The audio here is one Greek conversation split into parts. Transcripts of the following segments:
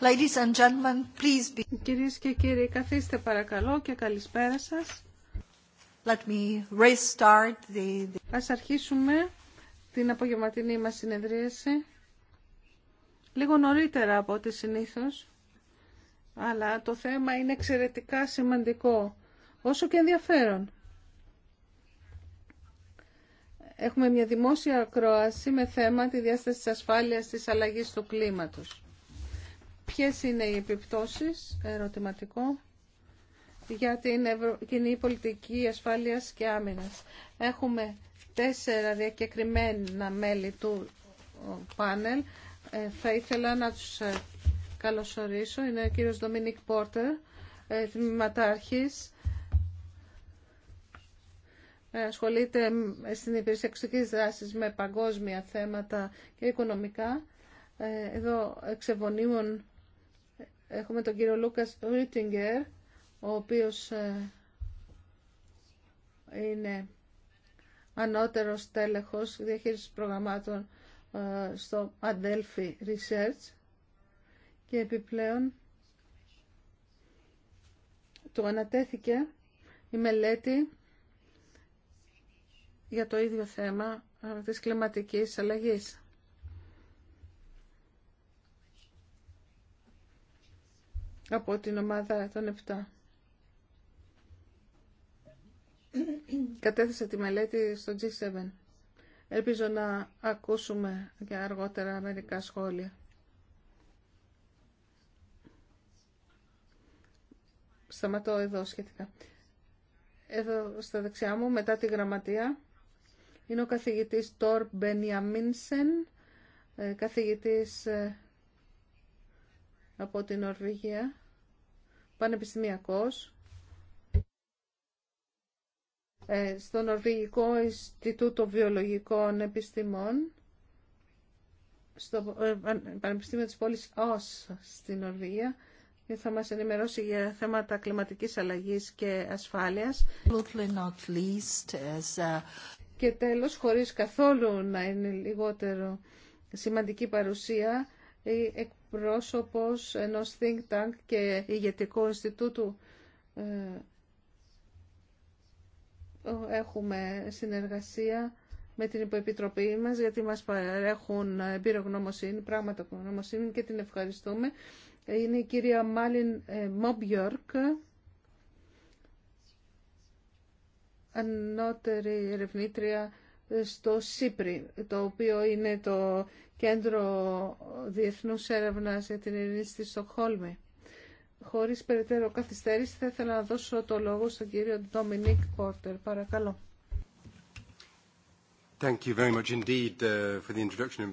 Ladies Κυρίες και κύριοι, καθίστε παρακαλώ και καλησπέρα σας. Let me restart the... Ας αρχίσουμε την απογευματινή μας συνεδρίαση. Λίγο νωρίτερα από ό,τι συνήθως, αλλά το θέμα είναι εξαιρετικά σημαντικό, όσο και ενδιαφέρον. Έχουμε μια δημόσια ακρόαση με θέμα τη διάσταση της ασφάλειας της αλλαγής του κλίματος. Ποιες είναι οι επιπτώσεις, ερωτηματικό, για την Ευρω... κοινή πολιτική ασφάλειας και άμυνας. Έχουμε τέσσερα διακεκριμένα μέλη του πάνελ. Ε, θα ήθελα να τους ε, καλωσορίσω. Είναι ο κύριος Ντομινίκ Πόρτερ, ε, ε ασχολείται στην υπηρεσία εξωτικής δράσης με παγκόσμια θέματα και οικονομικά. εδώ εξεβωνήμων. Έχουμε τον κύριο Λούκας Ρίτιγκερ, ο οποίος ε, είναι ανώτερος τέλεχος διαχείρισης προγραμμάτων ε, στο Adelphi Research και επιπλέον του ανατέθηκε η μελέτη για το ίδιο θέμα ε, της κλιματικής αλλαγής. από την ομάδα των 7. Κατέθεσα τη μελέτη στο G7. Ελπίζω να ακούσουμε για αργότερα μερικά σχόλια. Σταματώ εδώ σχετικά. Εδώ στα δεξιά μου, μετά τη γραμματεία, είναι ο καθηγητής Τόρ Μπενιαμίνσεν, ε, καθηγητής ε, από την Νορβηγία, πανεπιστημιακός, ε, στο Νορβηγικό Ινστιτούτο Βιολογικών Επιστημών, στο ε, Πανεπιστήμιο της πόλης ΟΣ στην Νορβηγία και θα μας ενημερώσει για θέματα κλιματικής αλλαγής και ασφάλειας. Not least as Και τέλος, χωρίς καθόλου να είναι λιγότερο σημαντική παρουσία, η πρόσωπος ενός think tank και ηγετικού Ινστιτούτου ε, έχουμε συνεργασία με την υποεπιτροπή μας γιατί μας παρέχουν εμπειρογνωμοσύνη, πράγματα γνωμοσύνη και την ευχαριστούμε. Είναι η κυρία Μάλιν ε, Μόμπιορκ, ανώτερη ερευνήτρια στο ΣΥΠΡΙ, το οποίο είναι το Κέντρο Διεθνούς Έρευνας για την Ειρηνή στη Στοκχόλμη. Χωρίς περαιτέρω καθυστέρηση θα ήθελα να δώσω το λόγο στον κύριο Ντόμινικ Πόρτερ. Παρακαλώ. Thank you very much indeed uh, for the introduction.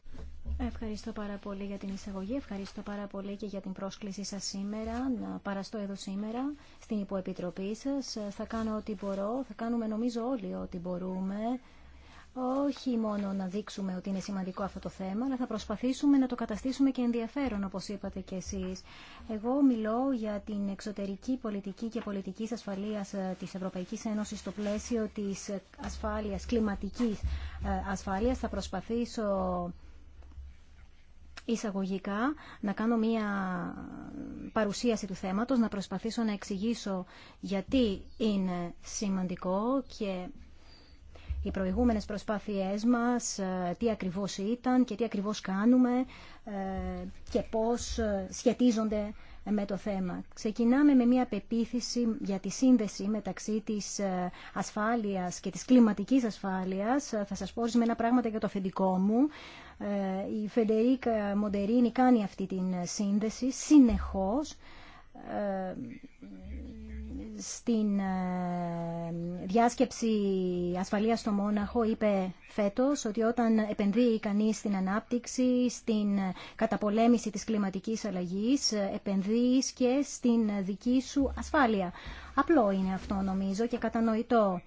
Ευχαριστώ πάρα πολύ για την εισαγωγή, ευχαριστώ πάρα πολύ και για την πρόσκλησή σας σήμερα, να παραστώ εδώ σήμερα στην υποεπιτροπή σας. Θα κάνω ό,τι μπορώ, θα κάνουμε νομίζω όλοι ό,τι μπορούμε όχι μόνο να δείξουμε ότι είναι σημαντικό αυτό το θέμα, αλλά θα προσπαθήσουμε να το καταστήσουμε και ενδιαφέρον, όπως είπατε και εσείς. Εγώ μιλώ για την εξωτερική πολιτική και πολιτική ασφαλείας ε, της Ευρωπαϊκής Ένωσης στο πλαίσιο της ε, ασφάλειας, κλιματικής ε, ασφάλειας. Θα προσπαθήσω εισαγωγικά να κάνω μία παρουσίαση του θέματος, να προσπαθήσω να εξηγήσω γιατί είναι σημαντικό και οι προηγούμενες προσπάθειές μας, ε, τι ακριβώς ήταν και τι ακριβώς κάνουμε ε, και πώς ε, σχετίζονται με το θέμα. Ξεκινάμε με μια πεποίθηση για τη σύνδεση μεταξύ της ασφάλειας και της κλιματικής ασφάλειας. Θα σας πω ένα πράγματα για το αφεντικό μου. Η Φεντερίκα Μοντερίνη κάνει αυτή την σύνδεση συνεχώς στην ε, διάσκεψη ασφαλείας στο Μόναχο είπε φέτος ότι όταν επενδύει κανείς στην ανάπτυξη, στην καταπολέμηση της κλιματικής αλλαγής, επενδύεις και στην δική σου ασφάλεια. Απλό είναι αυτό νομίζω και κατανοητό.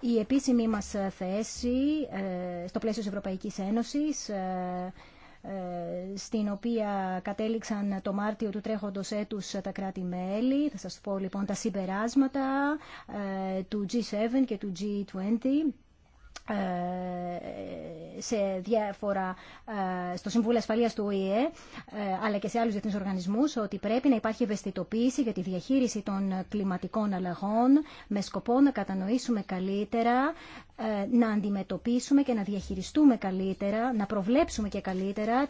Η επίσημή μας θέση ε, στο πλαίσιο της Ευρωπαϊκής Ένωσης ε, ε, στην οποία κατέληξαν το Μάρτιο του τρέχοντος έτους τα κράτη-μέλη. Θα σας πω λοιπόν τα συμπεράσματα ε, του G7 και του G20 ε, σε διάφορα, στο Συμβούλιο Ασφαλείας του ΟΗΕ αλλά και σε άλλους διεθνείς οργανισμούς ότι πρέπει να υπάρχει ευαισθητοποίηση για τη διαχείριση των κλιματικών αλλαγών με σκοπό να κατανοήσουμε καλύτερα ε, να αντιμετωπίσουμε και να διαχειριστούμε καλύτερα, να προβλέψουμε και καλύτερα ε,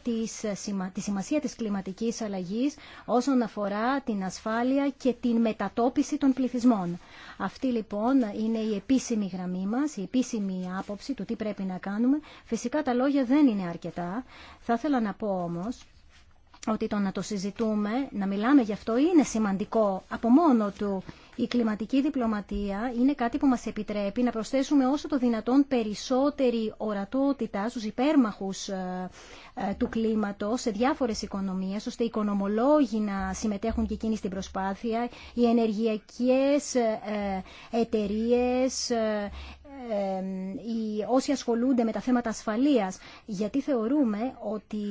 τη σημασία της κλιματικής αλλαγής όσον αφορά την ασφάλεια και την μετατόπιση των πληθυσμών. Αυτή λοιπόν είναι η επίσημη γραμμή μας, η επίσημη άποψη του τι πρέπει να κάνουμε. Φυσικά τα λόγια δεν είναι αρκετά. Θα ήθελα να πω όμως ότι το να το συζητούμε, να μιλάμε γι' αυτό είναι σημαντικό από μόνο του η κλιματική διπλωματία είναι κάτι που μας επιτρέπει να προσθέσουμε όσο το δυνατόν περισσότερη ορατότητα στους υπέρμαχους ε, ε, του κλίματος σε διάφορες οικονομίες, ώστε οι οικονομολόγοι να συμμετέχουν και εκείνοι στην προσπάθεια, οι ενεργειακές ε, εταιρείες, οι όσοι ασχολούνται με τα θέματα ασφαλείας, γιατί θεωρούμε ότι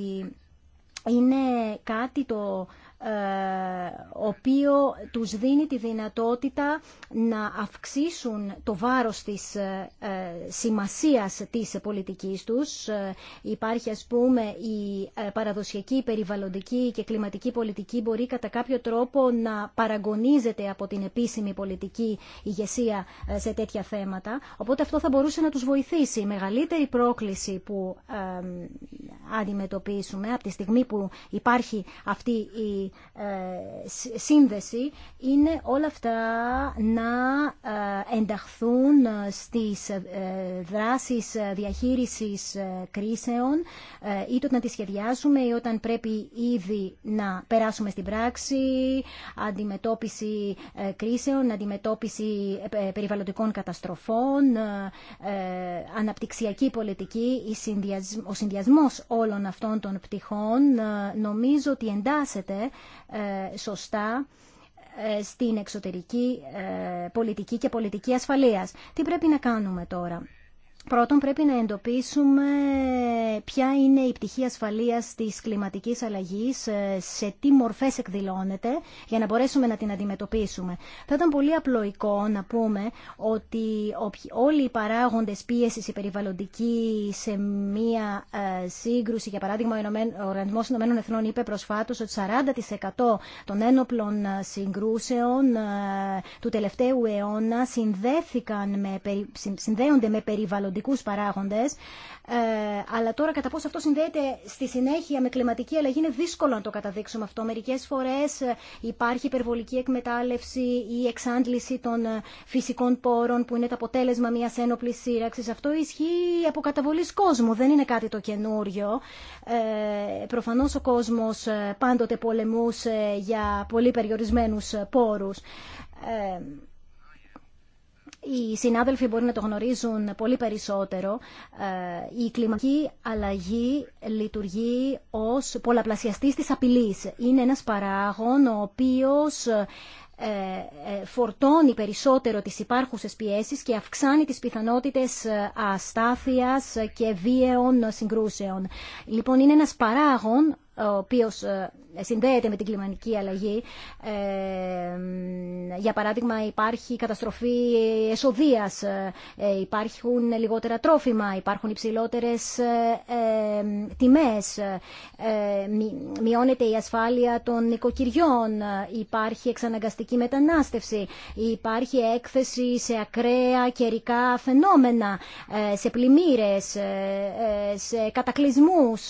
είναι κάτι το ο ε, οποίο τους δίνει τη δυνατότητα να αυξήσουν το βάρος της ε, σημασίας της πολιτικής τους. Ε, υπάρχει ας πούμε η παραδοσιακή περιβαλλοντική και κλιματική πολιτική μπορεί κατά κάποιο τρόπο να παραγωνίζεται από την επίσημη πολιτική ηγεσία σε τέτοια θέματα. Οπότε αυτό θα μπορούσε να τους βοηθήσει. Η μεγαλύτερη πρόκληση που αντιμετωπίσουμε από τη στιγμή που υπάρχει αυτή η ε, σύνδεση είναι όλα αυτά να ε, ενταχθούν ε, στις δράσεις διαχείρισης κρίσεων ή το να τις σχεδιάζουμε ή όταν πρέπει ήδη να περάσουμε στην πράξη αντιμετώπιση κρίσεων, αντιμετώπιση περιβαλλοντικών καταστροφών, αναπτυξιακή πολιτική, ο συνδυασμός όλων αυτών των πτυχών νομίζω ότι εντάσσεται ε, σωστά ε, στην εξωτερική ε, πολιτική και πολιτική ασφαλείας. Τι πρέπει να κάνουμε τώρα. Πρώτον πρέπει να εντοπίσουμε ποια είναι η πτυχή ασφαλείας της κλιματικής αλλαγής, ε, σε τι μορφές εκδηλώνεται, για να μπορέσουμε να την αντιμετωπίσουμε. Θα ήταν πολύ απλοϊκό να πούμε ότι όλοι οι παράγοντες πίεσης η περιβαλλοντική σε μία ε, σύγκρουση, για παράδειγμα ο Οργανισμός Ηνωμένων Εθνών είπε προσφάτως ότι 40% των ένοπλων ε, συγκρούσεων του τελευταίου αιώνα συνδέθηκαν με, συνδέονται με περιβαλλοντική παράγοντε. παράγοντες, ε, αλλά τώρα κατά πόσο αυτό συνδέεται στη συνέχεια με κλιματική αλλαγή είναι δύσκολο να το καταδείξουμε αυτό. Μερικέ φορέ ε, υπάρχει υπερβολική εκμετάλλευση ή εξάντληση των ε, φυσικών πόρων που είναι το αποτέλεσμα μια ένοπλη σύραξη. Αυτό ισχύει από καταβολή κόσμου, δεν είναι κάτι το καινούριο. Ε, Προφανώ ο κόσμο πάντοτε πολεμούσε για πολύ περιορισμένου πόρου. Ε, οι συνάδελφοι μπορεί να το γνωρίζουν πολύ περισσότερο. Ε, η κλιματική αλλαγή λειτουργεί ως πολλαπλασιαστής της απειλής. Είναι ένας παράγων ο οποίος ε, ε, φορτώνει περισσότερο τις υπάρχουσες πιέσεις και αυξάνει τις πιθανότητες αστάθειας και βίαιων συγκρούσεων. Λοιπόν, είναι ένας παράγων ο οποίο ε, συνδέεται με την κλιματική αλλαγή. Ε, για παράδειγμα υπάρχει καταστροφή εσοδίας ε, υπάρχουν λιγότερα τρόφιμα, υπάρχουν υψηλότερες τιμές, μειώνεται η ασφάλεια των οικοκυριών υπάρχει εξαναγκαστική μετανάστευση, υπάρχει έκθεση σε ακραία καιρικά φαινόμενα, σε πλημμύρες, σε κατακλυσμούς,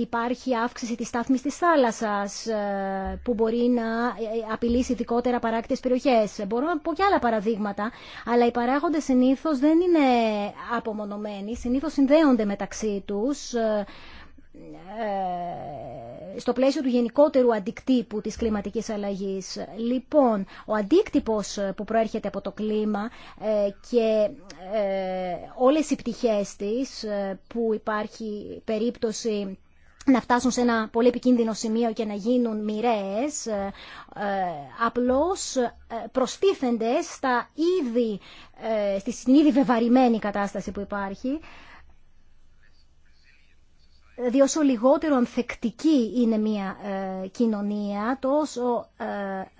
υπάρχει αύξηση της στάθμης της θάλασσας ε, που μπορεί να ε, ε, απειλήσει ειδικότερα παράκτιες περιοχές. Μπορώ να πω και άλλα παραδείγματα, αλλά οι παράγοντες συνήθως δεν είναι απομονωμένοι, συνήθως συνδέονται μεταξύ τους στο πλαίσιο του γενικότερου αντικτύπου της κλιματικής αλλαγής. Λοιπόν, ο αντίκτυπος που προέρχεται από το κλίμα και όλες οι πτυχές της που υπάρχει περίπτωση να φτάσουν σε ένα πολύ επικίνδυνο σημείο και να γίνουν μοιραίες, ε, ε, απλώς ε, προστίθενται στα ήδη, στη ήδη βεβαρημένη κατάσταση που υπάρχει διότι όσο λιγότερο ανθεκτική είναι μια ε, κοινωνία τόσο, ε,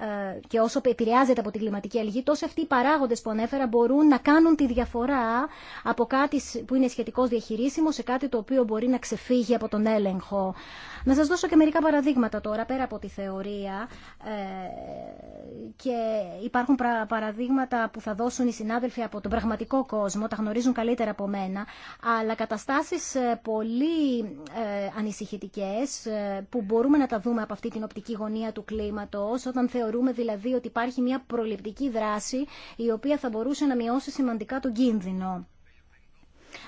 ε, και όσο επηρεάζεται από την κλιματική αλληλεγγύη, τόσο αυτοί οι παράγοντες που ανέφερα μπορούν να κάνουν τη διαφορά από κάτι που είναι σχετικώς διαχειρίσιμο σε κάτι το οποίο μπορεί να ξεφύγει από τον έλεγχο. Να σας δώσω και μερικά παραδείγματα τώρα, πέρα από τη θεωρία ε, και υπάρχουν παραδείγματα που θα δώσουν οι συνάδελφοι από τον πραγματικό κόσμο, τα γνωρίζουν καλύτερα από μένα, αλλά καταστάσεις ε, πολύ ε, ανησυχητικές που μπορούμε να τα δούμε από αυτή την οπτική γωνία του κλίματος, όταν θεωρούμε δηλαδή ότι υπάρχει μια προληπτική δράση η οποία θα μπορούσε να μειώσει σημαντικά τον κίνδυνο.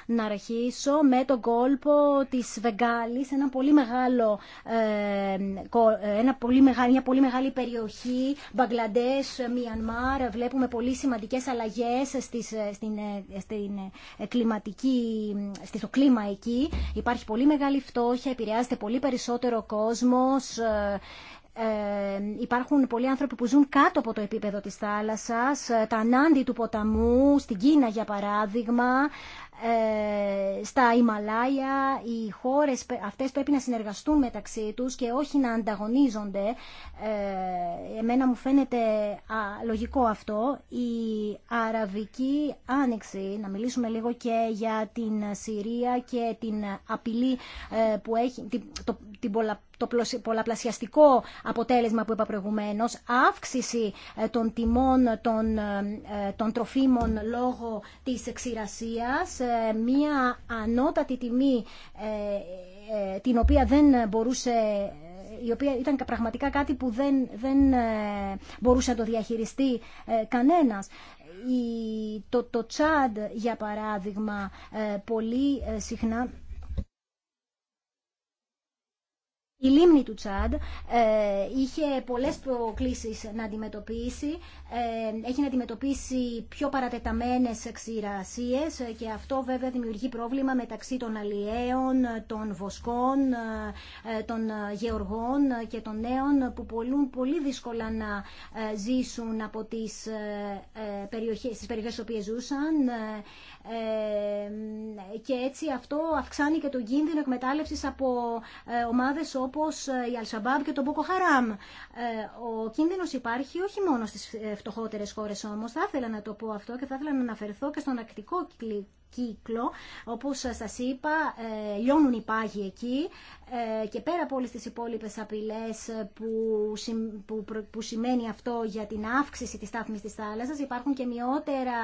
Να αρχίσω με τον κόλπο της Βεγγάλης, ένα πολύ μεγάλο, ε, ένα πολύ μεγάλη, μια πολύ μεγάλη περιοχή, Μπαγκλαντές, Μιανμάρ, βλέπουμε πολύ σημαντικές αλλαγές ε, στην, ε, κλιματική, στο κλίμα εκεί. Υπάρχει πολύ μεγάλη φτώχεια, επηρεάζεται πολύ περισσότερο κόσμος, ε, υπάρχουν πολλοί άνθρωποι που ζουν κάτω από το επίπεδο της θάλασσας, τα ανάντι του ποταμού, στην Κίνα για παράδειγμα, ε, στα Ιμαλάια οι χώρες αυτές πρέπει να συνεργαστούν μεταξύ τους και όχι να ανταγωνίζονται. Ε, εμένα μου φαίνεται λογικό αυτό. Η Αραβική Άνοιξη, να μιλήσουμε λίγο και για την Συρία και την απειλή ε, που έχει, το πολλαπλασιαστικό αποτέλεσμα που είπα προηγουμένω, αύξηση ε, των τιμών ε, ε, των, τροφίμων λόγω της εξηρασίας, μία ανώτατη τιμή την οποία δεν μπορούσε η οποία ήταν πραγματικά κάτι που δεν, δεν μπορούσε να το διαχειριστεί κανένας. Η, το, το τσάντ, για παράδειγμα, πολύ συχνά Η λίμνη του Τσάντ ε, είχε πολλές προκλήσεις να αντιμετωπίσει. Ε, έχει να αντιμετωπίσει πιο παρατεταμένες ξηρασίες ε, και αυτό βέβαια δημιουργεί πρόβλημα μεταξύ των αλλιέων, των βοσκών, ε, των γεωργών και των νέων που πολλούν πολύ δύσκολα να ε, ζήσουν από τις περιοχές, στις περιοχές στις ζούσαν. Ε, και έτσι αυτό αυξάνει και τον κίνδυνο εκμετάλλευση από ε, ομάδες όπως ε, η Αλσαμπάμπ και το Μποκοχαράμ. Ο κίνδυνο υπάρχει όχι μόνο στις φτωχότερε χώρε όμως. Θα ήθελα να το πω αυτό και θα ήθελα να αναφερθώ και στον ακτικό κύκλο. Όπως σας είπα, ε, λιώνουν οι πάγοι εκεί ε, και πέρα από όλες τις υπόλοιπες απειλές που σημαίνει αυτό για την αύξηση της στάθμης της θάλασσας, υπάρχουν και μειότερα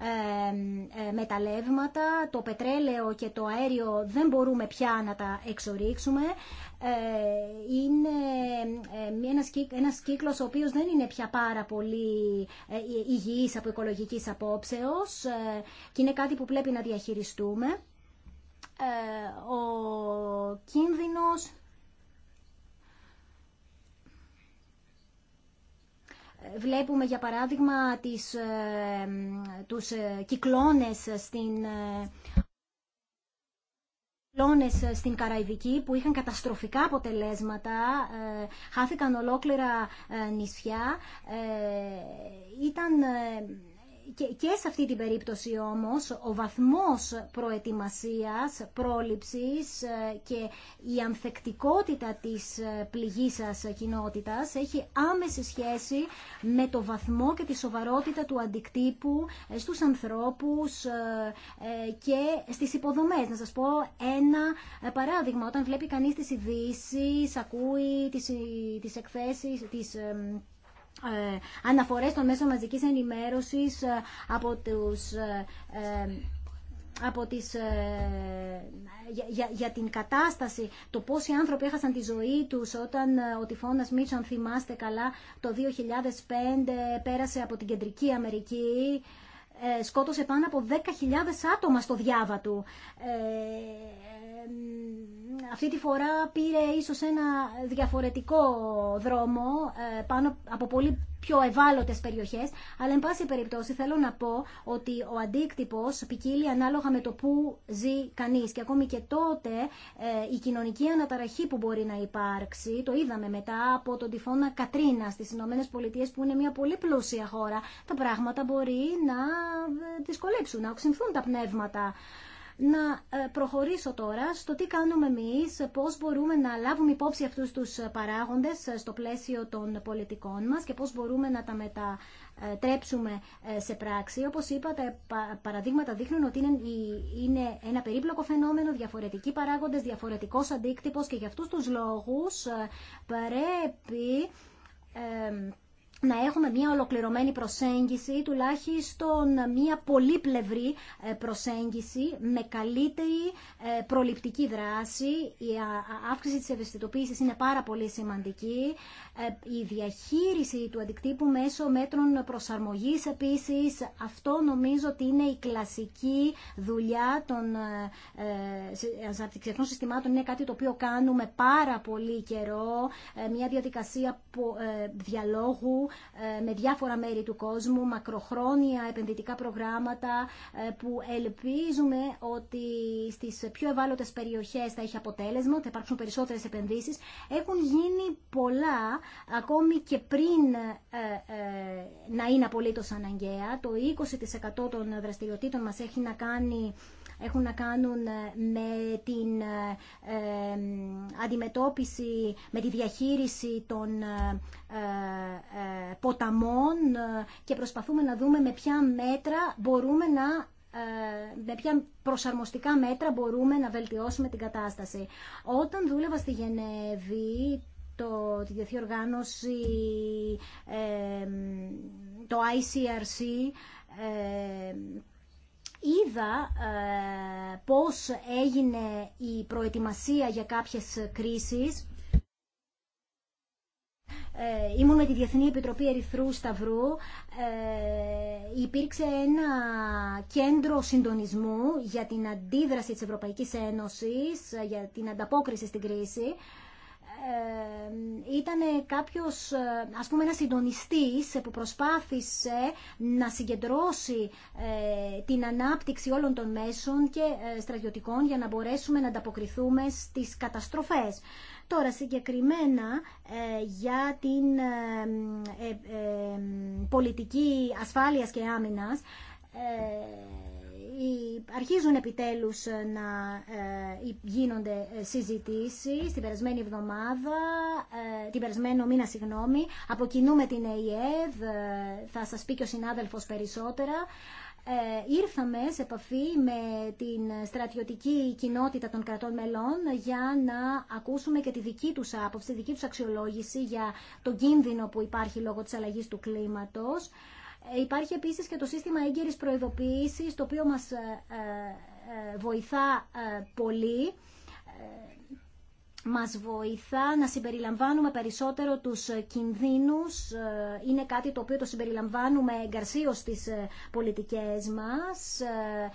ε, μεταλλεύματα. Το πετρέλαιο και το αέριο δεν μπορούμε πια να τα εξορίξουμε. Ε, είναι ε, ένας, ένας κύκλος ο οποίος δεν είναι πια πάρα πολύ ε, υγιής από οικολογικής απόψεως και είναι κάτι που πρέπει να διαχειριστούμε. Ο κίνδυνος Βλέπουμε για παράδειγμα τις, τους κυκλώνες στην Λόνες ε, στην Καραϊβική που είχαν καταστροφικά αποτελέσματα, ε, χάθηκαν ολόκληρα ε, νησιά. Ήταν και, σε αυτή την περίπτωση όμως ο βαθμός προετοιμασίας, πρόληψης ε, και η ανθεκτικότητα της ε, πληγής σας κοινότητας έχει άμεση σχέση με το βαθμό και τη σοβαρότητα του αντικτύπου ε, στους ανθρώπους και στις υποδομές. Να σας πω ένα παράδειγμα. Όταν βλέπει κανείς τις ειδήσει, ακούει τις, τις εκθέσεις, τις ε, αναφορές των μέσων μαζικής ενημέρωσης ε, από τους ε, από τις, για, την κατάσταση, το πώς οι άνθρωποι έχασαν τη ζωή τους όταν ο τυφώνας αν θυμάστε καλά, το 2005 πέρασε από την Κεντρική Αμερική ε, σκότωσε πάνω από 10.000 άτομα στο διάβα του. Ε, αυτή τη φορά πήρε ίσως ένα διαφορετικό δρόμο ε, πάνω από πολύ πιο ευάλωτε περιοχές, αλλά εν πάση περιπτώσει θέλω να πω ότι ο αντίκτυπο ποικίλει ανάλογα με το που ζει κανείς και ακόμη και τότε ε, η κοινωνική αναταραχή που μπορεί να υπάρξει, το είδαμε μετά από τον τυφώνα Κατρίνα στι Ηνωμένες Πολιτείες που είναι μια πολύ πλούσια χώρα, τα πράγματα μπορεί να ε, δυσκολέψουν, να οξυνθούν τα πνεύματα να ε, προχωρήσω τώρα στο τι κάνουμε εμείς, πώς μπορούμε να λάβουμε υπόψη αυτούς τους ε, παράγοντες ε, στο πλαίσιο των πολιτικών μας και πώς μπορούμε να τα μετατρέψουμε σε πράξη. Όπως είπατε, τα παραδείγματα δείχνουν ότι είναι ένα περίπλοκο φαινόμενο, διαφορετικοί παράγοντες, διαφορετικός αντίκτυπος και για αυτούς τους λόγους πρέπει να έχουμε μια ολοκληρωμένη προσέγγιση ή τουλάχιστον μια πολύπλευρη ε, προσέγγιση με καλύτερη ε, προληπτική δράση. αύξηση της ευαισθητοποίησης είναι πάρα πολύ σημαντική. Ε, η διαχείριση του αντικτύπου μέσω μέτρων προσαρμογής επίσης. Αυτό νομίζω ότι είναι η κλασική δουλειά των ε, ε, αναπτυξιακών συστημάτων. Είναι κάτι το οποίο κάνουμε πάρα πολύ καιρό. Μια διαδικασία διαλόγου με διάφορα μέρη του κόσμου, μακροχρόνια επενδυτικά προγράμματα που ελπίζουμε ότι στις πιο ευάλωτες περιοχές θα έχει αποτέλεσμα, θα υπάρξουν περισσότερες επενδύσεις. Έχουν γίνει πολλά ακόμη και πριν ε, ε, να είναι απολύτως αναγκαία. Το 20% των δραστηριοτήτων μας έχει να κάνει έχουν να κάνουν ε, με την αντιμετώπιση, με τη διαχείριση των ποταμών και προσπαθούμε να δούμε με ποια μέτρα μπορούμε να με ποια προσαρμοστικά μέτρα μπορούμε να βελτιώσουμε την κατάσταση. Όταν δούλευα στη Γενέβη, το, τη Οργάνωση, το ICRC, είδα ε, πώς έγινε η προετοιμασία για κάποιες κρίσεις. Ε, ήμουν με τη Διεθνή Επιτροπή Ερυθρού Σταυρού. Ε, υπήρξε ένα κέντρο συντονισμού για την αντίδραση της Ευρωπαϊκής Ένωσης, για την ανταπόκριση στην κρίση. Ε, ήταν κάποιος, ε, ας πούμε, ένας συντονιστής που προσπάθησε να συγκεντρώσει ε, την ανάπτυξη όλων των μέσων και στρατιωτικών για να μπορέσουμε να ανταποκριθούμε στις καταστροφές. Τώρα, συγκεκριμένα για την πολιτική ασφάλειας και άμυνας, αρχίζουν επιτέλους να ε, γίνονται συζητήσεις την περασμένη εβδομάδα, ε, την περασμένο μήνα συγγνώμη, από την ΕΙΕΔ, ε, θα σας πει και ο συνάδελφος περισσότερα, ήρθαμε σε επαφή με την στρατιωτική κοινότητα των κρατών μελών για να ακούσουμε και τη δική τους άποψη, τη δική τους αξιολόγηση για τον κίνδυνο που υπάρχει λόγω της αλλαγής του κλίματος. Υπάρχει επίσης και το σύστημα έγκαιρης προειδοποίησης, το οποίο μας ε, ε, ε, βοηθά πολύ μας βοηθά να συμπεριλαμβάνουμε περισσότερο τους κινδύνους. Ε, είναι κάτι το οποίο το συμπεριλαμβάνουμε εγκαρσίως στις ε, πολιτικές μας, ε,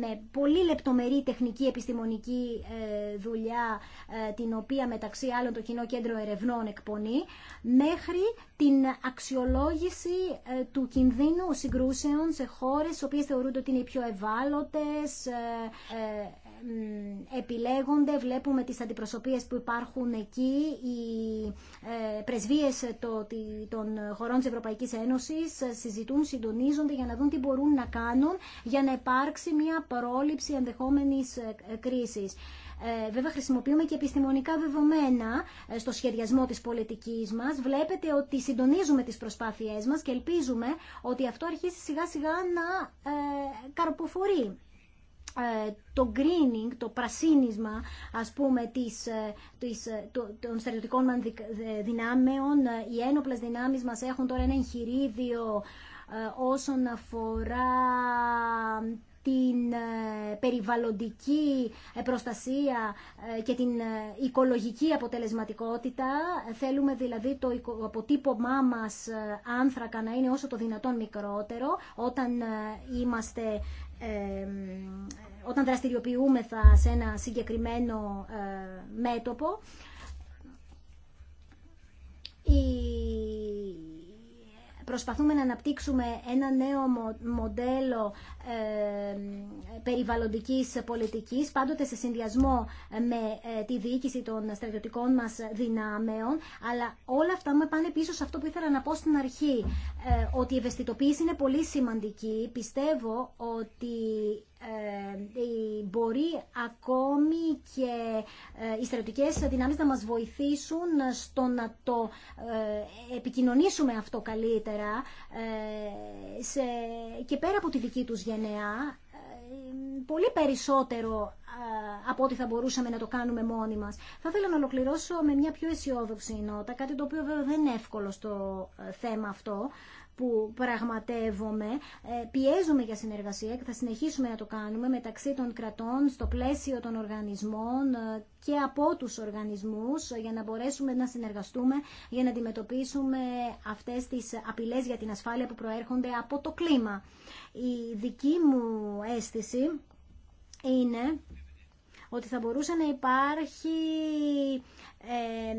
με πολύ λεπτομερή τεχνική επιστημονική δουλειά, την οποία μεταξύ άλλων το Κοινό Κέντρο Ερευνών εκπονεί, μέχρι την αξιολόγηση του κινδύνου συγκρούσεων σε χώρες, οι οποίες θεωρούνται ότι είναι οι πιο ευάλωτες, επιλέγονται, βλέπουμε τις αντιπροσωπείες που υπάρχουν εκεί, οι ε, πρεσβείες των χωρών της Ευρωπαϊκής Ένωσης ε, συζητούν, συντονίζονται για να δουν τι μπορούν να κάνουν για να υπάρξει μια πρόληψη ενδεχόμενης ε, κρίσης. Βέβαια χρησιμοποιούμε και επιστημονικά δεδομένα στο σχεδιασμό της πολιτικής μας. Βλέπετε ότι συντονίζουμε τις προσπάθειές μας και ελπίζουμε ότι αυτό αρχίσει σιγά σιγά να καρποφορεί. Ε, το greening, το πρασίνισμα ας πούμε της, ε, ε, των στρατιωτικών δυνάμεων. Οι ένοπλες δυνάμεις μας έχουν τώρα ένα εγχειρίδιο όσον αφορά την περιβαλλοντική προστασία και την οικολογική αποτελεσματικότητα. Θέλουμε δηλαδή το αποτύπωμά μας άνθρακα να είναι όσο το δυνατόν μικρότερο όταν είμαστε όταν δραστηριοποιούμεθα σε ένα συγκεκριμένο ε, μέτωπο, προσπαθούμε να αναπτύξουμε ένα νέο μοντέλο ε, περιβαλλοντικής πολιτικής, πάντοτε σε συνδυασμό με ε, τη διοίκηση των στρατιωτικών μας δυνάμεων, αλλά όλα αυτά μου πάνε πίσω σε αυτό που ήθελα να πω στην αρχή, ε, ότι η ευαισθητοποίηση είναι πολύ σημαντική. Πιστεύω ότι μπορεί ακόμη και οι στρατιωτικές δυνάμεις να μας βοηθήσουν στο να το επικοινωνήσουμε αυτό καλύτερα και πέρα από τη δική τους ε, πολύ περισσότερο ε, από ό,τι θα μπορούσαμε να το κάνουμε μόνοι μας. Θα ήθελα να ολοκληρώσω με μια πιο αισιόδοξη νότα, κάτι το οποίο βέβαια δεν είναι εύκολο στο ε, θέμα αυτό που πραγματεύομαι. Ε, Πιέζουμε για συνεργασία και θα συνεχίσουμε να το κάνουμε μεταξύ των κρατών, στο πλαίσιο των οργανισμών ε, και από τους οργανισμούς για να μπορέσουμε να συνεργαστούμε για να αντιμετωπίσουμε αυτές τις απειλές για την ασφάλεια που προέρχονται από το κλίμα. Η δική μου αίσθηση είναι ότι θα μπορούσε να υπάρχει ε,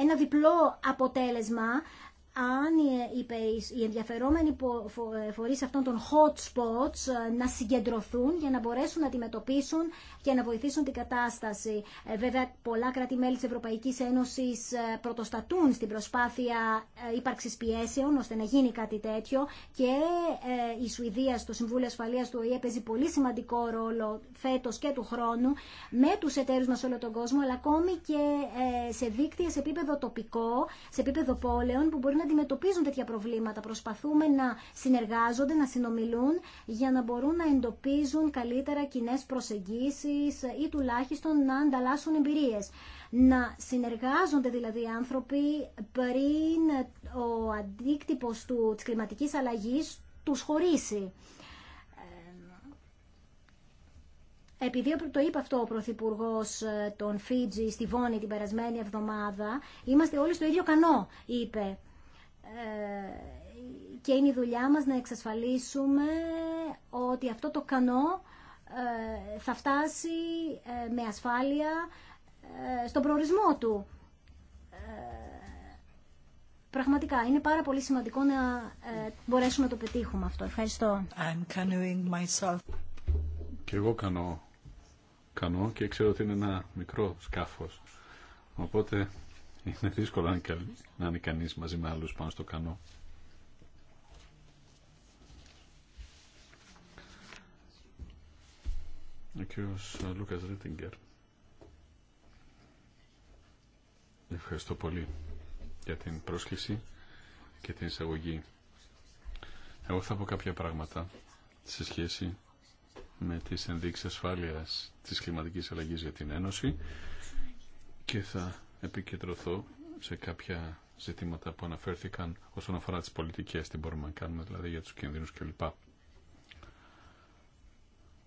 ένα διπλό αποτέλεσμα αν οι ενδιαφερόμενοι φορείς αυτών των hot spots ε, να συγκεντρωθούν για να μπορέσουν να αντιμετωπίσουν και να βοηθήσουν την κατάσταση. Ε, βέβαια, πολλά κράτη-μέλη της Ευρωπαϊκής Ένωσης ε, πρωτοστατούν στην προσπάθεια ύπαρξης πιέσεων ώστε να γίνει κάτι τέτοιο και η Σουηδία στο Συμβούλιο Ασφαλείας του ΟΗΕ παίζει πολύ σημαντικό ρόλο φέτος και του χρόνου με τους εταίρους μας όλο τον κόσμο αλλά ακόμη και σε δίκτυα σε επίπεδο τοπικό, σε επίπεδο πόλεων που μπορεί να αντιμετωπίζουν τέτοια προβλήματα. Προσπαθούμε να συνεργάζονται, να συνομιλούν για να μπορούν να εντοπίζουν καλύτερα κοινέ προσεγγίσεις ή τουλάχιστον να ανταλλάσσουν εμπειρίε. Να συνεργάζονται δηλαδή οι άνθρωποι πριν ο αντίκτυπο του, της κλιματικής αλλαγής τους χωρίσει. Ε, επειδή το είπε αυτό ο Πρωθυπουργό ε, των Φίτζη στη Βόνη την περασμένη εβδομάδα, είμαστε όλοι στο ίδιο κανό, είπε. Ε, και είναι η δουλειά μας να εξασφαλίσουμε ότι αυτό το κανό ε, θα φτάσει ε, με ασφάλεια στον προορισμό του. Πραγματικά είναι πάρα πολύ σημαντικό να μπορέσουμε να το πετύχουμε αυτό. Ευχαριστώ. Και εγώ κάνω, κάνω και ξέρω ότι είναι ένα μικρό σκάφος. Οπότε είναι δύσκολο να είναι κανείς μαζί με άλλους πάνω στο κανό. Ο ε, Λούκας Ρίτιγκερ. Ευχαριστώ πολύ για την πρόσκληση και την εισαγωγή. Εγώ θα πω κάποια πράγματα σε σχέση με τις ενδείξεις ασφάλειας της κλιματικής αλλαγής για την Ένωση και θα επικεντρωθώ σε κάποια ζητήματα που αναφέρθηκαν όσον αφορά τις πολιτικές, τι μπορούμε να κάνουμε δηλαδή για τους κινδύνους κλπ.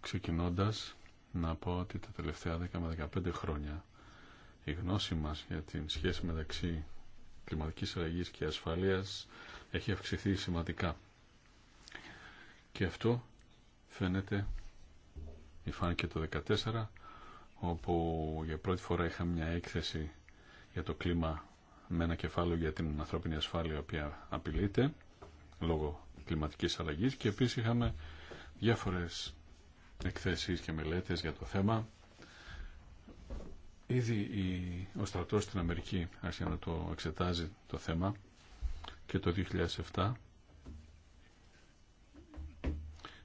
Ξεκινώντας να πω ότι τα τελευταία 10 με 15 χρόνια η γνώση μας για την σχέση μεταξύ κλιματικής αλλαγής και ασφαλείας έχει αυξηθεί σημαντικά. Και αυτό φαίνεται, φάνηκε το 2014, όπου για πρώτη φορά είχαμε μια έκθεση για το κλίμα με ένα κεφάλαιο για την ανθρώπινη ασφάλεια η οποία απειλείται λόγω κλιματικής αλλαγής και επίσης είχαμε διάφορες εκθέσεις και μελέτες για το θέμα. Ήδη η, ο στρατός στην Αμερική άρχισε να το εξετάζει το θέμα και το 2007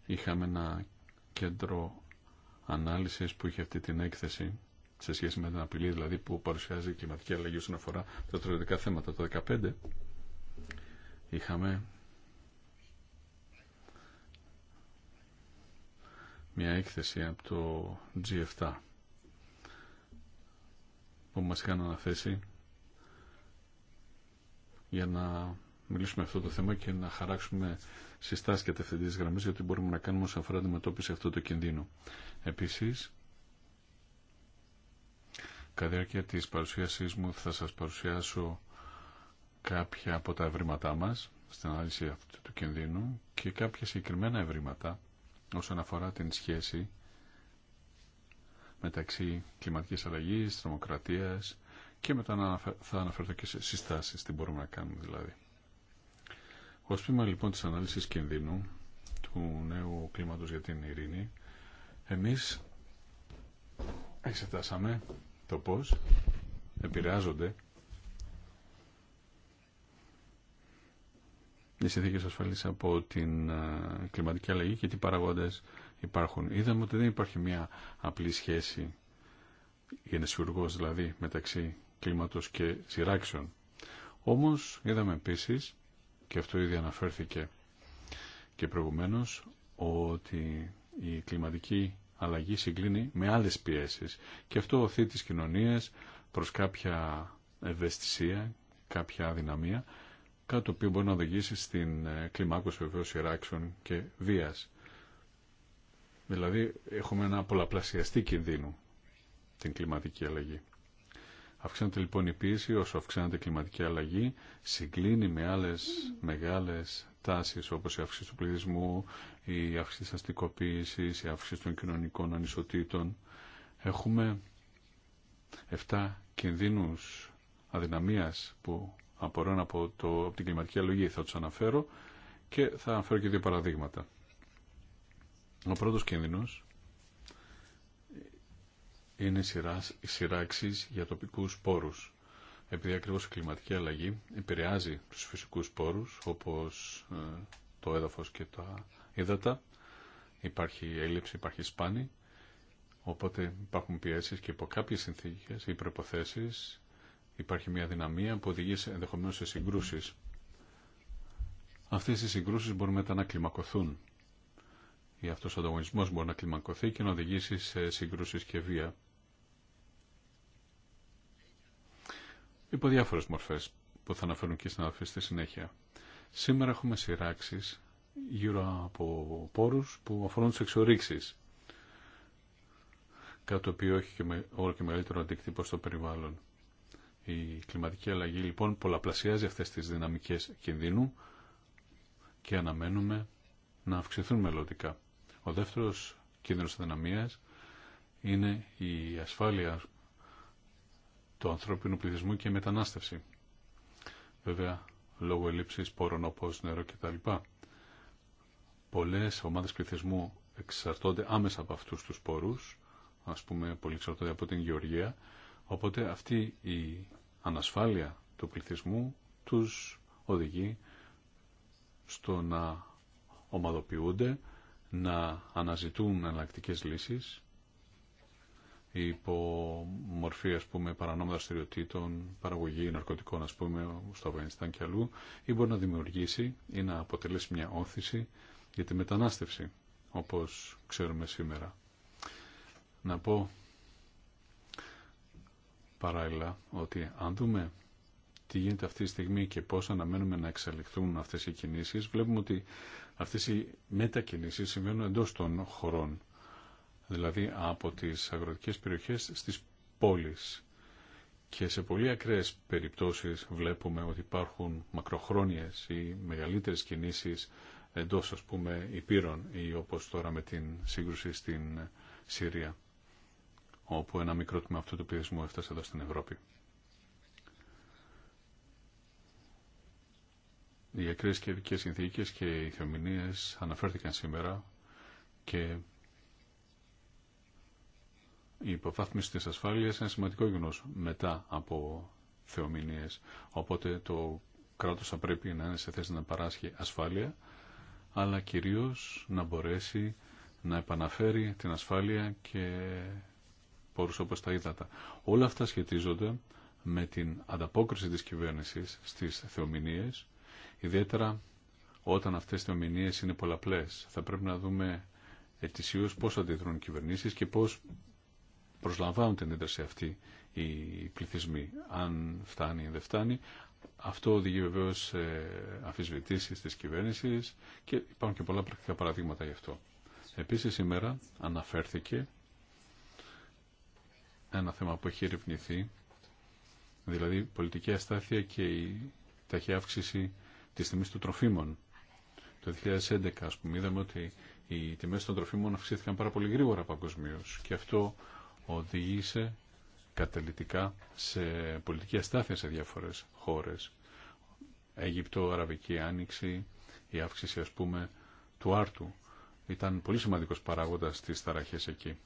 είχαμε ένα κέντρο ανάλυσης που είχε αυτή την έκθεση σε σχέση με την απειλή δηλαδή που παρουσιάζει η κλιματική αλλαγή όσον αφορά τα τροτικά θέματα. Το 2015 είχαμε μια έκθεση από το G7 που μας είχαν αναθέσει για να μιλήσουμε αυτό το θέμα και να χαράξουμε συστάσεις και τευθυντές γραμμές γιατί μπορούμε να κάνουμε όσον αφορά αντιμετώπιση αυτού του κινδύνου. Επίσης, Κατά διάρκεια της παρουσίασής μου θα σας παρουσιάσω κάποια από τα ευρήματά μας στην ανάλυση αυτού του κινδύνου και κάποια συγκεκριμένα ευρήματα όσον αφορά την σχέση μεταξύ κλιματικής αλλαγής, τρομοκρατία και μετά θα αναφερθώ και σε συστάσεις, τι μπορούμε να κάνουμε δηλαδή. Ως πήμα λοιπόν της ανάλυσης κινδύνου του νέου κλίματος για την ειρήνη, εμείς εξετάσαμε το πώς επηρεάζονται οι συνθήκες ασφαλής από την ε, κλιματική αλλαγή και τι παραγόντες υπάρχουν. Είδαμε ότι δεν υπάρχει μια απλή σχέση γενεσιουργός δηλαδή μεταξύ κλίματος και σειράξεων. Όμως είδαμε επίσης και αυτό ήδη αναφέρθηκε και προηγουμένως ότι η κλιματική αλλαγή συγκλίνει με άλλες πιέσεις και αυτό οθεί τις κοινωνίες προς κάποια ευαισθησία, κάποια αδυναμία, κάτι το οποίο μπορεί να οδηγήσει στην ε, κλιμάκωση βεβαίως σειράξεων και βίας. Δηλαδή έχουμε ένα πολλαπλασιαστή κινδύνου την κλιματική αλλαγή. Αυξάνεται λοιπόν η πίεση όσο αυξάνεται η κλιματική αλλαγή, συγκλίνει με άλλες μεγάλες τάσεις όπως η αύξηση του πληθυσμού, η αύξηση τη αστικοποίηση, η αύξηση των κοινωνικών ανισοτήτων. Έχουμε 7 κινδύνους αδυναμίας που απορρέουν από, το, από την κλιματική αλλογή. Θα του αναφέρω και θα αναφέρω και δύο παραδείγματα. Ο πρώτος κίνδυνο είναι οι σειράξεις για τοπικούς πόρους επειδή ακριβώς η κλιματική αλλαγή επηρεάζει τους φυσικούς πόρους όπως ε, το έδαφος και τα ύδατα. Υπάρχει έλλειψη, υπάρχει σπάνη. Οπότε υπάρχουν πιέσεις και υπό κάποιες συνθήκες ή προϋποθέσεις υπάρχει μια δυναμία που οδηγεί σε, ενδεχομένως σε συγκρούσεις. Αυτές οι συγκρούσεις μπορούν μετά να κλιμακωθούν. Ή αυτός ο ανταγωνισμός μπορεί να κλιμακωθεί και να οδηγήσει σε συγκρούσεις και βία. υπό διάφορε μορφέ που θα αναφέρουν και οι συναδελφοί στη συνέχεια. Σήμερα έχουμε σειράξει γύρω από πόρου που αφορούν τι εξορίξει. Κάτι το οποίο έχει και με, όλο και μεγαλύτερο αντίκτυπο στο περιβάλλον. Η κλιματική αλλαγή λοιπόν πολλαπλασιάζει αυτές τις δυναμικές κινδύνου και αναμένουμε να αυξηθούν μελλοντικά. Ο δεύτερος κίνδυνος αδυναμίας είναι η ασφάλεια του ανθρώπινου πληθυσμού και μετανάστευση. Βέβαια, λόγω ελλείψης πόρων όπως νερό κτλ. Πολλές ομάδες πληθυσμού εξαρτώνται άμεσα από αυτούς τους πόρους, ας πούμε πολύ εξαρτώνται από την γεωργία, οπότε αυτή η ανασφάλεια του πληθυσμού τους οδηγεί στο να ομαδοποιούνται, να αναζητούν εναλλακτικέ λύσεις υπό μορφή ας πούμε, παρανόμων δραστηριοτήτων, παραγωγή ναρκωτικών ας πούμε, στο Αφγανιστάν και αλλού, ή μπορεί να δημιουργήσει ή να αποτελέσει μια όθηση για τη μετανάστευση, όπως ξέρουμε σήμερα. Να πω παράλληλα ότι αν δούμε τι γίνεται αυτή τη στιγμή και πώς αναμένουμε να εξελιχθούν αυτές οι κινήσεις, βλέπουμε ότι αυτές οι μετακινήσεις συμβαίνουν εντός των χωρών δηλαδή από τις αγροτικές περιοχές στις πόλεις. Και σε πολύ ακραίες περιπτώσεις βλέπουμε ότι υπάρχουν μακροχρόνιες ή μεγαλύτερες κινήσεις εντός ας πούμε υπήρων ή όπως τώρα με την σύγκρουση στην Συρία όπου ένα μικρό τμήμα αυτού του πληθυσμού έφτασε εδώ στην Ευρώπη. Οι ακραίες καιρικές συνθήκες και οι θεομηνίες αναφέρθηκαν σήμερα και η υποβάθμιση της ασφάλειας είναι σημαντικό γεγονός μετά από θεομηνίες. Οπότε το κράτος θα πρέπει να είναι σε θέση να παράσχει ασφάλεια, αλλά κυρίως να μπορέσει να επαναφέρει την ασφάλεια και πόρους όπως τα ύδατα. Όλα αυτά σχετίζονται με την ανταπόκριση της κυβέρνησης στις θεομηνίες, ιδιαίτερα όταν αυτές οι θεομηνίες είναι πολλαπλές. Θα πρέπει να δούμε ετησίως πώς αντιδρούν οι κυβερνήσεις και πώς προσλαμβάνουν την ένταση αυτή οι πληθυσμοί. Αν φτάνει ή δεν φτάνει, αυτό οδηγεί βεβαίω σε αμφισβητήσει τη κυβέρνηση και υπάρχουν και πολλά πρακτικά παραδείγματα γι' αυτό. Επίση, σήμερα αναφέρθηκε ένα θέμα που έχει ερευνηθεί, δηλαδή πολιτική αστάθεια και η ταχεία αύξηση τη τιμή των τροφίμων. Το 2011, α πούμε, είδαμε ότι οι τιμέ των τροφίμων αυξήθηκαν πάρα πολύ γρήγορα παγκοσμίω και αυτό οδήγησε καταλητικά σε πολιτική αστάθεια σε διάφορες χώρες. Αίγυπτο, Αραβική Άνοιξη, η αύξηση ας πούμε του Άρτου ήταν πολύ σημαντικός παράγοντας στις ταραχές εκεί.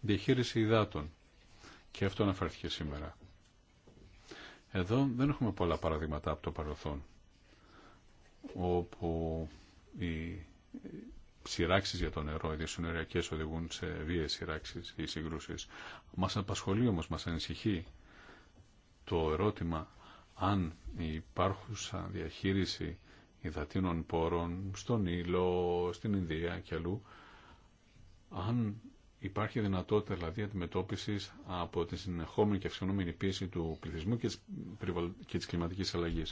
Διαχείριση υδάτων. Και αυτό αναφέρθηκε σήμερα. Εδώ δεν έχουμε πολλά παραδείγματα από το παρελθόν όπου η σειράξει για το νερό, οι διασυνοριακέ οδηγούν σε βίε σειράξει ή συγκρούσει. Μα απασχολεί όμω, μα ανησυχεί το ερώτημα αν η υπάρχουσα διαχείριση υδατίνων πόρων στον Ήλο, στην Ινδία και αλλού, αν Υπάρχει δυνατότητα δηλαδή αντιμετώπιση από την συνεχόμενη και αυξανόμενη πίεση του πληθυσμού και τη περιβαλ... κλιματική αλλαγή.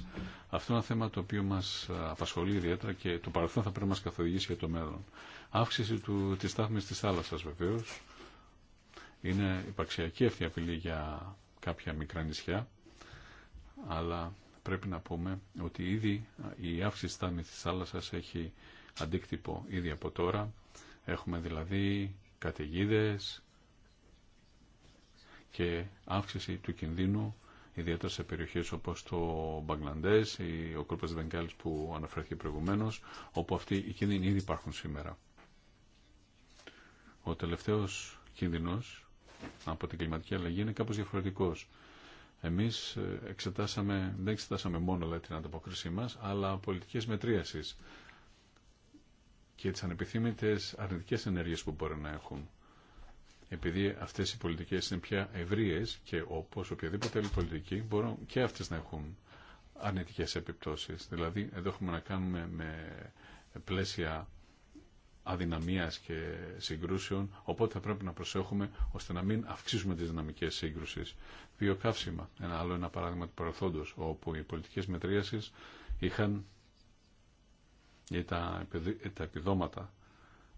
Αυτό είναι ένα θέμα το οποίο μα απασχολεί ιδιαίτερα και το παρελθόν θα πρέπει να μα καθοδηγήσει για το μέλλον. Αύξηση του... τη στάθμη τη θάλασσα βεβαίω. Είναι υπαρξιακή αυτή η απειλή για κάποια μικρά νησιά, αλλά πρέπει να πούμε ότι ήδη η αύξηση τη στάθμη τη θάλασσα έχει αντίκτυπο ήδη από τώρα. Έχουμε δηλαδή καταιγίδε και αύξηση του κινδύνου ιδιαίτερα σε περιοχές όπως το Μπαγκλαντές ή ο κόλπος Βενγκάλης που αναφέρθηκε προηγουμένως, όπου αυτοί οι κίνδυνοι ήδη υπάρχουν σήμερα. Ο τελευταίος κίνδυνος από την κλιματική αλλαγή είναι κάπως διαφορετικός. Εμείς ε, εξετάσαμε, δεν εξετάσαμε μόνο δηλαδή, την ανταποκρισή μας, αλλά πολιτικές μετρίασεις και τις ανεπιθύμητες αρνητικές ενέργειες που μπορεί να έχουν. Επειδή αυτές οι πολιτικές είναι πια ευρείες και όπως οποιαδήποτε άλλη πολιτική μπορούν και αυτές να έχουν αρνητικές επιπτώσεις. Δηλαδή εδώ έχουμε να κάνουμε με πλαίσια αδυναμίας και συγκρούσεων, οπότε θα πρέπει να προσέχουμε ώστε να μην αυξήσουμε τις δυναμικές σύγκρουσης. Βιοκαύσιμα, ένα άλλο ένα παράδειγμα του παρελθόντος, όπου οι πολιτικές μετρίασεις είχαν γιατί ε, ε, τα επιδόματα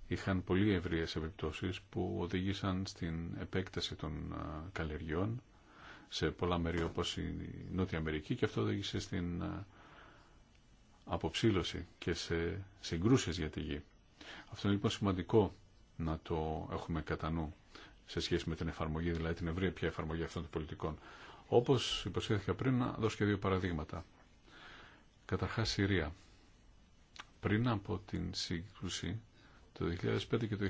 είχαν πολύ ευρείες επιπτώσεις που οδηγήσαν στην επέκταση των καλλιεργιών σε πολλά μέρη όπως η Νότια Αμερική και αυτό οδήγησε στην αποψήλωση και σε συγκρούσεις για τη γη. Αυτό είναι λοιπόν σημαντικό να το έχουμε κατά νου σε σχέση με την εφαρμογή, δηλαδή την ευρεία πια εφαρμογή αυτών των πολιτικών. Όπως υποσχέθηκα πριν, να δώσω και δύο παραδείγματα. Καταρχάς Συρία. Πριν από την σύγκρουση, το 2005 και το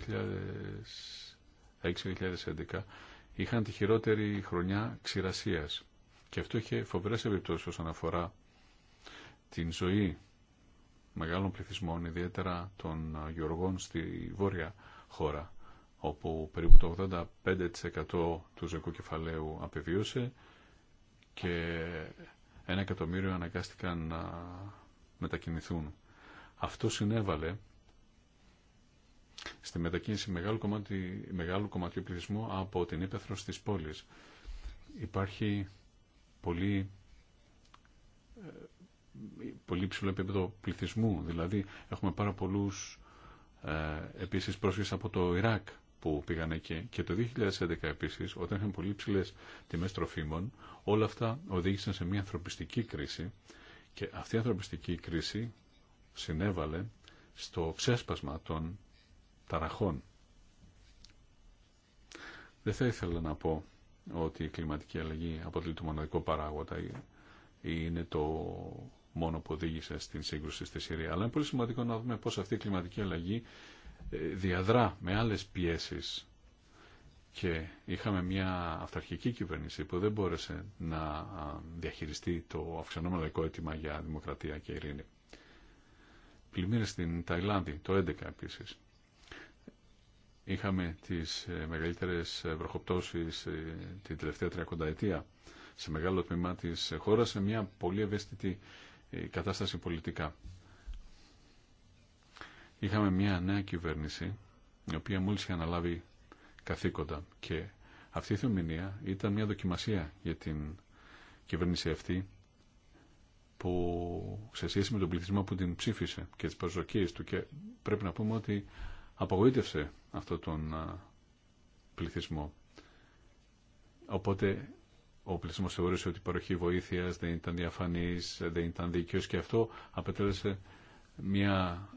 2006-2011 είχαν τη χειρότερη χρονιά ξηρασίας. Και αυτό είχε φοβερές επιπτώσεις όσον αφορά την ζωή μεγάλων πληθυσμών, ιδιαίτερα των γεωργών στη βόρεια χώρα, όπου περίπου το 85% του ζωικού κεφαλαίου απεβίωσε και ένα εκατομμύριο αναγκάστηκαν να μετακινηθούν. Αυτό συνέβαλε στη μετακίνηση μεγάλου, κομμάτι, μεγάλου κομματιού πληθυσμού από την ύπεθρο της πόλεις. Υπάρχει πολύ, ε, πολύ ψηλό επίπεδο πληθυσμού, δηλαδή έχουμε πάρα πολλούς ε, επίσης πρόσφυγες από το Ιράκ που πήγαν εκεί και το 2011 επίσης όταν είχαν πολύ ψηλέ τιμές τροφίμων όλα αυτά οδήγησαν σε μια ανθρωπιστική κρίση και αυτή η ανθρωπιστική κρίση συνέβαλε στο ξέσπασμα των ταραχών. Δεν θα ήθελα να πω ότι η κλιματική αλλαγή αποτελεί το μοναδικό παράγοντα ή είναι το μόνο που οδήγησε στην σύγκρουση στη Συρία. Αλλά είναι πολύ σημαντικό να δούμε πώς αυτή η κλιματική αλλαγή ε, διαδρά με άλλες πιέσεις και είχαμε μια αυταρχική κυβέρνηση που δεν μπόρεσε να διαχειριστεί το αυξανόμενο αίτημα για δημοκρατία και ειρήνη πλημμύρες στην Ταϊλάνδη, το 2011 επίση. Είχαμε τις ε, μεγαλύτερες ε, βροχοπτώσεις ε, την τελευταία 30 ετία σε μεγάλο τμήμα της χώρας, σε μια πολύ ευαίσθητη κατάσταση πολιτικά. Είχαμε μια νέα κυβέρνηση, η οποία μόλις είχε αναλάβει καθήκοντα και αυτή η θεομηνία ήταν μια δοκιμασία για την κυβέρνηση αυτή που σε σχέση με τον πληθυσμό που την ψήφισε και τις προσδοκίες του και πρέπει να πούμε ότι απογοήτευσε αυτό τον πληθυσμό. Οπότε ο πληθυσμός θεωρήσε ότι η παροχή βοήθειας δεν ήταν διαφανής, δεν ήταν δίκαιος και αυτό απαιτέλεσε μια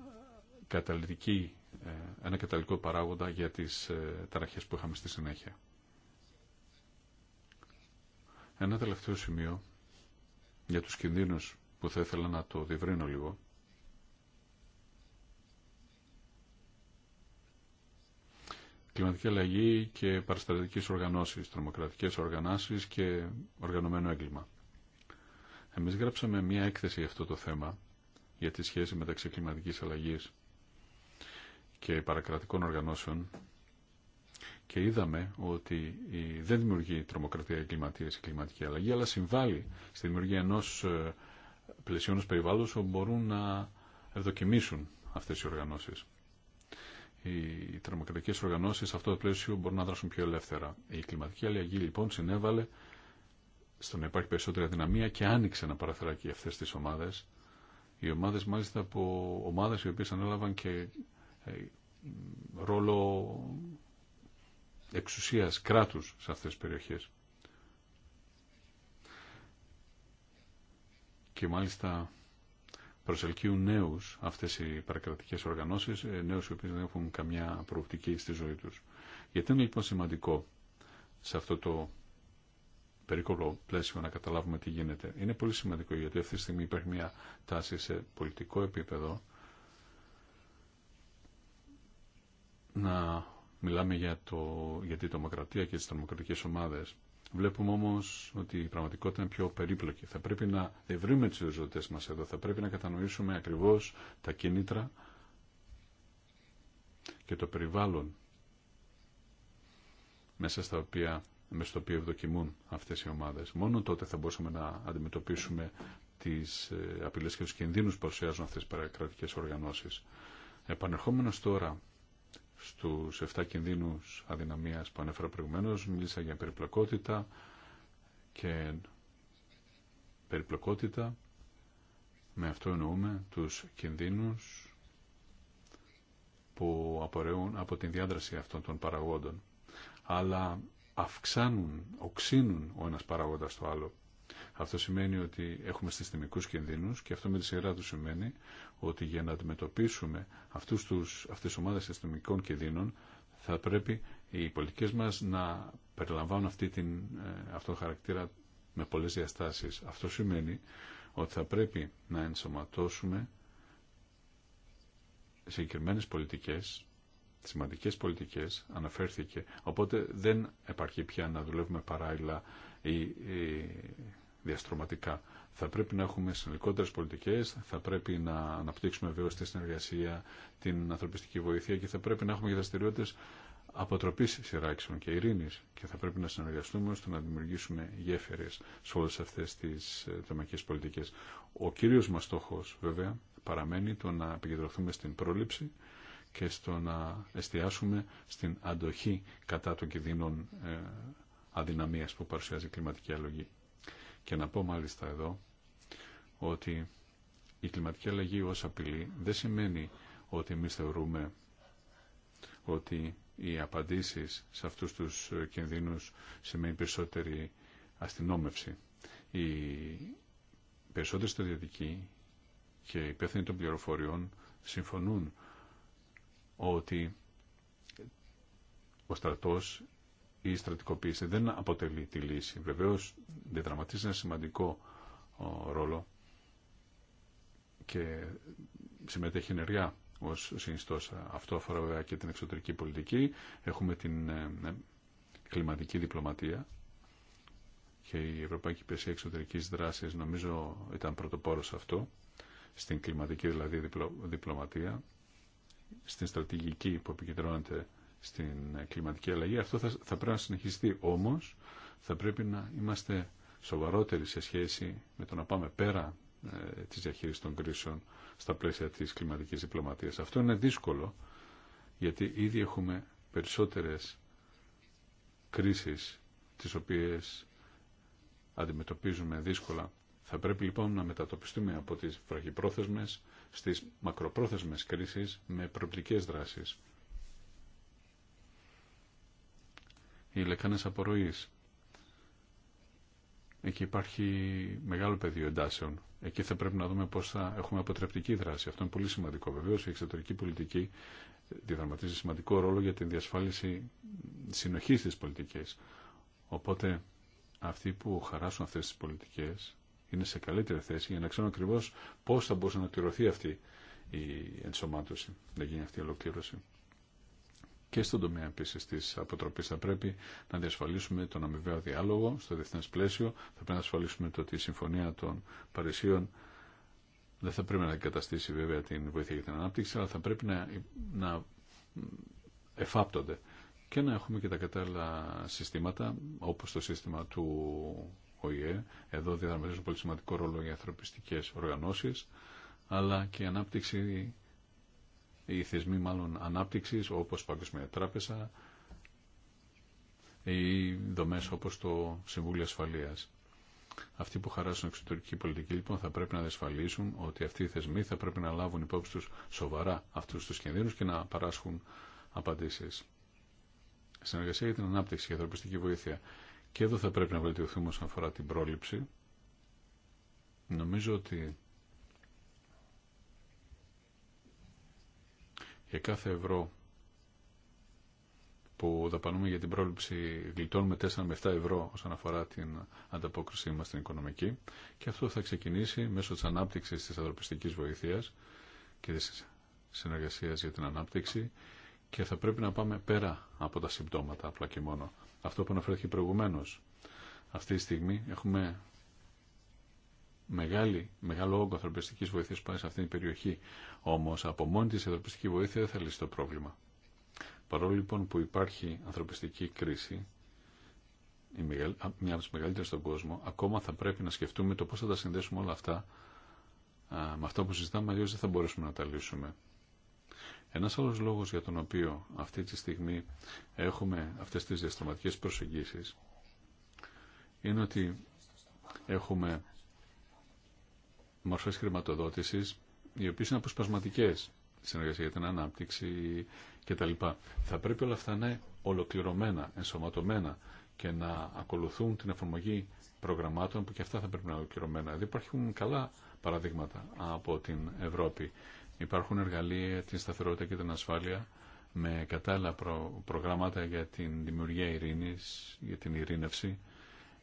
καταλυτική ε, ένα καταλητικό παράγοντα για τις ε, ταραχές που είχαμε στη συνέχεια. Ένα τελευταίο σημείο για τους κινδύνους που θα ήθελα να το διευρύνω λίγο. Κλιματική αλλαγή και παραστατικές οργανώσεις, τρομοκρατικές οργανώσεις και οργανωμένο έγκλημα. Εμείς γράψαμε μία έκθεση για αυτό το θέμα, για τη σχέση μεταξύ κλιματικής αλλαγής και παρακρατικών οργανώσεων και είδαμε ότι δεν δημιουργεί τρομοκρατία κλιματίες Η κλιματική αλλαγή, αλλά συμβάλλει στη δημιουργία ενός ε, πλαίσιών περιβάλλοντος όπου μπορούν να ευδοκιμήσουν αυτές οι οργανώσεις. Οι τρομοκρατικές οργανώσεις σε αυτό το πλαίσιο μπορούν να δράσουν πιο ελεύθερα. Η κλιματική αλλαγή λοιπόν συνέβαλε στο να υπάρχει περισσότερη δυναμία και άνοιξε ένα παραθυράκι αυτές τις ομάδες. Οι ομάδες μάλιστα από ομάδες οι οποίες ανέλαβαν και ε, ρόλο εξουσίας, κράτους σε αυτές τις περιοχές. Και μάλιστα προσελκύουν νέους αυτές οι παρακρατικές οργανώσεις, ε, νέους οι οποίοι δεν έχουν καμιά προοπτική στη ζωή τους. Γιατί είναι λοιπόν σημαντικό σε αυτό το περικολό πλαίσιο να καταλάβουμε τι γίνεται. Είναι πολύ σημαντικό γιατί αυτή τη στιγμή υπάρχει μια τάση σε πολιτικό επίπεδο να Μιλάμε για, το, για τη τρομοκρατία και τις τρομοκρατικές ομάδες. Βλέπουμε όμως ότι η πραγματικότητα είναι πιο περίπλοκη. Θα πρέπει να ευρύνουμε τις οριζοντές μας εδώ. Θα πρέπει να κατανοήσουμε ακριβώς τα κίνητρα και το περιβάλλον μέσα στα οποία, μέσα στο οποίο ευδοκιμούν αυτές οι ομάδες. Μόνο τότε θα μπορούσαμε να αντιμετωπίσουμε τις ε, απειλές και τους κινδύνους που παρουσιάζουν αυτές οι παρακρατικές οργανώσεις. Επανερχόμενος τώρα στους 7 κινδύνους αδυναμίας που ανέφερα προηγουμένως, μίλησα για περιπλοκότητα και περιπλοκότητα με αυτό εννοούμε τους κινδύνους που απορρέουν από την διάδραση αυτών των παραγόντων αλλά αυξάνουν, οξύνουν ο ένας παράγοντας το άλλο αυτό σημαίνει ότι έχουμε συστημικούς κινδύνους και αυτό με τη σειρά του σημαίνει ότι για να αντιμετωπίσουμε αυτούς τους, αυτές τις ομάδες συστημικών κινδύνων θα πρέπει οι πολιτικές μας να περιλαμβάνουν αυτή την, ε, αυτό χαρακτήρα με πολλές διαστάσεις. Αυτό σημαίνει ότι θα πρέπει να ενσωματώσουμε συγκεκριμένες πολιτικές σημαντικές πολιτικές αναφέρθηκε οπότε δεν επαρκεί πια να δουλεύουμε παράλληλα ή διαστρωματικά. Θα πρέπει να έχουμε συνολικότερε πολιτικέ, θα πρέπει να αναπτύξουμε βεβαίω τη συνεργασία, την ανθρωπιστική βοήθεια και θα πρέπει να έχουμε και δραστηριότητε αποτροπή σειράξεων και ειρήνη και θα πρέπει να συνεργαστούμε ώστε να δημιουργήσουμε γέφυρε σε όλε αυτέ τι θεμακέ πολιτικέ. Ο κύριο μα στόχο βέβαια παραμένει το να επικεντρωθούμε στην πρόληψη και στο να εστιάσουμε στην αντοχή κατά των κινδύνων ε, αδυναμίας που παρουσιάζει η κλιματική αλλαγή. Και να πω μάλιστα εδώ ότι η κλιματική αλλαγή ως απειλή δεν σημαίνει ότι εμείς θεωρούμε ότι οι απαντήσεις σε αυτούς τους κινδύνους σημαίνει περισσότερη αστυνόμευση. Οι περισσότεροι στρατιωτικοί και οι υπεύθυνοι των πληροφοριών συμφωνούν ότι ο στρατός η στρατικοποίηση δεν αποτελεί τη λύση. Βεβαίως διαδραματίζει ένα σημαντικό ρόλο και συμμετέχει ενεργά ως συνιστό. Αυτό αφορά βέβαια και την εξωτερική πολιτική. Έχουμε την ε, ε, κλιματική διπλωματία και η Ευρωπαϊκή Υπηρεσία Εξωτερικής Δράσης νομίζω ήταν πρωτοπόρος αυτό, στην κλιματική δηλαδή διπλωματία, στην στρατηγική που επικεντρώνεται στην κλιματική αλλαγή. Αυτό θα, θα πρέπει να συνεχιστεί. Όμως θα πρέπει να είμαστε σοβαρότεροι σε σχέση με το να πάμε πέρα ε, της διαχείρισης των κρίσεων στα πλαίσια της κλιματικής διπλωματίας. Αυτό είναι δύσκολο γιατί ήδη έχουμε περισσότερες κρίσεις τις οποίες αντιμετωπίζουμε δύσκολα. Θα πρέπει λοιπόν να μετατοπιστούμε από τις βραχυπρόθεσμες στις μακροπρόθεσμες κρίσεις με προοπτικές δράσεις. οι λεκάνες απορροής. Εκεί υπάρχει μεγάλο πεδίο εντάσεων. Εκεί θα πρέπει να δούμε πώς θα έχουμε αποτρεπτική δράση. Αυτό είναι πολύ σημαντικό. Βεβαίως η εξωτερική πολιτική διαδραματίζει σημαντικό ρόλο για την διασφάλιση συνοχής της πολιτικής. Οπότε αυτοί που χαράσουν αυτές τις πολιτικές είναι σε καλύτερη θέση για να ξέρουν ακριβώς πώς θα μπορούσε να κληρωθεί αυτή η ενσωμάτωση, να γίνει αυτή η ολοκλήρωση και στον τομέα επίση τη αποτροπή. Θα πρέπει να διασφαλίσουμε τον αμοιβαίο διάλογο στο διεθνέ πλαίσιο. Θα πρέπει να ασφαλίσουμε το ότι η Συμφωνία των Παρισίων δεν θα πρέπει να εγκαταστήσει βέβαια την βοήθεια για την ανάπτυξη, αλλά θα πρέπει να, να εφάπτονται και να έχουμε και τα κατάλληλα συστήματα, όπω το σύστημα του ΟΗΕ. Εδώ διαδραματίζουν πολύ σημαντικό ρόλο οι ανθρωπιστικέ οργανώσει, αλλά και η ανάπτυξη οι θεσμοί μάλλον ανάπτυξης όπως Παγκοσμία Τράπεζα ή δομές όπως το Συμβούλιο Ασφαλείας. Αυτοί που χαράσουν εξωτερική πολιτική λοιπόν θα πρέπει να διασφαλίσουν ότι αυτοί οι θεσμοί θα πρέπει να λάβουν υπόψη τους σοβαρά αυτούς τους κινδύνους και να παράσχουν απαντήσεις. Συνεργασία για την ανάπτυξη και ανθρωπιστική βοήθεια. Και εδώ θα πρέπει να βελτιωθούμε όσον αφορά την πρόληψη. Νομίζω ότι Για κάθε ευρώ που δαπανούμε για την πρόληψη γλιτώνουμε 4 με 7 ευρώ όσον αφορά την ανταπόκρισή μας στην οικονομική και αυτό θα ξεκινήσει μέσω της ανάπτυξης της ανθρωπιστικής βοήθειας και της συνεργασίας για την ανάπτυξη και θα πρέπει να πάμε πέρα από τα συμπτώματα απλά και μόνο. Αυτό που αναφέρθηκε προηγουμένω. Αυτή τη στιγμή έχουμε μεγάλη, μεγάλο όγκο ανθρωπιστική βοήθεια πάει σε αυτήν την περιοχή. Όμω από μόνη τη ανθρωπιστική βοήθεια δεν θα λύσει το πρόβλημα. Παρόλο λοιπόν που υπάρχει ανθρωπιστική κρίση, μια από τι μεγαλύτερε στον κόσμο, ακόμα θα πρέπει να σκεφτούμε το πώ θα τα συνδέσουμε όλα αυτά με αυτό που συζητάμε, αλλιώ δεν θα μπορέσουμε να τα λύσουμε. Ένα άλλο λόγο για τον οποίο αυτή τη στιγμή έχουμε αυτέ τι διαστρωματικέ προσεγγίσει, είναι ότι έχουμε μορφές χρηματοδότησης οι οποίες είναι αποσπασματικές συνεργασία για την ανάπτυξη κτλ. Θα πρέπει όλα αυτά να είναι ολοκληρωμένα, ενσωματωμένα και να ακολουθούν την εφαρμογή προγραμμάτων που και αυτά θα πρέπει να είναι ολοκληρωμένα. Δηλαδή υπάρχουν καλά παραδείγματα από την Ευρώπη. Υπάρχουν εργαλεία την σταθερότητα και την ασφάλεια με κατάλληλα προγράμματα για την δημιουργία ειρήνης, για την ειρήνευση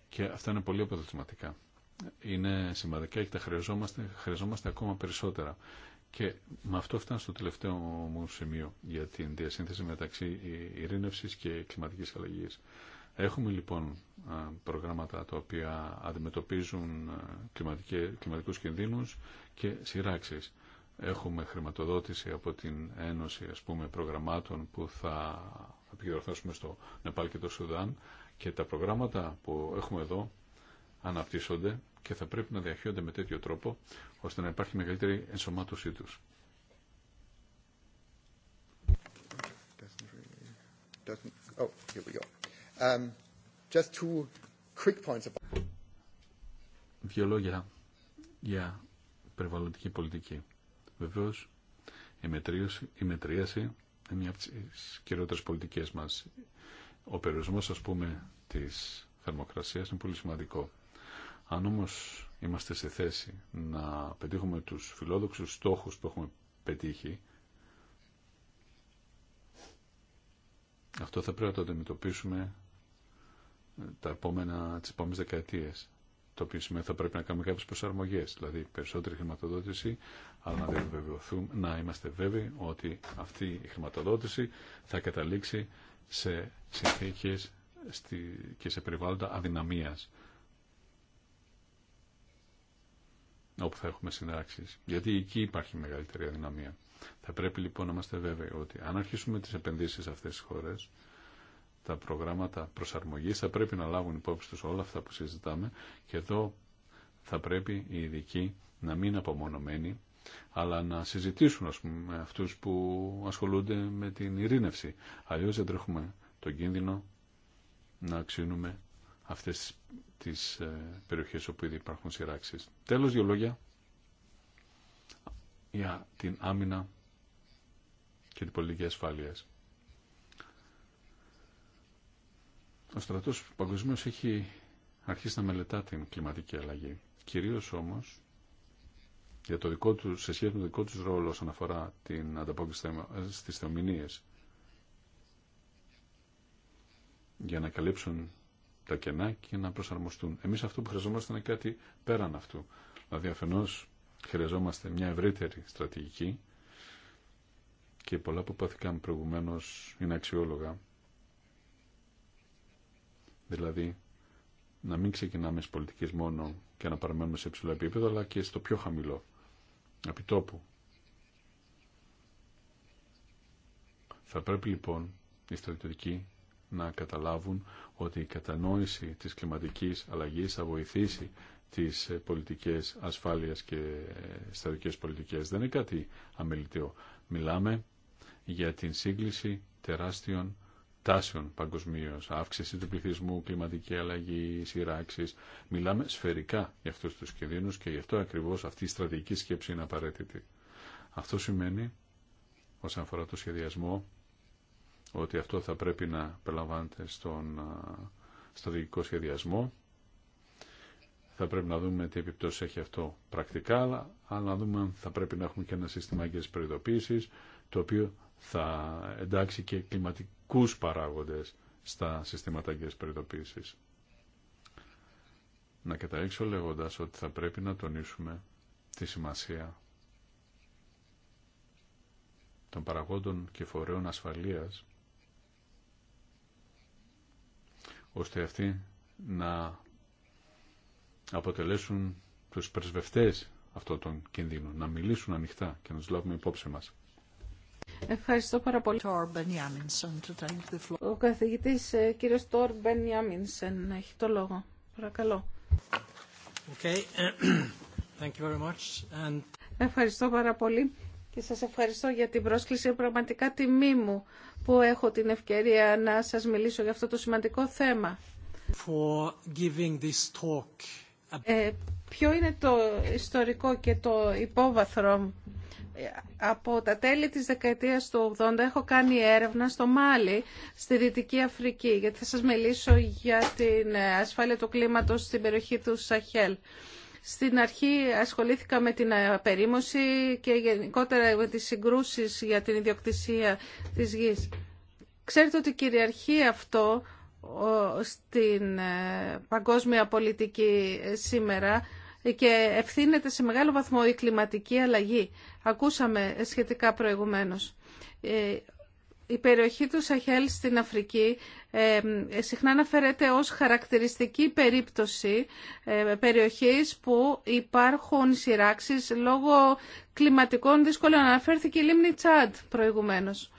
και αυτά είναι πολύ αποδοτηματικά είναι σημαντικά και τα χρειαζόμαστε, χρειαζόμαστε ακόμα περισσότερα. Και με αυτό φτάνω στο τελευταίο μου σημείο για την διασύνθεση μεταξύ ειρήνευσης και κλιματικής αλλαγής. Έχουμε λοιπόν προγράμματα τα οποία αντιμετωπίζουν κλιματικούς κινδύνους και σειράξεις. Έχουμε χρηματοδότηση από την Ένωση ας πούμε, προγραμμάτων που θα επικεντρωθούμε στο Νεπάλ και το Σουδάν και τα προγράμματα που έχουμε εδώ αναπτύσσονται και θα πρέπει να διαχέονται με τέτοιο τρόπο ώστε να υπάρχει μεγαλύτερη ενσωμάτωσή τους. Δύο λόγια για περιβαλλοντική πολιτική. Βεβαίω, η, η μετρίαση είναι μια από τι κυριότερε πολιτικέ μα. Ο περιορισμό, α πούμε, τη θερμοκρασία είναι πολύ σημαντικό. Αν όμως είμαστε σε θέση να πετύχουμε τους φιλόδοξους στόχους που έχουμε πετύχει, αυτό θα πρέπει να το αντιμετωπίσουμε ε, τα επόμενα, τις επόμενες δεκαετίες. Το οποίο σημαίνει θα πρέπει να κάνουμε κάποιες προσαρμογές, δηλαδή περισσότερη χρηματοδότηση, αλλά να, να είμαστε βέβαιοι ότι αυτή η χρηματοδότηση θα καταλήξει σε συνθήκες και σε περιβάλλοντα αδυναμίας. όπου θα έχουμε συνεράξεις. Γιατί εκεί υπάρχει μεγαλύτερη αδυναμία. Θα πρέπει λοιπόν να είμαστε βέβαιοι ότι αν αρχίσουμε τις επενδύσεις σε αυτές τις χώρες, τα προγράμματα προσαρμογής θα πρέπει να λάβουν υπόψη τους όλα αυτά που συζητάμε και εδώ θα πρέπει οι ειδικοί να μην είναι απομονωμένοι αλλά να συζητήσουν ας πούμε, αυτούς που ασχολούνται με την ειρήνευση. Αλλιώς δεν τρέχουμε τον κίνδυνο να αξίνουμε αυτές τις ε, περιοχές όπου ήδη υπάρχουν σειράξεις. Τέλος, δύο λόγια για την άμυνα και την πολιτική ασφάλεια. Ο στρατός παγκοσμίως έχει αρχίσει να μελετά την κλιματική αλλαγή. Κυρίως όμως για το δικό του, σε σχέση με το δικό τους ρόλο όσον αφορά την ανταπόκριση στις θεομηνίες για να καλύψουν τα κενά και να προσαρμοστούν. Εμείς αυτό που χρειαζόμαστε είναι κάτι πέραν αυτού. Δηλαδή αφενός χρειαζόμαστε μια ευρύτερη στρατηγική και πολλά που πάθηκαν προηγουμένω είναι αξιόλογα. Δηλαδή να μην ξεκινάμε στις πολιτικές μόνο και να παραμένουμε σε υψηλό επίπεδο αλλά και στο πιο χαμηλό επιτόπου. Θα πρέπει λοιπόν οι στρατιωτικοί να καταλάβουν ότι η κατανόηση της κλιματικής αλλαγής θα βοηθήσει τις ε, πολιτικές ασφάλειας και ε, στρατικές πολιτικές. Δεν είναι κάτι αμεληταίο. Μιλάμε για την σύγκληση τεράστιων τάσεων παγκοσμίω, αύξηση του πληθυσμού, κλιματική αλλαγή, σειράξει. Μιλάμε σφαιρικά για αυτού του κινδύνου και γι' αυτό ακριβώ αυτή η στρατηγική σκέψη είναι απαραίτητη. Αυτό σημαίνει, όσον αφορά το σχεδιασμό, ότι αυτό θα πρέπει να περιλαμβάνεται στον στρατηγικό σχεδιασμό. Θα πρέπει να δούμε τι επιπτώσεις έχει αυτό πρακτικά, αλλά, να δούμε αν θα πρέπει να έχουμε και ένα σύστημα αγκές το οποίο θα εντάξει και κλιματικούς παράγοντες στα συστήματα αγκές Να καταλήξω λέγοντας ότι θα πρέπει να τονίσουμε τη σημασία των παραγόντων και φορέων ασφαλείας ώστε αυτοί να αποτελέσουν τους πρεσβευτές αυτών των κινδύνων, να μιλήσουν ανοιχτά και να τους λάβουμε υπόψη μας. Ευχαριστώ πάρα πολύ. Ο καθηγητής ε, κύριος Τόρ Μπεν Ιάμινσεν έχει το λόγο. Παρακαλώ. Okay. Thank you very much. And... Ευχαριστώ πάρα πολύ και σας ευχαριστώ για την πρόσκληση. Πραγματικά τιμή μου που έχω την ευκαιρία να σας μιλήσω για αυτό το σημαντικό θέμα. giving this talk. Ε, ποιο είναι το ιστορικό και το υπόβαθρο από τα τέλη της δεκαετίας του 80 έχω κάνει έρευνα στο Μάλι, στη Δυτική Αφρική, γιατί θα σας μιλήσω για την ασφάλεια του κλίματος στην περιοχή του Σαχέλ. Στην αρχή ασχολήθηκα με την απερίμωση και γενικότερα με τις συγκρούσεις για την ιδιοκτησία της γης. Ξέρετε ότι κυριαρχεί αυτό στην ε, παγκόσμια πολιτική σήμερα και ευθύνεται σε μεγάλο βαθμό η κλιματική αλλαγή. Ακούσαμε σχετικά προηγουμένως. Ε, η περιοχή του Σαχέλ στην Αφρική ε, συχνά αναφέρεται ως χαρακτηριστική περίπτωση ε, περιοχής που υπάρχουν σειράξεις λόγω κλιματικών δύσκολων. Αναφέρθηκε η λίμνη Τσάντ προηγουμένως.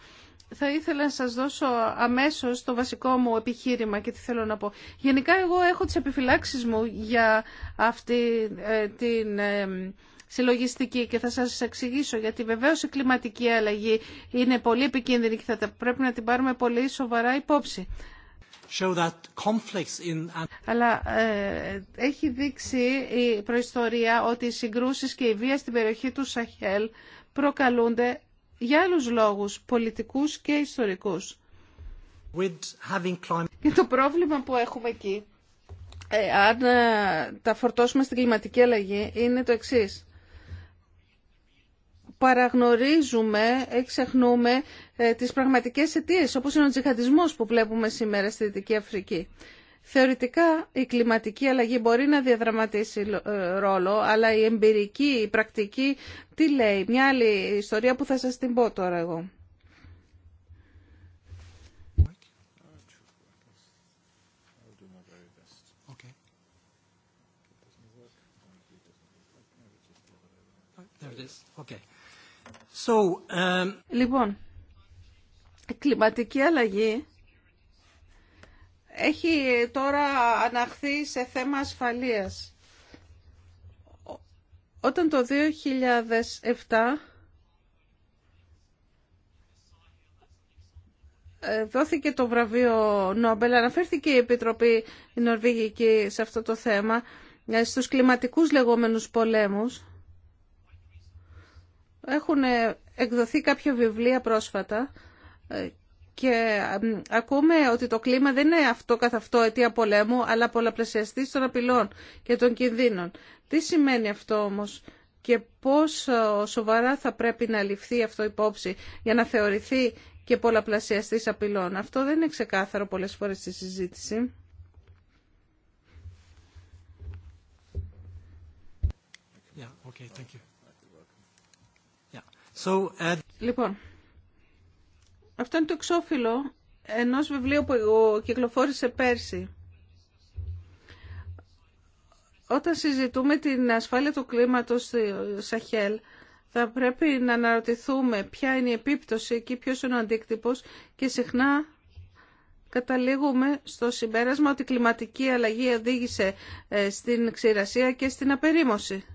Θα ήθελα να σας δώσω αμέσως το βασικό μου επιχείρημα και τι θέλω να πω. Γενικά εγώ έχω τις επιφυλάξεις μου για αυτή ε, την συλλογιστική και θα σας εξηγήσω γιατί βεβαίως η κλιματική αλλαγή είναι πολύ επικίνδυνη και θα πρέπει να την πάρουμε πολύ σοβαρά υπόψη. that in... Αλλά ε, έχει δείξει η προϊστορία ότι οι συγκρούσεις και η βία στην περιοχή του Σαχέλ προκαλούνται για άλλους λόγους, πολιτικούς και ιστορικούς. With climate... Και το πρόβλημα που έχουμε εκεί, ε, αν ε, τα φορτώσουμε στην κλιματική αλλαγή, είναι το εξής παραγνωρίζουμε, εξεχνούμε ε, τις πραγματικές αιτίες, όπως είναι ο τζιχαντισμός που βλέπουμε σήμερα στη Δυτική Αφρική. Θεωρητικά η κλιματική αλλαγή μπορεί να διαδραματίσει ε, ρόλο, αλλά η εμπειρική, η πρακτική, τι λέει. Μια άλλη ιστορία που θα σας την πω τώρα εγώ. Okay. So, um, Λοιπόν, η κλιματική αλλαγή έχει τώρα αναχθεί σε θέμα ασφαλείας. Όταν το 2007 ε, δόθηκε το βραβείο Νόμπελ, αναφέρθηκε η Επιτροπή η Νορβηγική σε αυτό το θέμα, ε, στους κλιματικούς λεγόμενους πολέμους, έχουν ε, εκδοθεί κάποια βιβλία πρόσφατα ε, και ακούμε ότι το κλίμα δεν είναι αυτό καθ' αυτό αιτία πολέμου, αλλά πολλαπλασιαστή των απειλών και των κινδύνων. Τι σημαίνει αυτό όμως και πώς σοβαρά θα πρέπει να ληφθεί αυτό υπόψη για να θεωρηθεί και πολλαπλασιαστής απειλών. Αυτό δεν είναι ξεκάθαρο πολλές φορές στη συζήτηση. Uh, λοιπόν, αυτό είναι το εξώφυλλο ενός βιβλίου που κυκλοφόρησε πέρσι. Όταν συζητούμε την ασφάλεια του κλίματος στη Σαχέλ, θα πρέπει να αναρωτηθούμε ποια είναι η επίπτωση και ποιος είναι ο αντίκτυπος και συχνά καταλήγουμε στο συμπέρασμα ότι η κλιματική αλλαγή οδήγησε ε, στην ξηρασία και στην απερίμωση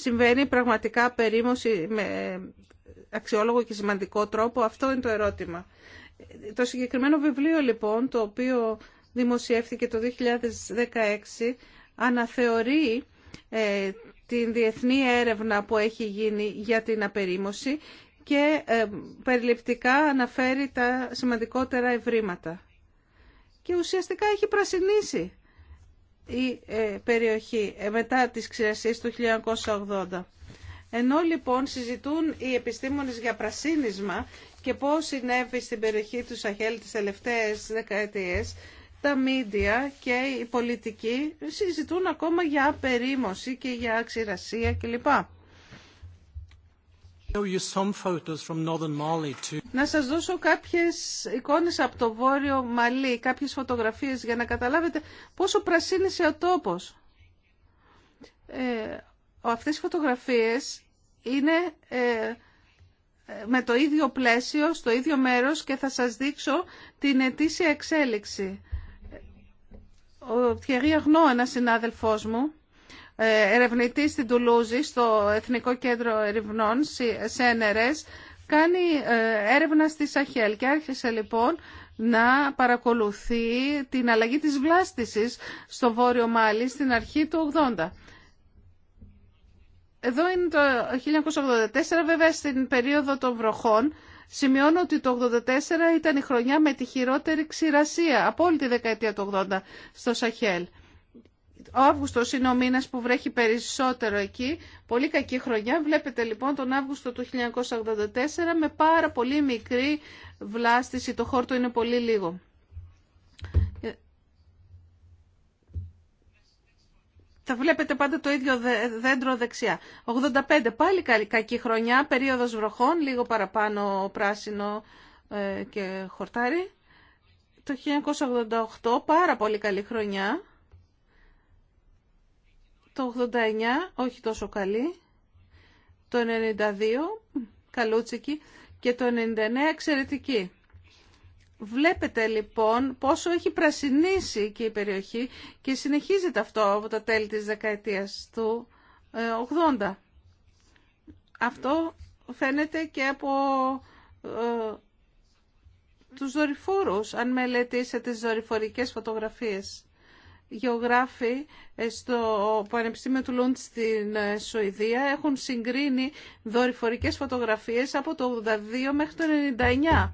συμβαίνει πραγματικά περίμωση με αξιόλογο και σημαντικό τρόπο. Αυτό είναι το ερώτημα. Το συγκεκριμένο βιβλίο λοιπόν, το οποίο δημοσιεύθηκε το 2016, αναθεωρεί ε, την διεθνή έρευνα που έχει γίνει για την απερίμωση και ε, περιληπτικά αναφέρει τα σημαντικότερα ευρήματα. Και ουσιαστικά έχει πρασινίσει η ε, περιοχή ε, μετά τις ξηρασίες του 1980. Ενώ λοιπόν συζητούν οι επιστήμονες για πρασίνισμα και πώς συνέβη στην περιοχή του Σαχέλ τις τελευταίες δεκαετίες, τα μίντια και οι πολιτικοί συζητούν ακόμα για απερίμωση και για ξηρασία κλπ. Να σας δώσω κάποιες εικόνες από το Βόρειο Μαλί, κάποιες φωτογραφίες για να καταλάβετε πόσο πρασίνησε ο τόπος. Ε, αυτές οι φωτογραφίες είναι ε, με το ίδιο πλαίσιο, στο ίδιο μέρος και θα σας δείξω την ετήσια εξέλιξη. Ο Θιερή Αγνώ, ένας συνάδελφός μου, ε, ερευνητή στην Τουλούζη, στο Εθνικό Κέντρο Ερευνών, ΣΕΝΕΡΕΣ, κάνει ε, έρευνα στη Σαχέλ και άρχισε λοιπόν να παρακολουθεί την αλλαγή της βλάστησης στο Βόρειο Μάλι στην αρχή του 80. Εδώ είναι το 1984, βέβαια στην περίοδο των βροχών, Σημειώνω ότι το 84 ήταν η χρονιά με τη χειρότερη ξηρασία από όλη τη δεκαετία του 80 στο Σαχέλ. Ο Αύγουστος είναι ο μήνας που βρέχει περισσότερο εκεί. Πολύ κακή χρονιά. Βλέπετε λοιπόν τον Αύγουστο του 1984 με πάρα πολύ μικρή βλάστηση. Το χόρτο είναι πολύ λίγο. Θα βλέπετε πάντα το ίδιο δέντρο δεξιά. 85 πάλι κακή χρονιά, περίοδος βροχών, λίγο παραπάνω πράσινο ε, και χορτάρι. Το 1988 πάρα πολύ καλή χρονιά. Το 89, όχι τόσο καλή. Το 92, καλούτσικη. Και το 99, εξαιρετική. Βλέπετε λοιπόν πόσο έχει πρασινίσει και η περιοχή και συνεχίζεται αυτό από τα τέλη της δεκαετίας του 80. Ε, αυτό φαίνεται και από ε, τους δορυφόρους, αν μελετήσετε τις δορυφορικές φωτογραφίες γεωγράφοι ε, στο Πανεπιστήμιο του Λούντ στην ε, Σουηδία έχουν συγκρίνει δορυφορικές φωτογραφίες από το 82 μέχρι το 99.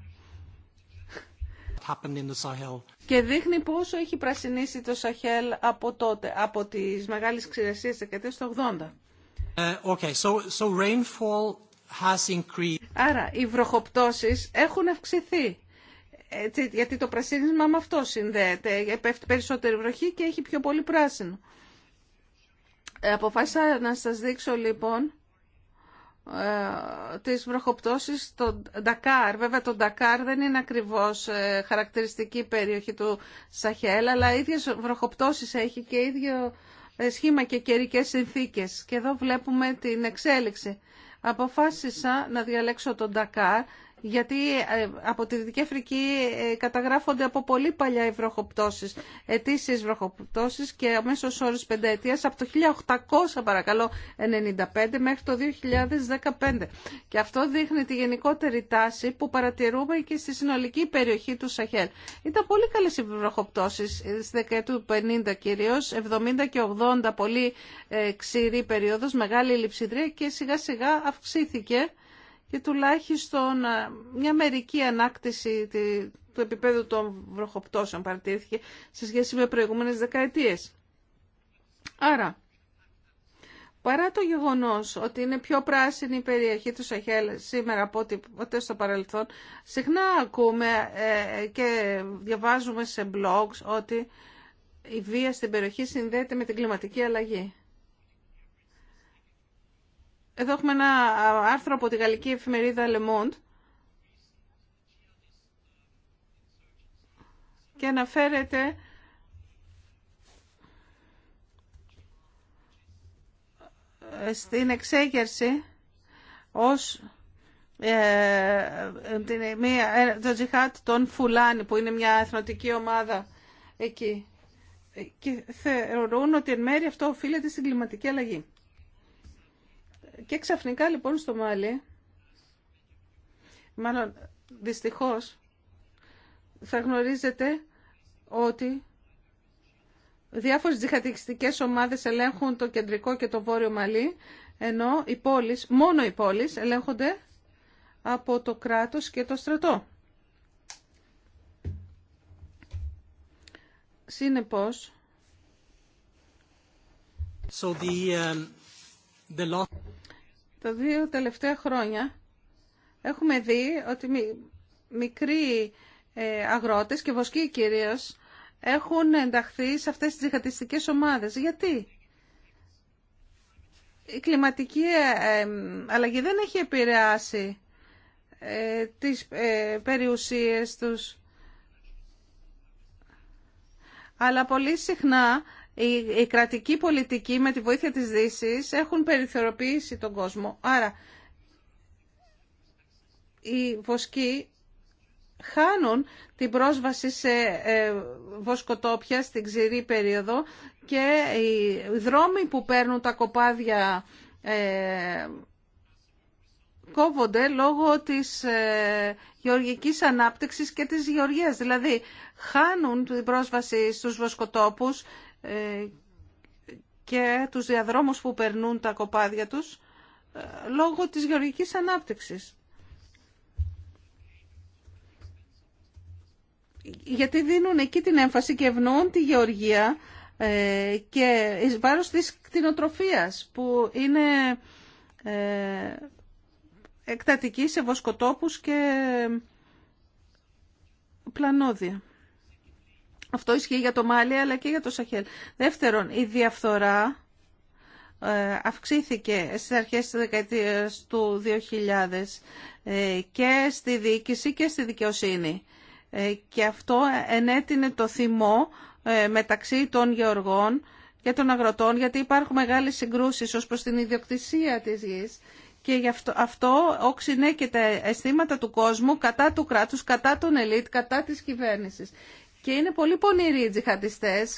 και δείχνει πόσο έχει πρασινίσει το Σαχέλ από τότε, από τις μεγάλες ξηρασίες δεκαετίας του 80. Uh, so, so rainfall has increased. Άρα οι βροχοπτώσεις έχουν αυξηθεί γιατί το πρασίνισμα με αυτό συνδέεται. Πέφτει περισσότερη βροχή και έχει πιο πολύ πράσινο. Ε, αποφάσισα να σας δείξω λοιπόν ε, τις βροχοπτώσεις στο Ντακάρ. Βέβαια το Ντακάρ δεν είναι ακριβώς ε, χαρακτηριστική περιοχή του Σαχέλ, αλλά ίδιες βροχοπτώσεις έχει και ίδιο σχήμα και καιρικέ συνθήκες. Και εδώ βλέπουμε την εξέλιξη. Αποφάσισα να διαλέξω τον Ντακάρ γιατί ε, από τη Δυτική Αφρική ε, καταγράφονται από πολύ παλιά οι βροχοπτώσεις, ετήσιες βροχοπτώσει και ο μέσος όρος πενταετίας από το 1800 παρακαλώ 95 μέχρι το 2015. Και αυτό δείχνει τη γενικότερη τάση που παρατηρούμε και στη συνολική περιοχή του Σαχέλ. Ήταν πολύ καλές οι βροχοπτώσεις ε, στη δεκαετία του 50 κυρίως, 70 και 80 πολύ ξηρή περίοδος, μεγάλη λειψιδρία και σιγά σιγά αυξήθηκε και τουλάχιστον ε, μια μερική ανάκτηση του επίπεδου των βροχοπτώσεων παρατηρήθηκε σε σχέση με προηγούμενες δεκαετίες. Άρα, παρά το γεγονός ότι είναι πιο πράσινη η περιοχή του Σαχέλ σήμερα από ό,τι ποτέ στο παρελθόν, συχνά ακούμε ε, και διαβάζουμε σε blogs ότι η βία στην περιοχή συνδέεται με την κλιματική αλλαγή. Εδώ έχουμε ένα άρθρο από τη γαλλική εφημερίδα Le Monde και αναφέρεται στην εξέγερση ως ε, ε, ε, το τζιχάτ των φουλάνι που είναι μια εθνοτική ομάδα εκεί και θεωρούν ότι εν μέρει αυτό οφείλεται στην κλιματική αλλαγή. Και ξαφνικά λοιπόν στο Μάλι, μάλλον δυστυχώς, θα γνωρίζετε ότι διάφορες τζιχατιστικές ομάδες ελέγχουν το κεντρικό και το βόρειο Μαλί, ενώ οι πόλεις, μόνο οι πόλεις ελέγχονται από το κράτος και το στρατό. Συνεπώς, um, τα δύο τελευταία χρόνια έχουμε δει ότι μικροί ε, αγρότες και βοσκοί κυρίως έχουν ενταχθεί σε αυτές τις διχατιστικές ομάδες. Γιατί? Η κλιματική ε, αλλαγή δεν έχει επηρεάσει ε, τις περιουσίες τους. Αλλά πολύ συχνά η, κρατική πολιτική με τη βοήθεια της δύση έχουν περιθωριοποιήσει τον κόσμο. Άρα οι βοσκοί χάνουν την πρόσβαση σε ε, βοσκοτόπια στην ξηρή περίοδο και οι δρόμοι που παίρνουν τα κοπάδια ε, κόβονται λόγω της ε, γεωργικής ανάπτυξης και της γεωργίας. Δηλαδή χάνουν την πρόσβαση στους βοσκοτόπους ε, και τους διαδρόμους που περνούν τα κοπάδια τους ε, λόγω της γεωργικής ανάπτυξης. Γιατί δίνουν εκεί την έμφαση και ευνοούν τη γεωργία ε, και εις βάρος της κτηνοτροφίας που είναι εκτατική σε βοσκοτόπους και πλανόδια. Αυτό ισχύει για το Μάλι αλλά και για το Σαχέλ. Δεύτερον, η διαφθορά ε, αυξήθηκε στις αρχές της δεκαετίας του 2000 ε, και στη διοίκηση και στη δικαιοσύνη. Ε, και αυτό ενέτεινε το θυμό μεταξύ των γεωργών και των αγροτών, γιατί υπάρχουν μεγάλες συγκρούσεις ως προς την ιδιοκτησία της γης και γι' αυτό, αυτό όξινε και τα αισθήματα του κόσμου κατά του κράτους, κατά των ελίτ, κατά της κυβέρνησης. Και είναι πολύ πονηροί οι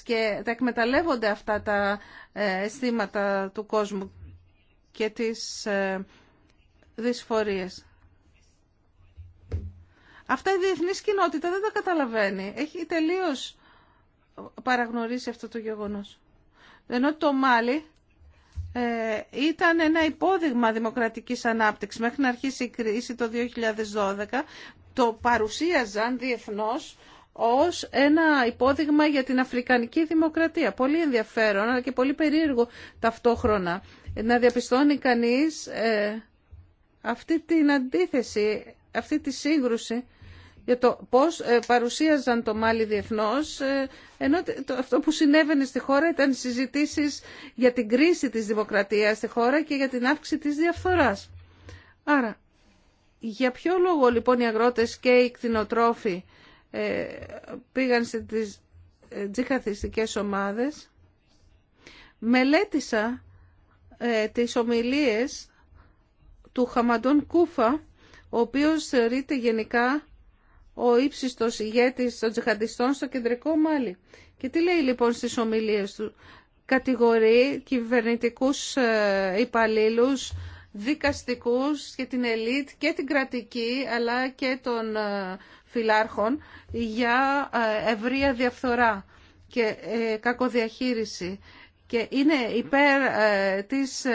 και τα εκμεταλλεύονται αυτά τα ε, αισθήματα του κόσμου και τις ε, δυσφορίες. Αυτά η διεθνή κοινότητα δεν τα καταλαβαίνει. Έχει τελείως παραγνωρίσει αυτό το γεγονός. Ενώ το Μάλι ε, ήταν ένα υπόδειγμα δημοκρατικής ανάπτυξης. Μέχρι να αρχίσει η κρίση το 2012 το παρουσίαζαν διεθνώς ως ένα υπόδειγμα για την Αφρικανική Δημοκρατία. Πολύ ενδιαφέρον αλλά και πολύ περίεργο ταυτόχρονα να διαπιστώνει κανείς ε, αυτή την αντίθεση, αυτή τη σύγκρουση για το πώς ε, παρουσίαζαν το Μάλι διεθνώς, ε, ενώ το, αυτό που συνέβαινε στη χώρα ήταν συζητήσεις για την κρίση της δημοκρατίας στη χώρα και για την αύξηση της διαφθοράς. Άρα, για ποιο λόγο λοιπόν οι αγρότες και οι κτηνοτρόφοι ε, πήγαν σε τις τζιχαθιστικές ομάδες. Μελέτησα ε, τις ομιλίες του Χαμαντών Κούφα, ο οποίος θεωρείται γενικά ο ύψιστος ηγέτης των τζιχαντιστών στο κεντρικό Μάλι. Και τι λέει λοιπόν στις ομιλίες του. Κατηγορεί κυβερνητικούς ε, υπαλλήλους, δικαστικούς και την ελίτ και την κρατική αλλά και τον φυλάρχων για ε, ευρεία διαφθορά και ε, κακοδιαχείριση και είναι υπέρ ε, της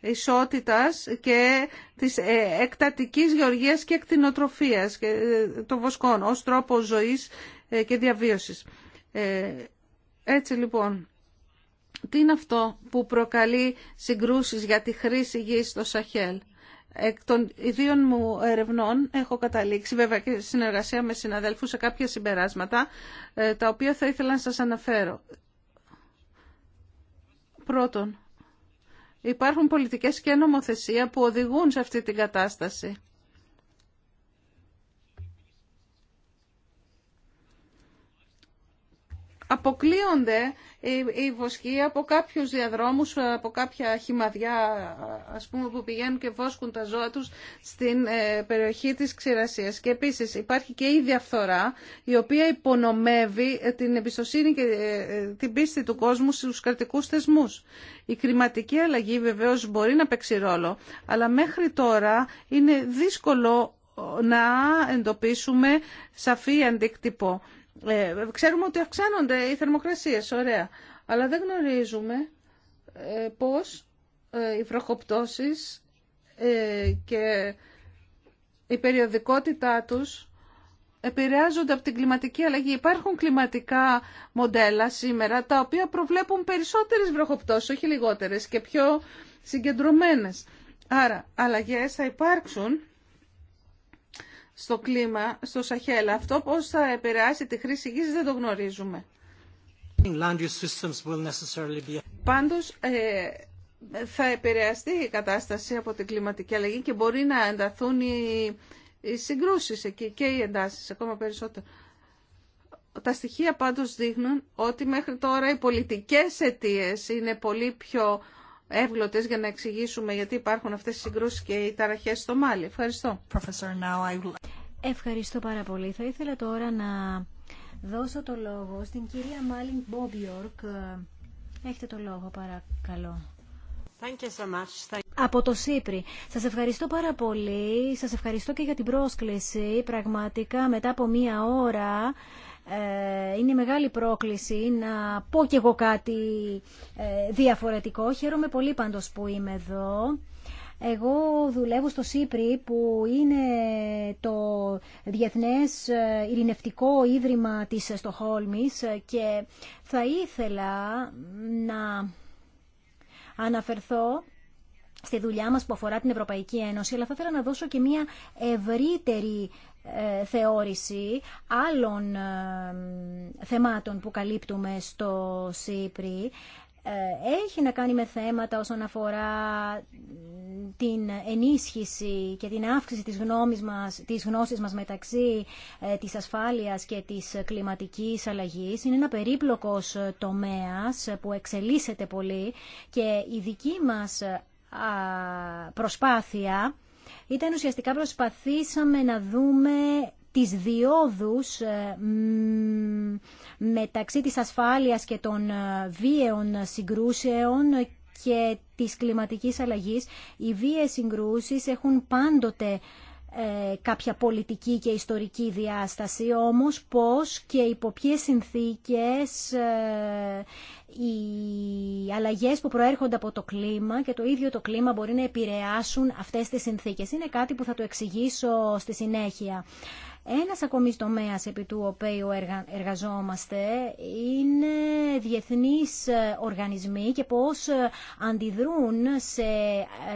ισότητας και της εκτατικής γεωργίας και εκτινοτροφίας και των βοσκών ως τρόπο ζωής και διαβίωσης. Έτσι λοιπόν, τι είναι αυτό που προκαλεί συγκρούσεις για τη χρήση γης στο Σαχέλ. Εκ των ιδίων μου ερευνών έχω καταλήξει, βέβαια και συνεργασία με συναδέλφους, σε κάποια συμπεράσματα, ε, τα οποία θα ήθελα να σας αναφέρω. Πρώτον, υπάρχουν πολιτικές και νομοθεσία που οδηγούν σε αυτή την κατάσταση. αποκλείονται οι βοσκοί από κάποιους διαδρόμους, από κάποια χυμαδιά ας πούμε που πηγαίνουν και βόσκουν τα ζώα τους στην ε, περιοχή της ξηρασίας. Και επίσης υπάρχει και η διαφθορά η οποία υπονομεύει ε, την εμπιστοσύνη και ε, την πίστη του κόσμου στους κρατικούς θεσμούς. Η κρηματική αλλαγή βεβαίως μπορεί να παίξει ρόλο, αλλά μέχρι τώρα είναι δύσκολο να εντοπίσουμε σαφή αντίκτυπο ε, ξέρουμε ότι αυξάνονται οι θερμοκρασίες, ωραία. Αλλά δεν γνωρίζουμε ε, πώς ε, οι βροχοπτώσεις ε, και η περιοδικότητά τους επηρεάζονται από την κλιματική αλλαγή. Υπάρχουν κλιματικά μοντέλα σήμερα τα οποία προβλέπουν περισσότερες βροχοπτώσεις, όχι λιγότερες και πιο συγκεντρωμένες. Άρα αλλαγές θα υπάρξουν στο κλίμα, στο σαχέλα. Αυτό πώς θα επηρεάσει τη χρήση γης δεν το γνωρίζουμε. Πάντως ε, θα επηρεαστεί η κατάσταση από την κλιματική αλλαγή και μπορεί να ενταθούν οι συγκρούσεις εκεί και οι εντάσεις ακόμα περισσότερο. Τα στοιχεία πάντως δείχνουν ότι μέχρι τώρα οι πολιτικές αιτίες είναι πολύ πιο εύγλωτες για να εξηγήσουμε γιατί υπάρχουν αυτές οι συγκρούσεις και οι ταραχές στο Μάλι. Ευχαριστώ. Ευχαριστώ πάρα πολύ. Θα ήθελα τώρα να δώσω το λόγο στην κυρία Μάλιν Μπόμπιορκ. Έχετε το λόγο παρακαλώ. Thank you so much. Από το Σύπρι. Σας ευχαριστώ πάρα πολύ. Σας ευχαριστώ και για την πρόσκληση. Πραγματικά μετά από μία ώρα ε, είναι μεγάλη πρόκληση να πω και εγώ κάτι ε, διαφορετικό. Χαίρομαι πολύ πάντως που είμαι εδώ. Εγώ δουλεύω στο ΣΥΠΡΙ που είναι το Διεθνές ε, Ειρηνευτικό Ίδρυμα της Στοχόλμης και θα ήθελα να αναφερθώ στη δουλειά μας που αφορά την Ευρωπαϊκή Ένωση, αλλά θα ήθελα να δώσω και μια ευρύτερη ε, θεώρηση άλλων ε, θεμάτων που καλύπτουμε στο ΣΥΠΡΙ ε, έχει να κάνει με θέματα όσον αφορά την ενίσχυση και την αύξηση της, γνώμης μας, της γνώσης μας μεταξύ της ασφάλειας και της κλιματικής αλλαγής. Είναι ένα περίπλοκος τομέας που εξελίσσεται πολύ και η δική μας προσπάθεια ήταν ουσιαστικά προσπαθήσαμε να δούμε τις διόδους ε, μεταξύ της ασφάλειας και των ε, βίαιων συγκρούσεων και της κλιματικής αλλαγής. Οι βίαιες συγκρούσεις έχουν πάντοτε ε, κάποια πολιτική και ιστορική διάσταση, όμως πώς και υπό ποιες συνθήκες οι αλλαγές που προέρχονται από το κλίμα και το ίδιο το κλίμα μπορεί να επηρεάσουν αυτές τις συνθήκες. Είναι κάτι που θα το εξηγήσω στη συνέχεια. Ένας ακόμη τομέας επί του οποίου εργαζόμαστε είναι διεθνείς ε, οργανισμοί και πώς ε, αντιδρούν σε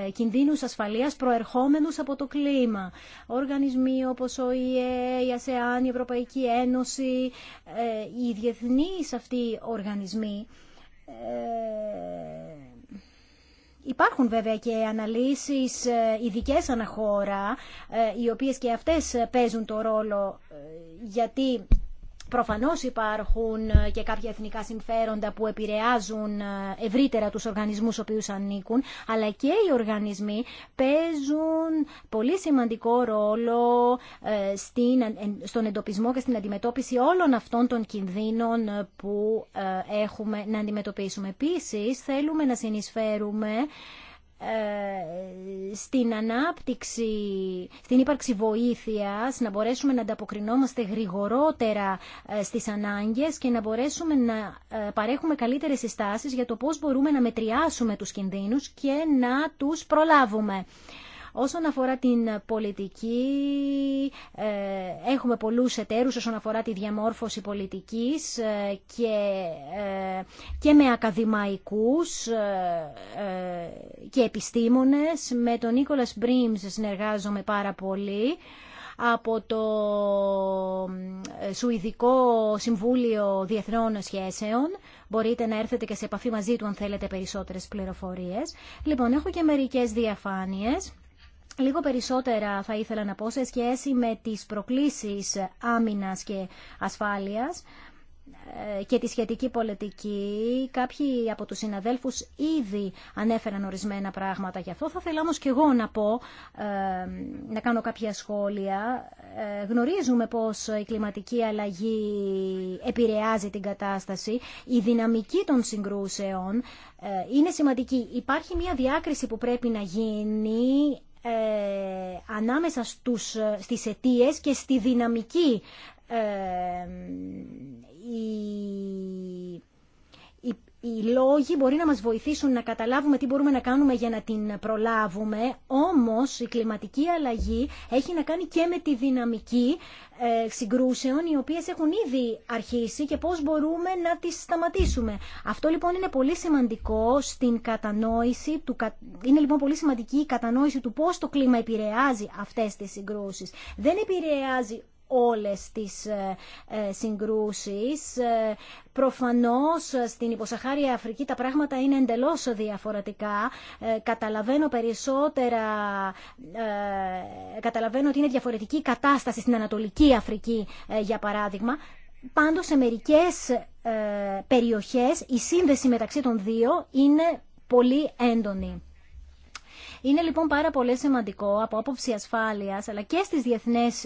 ε, κινδύνους ασφαλείας προερχόμενους από το κλίμα. Οργανισμοί όπως ο ΙΕ, η ΑΣΕΑΝ, η Ευρωπαϊκή Ένωση, οι διεθνείς αυτοί οργανισμοί Υπάρχουν βέβαια και αναλύσεις ε, ειδικέ αναχώρα, ε, οι οποίες και αυτές ε, παίζουν το ρόλο, γιατί Προφανώς υπάρχουν ε, και κάποια εθνικά συμφέροντα που επηρεάζουν ε, ευρύτερα τους οργανισμούς οποίους ανήκουν, αλλά και οι οργανισμοί παίζουν πολύ σημαντικό ρόλο ε, στον εντοπισμό και στην αντιμετώπιση όλων αυτών των κινδύνων που έχουμε να αντιμετωπίσουμε. Επίσης, θέλουμε να συνεισφέρουμε ε, στην ανάπτυξη, στην ύπαρξη βοήθειας, να μπορέσουμε να ανταποκρινόμαστε γρηγορότερα ε, στις ανάγκες και να μπορέσουμε να ε, παρέχουμε καλύτερες συστάσεις για το πώς μπορούμε να μετριάσουμε τους κινδύνους και να τους προλάβουμε. Όσον αφορά την πολιτική, ε, έχουμε πολλούς εταίρους όσον αφορά τη διαμόρφωση πολιτικής ε, και, ε, και με ακαδημαϊκούς και επιστήμονες. Με τον Νίκολας Μπρίμς συνεργάζομαι πάρα πολύ από το Σουηδικό Συμβούλιο Διεθνών Σχέσεων. Μπορείτε να έρθετε και σε επαφή μαζί του αν θέλετε περισσότερες πληροφορίες. Λοιπόν, έχω και μερικές διαφάνειες. Λίγο περισσότερα θα ήθελα να πω σε σχέση με τις προκλήσεις άμυνας και ασφάλειας ε, και τη σχετική πολιτική. Κάποιοι από τους συναδέλφους ήδη ανέφεραν ορισμένα πράγματα γι' αυτό. Θα ήθελα όμως και εγώ να πω, ε, να κάνω κάποια σχόλια. Ε, γνωρίζουμε πως η κλιματική αλλαγή επηρεάζει την κατάσταση. Η δυναμική των συγκρούσεων είναι σημαντική. Υπάρχει μια διάκριση που πρέπει να γίνει ε, ανάμεσα στους, στις αιτίε και στη δυναμική ε, η οι λόγοι μπορεί να μας βοηθήσουν να καταλάβουμε τι μπορούμε να κάνουμε για να την προλάβουμε, όμως η κλιματική αλλαγή έχει να κάνει και με τη δυναμική ε, συγκρούσεων οι οποίες έχουν ήδη αρχίσει και πώς μπορούμε να τις σταματήσουμε. Αυτό λοιπόν είναι πολύ σημαντικό στην κατανόηση, του, είναι λοιπόν πολύ σημαντική η κατανόηση του πώς το κλίμα επηρεάζει αυτές τις συγκρούσεις. Δεν επηρεάζει όλες τις ε, ε, συγκρούσεις. Ε, προφανώς στην υποσαχάρια Αφρική τα πράγματα είναι εντελώς διαφορετικά. Καταλαβαίνω περισσότερα, καταλαβαίνω ότι είναι διαφορετική η κατάσταση στην Ανατολική Αφρική για παράδειγμα. Πάντως σε μερικές περιοχές η σύνδεση μεταξύ των δύο είναι πολύ έντονη. Είναι λοιπόν πάρα πολύ σημαντικό από άποψη ασφάλεια αλλά και στις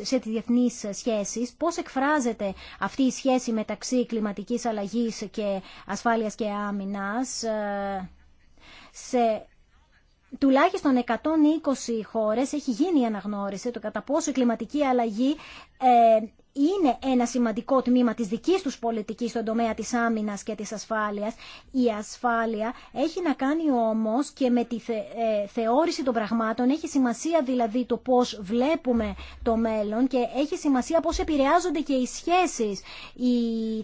σε τι διεθνεί σχέσει πώ εκφράζεται αυτή η σχέση μεταξύ κλιματική αλλαγή και ασφάλεια και άμυνα. Ε, σε τουλάχιστον 120 χώρες έχει γίνει η αναγνώριση του κατά πόσο η κλιματική αλλαγή ε, είναι ένα σημαντικό τμήμα της δικής τους πολιτικής στον τομέα της άμυνας και της ασφάλειας. Η ασφάλεια έχει να κάνει όμως και με τη θε, ε, θεώρηση των πραγμάτων. Έχει σημασία δηλαδή το πώς βλέπουμε το μέλλον και έχει σημασία πώς επηρεάζονται και οι σχέσεις, η,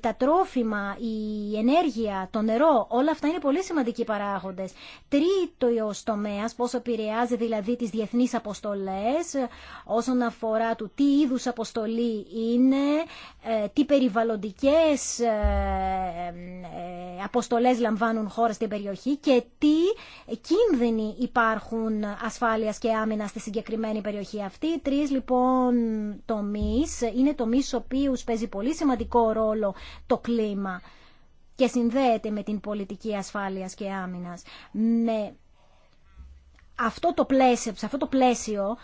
τα τρόφιμα, η ενέργεια, το νερό. Όλα αυτά είναι πολύ σημαντικοί παράγοντες. Τρίτο τομέας, πώς επηρεάζει δηλαδή τις διεθνείς αποστολές ε, όσον αφορά του τι είδους αποστολή είναι είναι ε, τι περιβαλλοντικές ε, ε, αποστολές λαμβάνουν χώρα στην περιοχή και τι κίνδυνοι υπάρχουν ασφάλειας και άμυνα στη συγκεκριμένη περιοχή αυτή. τρεις λοιπόν τομείς είναι τομείς στους οποίους παίζει πολύ σημαντικό ρόλο το κλίμα και συνδέεται με την πολιτική ασφάλειας και άμυνας. Με αυτό το πλαίσιο, σε αυτό το πλαίσιο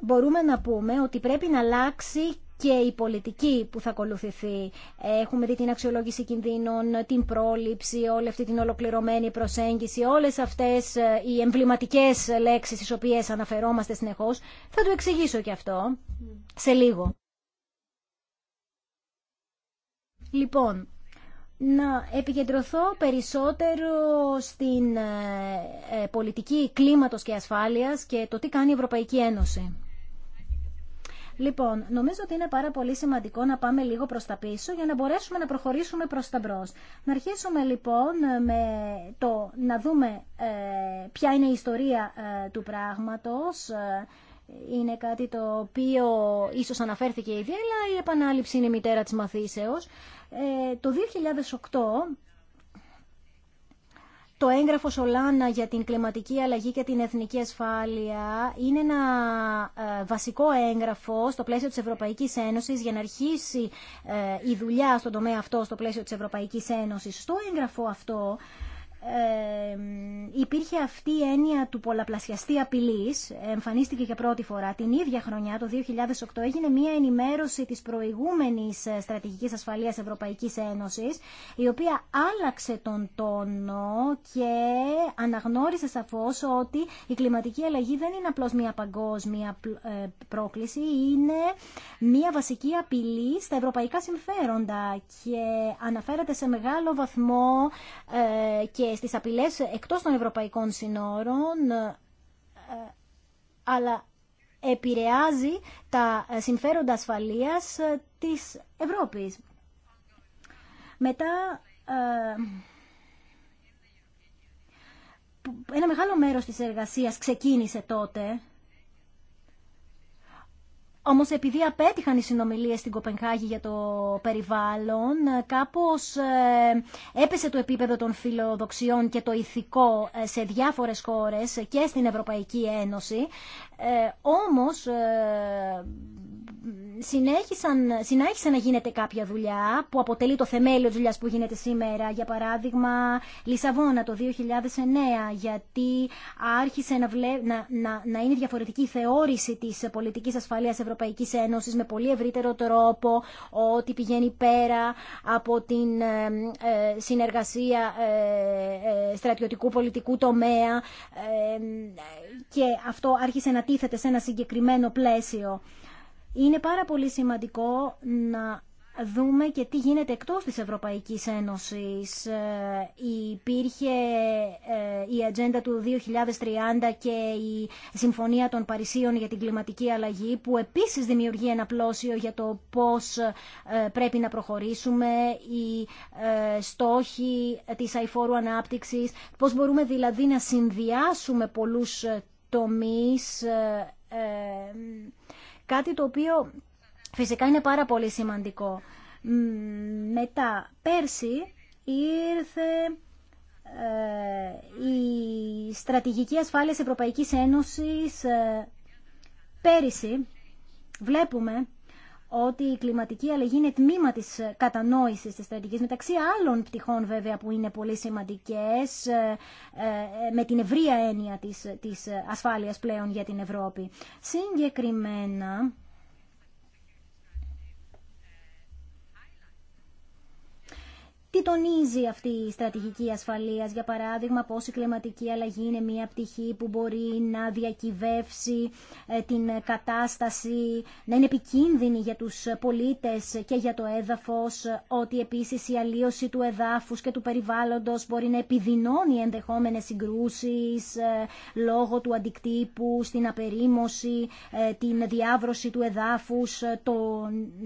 μπορούμε να πούμε ότι πρέπει να αλλάξει και η πολιτική που θα ακολουθηθεί. Έχουμε δει την αξιολόγηση κινδύνων, την πρόληψη, όλη αυτή την ολοκληρωμένη προσέγγιση, όλες αυτές ε, οι εμβληματικές λέξεις στις οποίες αναφερόμαστε συνεχώς. Θα το εξηγήσω και αυτό σε λίγο. Λοιπόν, να επικεντρωθώ περισσότερο στην ε, ε, πολιτική κλίματος και ασφάλειας και το τι κάνει η Ευρωπαϊκή Ένωση. Λοιπόν, νομίζω ότι είναι πάρα πολύ σημαντικό να πάμε λίγο προς τα πίσω για να μπορέσουμε να προχωρήσουμε προς τα μπρος. Να αρχίσουμε λοιπόν με το να δούμε ε, ποια είναι η ιστορία ε, του πράγματος. Ε, είναι κάτι το οποίο ίσως αναφέρθηκε ήδη, αλλά η επανάληψη είναι η μητέρα της μαθήσεως. Το 2008 το έγγραφο Σολάνα για την κλιματική αλλαγή και την εθνική ασφάλεια είναι ένα ε, βασικό έγγραφο στο πλαίσιο της Ευρωπαϊκής Ένωσης για να αρχίσει ε, η δουλειά στον τομέα αυτό στο πλαίσιο της Ευρωπαϊκής Ένωσης. Στο έγγραφο αυτό υπήρχε αυτή η έννοια του πολλαπλασιαστή απειλής, εμφανίστηκε για πρώτη φορά την ίδια χρονιά, το 2008, έγινε μια ενημέρωση της προηγούμενης ε, στρατηγικής ασφαλείας Ευρωπαϊκής Ένωσης, η οποία άλλαξε τον τόνο και αναγνώρισε σαφώς ότι η κλιματική αλλαγή δεν είναι απλώς μια παγκόσμια ε, πρόκληση, είναι μια βασική απειλή στα ευρωπαϊκά συμφέροντα και αναφέρεται σε μεγάλο βαθμό ε, και και στις απειλές εκτός των ευρωπαϊκών συνόρων, ε, αλλά επηρεάζει τα συμφέροντα ασφαλείας ε, της Ευρώπης. Μετά, ε, ένα μεγάλο μέρος της εργασίας ξεκίνησε τότε Όμω, επειδή απέτυχαν οι συνομιλίε στην Κοπενχάγη για το περιβάλλον, κάπως ε, έπεσε το επίπεδο των φιλοδοξιών και το ηθικό ε, σε διάφορες χώρε και στην Ευρωπαϊκή Ένωση. Ε, όμως συνέχισαν, συνέχισε να γίνεται κάποια δουλειά που αποτελεί το θεμέλιο της δουλειάς που γίνεται σήμερα. Για παράδειγμα, Λισαβόνα το 2009, γιατί άρχισε να, βλέ, να, να, να είναι διαφορετική η θεώρηση της πολιτικής ασφαλείας Ευρωπαϊκής Ένωσης με πολύ ευρύτερο τρόπο ότι πηγαίνει πέρα από την ε, ε, συνεργασία ε, ε, στρατιωτικού πολιτικού τομέα και αυτό άρχισε να τίθεται σε ένα συγκεκριμένο πλαίσιο είναι πάρα πολύ σημαντικό να δούμε και τι γίνεται εκτός της Ευρωπαϊκής Ένωσης. Ε, υπήρχε ε, η ατζέντα του 2030 και η Συμφωνία των Παρισίων για την κλιματική αλλαγή που επίσης δημιουργεί ένα πλώσιο για το πώς ε, πρέπει να προχωρήσουμε, οι στόχοι της αηφόρου ανάπτυξης, πώς μπορούμε δηλαδή να συνδυάσουμε πολλούς τομείς Κάτι το οποίο φυσικά είναι πάρα πολύ σημαντικό. Μετά, πέρσι ήρθε ε, η στρατηγική ασφάλεια Ευρωπαϊκής Ένωσης ε, πέρσι Βλέπουμε ότι η κλιματική αλλαγή είναι τμήμα της κατανόησης της στρατηγικής, μεταξύ άλλων πτυχών βέβαια που είναι πολύ σημαντικές, ε, ε, με την ευρεία έννοια της, της ασφάλειας πλέον για την Ευρώπη. Συγκεκριμένα, Τι τονίζει αυτή η στρατηγική ασφαλείας, για παράδειγμα, πώς η κλιματική αλλαγή είναι μια πτυχή που μπορεί να διακυβεύσει ε, την κατάσταση, να είναι επικίνδυνη για τους πολίτες και για το έδαφος, ότι επίση η αλλίωση του εδάφους και του περιβάλλοντος μπορεί να επιδεινώνει ενδεχόμενες συγκρούσεις ε, λόγω του αντικτύπου, στην απερίμωση, ε, την διάβρωση του εδάφους,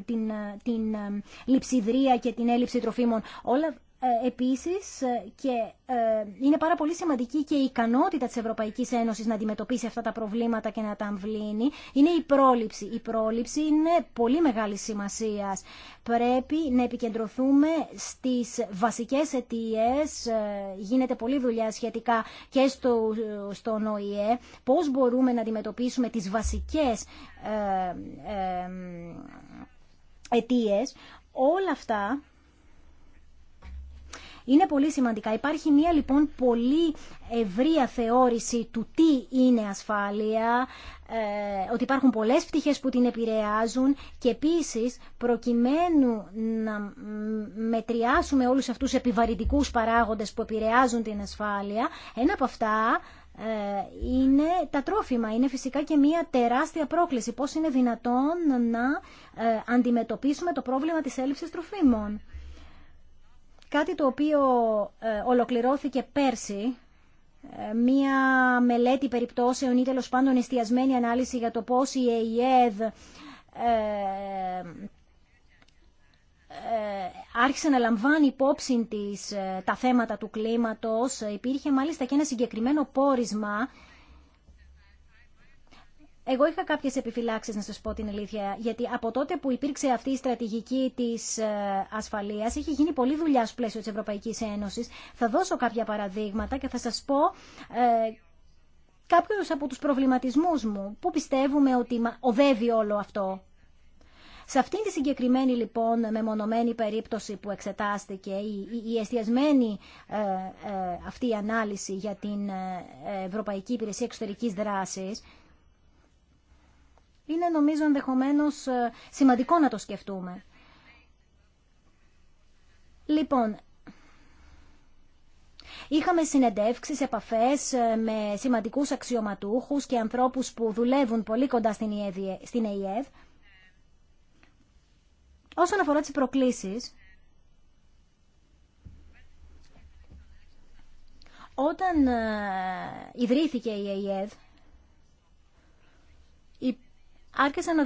την, την λειψιδρία και την έλλειψη τροφίμων Όλα, ε, επίσης ε, και ε, είναι πάρα πολύ σημαντική και η ικανότητα της Ευρωπαϊκής Ένωσης να αντιμετωπίσει αυτά τα προβλήματα και να τα αμβλύνει είναι η πρόληψη. Η πρόληψη είναι πολύ μεγάλη σημασία. Πρέπει να επικεντρωθούμε στις βασικές αιτίες, γίνεται πολλή δουλειά σχετικά και στο, στον ΟΗΕ, πώς μπορούμε να αντιμετωπίσουμε τις βασικές αιτίες. Όλα αυτά είναι πολύ σημαντικά. Υπάρχει μια λοιπόν πολύ ευρία θεώρηση του τι είναι ασφάλεια, ε, ότι υπάρχουν πολλές πτυχές που την επηρεάζουν και επίσης προκειμένου να μετριάσουμε όλους αυτούς τους επιβαρυντικούς παράγοντες που επηρεάζουν την ασφάλεια, ένα από αυτά ε, είναι τα τρόφιμα. Είναι φυσικά και μια τεράστια πρόκληση. Πώς είναι δυνατόν να ε, αντιμετωπίσουμε το πρόβλημα της έλλειψης τροφίμων. Κάτι το οποίο ε, ολοκληρώθηκε πέρσι, ε, μία μελέτη περιπτώσεων ή τέλο πάντων εστιασμένη ανάλυση για το πώς η ΕΙΕΔ ε, άρχισε να λαμβάνει υπόψη της τα θέματα του κλίματος. Υπήρχε μάλιστα και ένα συγκεκριμένο πόρισμα εγώ είχα κάποιε επιφυλάξει να σα πω την αλήθεια, γιατί από τότε που υπήρξε αυτή η στρατηγική της ε, ασφαλείας έχει γίνει πολλή δουλειά στο πλαίσιο τη Ευρωπαϊκή Ένωση. Θα δώσω κάποια παραδείγματα και θα σα πω ε, κάποιους από του προβληματισμού μου που πιστεύουμε ότι οδεύει όλο αυτό. Σε αυτήν τη συγκεκριμένη λοιπόν μεμονωμένη περίπτωση που εξετάστηκε η, εστιασμένη ε, ε, αυτή η ανάλυση για την ε, Ευρωπαϊκή Υπηρεσία Εξωτερικής Δράσης είναι νομίζω ενδεχομένω ε, σημαντικό να το σκεφτούμε. Λοιπόν, Είχαμε συνεντεύξεις, επαφές ε, με σημαντικούς αξιωματούχους και ανθρώπους που δουλεύουν πολύ κοντά στην ΕΙΕΒ. Όσον αφορά τις προκλήσεις, όταν ε, ιδρύθηκε η ΕΙΕΒ, άρχισαν να,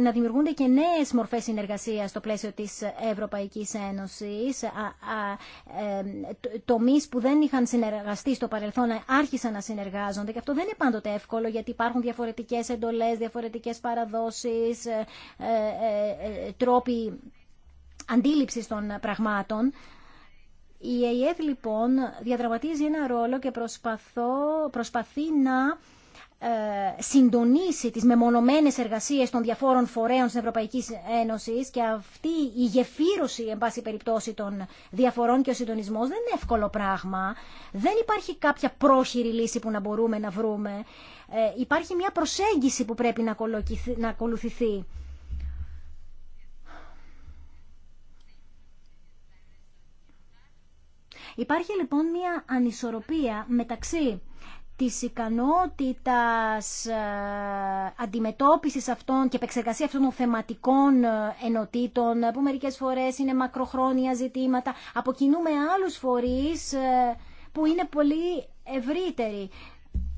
να δημιουργούνται και νέες μορφές συνεργασίας στο πλαίσιο της Ευρωπαϊκής Ένωσης. Α, ε, τομείς που δεν είχαν συνεργαστεί στο παρελθόν άρχισαν να συνεργάζονται και αυτό δεν είναι πάντοτε εύκολο γιατί υπάρχουν διαφορετικές εντολές, διαφορετικές παραδόσεις, ε, ε, ε, τρόποι αντίληψης των πραγμάτων. Η ΕΕ λοιπόν διαδραματίζει ένα ρόλο και προσπαθώ, προσπαθεί να ε, συντονίσει τις μεμονωμένες εργασίες των διαφόρων φορέων της Ευρωπαϊκής Ένωσης και αυτή η γεφύρωση, εν πάση περιπτώσει, των διαφορών και ο συντονισμός δεν είναι εύκολο πράγμα. Δεν υπάρχει κάποια πρόχειρη λύση που να μπορούμε να βρούμε. Ε, υπάρχει μια προσέγγιση που πρέπει να ακολουθηθεί. Υπάρχει λοιπόν μια ανισορροπία μεταξύ της ικανότητας ε, αντιμετώπισης αυτών και επεξεργασία αυτών των θεματικών ε, ενωτήτων που μερικές φορές είναι μακροχρόνια ζητήματα. Αποκινούμε άλλους φορείς ε, που είναι πολύ ευρύτεροι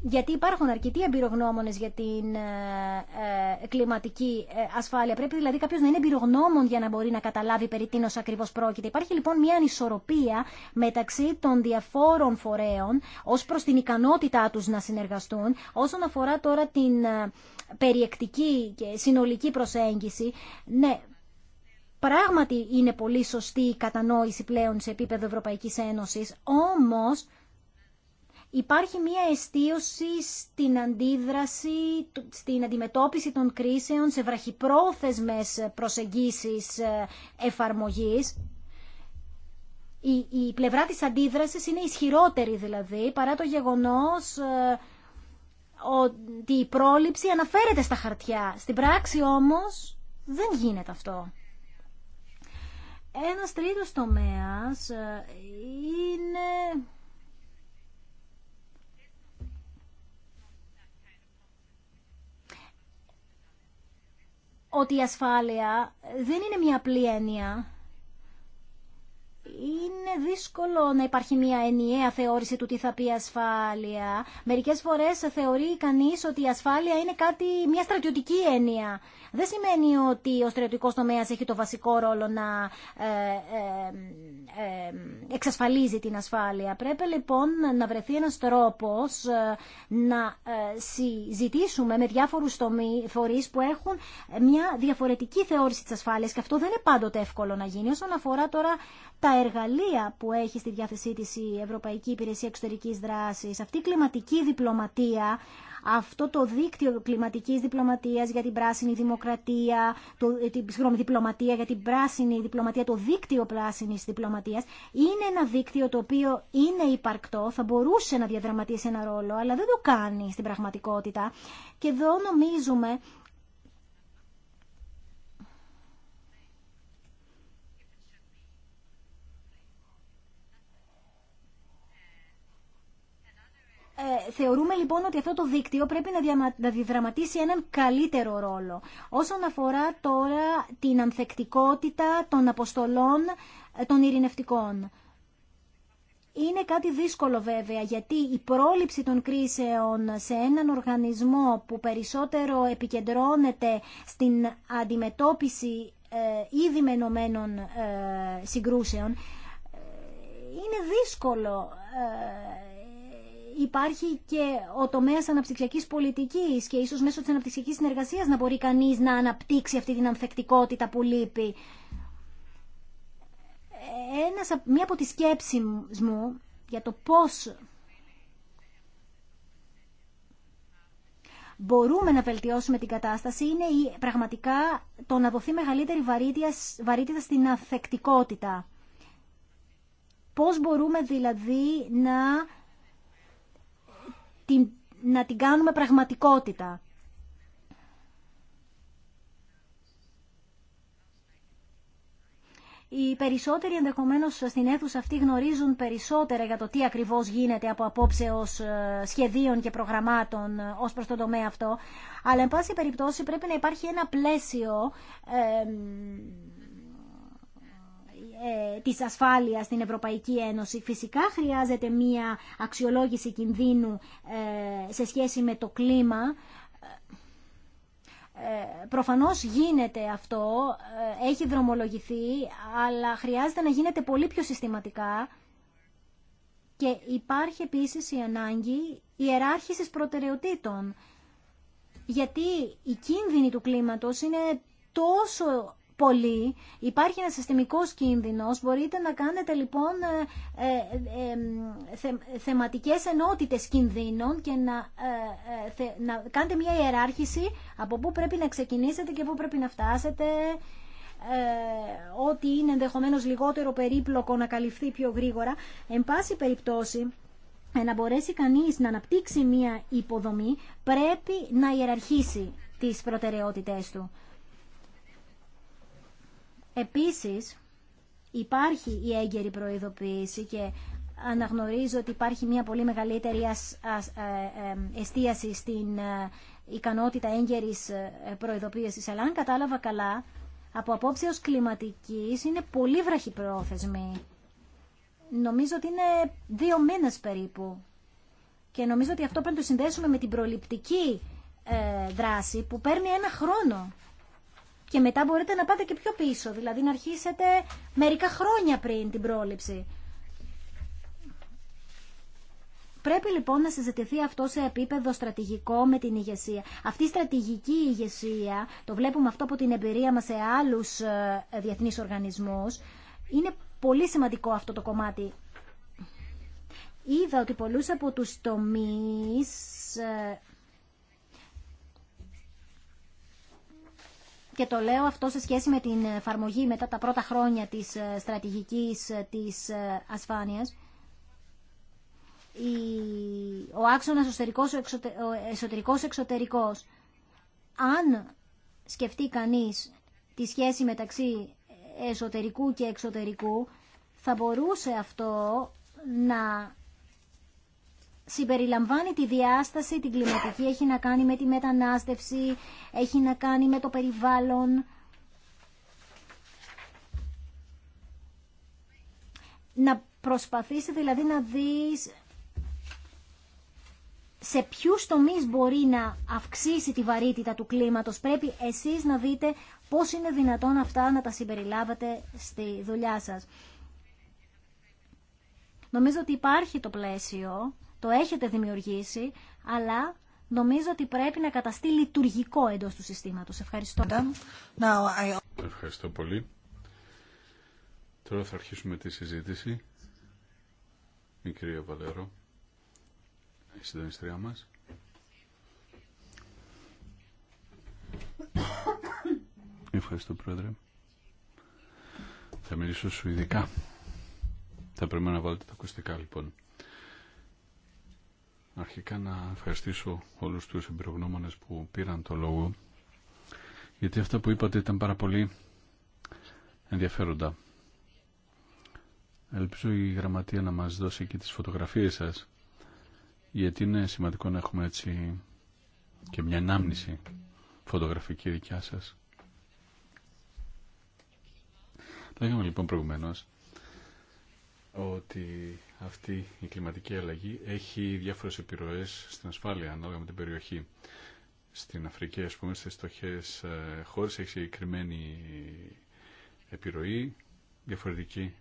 γιατί υπάρχουν αρκετοί εμπειρογνώμονε για την ε, ε, κλιματική ε, ασφάλεια. Πρέπει δηλαδή κάποιο να είναι εμπειρογνώμων για να μπορεί να καταλάβει περί τίνο ακριβώ πρόκειται. Υπάρχει λοιπόν μια ανισορροπία μεταξύ των διαφόρων φορέων ω προ την ικανότητά του να συνεργαστούν. Όσον αφορά τώρα την περιεκτική και συνολική προσέγγιση, ναι, πράγματι είναι πολύ σωστή η κατανόηση πλέον σε επίπεδο Ευρωπαϊκή Ένωση, όμω Υπάρχει μια εστίωση στην αντίδραση, στην αντιμετώπιση των κρίσεων σε βραχυπρόθεσμες προσεγγίσεις ε, εφαρμογής. Η, η πλευρά της αντίδρασης είναι ισχυρότερη δηλαδή, παρά το γεγονός ε, ότι η πρόληψη αναφέρεται στα χαρτιά. Στην πράξη όμως δεν γίνεται αυτό. Ένας τρίτος τομέας ε, είναι ότι η ασφάλεια δεν είναι μια απλή έννοια είναι δύσκολο να υπάρχει μια ενιαία θεώρηση του τι θα πει ασφάλεια. Μερικές φορές θεωρεί κανείς ότι η ασφάλεια είναι κάτι, μια στρατιωτική έννοια. Δεν σημαίνει ότι ο στρατιωτικός τομέα έχει το βασικό ρόλο να ε, ε, ε, εξασφαλίζει την ασφάλεια. Πρέπει λοιπόν να βρεθεί ένας τρόπος ε, να ε, συζητήσουμε με διάφορου φορεί που έχουν μια διαφορετική θεώρηση τη ασφάλεια και αυτό δεν είναι πάντοτε εύκολο να γίνει. Όσον αφορά τώρα τα εργαλεία που έχει στη διάθεσή της η Ευρωπαϊκή Υπηρεσία Εξωτερικής Δράσης, αυτή η κλιματική διπλωματία, αυτό το δίκτυο κλιματικής διπλωματίας για την πράσινη δημοκρατία, το, ε, συγγνώμη, διπλωματία για την πράσινη διπλωματία, το δίκτυο πράσινης διπλωματίας, είναι ένα δίκτυο το οποίο είναι υπαρκτό, θα μπορούσε να διαδραματίσει ένα ρόλο, αλλά δεν το κάνει στην πραγματικότητα. Και εδώ νομίζουμε Ε, θεωρούμε λοιπόν ότι αυτό το δίκτυο πρέπει να, να διδραματίσει έναν καλύτερο ρόλο. Όσον αφορά τώρα την ανθεκτικότητα των αποστολών ε, των ειρηνευτικών. Είναι κάτι δύσκολο βέβαια γιατί η πρόληψη των κρίσεων σε έναν οργανισμό που περισσότερο επικεντρώνεται στην αντιμετώπιση ε, ήδη μενωμένων ε, συγκρούσεων είναι δύσκολο υπάρχει και ο τομέας αναπτυξιακής πολιτικής και ίσως μέσω της αναπτυξιακής συνεργασίας να μπορεί κανείς να αναπτύξει αυτή την ανθεκτικότητα που λείπει. Ένας, μία από τις σκέψεις μου για το πώς μπορούμε να βελτιώσουμε την κατάσταση είναι η, πραγματικά το να δοθεί μεγαλύτερη βαρύτητα στην ανθεκτικότητα. Πώς μπορούμε δηλαδή να την, να την κάνουμε πραγματικότητα. Οι περισσότεροι ενδεχομένω στην αίθουσα αυτή γνωρίζουν περισσότερα για το τι ακριβώ γίνεται από απόψε ω ε, σχεδίων και προγραμμάτων ε, ω προ τον τομέα αυτό. Αλλά, εν πάση περιπτώσει, πρέπει να υπάρχει ένα πλαίσιο. Ε, ε, της ασφάλειας στην Ευρωπαϊκή Ένωση. Φυσικά χρειάζεται μία αξιολόγηση κινδύνου ε, σε σχέση με το κλίμα. Ε, προφανώς γίνεται αυτό, έχει δρομολογηθεί, αλλά χρειάζεται να γίνεται πολύ πιο συστηματικά και υπάρχει επίσης η ανάγκη ιεράρχησης προτεραιοτήτων. Γιατί η κίνδυνοι του κλίματος είναι τόσο πολύ. Υπάρχει ένα συστημικός κίνδυνο. Μπορείτε να κάνετε λοιπόν ε, ε, θεματικές ενότητες κινδύνων και να, ε, να κάνετε μια ιεράρχηση από πού πρέπει να ξεκινήσετε και πού πρέπει να φτάσετε ότι είναι ενδεχομένω λιγότερο περίπλοκο να καλυφθεί πιο γρήγορα. Εν πάση περιπτώσει, να μπορέσει κανείς να αναπτύξει μία υποδομή, πρέπει να ιεραρχήσει τις προτεραιότητές του. Επίσης, υπάρχει η έγκαιρη προειδοποίηση και αναγνωρίζω ότι υπάρχει μια πολύ μεγαλύτερη ε, ε, εστίαση στην ε, ικανότητα έγκαιρης προειδοποίησης. Αλλά αν κατάλαβα καλά, από απόψεως κλιματικής είναι πολύ βραχυπρόθεσμη. Νομίζω ότι είναι δύο μήνες περίπου. Και νομίζω ότι αυτό πρέπει να το συνδέσουμε με την προληπτική δράση που παίρνει ένα χρόνο και μετά μπορείτε να πάτε και πιο πίσω, δηλαδή να αρχίσετε μερικά χρόνια πριν την πρόληψη. Πρέπει λοιπόν να συζητηθεί αυτό σε επίπεδο στρατηγικό με την ηγεσία. Αυτή η στρατηγική ηγεσία, το βλέπουμε αυτό από την εμπειρία μας σε άλλους ε, διεθνείς οργανισμούς, είναι πολύ σημαντικό αυτό το κομμάτι. Είδα ότι πολλούς από τους τομείς ε, και το λέω αυτό σε σχέση με την εφαρμογή μετά τα πρώτα χρόνια της ε, στρατηγικής ε, της ε, ασφάνειας. Ο άξονας εσωτερικός-εξωτερικός. Αν σκεφτεί κανείς τη σχέση μεταξύ εσωτερικού και εξωτερικού, θα μπορούσε αυτό να συμπεριλαμβάνει τη διάσταση, την κλιματική, έχει να κάνει με τη μετανάστευση, έχει να κάνει με το περιβάλλον. Να προσπαθήσει δηλαδή να δεις σε ποιου τομεί μπορεί να αυξήσει τη βαρύτητα του κλίματο. Πρέπει εσεί να δείτε πώ είναι δυνατόν αυτά να τα συμπεριλάβετε στη δουλειά σα. Νομίζω ότι υπάρχει το πλαίσιο το έχετε δημιουργήσει, αλλά νομίζω ότι πρέπει να καταστεί λειτουργικό εντό του συστήματο. Ευχαριστώ. Ευχαριστώ πολύ. Τώρα θα αρχίσουμε τη συζήτηση. Η κυρία Βαλέρο, η συντονιστριά μας. Ευχαριστώ, Πρόεδρε. Θα μιλήσω σου ειδικά. Θα πρέπει να βάλετε τα ακουστικά, λοιπόν. Αρχικά να ευχαριστήσω όλους τους εμπειρογνώμονες που πήραν το λόγο γιατί αυτά που είπατε ήταν πάρα πολύ ενδιαφέροντα. Ελπίζω η γραμματεία να μας δώσει και τις φωτογραφίες σας γιατί είναι σημαντικό να έχουμε έτσι και μια ανάμνηση φωτογραφική δικιά σας. Τα είχαμε λοιπόν προηγουμένως ότι αυτή η κλιματική αλλαγή έχει διάφορες επιρροές στην ασφάλεια ανάλογα με την περιοχή. Στην Αφρική, ας πούμε, στις στοχές ε, χώρες έχει συγκεκριμένη επιρροή, διαφορετική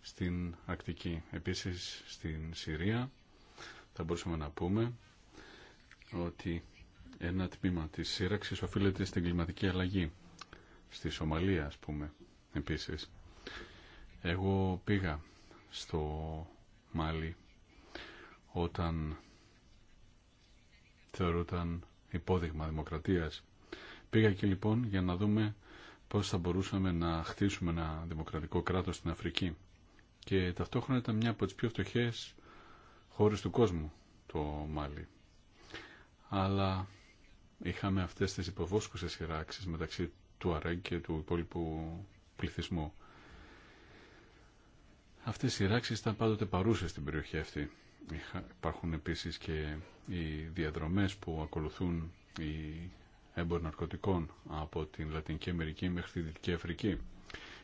στην Ακτική. Επίσης, στην Συρία θα μπορούσαμε να πούμε ότι ένα τμήμα της σύραξης οφείλεται στην κλιματική αλλαγή. Στη Σομαλία, ας πούμε, επίσης. Εγώ πήγα στο Μάλι όταν θεωρούταν υπόδειγμα δημοκρατίας. Πήγα εκεί λοιπόν για να δούμε πώς θα μπορούσαμε να χτίσουμε ένα δημοκρατικό κράτος στην Αφρική. Και ταυτόχρονα ήταν μια από τις πιο φτωχές χώρες του κόσμου το Μάλι. Αλλά είχαμε αυτές τις υποβόσκουσες σειράξεις μεταξύ του ΑΡΕΚ και του υπόλοιπου πληθυσμού. Αυτές οι ράξεις ήταν πάντοτε παρούσες στην περιοχή αυτή. Υπάρχουν επίσης και οι διαδρομές που ακολουθούν οι έμποροι ναρκωτικών από την Λατινική Αμερική μέχρι τη Δυτική Αφρική.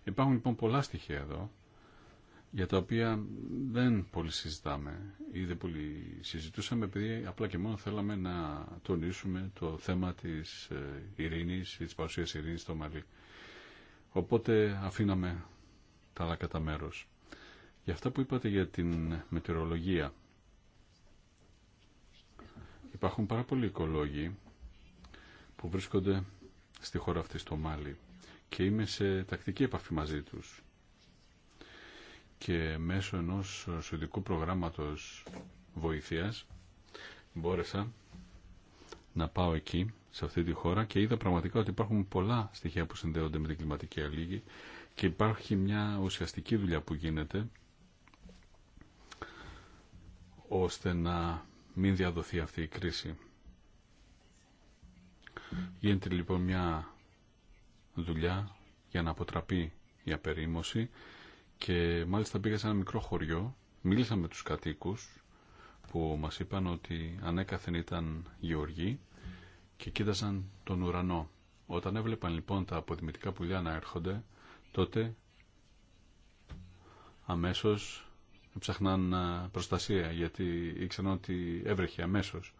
Υπάρχουν λοιπόν πολλά στοιχεία εδώ για τα οποία δεν πολύ συζητάμε ή δεν πολύ συζητούσαμε επειδή απλά και μόνο θέλαμε να τονίσουμε το θέμα της ε, ειρήνης ή της παρουσίας ειρήνης στο Μαλί. Οπότε αφήναμε τα άλλα κατά μέρος. Για αυτά που είπατε για την μετεωρολογία. Υπάρχουν πάρα πολλοί οικολόγοι που βρίσκονται στη χώρα αυτή στο Μάλι και είμαι σε τακτική επαφή μαζί τους και μέσω ενός σωτικού προγράμματος βοήθειας μπόρεσα να πάω εκεί, σε αυτή τη χώρα και είδα πραγματικά ότι υπάρχουν πολλά στοιχεία που συνδέονται με την κλιματική αλήγη και υπάρχει μια ουσιαστική δουλειά που γίνεται ώστε να μην διαδοθεί αυτή η κρίση. Γίνεται λοιπόν μια δουλειά για να αποτραπεί η απερίμωση και μάλιστα πήγα σε ένα μικρό χωριό, μίλησα με τους κατοίκους που μας είπαν ότι ανέκαθεν ήταν γεωργοί και κοίταζαν τον ουρανό. Όταν έβλεπαν λοιπόν τα αποδημητικά πουλιά να έρχονται, τότε αμέσως ψαχνάν ε, προστασία γιατί ήξεραν ότι έβρεχε αμέσως.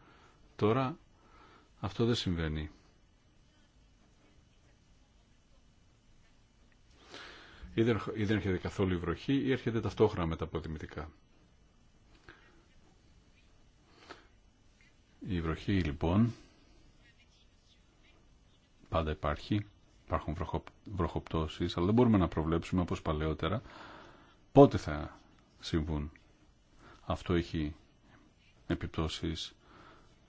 Τώρα αυτό δεν συμβαίνει. Ή δεν έρχεται καθόλου η βροχή ή έρχεται ταυτόχρονα με τα αποδημητικα Η βροχή λοιπόν πάντα υπάρχει, υπάρχουν βροχοπτώσεις, αλλά δεν μπορούμε να προβλέψουμε όπως παλαιότερα πότε θα συμβούν. Αυτό έχει επιπτώσεις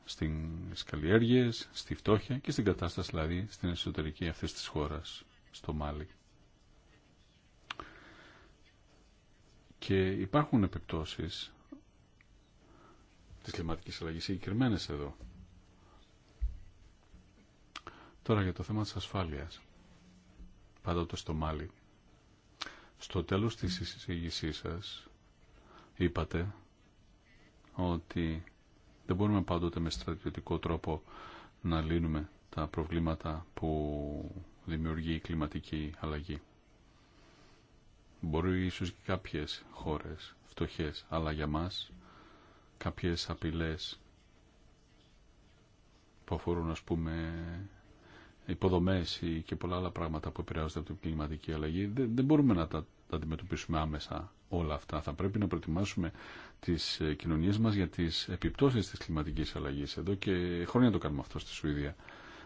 στην καλλιέργειες, στη φτώχεια και στην κατάσταση δηλαδή στην εσωτερική αυτής της χώρας, στο Μάλι. Και υπάρχουν επιπτώσεις της κλιματικής αλλαγής συγκεκριμένε εδώ. Τώρα για το θέμα της ασφάλειας. Πάντοτε στο Μάλι. Στο τέλος της εισηγησής σας είπατε ότι δεν μπορούμε πάντοτε με στρατιωτικό τρόπο να λύνουμε τα προβλήματα που δημιουργεί η κλιματική αλλαγή. Μπορεί ίσως και κάποιες χώρες φτωχές, αλλά για μας κάποιες απειλές που αφορούν ας πούμε υποδομές ή και πολλά άλλα πράγματα που επηρεάζονται από την κλιματική αλλαγή δεν, δεν μπορούμε να τα θα αντιμετωπίσουμε άμεσα όλα αυτά. Θα πρέπει να προετοιμάσουμε τι ε, κοινωνίε μα για τι επιπτώσει τη κλιματική αλλαγή, Εδώ και χρόνια το κάνουμε αυτό στη Σουηδία.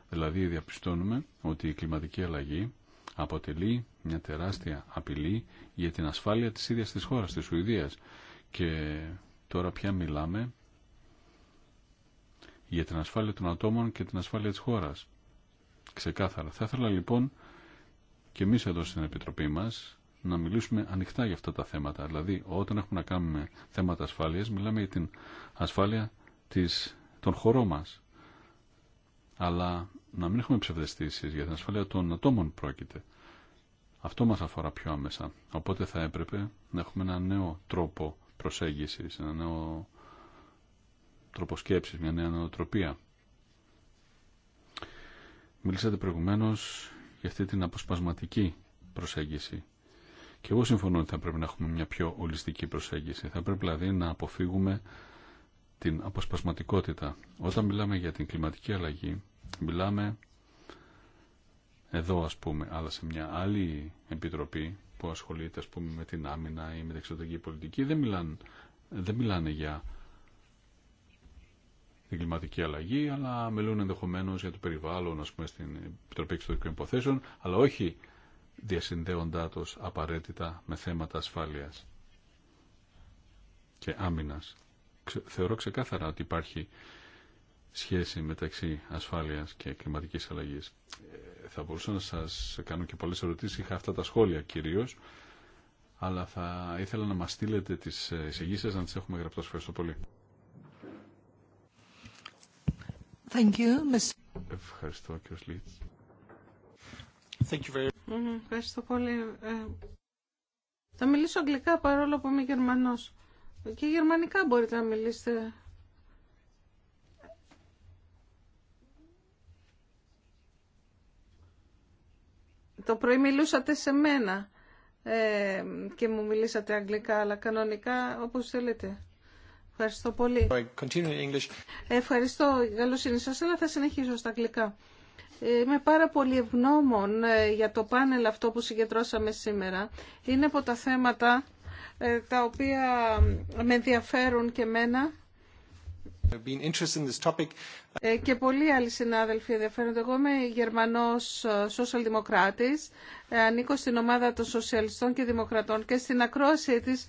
Δηλαδή διαπιστώνουμε ότι η κλιματική αλλαγή αποτελεί μια τεράστια απειλή για την ασφάλεια της ίδιας της χώρας, της Σουηδίας. Και τώρα πια μιλάμε για την ασφάλεια των ατόμων και την ασφάλεια της χώρας. Ξεκάθαρα. Θα ήθελα λοιπόν και εμείς εδώ στην Επιτροπή μας να μιλήσουμε ανοιχτά για αυτά τα θέματα. Δηλαδή, όταν έχουμε να κάνουμε θέματα ασφάλειας, μιλάμε για την ασφάλεια της, των χωρών μας. Αλλά να μην έχουμε ψευδεστήσεις για την ασφάλεια των ατόμων πρόκειται. Αυτό μας αφορά πιο άμεσα. Οπότε θα έπρεπε να έχουμε ένα νέο τρόπο προσέγγισης, ένα νέο τρόπο σκέψης, μια νέα νοοτροπία. Μιλήσατε προηγουμένως για αυτή την αποσπασματική προσέγγιση και εγώ συμφωνώ ότι θα πρέπει να έχουμε μια πιο ολιστική προσέγγιση. Θα πρέπει δηλαδή να αποφύγουμε την αποσπασματικότητα. Όταν μιλάμε για την κλιματική αλλαγή, μιλάμε εδώ ας πούμε, αλλά σε μια άλλη επιτροπή που ασχολείται ας πούμε με την άμυνα ή με την εξωτερική πολιτική, δεν μιλάνε, δεν μιλάνε για την κλιματική αλλαγή, αλλά μιλούν ενδεχομένω για το περιβάλλον, α πούμε, στην Επιτροπή Εξωτερικών Υποθέσεων, αλλά όχι διασυνδέοντάτος απαραίτητα με θέματα ασφάλειας και άμυνας. Θεωρώ ξεκάθαρα ότι υπάρχει σχέση μεταξύ ασφάλειας και κλιματικής αλλαγής. Ε, θα μπορούσα να σας κάνω και πολλές ερωτήσεις, είχα αυτά τα σχόλια κυρίως, αλλά θα ήθελα να μας στείλετε τις ε, εισηγήσεις να τις έχουμε γραπτώσει. Ευχαριστώ πολύ. Thank you, Mr. Ευχαριστώ, Ευχαριστώ πολύ. Ε, θα μιλήσω αγγλικά παρόλο που είμαι Γερμανός. Και γερμανικά μπορείτε να μιλήσετε. Το πρωί μιλούσατε σε μένα ε, και μου μιλήσατε αγγλικά, αλλά κανονικά όπως θέλετε. Ευχαριστώ πολύ. Ευχαριστώ. Καλώς είναι σας, θα συνεχίσω στα αγγλικά. Είμαι πάρα πολύ ευγνώμων ε, για το πάνελ αυτό που συγκεντρώσαμε σήμερα. Είναι από τα θέματα ε, τα οποία με ενδιαφέρουν και μένα. Ε, και πολλοί άλλοι συνάδελφοι ενδιαφέρονται. Εγώ είμαι Γερμανός σοσιαλδημοκράτης, ανήκω στην ομάδα των σοσιαλιστών και δημοκρατών και στην ακρόαση της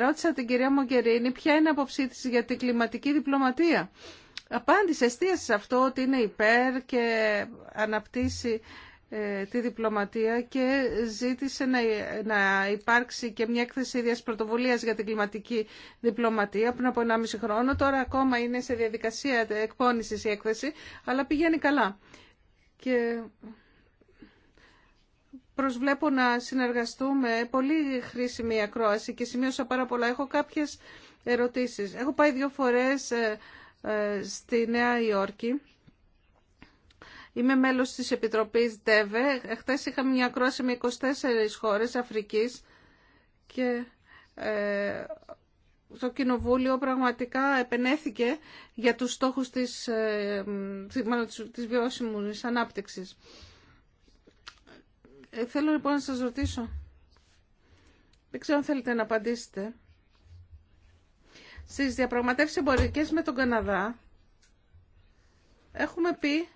ρώτησα την κυρία Μογκερίνη ποια είναι η αποψή της για την κλιματική διπλωματία απάντησε, εστίασε σε αυτό ότι είναι υπέρ και αναπτύσσει ε, τη διπλωματία και ζήτησε να, υπάρξει και μια έκθεση ίδιας πρωτοβουλίας για την κλιματική διπλωματία πριν από 1,5 χρόνο. Τώρα ακόμα είναι σε διαδικασία εκπόνησης η έκθεση, αλλά πηγαίνει καλά. Και προσβλέπω να συνεργαστούμε. Πολύ χρήσιμη η ακρόαση και σημείωσα πάρα πολλά. Έχω κάποιες ερωτήσεις. Έχω πάει δύο φορές ε, ε, στη Νέα Υόρκη. Είμαι μέλος της Επιτροπής ΔΕΒΕ. Χθες είχαμε μια κρόση με 24 χώρες Αφρικής και ε, το Κοινοβούλιο πραγματικά επενέθηκε για τους στόχους της, ε, της βιώσιμης ανάπτυξης. Θέλω λοιπόν να σας ρωτήσω. Δεν ξέρω αν θέλετε να απαντήσετε. Στις διαπραγματεύσεις εμπορικές με τον Καναδά έχουμε πει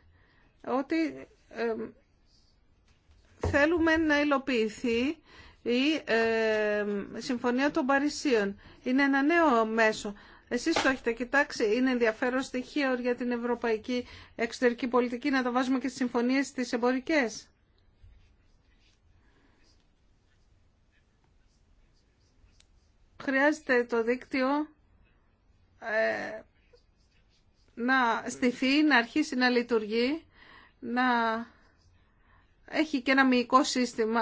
ότι θέλουμε να υλοποιηθεί η Συμφωνία των Παρισίων. Είναι ένα νέο μέσο. Εσείς το έχετε κοιτάξει, είναι ενδιαφέρον στοιχείο για την ευρωπαϊκή εξωτερική πολιτική να το βάζουμε και στις συμφωνίες τις εμπορικές. Χρειάζεται το δίκτυο ε, να στηθεί, να αρχίσει να λειτουργεί, να έχει και ένα μυϊκό σύστημα.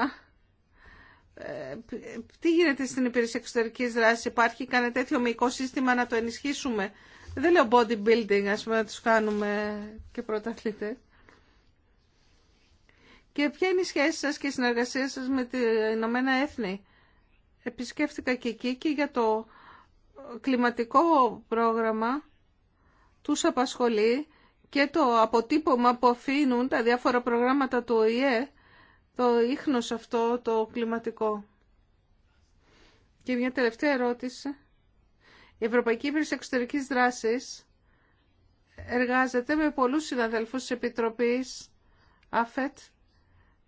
Ε, τι γίνεται στην υπηρεσία εξωτερική δράση, υπάρχει κανένα τέτοιο μυϊκό σύστημα να το ενισχύσουμε. Δεν λέω bodybuilding, ας πούμε, να τους κάνουμε και πρωταθλήτε Και ποια είναι η σχέση σας και η συνεργασία σας με την Ηνωμένα Έθνη. Επισκέφτηκα και εκεί και για το κλιματικό πρόγραμμα τους απασχολεί και το αποτύπωμα που αφήνουν τα διάφορα προγράμματα του ΟΗΕ, το ίχνος αυτό το κλιματικό. Και μια τελευταία ερώτηση. Η Ευρωπαϊκή Υπηρεσία Εξωτερικής Δράσης εργάζεται με πολλούς συναδέλφους της Επιτροπής ΑΦΕΤ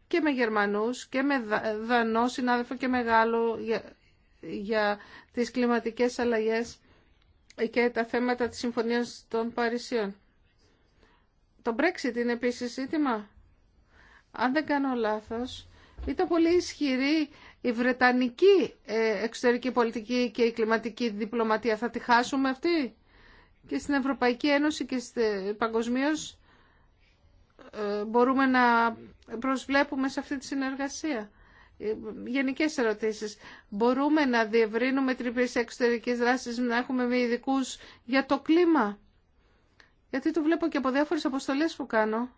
και με Γερμανούς και με Δανό συνάδελφο και μεγάλο για τις κλιματικές αλλαγές και τα θέματα της Συμφωνίας των Παρισιών. Το Brexit είναι επίσης ζήτημα. Αν δεν κάνω λάθος, ήταν πολύ ισχυρή η Βρετανική ε, εξωτερική πολιτική και η κλιματική διπλωματία. Θα τη χάσουμε αυτή και στην Ευρωπαϊκή Ένωση και παγκοσμίω ε, μπορούμε να προσβλέπουμε σε αυτή τη συνεργασία γενικές ερωτήσεις. Μπορούμε να διευρύνουμε την υπηρεσία εξωτερικής δράσης, να έχουμε με ειδικού για το κλίμα. Γιατί το βλέπω και από διάφορες αποστολές που κάνω.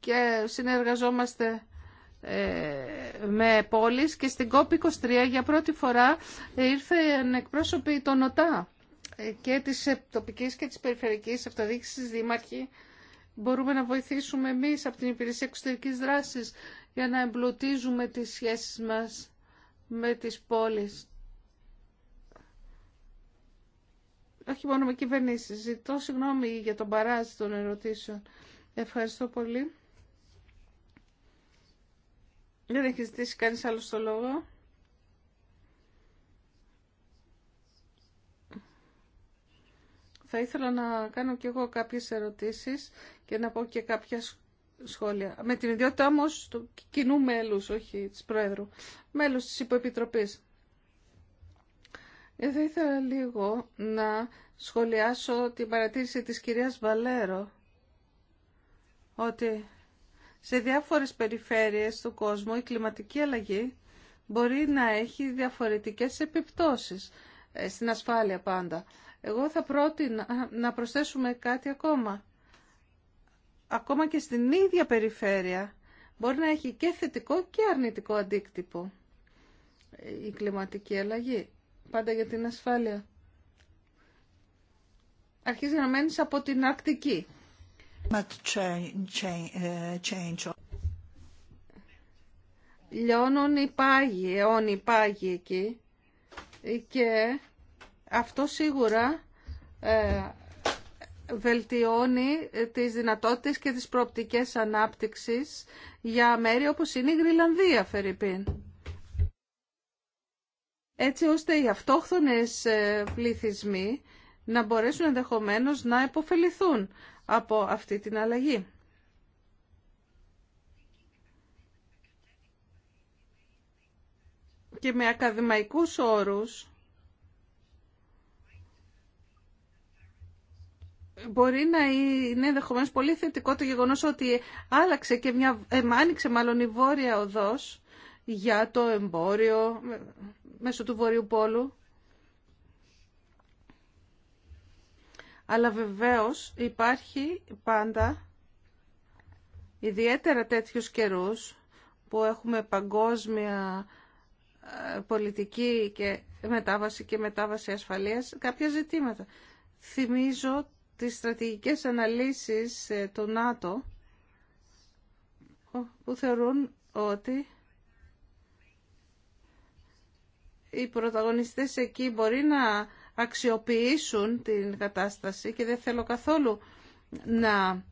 Και συνεργαζόμαστε ε, με πόλεις και στην COP23 για πρώτη φορά ήρθε εκπρόσωποι το ΝΟΤΑ. Ε, και της τοπικής και της περιφερειακής αυτοδίκησης Δήμαρχη. μπορούμε να βοηθήσουμε εμείς από την Υπηρεσία Εξωτερικής Δράσης για να εμπλουτίζουμε τις σχέσεις μας με τις πόλεις. Όχι μόνο με κυβερνήσεις. Ζητώ συγγνώμη για τον παράζη των ερωτήσεων. Ευχαριστώ πολύ. Δεν έχει ζητήσει κανείς άλλο το λόγο. Θα ήθελα να κάνω κι εγώ κάποιες ερωτήσεις και να πω και κάποια σχόλια. Με την ιδιότητα όμω του κοινού μέλου, όχι τη Πρόεδρου. Μέλο τη Υποεπιτροπή. Ε, θα ήθελα λίγο να σχολιάσω την παρατήρηση της κυρίας Βαλέρο ότι σε διάφορες περιφέρειες του κόσμου η κλιματική αλλαγή μπορεί να έχει διαφορετικές επιπτώσεις ε, στην ασφάλεια πάντα. Εγώ θα πρότεινα να προσθέσουμε κάτι ακόμα ακόμα και στην ίδια περιφέρεια μπορεί να έχει και θετικό και αρνητικό αντίκτυπο η κλιματική αλλαγή. Πάντα για την ασφάλεια. Αρχίζει να μένεις από την Αρκτική. Λιώνουν οι πάγοι, όν οι πάγοι εκεί και αυτό σίγουρα ε, βελτιώνει τις δυνατότητες και τις προοπτικές ανάπτυξης για μέρη όπως είναι η Γρυλανδία, Φερρυπίν. Έτσι ώστε οι αυτόχθονες ε, πληθυσμοί να μπορέσουν ενδεχομένως να υποφεληθούν από αυτή την αλλαγή. Και με ακαδημαϊκούς όρους μπορεί να είναι ενδεχομένω πολύ θετικό το γεγονός ότι άλλαξε και μια, ε, άνοιξε μάλλον η βόρεια οδός για το εμπόριο μέσω του Βορειού Πόλου. Αλλά βεβαίως υπάρχει πάντα, ιδιαίτερα τέτοιους καιρούς που έχουμε παγκόσμια ε, πολιτική και μετάβαση και μετάβαση ασφαλείας, κάποια ζητήματα. Θυμίζω τις στρατηγικές αναλύσεις ε, του ΝΑΤΟ που θεωρούν ότι οι πρωταγωνιστές εκεί μπορεί να αξιοποιήσουν την κατάσταση και δεν θέλω καθόλου να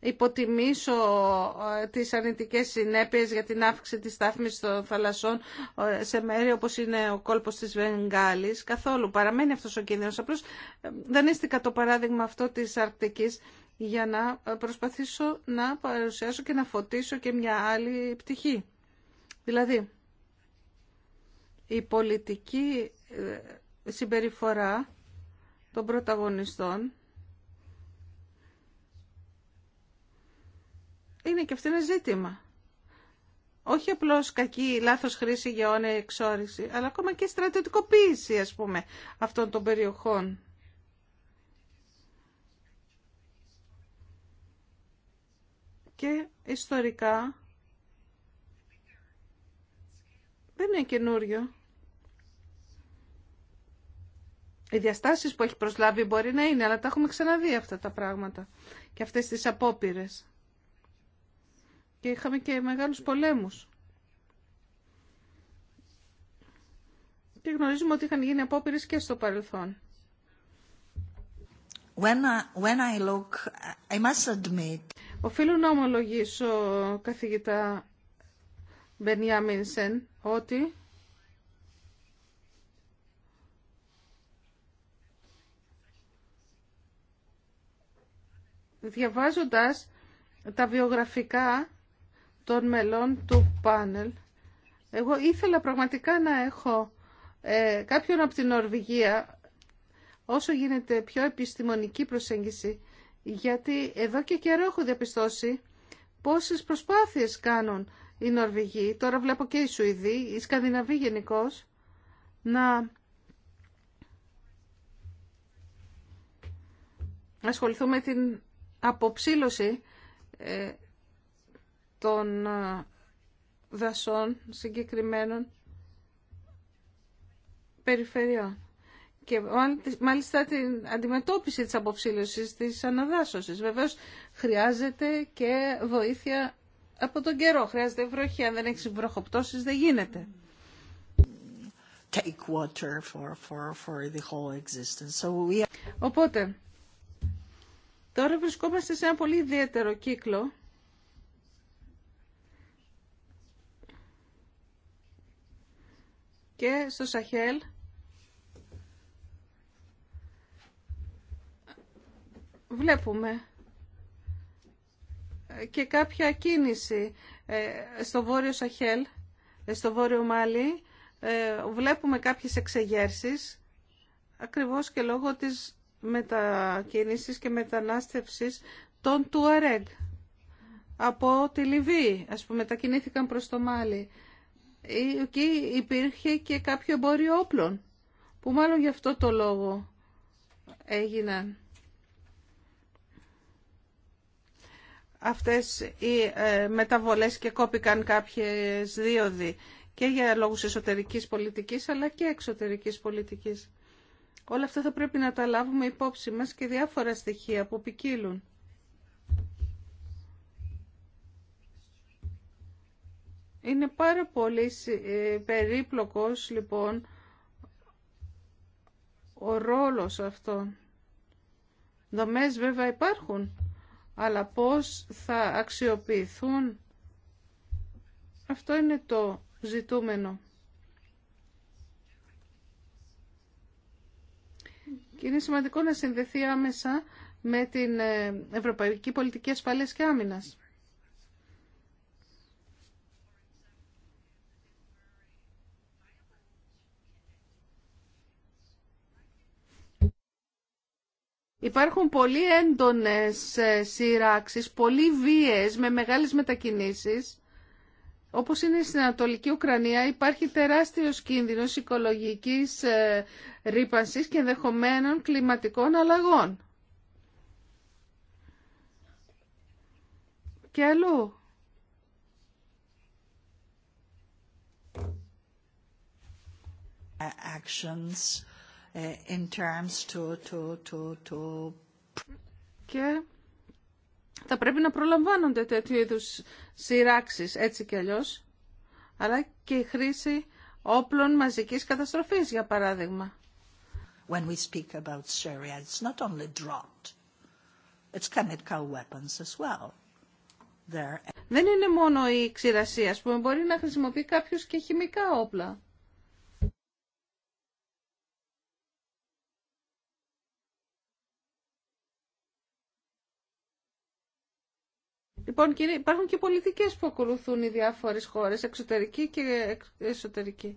υποτιμήσω ε, τις αρνητικές συνέπειες για την αύξηση της στάθμης των θαλασσών ε, σε μέρη όπως είναι ο κόλπος της Βενγάλης. Καθόλου παραμένει αυτός ο κίνδυνος. Απλώς ε, δανείστηκα το παράδειγμα αυτό της Αρκτικής για να προσπαθήσω να παρουσιάσω και να φωτίσω και μια άλλη πτυχή. Δηλαδή, η πολιτική συμπεριφορά των πρωταγωνιστών είναι και αυτό ένα ζήτημα. Όχι απλώς κακή, λάθος χρήση γεών εξόριση, αλλά ακόμα και στρατιωτικοποίηση, ας πούμε, αυτών των περιοχών. Και ιστορικά δεν είναι καινούριο. Οι διαστάσεις που έχει προσλάβει μπορεί να είναι, αλλά τα έχουμε ξαναδεί αυτά τα πράγματα και αυτές τις απόπειρες και είχαμε και μεγάλους πολέμους. Και γνωρίζουμε ότι είχαν γίνει απόπειρες και στο παρελθόν. When when I look, I must admit... Οφείλω να ομολογήσω, καθηγητά Μίνσεν ότι διαβάζοντας τα βιογραφικά των μελών του πάνελ. Εγώ ήθελα πραγματικά να έχω ε, κάποιον από την Νορβηγία όσο γίνεται πιο επιστημονική προσέγγιση γιατί εδώ και καιρό έχω διαπιστώσει πόσες προσπάθειες κάνουν οι Νορβηγοί, τώρα βλέπω και οι Σουηδοί, οι Σκανδιναβοί γενικώ, να ασχοληθούμε με την αποψήλωση ε, των ε, δασών συγκεκριμένων περιφερειών. Και μάλιστα την αντιμετώπιση της αποψήλωσης, της αναδάσωσης. Βεβαίως χρειάζεται και βοήθεια από τον καιρό. Χρειάζεται βροχή. Αν δεν έχει βροχοπτώσεις δεν γίνεται. Take water for, for, for the whole existence. Οπότε, τώρα βρισκόμαστε σε ένα πολύ ιδιαίτερο κύκλο και στο Σαχέλ βλέπουμε και κάποια κίνηση ε, στο βόρειο Σαχέλ, ε, στο βόρειο Μάλι. Ε, βλέπουμε κάποιες εξεγέρσεις ακριβώς και λόγω της μετακίνησης και μετανάστευσης των Τουαρέγ από τη Λιβύη, ας πούμε, μετακινήθηκαν προς το Μάλι εκεί υπήρχε και κάποιο εμπόριο όπλων, που μάλλον γι' αυτό το λόγο έγιναν αυτές οι ε, μεταβολές και κόπηκαν κάποιες δίωδοι και για λόγους εσωτερικής πολιτικής αλλά και εξωτερικής πολιτικής. Όλα αυτά θα πρέπει να τα λάβουμε υπόψη μας και διάφορα στοιχεία που ποικίλουν. Είναι πάρα πολύ ε, περίπλοκος λοιπόν ο ρόλος αυτών. Δομές βέβαια υπάρχουν, αλλά πώς θα αξιοποιηθούν, αυτό είναι το ζητούμενο. Και είναι σημαντικό να συνδεθεί άμεσα με την ε, Ευρωπαϊκή Πολιτική Ασφάλειας και Άμυνας. Υπάρχουν πολύ έντονες ε, σειράξεις, πολύ βίες με μεγάλες μετακινήσεις. Όπως είναι στην Ανατολική Ουκρανία υπάρχει τεράστιος κίνδυνος οικολογικής ε, ρήπανσης και ενδεχομένων κλιματικών αλλαγών. Και αλλού. Uh, in terms to, Και θα πρέπει να προλαμβάνονται τέτοιου είδους σειράξεις έτσι κι αλλιώς, αλλά και η χρήση όπλων μαζικής καταστροφής, για παράδειγμα. When we speak about Syria, it's not only it's chemical weapons as well. Δεν είναι μόνο η ξηρασία, που μπορεί να χρησιμοποιεί κάποιος και χημικά όπλα. Λοιπόν, υπάρχουν και πολιτικές που ακολουθούν οι διάφορες χώρες, εξωτερική και εσωτερική.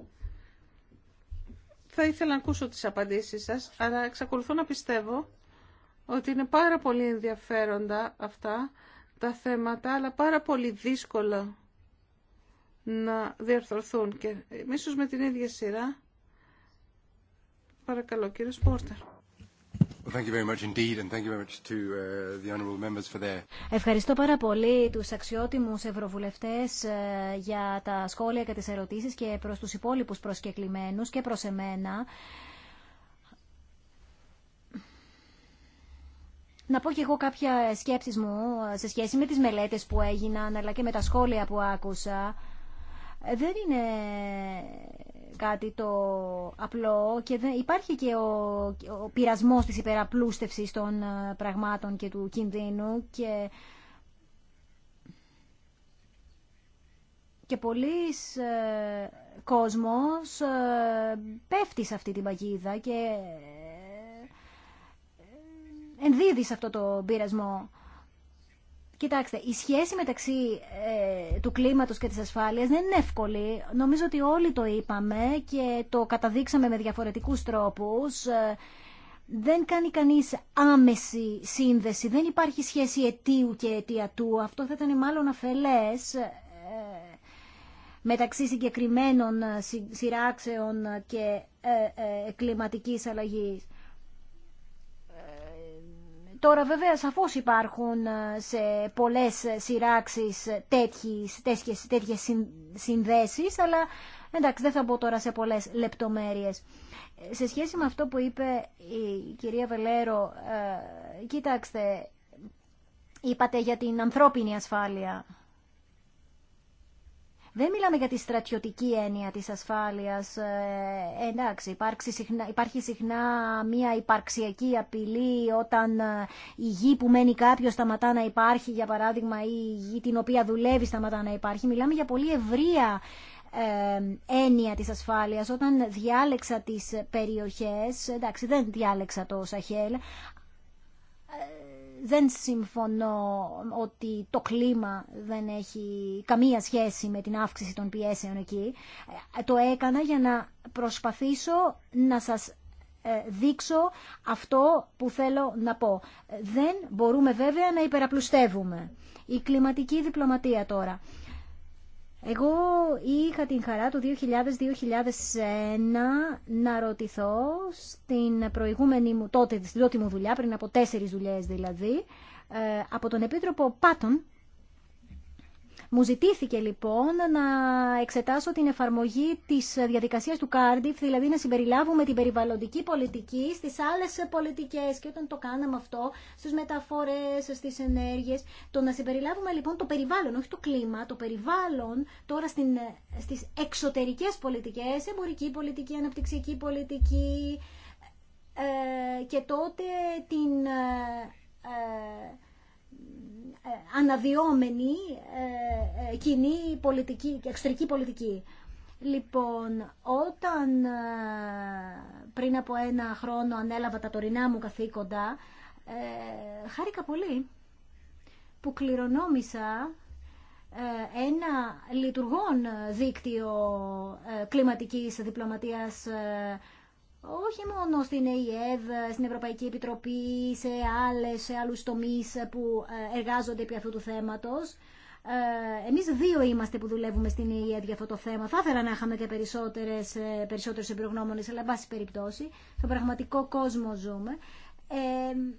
Θα ήθελα να ακούσω τις απαντήσεις σας, αλλά εξακολουθώ να πιστεύω ότι είναι πάρα πολύ ενδιαφέροντα αυτά τα θέματα, αλλά πάρα πολύ δύσκολα να διαρθρωθούν. Και ίσως με την ίδια σειρά. Παρακαλώ, κύριε Σπόρτερ. Ευχαριστώ πάρα πολύ τους αξιότιμους ευρωβουλευτές ε, για τα σχόλια και τις ερωτήσεις και προς τους υπόλοιπους προσκεκλημένους και προς εμένα. Να πω και εγώ κάποια σκέψεις μου ε, σε σχέση με τις μελέτες που έγιναν αλλά και με τα σχόλια που άκουσα. Ε, δεν είναι κάτι το απλό και υπάρχει και ο, ο πειρασμός της υπεραπλούστευσης των ε, πραγμάτων και του κινδύνου και, και πολλής ε, κόσμος ε, πέφτει σε αυτή την παγίδα και ενδίδει σε αυτό το πειρασμό. Κοιτάξτε, η σχέση μεταξύ ε, του κλίματος και της ασφάλειας δεν είναι εύκολη. Νομίζω ότι όλοι το είπαμε και το καταδείξαμε με διαφορετικούς τρόπους. Ε, δεν κάνει κανείς άμεση σύνδεση. Δεν υπάρχει σχέση αιτίου και αιτιατού. Αυτό θα ήταν μάλλον αφελές ε, μεταξύ συγκεκριμένων σειράξεων και κλιματικής αλλαγής. Τώρα βέβαια σαφώς υπάρχουν ε, σε πολλές σειράξεις τέτοιες, τέτοιες, τέτοιες συνδέσεις, αλλά εντάξει δεν θα μπω τώρα σε πολλές λεπτομέρειες. Ε, σε σχέση με αυτό που είπε η κυρία Βελέρο, ε, κοίταξτε, είπατε για την ανθρώπινη ασφάλεια δεν μιλάμε για τη στρατιωτική έννοια της ασφάλειας. Ε, εντάξει, υπάρχει συχνά μια υπαρξιακή απειλή όταν ε, η γη που μένει κάποιος σταματά να υπάρχει, για παράδειγμα, ή γη την οποία δουλεύει σταματά να υπάρχει. Μιλάμε για πολύ ευρεία ε, έννοια της ασφάλειας όταν διάλεξα τις περιοχές εντάξει δεν διάλεξα το Σαχέλ δεν συμφωνώ ότι το κλίμα δεν έχει καμία σχέση με την αύξηση των πιέσεων εκεί. Ε, το έκανα για να προσπαθήσω να σας ε, δείξω αυτό που θέλω να πω. Ε, δεν μπορούμε βέβαια να υπεραπλουστεύουμε. Η κλιματική διπλωματία τώρα. Εγώ είχα την χαρά του 2000-2001 να ρωτηθώ στην προηγούμενη μου, τότε, στην τότε μου δουλειά, πριν από τέσσερις δουλειές δηλαδή, ε, από τον Επίτροπο Πάτων. Μου ζητήθηκε λοιπόν να εξετάσω την εφαρμογή της διαδικασίας του Κάρντιφ, δηλαδή να συμπεριλάβουμε την περιβαλλοντική πολιτική στι άλλες πολιτικέ και όταν το κάναμε αυτό στι μεταφορές, στις ενέργειες, το να συμπεριλάβουμε λοιπόν το περιβάλλον, όχι το κλίμα, το περιβάλλον τώρα στι εξωτερικέ πολιτικέ, εμπορική πολιτική, αναπτυξιακή πολιτική ε, και τότε την ε, ε, ε, αναδυόμενη ε, ε, κοινή πολιτική, και εξωτερική πολιτική. Λοιπόν, όταν πριν από ένα χρόνο ανέλαβα τα τωρινά μου καθήκοντα, χάρηκα πολύ που κληρονόμησα ένα λειτουργόν δίκτυο κλιματικής διπλωματίας όχι μόνο στην ΕΕΔ, στην Ευρωπαϊκή Επιτροπή, σε, άλλες, σε άλλους τομείς που ε, εργάζονται επί αυτού του θέματος. Ε, εμείς δύο είμαστε που δουλεύουμε στην ΕΙΕΔ για αυτό το θέμα. Θα ήθελα να είχαμε και περισσότερες, ε, περισσότερες εμπειρογνώμονες, αλλά εν πάση περιπτώσει, στον πραγματικό κόσμο ζούμε. Ε,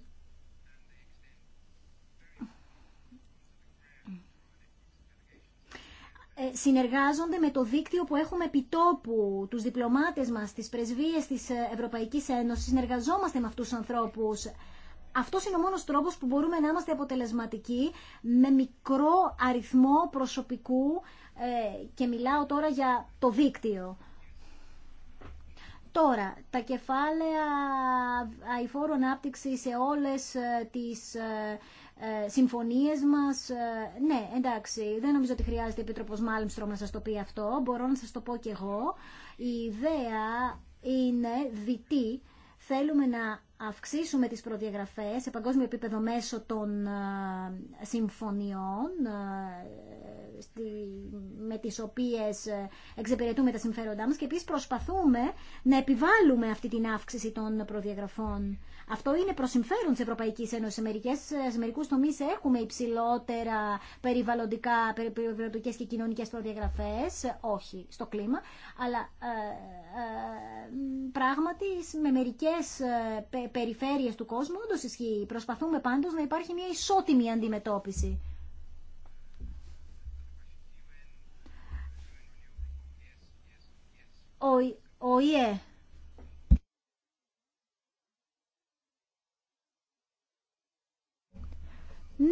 Ε, συνεργάζονται με το δίκτυο που έχουμε επιτόπου, Του διπλωμάτε μα, τι πρεσβείες τη ε, Ευρωπαϊκή Ένωση, συνεργαζόμαστε με αυτού του ανθρώπου. Αυτό είναι ο μόνο τρόπο που μπορούμε να είμαστε αποτελεσματικοί με μικρό αριθμό προσωπικού ε, και μιλάω τώρα για το δίκτυο. Τώρα, τα κεφάλαια αηφόρων άπτυξη σε όλες τις ε, συμφωνίες μας. Ε, ναι, εντάξει, δεν νομίζω ότι χρειάζεται Επίτροπος Μάλμστρομ να σας το πει αυτό. Μπορώ να σας το πω κι εγώ. Η ιδέα είναι διτή. Θέλουμε να αυξήσουμε τις προδιαγραφές σε παγκόσμιο επίπεδο μέσω των ε, συμφωνιών ε, με τις οποίες ε, εξεπηρετούμε τα συμφέροντά μας και επίσης προσπαθούμε να επιβάλλουμε αυτή την αύξηση των προδιαγραφών. Αυτό είναι προς συμφέρον της Ευρωπαϊκής Ένωσης. Σε, μερικές, σε μερικούς τομείς έχουμε υψηλότερα περιβαλλοντικά, περιβαλλοντικές και κοινωνικές προδιαγραφές, όχι στο κλίμα, αλλά πράγματι με μερικές περιφέρειες του κόσμου, όντως ισχύει. Προσπαθούμε πάντως να υπάρχει μια ισότιμη αντιμετώπιση. Ο ΙΕ.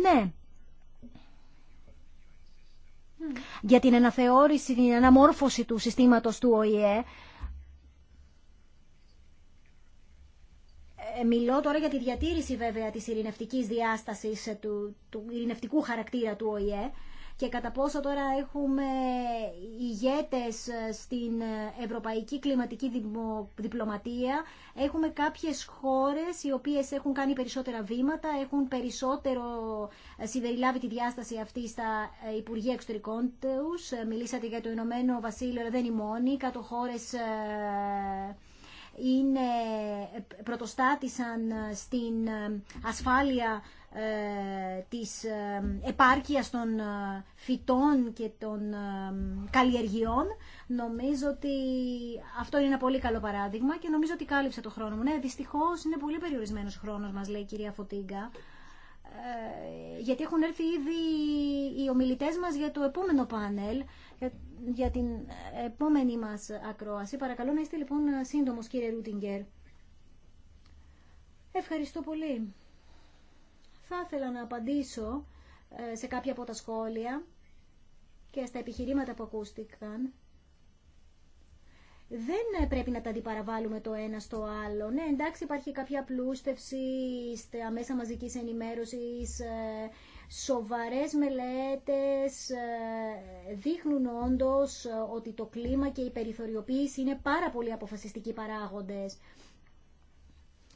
Ναι. Για την αναθεώρηση, την αναμόρφωση του συστήματος του ΟΗΕ, Ε, μιλώ τώρα για τη διατήρηση βέβαια της ειρηνευτικής διάστασης ε, του, του ειρηνευτικού χαρακτήρα του ΟΗΕ και κατά πόσο τώρα έχουμε ηγέτες ε, στην ευρωπαϊκή κλιματική διπλωματία. Έχουμε κάποιες χώρες οι οποίες έχουν κάνει περισσότερα βήματα, έχουν περισσότερο συμπεριλάβει τη διάσταση αυτή στα Υπουργεία Εξωτερικών Μιλήσατε για το Ηνωμένο Βασίλειο, δεν είναι μόνοι, κάτω χώρες είναι, πρωτοστάτησαν στην ασφάλεια ε, της ε, επάρκειας των ε, φυτών και των καλλιεργειών. Νομίζω ότι αυτό είναι ένα πολύ καλό παράδειγμα και νομίζω ότι κάλυψε το χρόνο μου. Ναι, δυστυχώς είναι πολύ περιορισμένος ο χρόνος μας, λέει η κυρία Φωτίγκα. Ε, γιατί έχουν έρθει ήδη οι ομιλητές μας για το επόμενο πάνελ, για την επόμενη μας ακρόαση. Παρακαλώ να είστε λοιπόν σύντομος κύριε Ρούτιγκερ. Ευχαριστώ πολύ. Θα ήθελα να απαντήσω ε, σε κάποια από τα σχόλια και στα επιχειρήματα που ακούστηκαν δεν πρέπει να τα αντιπαραβάλλουμε το ένα στο άλλο. Ναι, εντάξει, υπάρχει κάποια πλούστευση στα μέσα μαζικής ενημέρωσης, ε, σοβαρές μελέτες ε, δείχνουν όντως ε, ότι το κλίμα και η περιθωριοποίηση είναι πάρα πολύ αποφασιστικοί παράγοντες.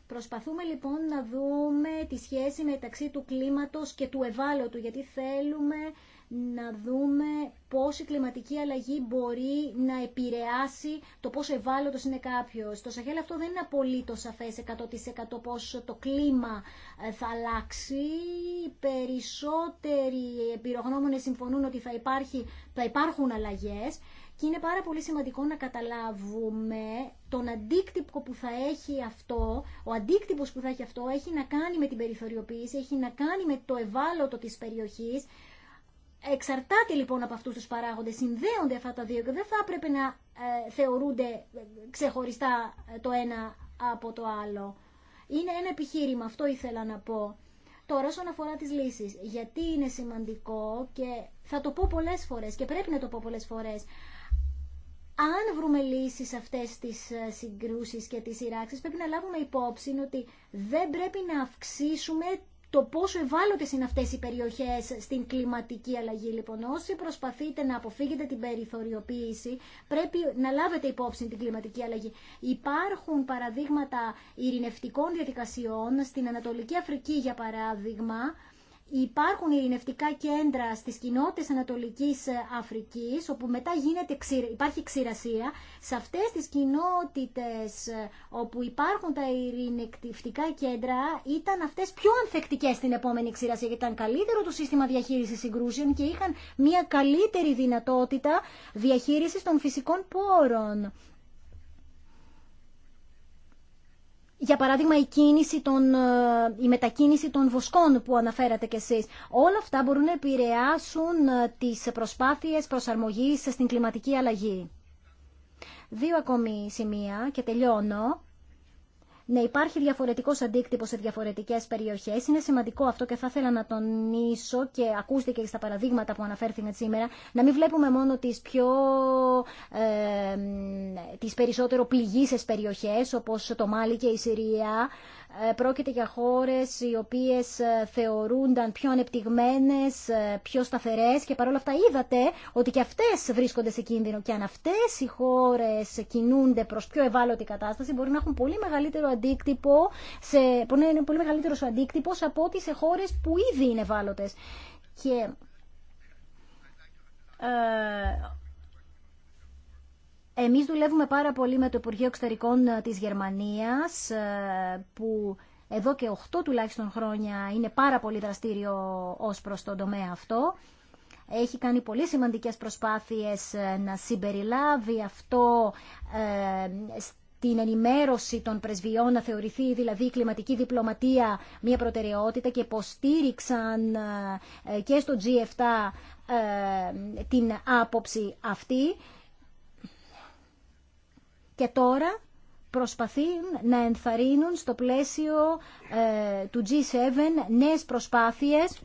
Προσπαθούμε λοιπόν να δούμε τη σχέση μεταξύ του κλίματος και του ευάλωτου, γιατί θέλουμε να δούμε πώς η κλιματική αλλαγή μπορεί να επηρεάσει το πόσο ευάλωτος είναι κάποιος. Στο Σαχέλ αυτό δεν είναι απολύτως σαφές 100% πώς το κλίμα ε, θα αλλάξει. Οι περισσότεροι εμπειρογνώμονες συμφωνούν ότι θα, υπάρχει, θα υπάρχουν αλλαγές. Και είναι πάρα πολύ σημαντικό να καταλάβουμε τον αντίκτυπο που θα έχει αυτό, ο αντίκτυπος που θα έχει αυτό έχει να κάνει με την περιθωριοποίηση, έχει να κάνει με το ευάλωτο της περιοχής, Εξαρτάται λοιπόν από αυτούς τους παράγοντες, συνδέονται αυτά τα δύο και δεν θα έπρεπε να ε, θεωρούνται ε, ξεχωριστά ε, το ένα από το άλλο. Είναι ένα επιχείρημα, αυτό ήθελα να πω. Τώρα, όσον αφορά τις λύσεις, γιατί είναι σημαντικό και θα το πω πολλές φορές και πρέπει να το πω πολλές φορές, αν βρούμε λύσεις σε αυτές τις συγκρούσεις και τις σειράξεις, πρέπει να λάβουμε υπόψη ότι δεν πρέπει να αυξήσουμε το πόσο ευάλωτες είναι αυτές οι περιοχές στην κλιματική αλλαγή. Λοιπόν, όσοι προσπαθείτε να αποφύγετε την περιθωριοποίηση, πρέπει να λάβετε υπόψη την κλιματική αλλαγή. Υπάρχουν παραδείγματα ειρηνευτικών διαδικασιών στην Ανατολική Αφρική, για παράδειγμα, Υπάρχουν ειρηνευτικά κέντρα στις κοινότητες Ανατολικής ε, Αφρικής, όπου μετά γίνεται, υπάρχει ξηρασία. Σε αυτές τις κοινότητες ε, όπου υπάρχουν τα ειρηνευτικά κέντρα, ήταν αυτές πιο ανθεκτικές στην επόμενη ξηρασία, γιατί ήταν καλύτερο το σύστημα διαχείρισης συγκρούσεων και είχαν μια καλύτερη δυνατότητα διαχείρισης των φυσικών πόρων. για παράδειγμα η, κίνηση των, ε, η μετακίνηση των βοσκών που αναφέρατε κι εσείς. Όλα αυτά μπορούν να επηρεάσουν ε, τις προσπάθειες προσαρμογής στην κλιματική αλλαγή. Δύο ακόμη σημεία και τελειώνω να υπάρχει διαφορετικός αντίκτυπο σε διαφορετικές περιοχές. Είναι σημαντικό αυτό και θα ήθελα να τονίσω και ακούστε και στα παραδείγματα που αναφέρθηκαν σήμερα, να μην βλέπουμε μόνο τι πιο, ε, τις περισσότερο πληγήσει περιοχές όπως το Μάλι και η Συρία, ε, πρόκειται για χώρες οι οποίες ε, θεωρούνταν πιο ανεπτυγμένες, ε, πιο σταθερές και παρόλα αυτά είδατε ότι και αυτές βρίσκονται σε κίνδυνο και αν αυτές οι χώρες κινούνται προς πιο ευάλωτη κατάσταση μπορεί να έχουν πολύ μεγαλύτερο αντίκτυπο σε, μπορεί είναι πολύ μεγαλύτερος ο αντίκτυπος από ότι σε χώρες που ήδη είναι ευάλωτες. Και εμείς δουλεύουμε πάρα πολύ με το Υπουργείο Εξωτερικών ε, της Γερμανίας ε, που εδώ και 8 τουλάχιστον χρόνια είναι πάρα πολύ δραστήριο ως προς τον τομέα αυτό. Έχει κάνει πολύ σημαντικές προσπάθειες ε, να συμπεριλάβει αυτό στην ενημέρωση των πρεσβειών να θεωρηθεί δηλαδή η κλιματική διπλωματία μια προτεραιότητα και υποστήριξαν και στο G7 την άποψη αυτή και τώρα προσπαθούν να ενθαρρύνουν στο πλαίσιο ε, του G7 νέες προσπάθειες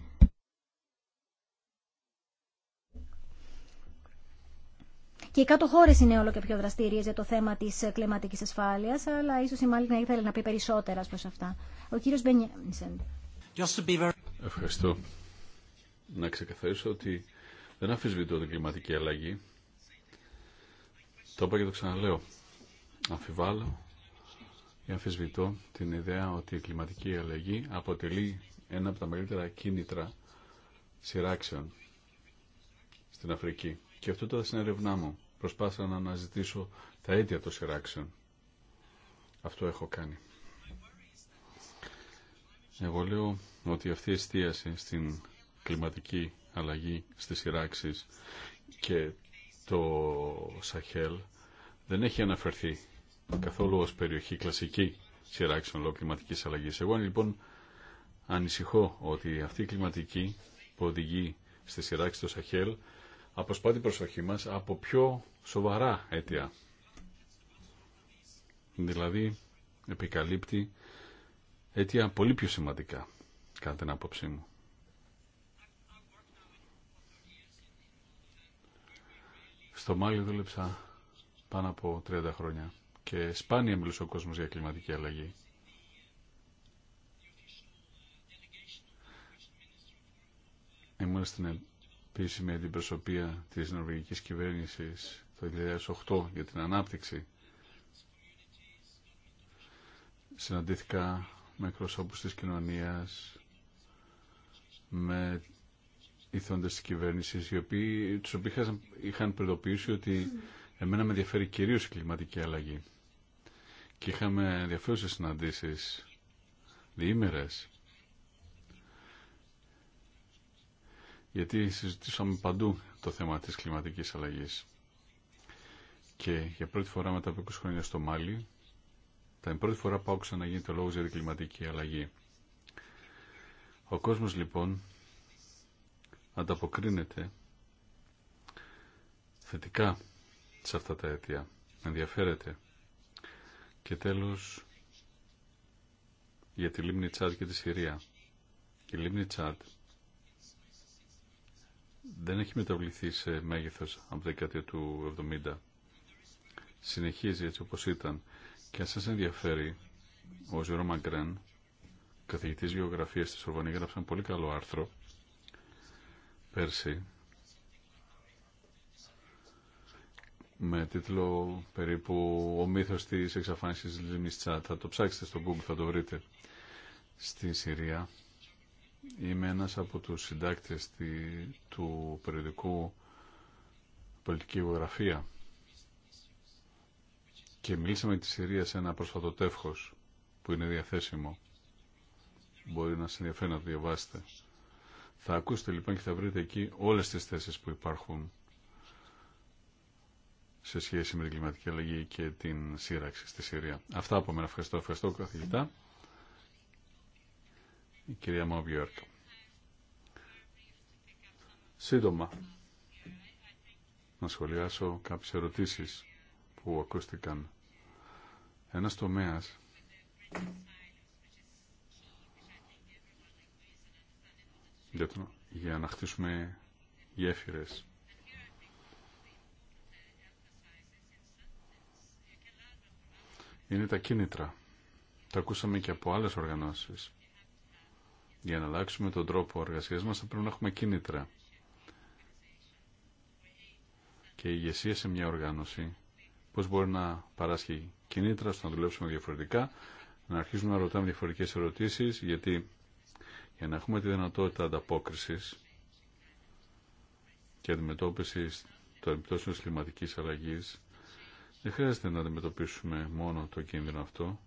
Και οι κάτω χώρε είναι όλο και πιο δραστήριε για το θέμα τη ε, κλιματική ασφάλεια, αλλά ίσω η Μάλικ να ήθελε να πει περισσότερα προ αυτά. Ο κύριο Μπενιένσεν. Ευχαριστώ. Να ξεκαθαρίσω ότι δεν αφισβητώ την κλιματική αλλαγή. Το είπα και το ξαναλέω αμφιβάλλω ή αμφισβητώ την ιδέα ότι η κλιματική αλλαγή αποτελεί ένα από τα μεγαλύτερα κίνητρα σειράξεων στην Αφρική. Και αυτό ήταν στην έρευνά μου. Προσπάθησα να αναζητήσω τα αίτια των σειράξεων. Αυτό έχω κάνει. Εγώ λέω ότι αυτή η εστίαση στην κλιματική αλλαγή στις σειράξεις και το Σαχέλ δεν έχει αναφερθεί καθόλου ως περιοχή κλασική σειράξεων λόγω κλιματικής αλλαγής. Εγώ λοιπόν ανησυχώ ότι αυτή η κλιματική που οδηγεί στη σειράξη του Σαχέλ αποσπά την προσοχή μας από πιο σοβαρά αίτια. Δηλαδή επικαλύπτει αίτια πολύ πιο σημαντικά κατά την άποψή μου. Στο Μάλι δούλεψα πάνω από 30 χρόνια και σπάνια μιλούσε ο κόσμος για κλιματική αλλαγή. Ήμουν στην επίσημη αντιπροσωπεία της νορβηγικής κυβέρνησης το 2008 για την ανάπτυξη. Συναντήθηκα με εκπροσώπους της κοινωνίας, με ηθόντες της κυβέρνησης, οι οποίοι, τους είχαν, είχαν προειδοποιήσει ότι εμένα με ενδιαφέρει κυρίως η κλιματική αλλαγή και είχαμε ενδιαφέρουσες συναντήσεις διήμερες γιατί συζητήσαμε παντού το θέμα της κλιματικής αλλαγής και για πρώτη φορά μετά από 20 χρόνια στο Μάλι η πρώτη φορά που άκουσα να γίνεται λόγος για την κλιματική αλλαγή ο κόσμος λοιπόν ανταποκρίνεται θετικά σε αυτά τα αίτια ενδιαφέρεται και τέλος, για τη λίμνη Τσάτ και τη Συρία. Η λίμνη Τσάτ δεν έχει μεταβληθεί σε μέγεθος από την δεκαετία του 70. Συνεχίζει έτσι όπως ήταν. Και αν σας ενδιαφέρει, ο Ζερό Μαγκρέν, καθηγητής γεωγραφίας της γράψε ένα πολύ καλό άρθρο πέρσι με τίτλο περίπου «Ο μύθος της εξαφάνισης Θα το ψάξετε στο Google, θα το βρείτε. Στη Συρία είμαι ένας από τους συντάκτες του περιοδικού «Πολιτική Υγωγραφία» και μιλήσαμε για τη Συρία σε ένα πρόσφατο τεύχος που είναι διαθέσιμο. Μπορεί να σας ενδιαφέρει να το διαβάσετε. Θα ακούσετε λοιπόν και θα βρείτε εκεί όλες τις θέσεις που υπάρχουν σε σχέση με την κλιματική αλλαγή και την σύραξη στη Συρία. Αυτά από μένα. Ευχαριστώ. Ευχαριστώ καθηγητά. Η κυρία Μόμπιόρκ. Σύντομα, να σχολιάσω κάποιες ερωτήσεις που ακούστηκαν. Ένας τομέας για, για να χτίσουμε γέφυρες είναι τα κίνητρα. Τα ακούσαμε και από άλλες οργανώσεις. Για να αλλάξουμε τον τρόπο εργασίας μας θα πρέπει να έχουμε κίνητρα. Και η ηγεσία σε μια οργάνωση πώς μπορεί να παράσχει κινήτρα στο να δουλέψουμε διαφορετικά, να αρχίσουμε να ρωτάμε διαφορετικές ερωτήσεις, γιατί για να έχουμε τη δυνατότητα ανταπόκρισης και αντιμετώπισης των επιπτώσεων της κλιματικής αλλαγής, δεν χρειάζεται να αντιμετωπίσουμε μόνο το κίνδυνο αυτό,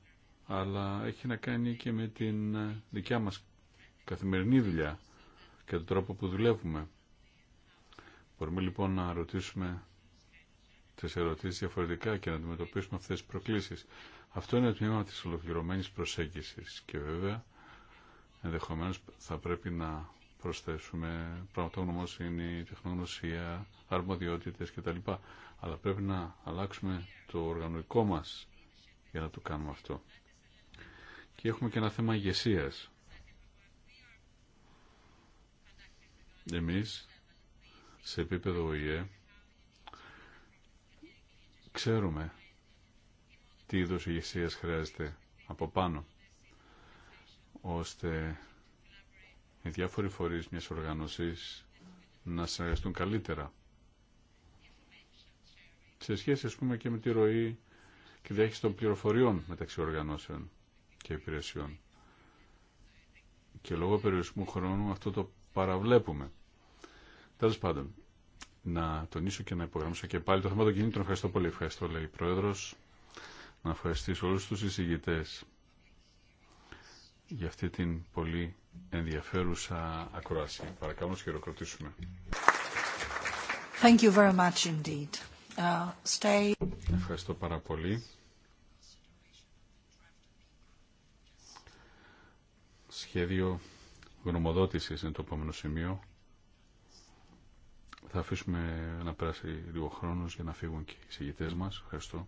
αλλά έχει να κάνει και με την ε, δικιά μας καθημερινή δουλειά και τον τρόπο που δουλεύουμε. Μπορούμε λοιπόν να ρωτήσουμε τις ερωτήσεις διαφορετικά και να αντιμετωπίσουμε αυτές τις προκλήσεις. Αυτό είναι το τμήμα της ολοκληρωμένης προσέγγισης και βέβαια ενδεχομένως θα πρέπει να προσθέσουμε πραγματογνωμοσύνη, τεχνογνωσία, αρμοδιότητες κτλ αλλά πρέπει να αλλάξουμε το οργανωτικό μας για να το κάνουμε αυτό. Και έχουμε και ένα θέμα ηγεσία. Εμείς, σε επίπεδο ΟΗΕ, ξέρουμε τι είδο ηγεσία χρειάζεται από πάνω, ώστε οι διάφοροι φορείς μιας οργανωσής να συνεργαστούν καλύτερα σε σχέση ας πούμε και με τη ροή και διάχυση των πληροφοριών μεταξύ οργανώσεων και υπηρεσιών. Και λόγω περιορισμού χρόνου αυτό το παραβλέπουμε. Τέλο πάντων, να τονίσω και να υπογραμμίσω και πάλι το θέμα των κινήτρων. Ευχαριστώ πολύ. Ευχαριστώ, λέει η Πρόεδρο. Να ευχαριστήσω όλου του συζητητέ για αυτή την πολύ ενδιαφέρουσα ακρόαση. Παρακαλώ, να χειροκροτήσουμε. Thank you very much indeed. Ευχαριστώ πάρα πολύ. Σχέδιο γνωμοδότησης είναι το επόμενο σημείο. Θα αφήσουμε να περάσει λίγο χρόνος για να φύγουν και οι συγγητές μας. Ευχαριστώ.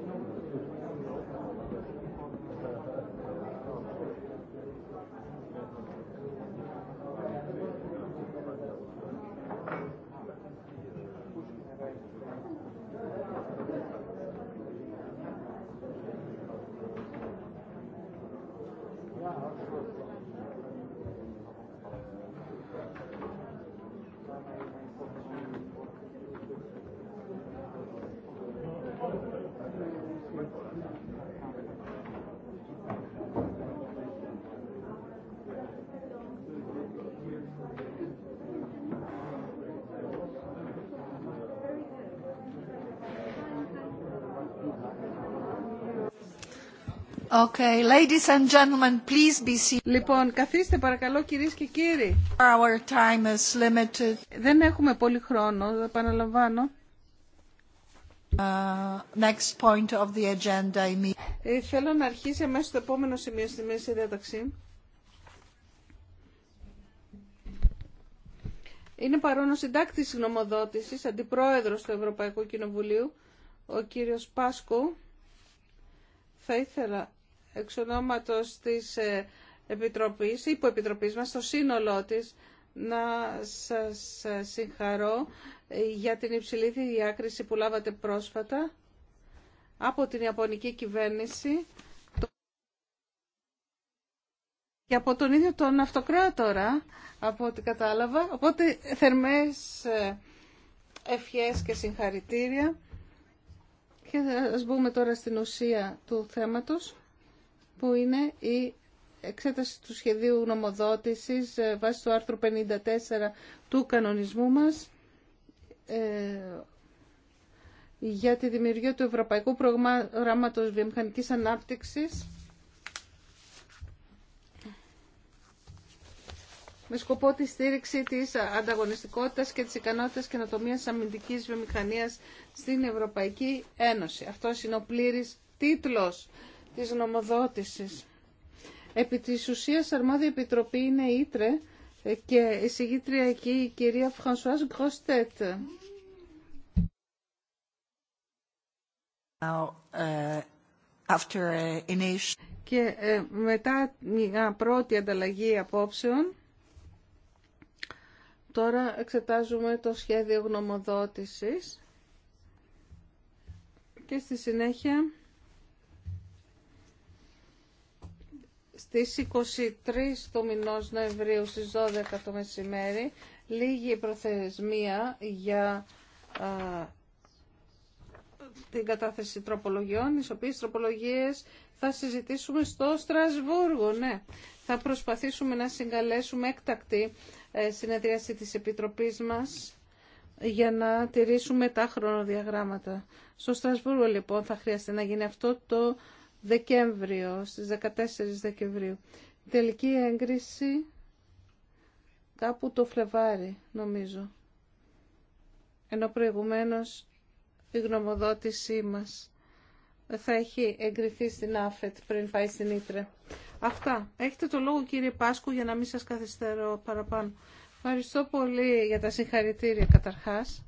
Okay, ladies and gentlemen, please be seated. Λοιπόν, καθίστε παρακαλώ κυρίες και κύριοι. Our time is limited. Δεν έχουμε πολύ χρόνο, επαναλαμβάνω. Uh, next point of the agenda, I mean. Ε, θέλω να αρχίσει αμέσως το επόμενο σημείο στη μέση διάταξη. Είναι παρόν ο συντάκτης γνωμοδότησης, αντιπρόεδρος του Ευρωπαϊκού Κοινοβουλίου, ο κύριος Πάσκου. Θα ήθελα εξ ονόματος της ε, Επιτροπής, υποεπιτροπής μας, στο σύνολό της, να σας ε, συγχαρώ ε, για την υψηλή διάκριση που λάβατε πρόσφατα από την Ιαπωνική κυβέρνηση και από τον ίδιο τον αυτοκράτορα, από ό,τι κατάλαβα. Οπότε θερμές ευχές και συγχαρητήρια. Και ας μπούμε τώρα στην ουσία του θέματος που είναι η εξέταση του σχεδίου νομοδότησης ε, βάσει του άρθρου 54 του κανονισμού μας ε, για τη δημιουργία του Ευρωπαϊκού Προγράμματος Βιομηχανικής Ανάπτυξης με σκοπό τη στήριξη της ανταγωνιστικότητας και της ικανότητας καινοτομίας αμυντικής βιομηχανίας στην Ευρωπαϊκή Ένωση. Αυτό είναι ο πλήρης τίτλος της νομοδότησης. Επί της ουσίας αρμόδια επιτροπή είναι η Ήτρε και η συγγήτρια εκεί η κυρία Φρανσουάς Γκροστέτ. Uh, uh, και ε, μετά μια πρώτη ανταλλαγή απόψεων, τώρα εξετάζουμε το σχέδιο γνωμοδότησης και στη συνέχεια Στις 23 το μηνός Νοεμβρίου στις 12 το μεσημέρι λίγη προθεσμία για α, την κατάθεση τροπολογιών, οι οποίες τροπολογίες θα συζητήσουμε στο Στρασβούργο. Ναι. Θα προσπαθήσουμε να συγκαλέσουμε έκτακτη ε, συνεδρίαση της Επιτροπής μας για να τηρήσουμε τα χρονοδιαγράμματα. Στο Στρασβούργο λοιπόν θα χρειαστεί να γίνει αυτό το Δεκέμβριο, στις 14 Δεκεμβρίου. Τελική έγκριση κάπου το Φλεβάρι, νομίζω. Ενώ προηγουμένως η γνωμοδότησή μας θα έχει εγκριθεί στην ΑΦΕΤ πριν πάει στην Ήτρε. Αυτά. Έχετε το λόγο κύριε Πάσκου για να μην σας καθυστερώ παραπάνω. Ευχαριστώ πολύ για τα συγχαρητήρια καταρχάς.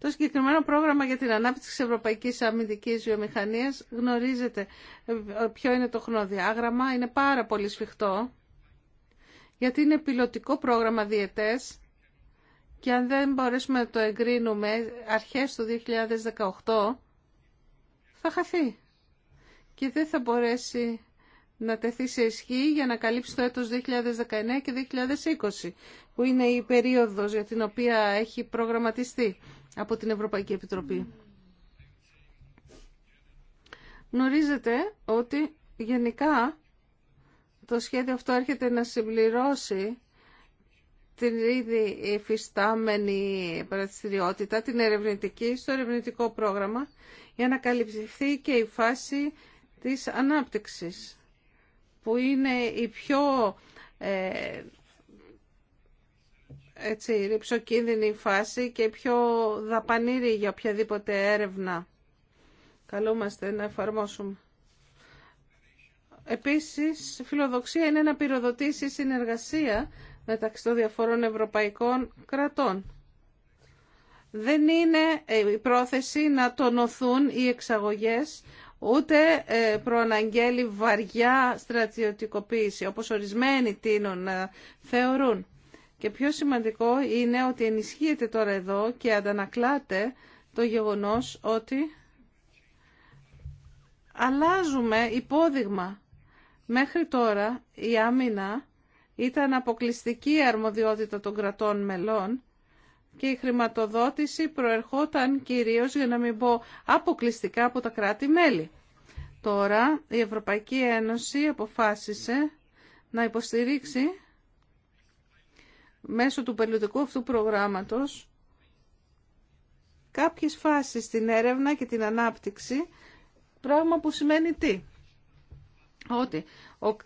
Το συγκεκριμένο πρόγραμμα για την ανάπτυξη της Ευρωπαϊκής Αμυντικής Βιομηχανίας γνωρίζετε ε, ποιο είναι το χρονοδιάγραμμα. Είναι πάρα πολύ σφιχτό γιατί είναι πιλωτικό πρόγραμμα διετές και αν δεν μπορέσουμε να το εγκρίνουμε αρχές του 2018 θα χαθεί και δεν θα μπορέσει να τεθεί σε ισχύ για να καλύψει το έτος 2019 και 2020 που είναι η περίοδος για την οποία έχει προγραμματιστεί από την Ευρωπαϊκή Επιτροπή. Γνωρίζετε ότι γενικά το σχέδιο αυτό έρχεται να συμπληρώσει την ήδη εφιστάμενη παρατηρητικότητα, την ερευνητική, στο ερευνητικό πρόγραμμα, για να καλυφθεί και η φάση της ανάπτυξης, που είναι η πιο ε, έτσι, ρηψοκίνδυνη φάση και πιο δαπανήρη για οποιαδήποτε έρευνα. Καλούμαστε να εφαρμόσουμε. Επίσης, φιλοδοξία είναι να πυροδοτήσει συνεργασία μεταξύ των διαφορών ευρωπαϊκών κρατών. Δεν είναι ε, η πρόθεση να τονωθούν οι εξαγωγές, ούτε ε, προαναγγέλει βαριά στρατιωτικοποίηση, όπως ορισμένοι τείνουν να θεωρούν. Και πιο σημαντικό είναι ότι ενισχύεται τώρα εδώ και αντανακλάται το γεγονός ότι αλλάζουμε υπόδειγμα. Μέχρι τώρα η άμυνα ήταν αποκλειστική αρμοδιότητα των κρατών μελών και η χρηματοδότηση προερχόταν κυρίως, για να μην πω αποκλειστικά, από τα κράτη-μέλη. Τώρα η Ευρωπαϊκή Ένωση αποφάσισε να υποστηρίξει μέσω του περιοδικού αυτού προγράμματος κάποιες φάσεις στην έρευνα και την ανάπτυξη, πράγμα που σημαίνει τι. Ότι ο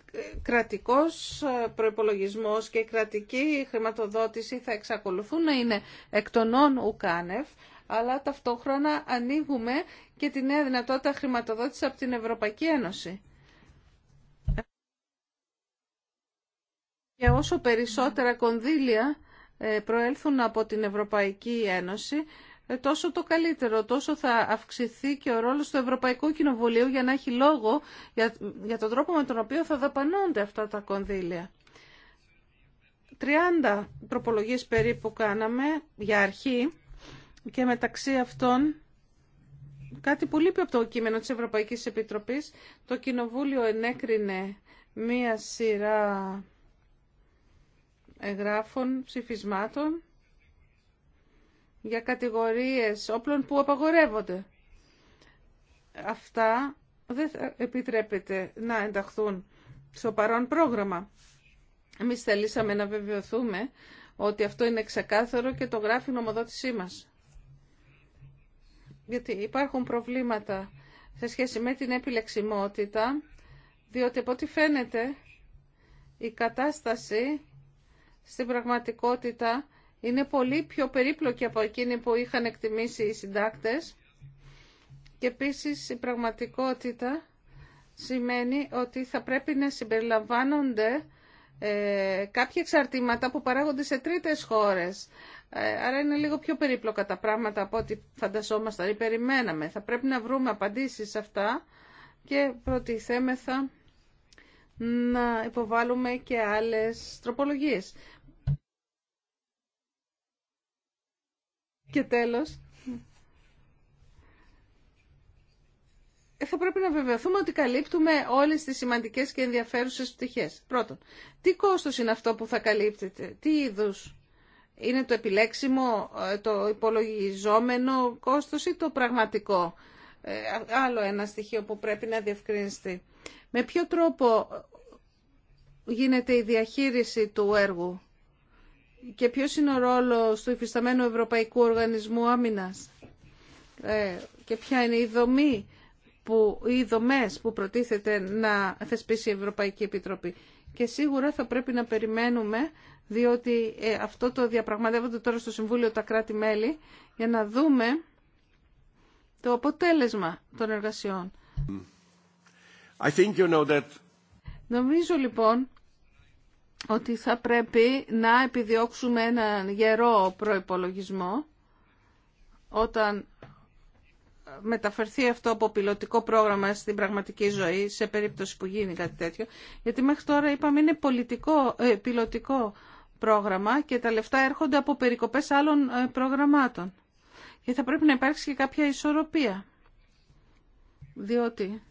κρατικός ε, προϋπολογισμός και η κρατική χρηματοδότηση θα εξακολουθούν να είναι εκ των ουκάνευ, αλλά ταυτόχρονα ανοίγουμε και τη νέα δυνατότητα χρηματοδότηση από την Ευρωπαϊκή Ένωση. Και όσο περισσότερα κονδύλια ε, προέλθουν από την Ευρωπαϊκή Ένωση, ε, τόσο το καλύτερο, τόσο θα αυξηθεί και ο ρόλος του Ευρωπαϊκού Κοινοβουλίου για να έχει λόγο για, τον τρόπο με τον οποίο θα δαπανώνται αυτά τα κονδύλια. 30 τροπολογίες περίπου κάναμε για αρχή και μεταξύ αυτών κάτι που λείπει από το κείμενο της Ευρωπαϊκής Επιτροπής. Το Κοινοβούλιο ενέκρινε μία σειρά εγγράφων ψηφισμάτων για κατηγορίες όπλων που απαγορεύονται. Αυτά δεν επιτρέπεται να ενταχθούν στο παρόν πρόγραμμα. Εμείς θελήσαμε να βεβαιωθούμε ότι αυτό είναι ξεκάθαρο και το γράφει η νομοδότησή μας. Γιατί υπάρχουν προβλήματα σε σχέση με την επιλεξιμότητα, διότι από ό,τι φαίνεται η κατάσταση στην πραγματικότητα είναι πολύ πιο περίπλοκη από εκείνη που είχαν εκτιμήσει οι συντάκτες και επίσης η πραγματικότητα σημαίνει ότι θα πρέπει να συμπεριλαμβάνονται ε, κάποια εξαρτήματα που παράγονται σε τρίτες χώρες. Ε, άρα είναι λίγο πιο περίπλοκα τα πράγματα από ό,τι φανταζόμασταν ή περιμέναμε. Θα πρέπει να βρούμε απαντήσεις σε αυτά και προτιθέμεθα να υποβάλουμε και άλλες τροπολογίες. Και τέλος, θα πρέπει να βεβαιωθούμε ότι καλύπτουμε όλες τις σημαντικές και ενδιαφέρουσες πτυχές. Πρώτον, τι κόστος είναι αυτό που θα καλύπτεται, τι είδους είναι το επιλέξιμο, ε, το υπολογιζόμενο κόστος ή το πραγματικό. Ε, άλλο ένα στοιχείο που πρέπει να διευκρινιστεί. Με ποιο τρόπο γίνεται η διαχείριση του έργου και ποιος είναι ο ρόλος του υφισταμένου Ευρωπαϊκού Οργανισμού Άμυνας ε, και ποια είναι η δομή που, οι δομές που προτίθεται να θεσπίσει η Ευρωπαϊκή Επιτροπή. Και σίγουρα θα πρέπει να περιμένουμε, διότι ε, αυτό το διαπραγματεύονται τώρα στο Συμβούλιο τα κράτη-μέλη, για να δούμε το αποτέλεσμα των εργασιών. Mm. Νομίζω λοιπόν ότι θα πρέπει να επιδιώξουμε έναν γερό προϋπολογισμό όταν μεταφερθεί αυτό από πιλωτικό πρόγραμμα στην πραγματική ζωή, σε περίπτωση που γίνει κάτι τέτοιο. Γιατί μέχρι τώρα είπαμε είναι πολιτικό, ε, πιλωτικό πρόγραμμα και τα λεφτά έρχονται από περικοπές άλλων ε, προγραμμάτων. Και θα πρέπει να υπάρξει και κάποια ισορροπία. Διότι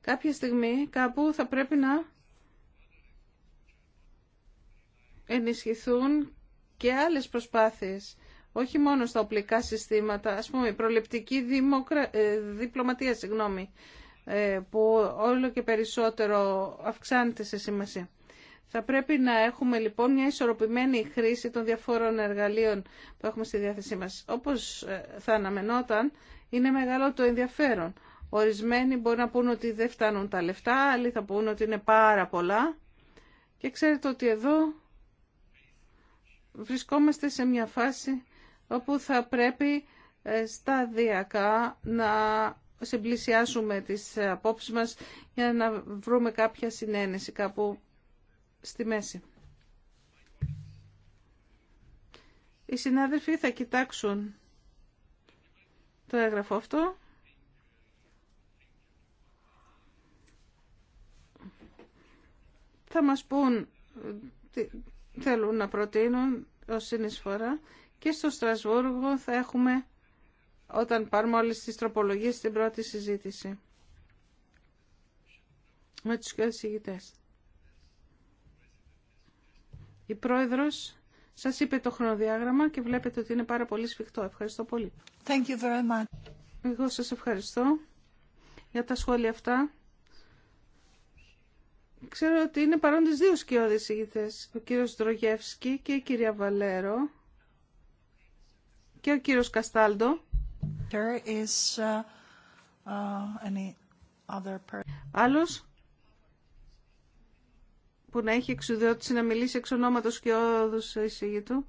κάποια στιγμή κάπου θα πρέπει να ενισχυθούν και άλλες προσπάθειες, όχι μόνο στα οπλικά συστήματα, ας πούμε η προληπτική δημοκρα... Ε, διπλωματία, συγγνώμη, ε, που όλο και περισσότερο αυξάνεται σε σημασία. Θα πρέπει να έχουμε λοιπόν μια ισορροπημένη χρήση των διαφόρων εργαλείων που έχουμε στη διάθεσή μας. Όπως ε, θα αναμενόταν, είναι μεγάλο το ενδιαφέρον. Ορισμένοι μπορεί να πούν ότι δεν φτάνουν τα λεφτά, άλλοι θα πούν ότι είναι πάρα πολλά. Και ξέρετε ότι εδώ βρισκόμαστε σε μια φάση όπου θα πρέπει ε, σταδιακά να συμπλησιάσουμε τις απόψεις μας για να βρούμε κάποια συνένεση κάπου στη μέση. Οι συνάδελφοι θα κοιτάξουν το έγγραφο αυτό. Θα μας πούν τι θέλουν να προτείνουν ως συνεισφορά και στο Στρασβούργο θα έχουμε όταν πάρουμε όλε τι τροπολογίε την πρώτη συζήτηση με τους και Η πρόεδρος σας είπε το χρονοδιάγραμμα και βλέπετε ότι είναι πάρα πολύ σφιχτό. Ευχαριστώ πολύ. Thank you very much. Εγώ σας ευχαριστώ για τα σχόλια αυτά. Ξέρω ότι είναι παρόντες δύο σκιώδες ηγητές, ο κύριος Δρογεύσκη και η κυρία Βαλέρο και ο κύριος Καστάλτο. There is, uh, uh, any other Άλλος που να έχει εξουδιώτηση να μιλήσει εξ ονόματος και όδους εισηγητού.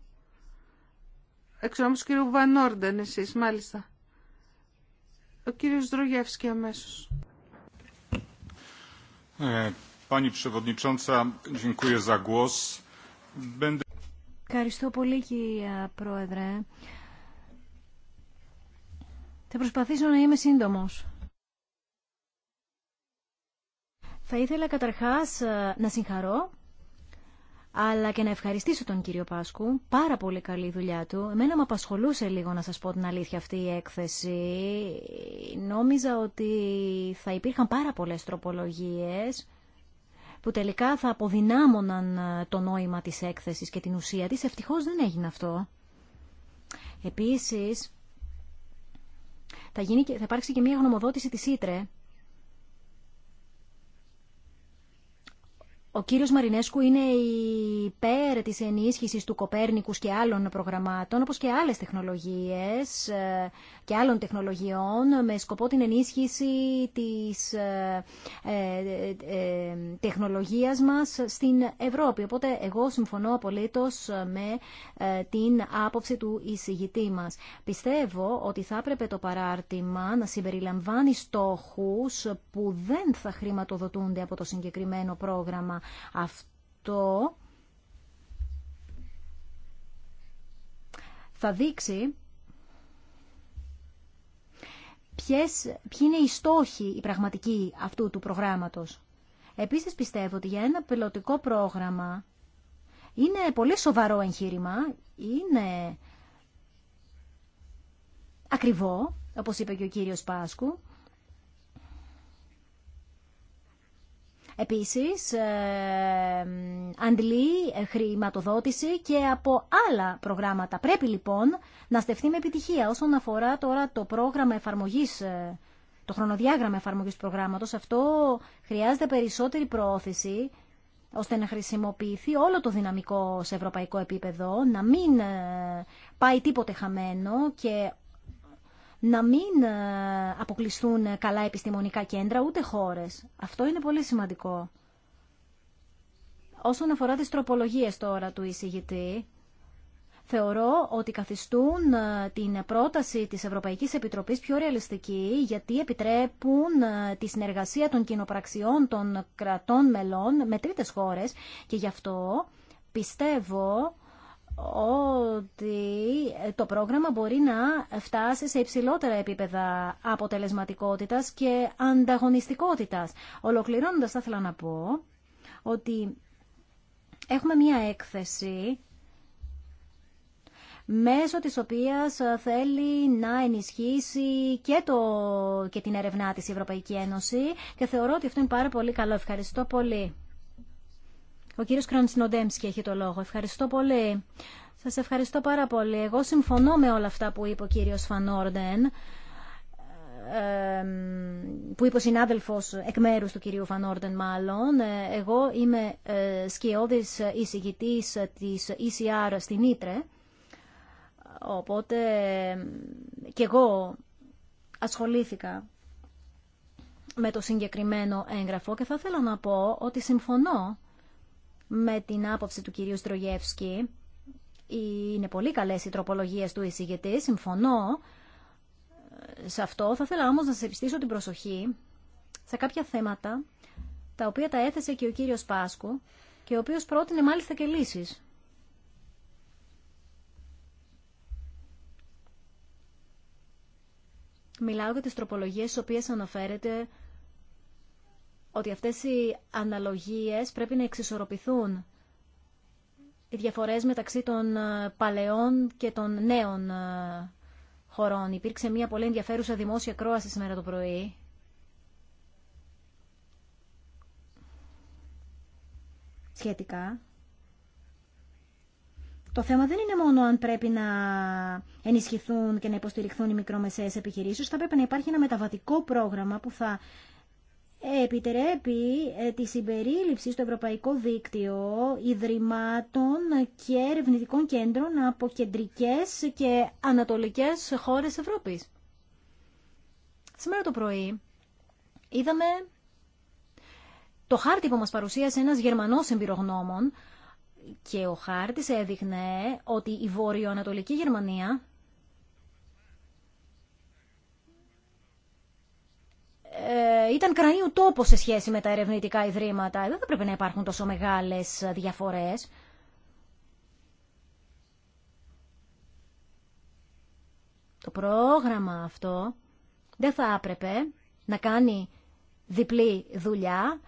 Εξ ονόματος κύριου Βανόρντεν εσείς, μάλιστα. Ο κύριος Δρογεύσκη αμέσως. Ε, Ευχαριστώ πολύ κύριε Πρόεδρε. Θα προσπαθήσω να είμαι σύντομος. Θα ήθελα καταρχάς ε, να συγχαρώ αλλά και να ευχαριστήσω τον κύριο Πάσκου. Πάρα πολύ καλή δουλειά του. Εμένα με απασχολούσε λίγο να σας πω την αλήθεια αυτή η έκθεση. Νόμιζα ότι θα υπήρχαν πάρα πολλές τροπολογίες που τελικά θα αποδυνάμωναν ε, το νόημα της έκθεσης και την ουσία της. Ευτυχώς δεν έγινε αυτό. Επίσης, θα, γίνει και, θα υπάρξει και μια γνωμοδότηση της Ήτρε. Ο κύριος Μαρινέσκου είναι υπέρ της ενίσχυσης του Κοπέρνικους και άλλων προγραμμάτων, όπως και άλλες τεχνολογίες ε, και άλλων τεχνολογιών με σκοπό την ενίσχυση της ε, ε, ε, τεχνολογίας μας στην Ευρώπη. Οπότε εγώ συμφωνώ απολύτως με την άποψη του εισηγητή μας. Πιστεύω ότι θα έπρεπε το παράρτημα να συμπεριλαμβάνει στόχους που δεν θα χρηματοδοτούνται από το συγκεκριμένο πρόγραμμα. Αυτό θα δείξει ποιες, ποιοι είναι οι στόχοι οι πραγματικοί αυτού του προγράμματος. Επίσης πιστεύω ότι για ένα πιλωτικό πρόγραμμα είναι πολύ σοβαρό εγχείρημα, είναι ακριβό, όπως είπε και ο κύριος Πάσκου, Επίσης, ε, αντλεί χρηματοδότηση και από άλλα προγράμματα. Πρέπει λοιπόν να στεφθεί με επιτυχία όσον αφορά τώρα το πρόγραμμα εφαρμογής ε, το χρονοδιάγραμμα εφαρμογής προγράμματος, αυτό χρειάζεται περισσότερη προώθηση ώστε να χρησιμοποιηθεί όλο το δυναμικό σε ευρωπαϊκό επίπεδο, να μην ε, πάει τίποτε χαμένο και να μην ε, αποκλειστούν καλά επιστημονικά κέντρα ούτε χώρες. Αυτό είναι πολύ σημαντικό. Όσον αφορά τις τροπολογίες τώρα του εισηγητή, θεωρώ ότι καθιστούν ε, την πρόταση της Ευρωπαϊκής Επιτροπής πιο ρεαλιστική γιατί επιτρέπουν ε, τη συνεργασία των κοινοπραξιών των κρατών μελών με τρίτες χώρες και γι' αυτό πιστεύω ότι το πρόγραμμα μπορεί να φτάσει σε υψηλότερα επίπεδα αποτελεσματικότητας και ανταγωνιστικότητας. Ολοκληρώνοντας θα ήθελα να πω ότι έχουμε μία έκθεση μέσω της οποίας θέλει να ενισχύσει και, το, και την ερευνά της Ευρωπαϊκή Ένωση και θεωρώ ότι αυτό είναι πάρα πολύ καλό. Ευχαριστώ πολύ. Ο κύριος Κραντσινοντέμσκι έχει το λόγο. Ευχαριστώ πολύ. Σας ευχαριστώ πάρα πολύ. Εγώ συμφωνώ με όλα αυτά που είπε ο κύριος Φανόρντεν που είπε ο συνάδελφο εκ μέρους του κυρίου Φανόρντεν, μάλλον. Ε, εγώ είμαι ε, σκιώδης εισηγητής της ECR στην Ήτρε. Οπότε και εγώ ασχολήθηκα με το συγκεκριμένο έγγραφο και θα ήθελα να πω ότι συμφωνώ με την άποψη του κυρίου Στρογεύσκη. Είναι πολύ καλέ οι τροπολογίε του εισηγητή, συμφωνώ σε αυτό. Θα ήθελα όμως να σα επιστήσω την προσοχή σε κάποια θέματα τα οποία τα έθεσε και ο κύριος Πάσκου και ο οποίο πρότεινε μάλιστα και λύσεις. Μιλάω για τις τροπολογίες στις οποίες αναφέρεται ότι αυτές οι αναλογίες πρέπει να εξισορροπηθούν οι διαφορές μεταξύ των ε, παλαιών και των νέων ε, χωρών. Υπήρξε μια πολύ ενδιαφέρουσα δημόσια κρόαση σήμερα το πρωί. Σχετικά. Το θέμα δεν είναι μόνο αν πρέπει να ενισχυθούν και να υποστηριχθούν οι μικρομεσαίες επιχειρήσεις, θα πρέπει να υπάρχει ένα μεταβατικό πρόγραμμα που θα επιτρέπει ε, τη συμπερίληψη στο Ευρωπαϊκό Δίκτυο Ιδρυμάτων και Ερευνητικών Κέντρων από κεντρικές και ανατολικές χώρες Ευρώπης. Σήμερα το πρωί είδαμε το χάρτη που μας παρουσίασε ένας Γερμανός εμπειρογνώμων και ο χάρτης έδειχνε ότι η Βόρειο-Ανατολική Γερμανία Ε, ήταν κρανίου τόπο σε σχέση με τα ερευνητικά ιδρύματα. Δεν θα πρέπει να υπάρχουν τόσο μεγάλες διαφορές. Το πρόγραμμα αυτό δεν θα έπρεπε να κάνει διπλή δουλειά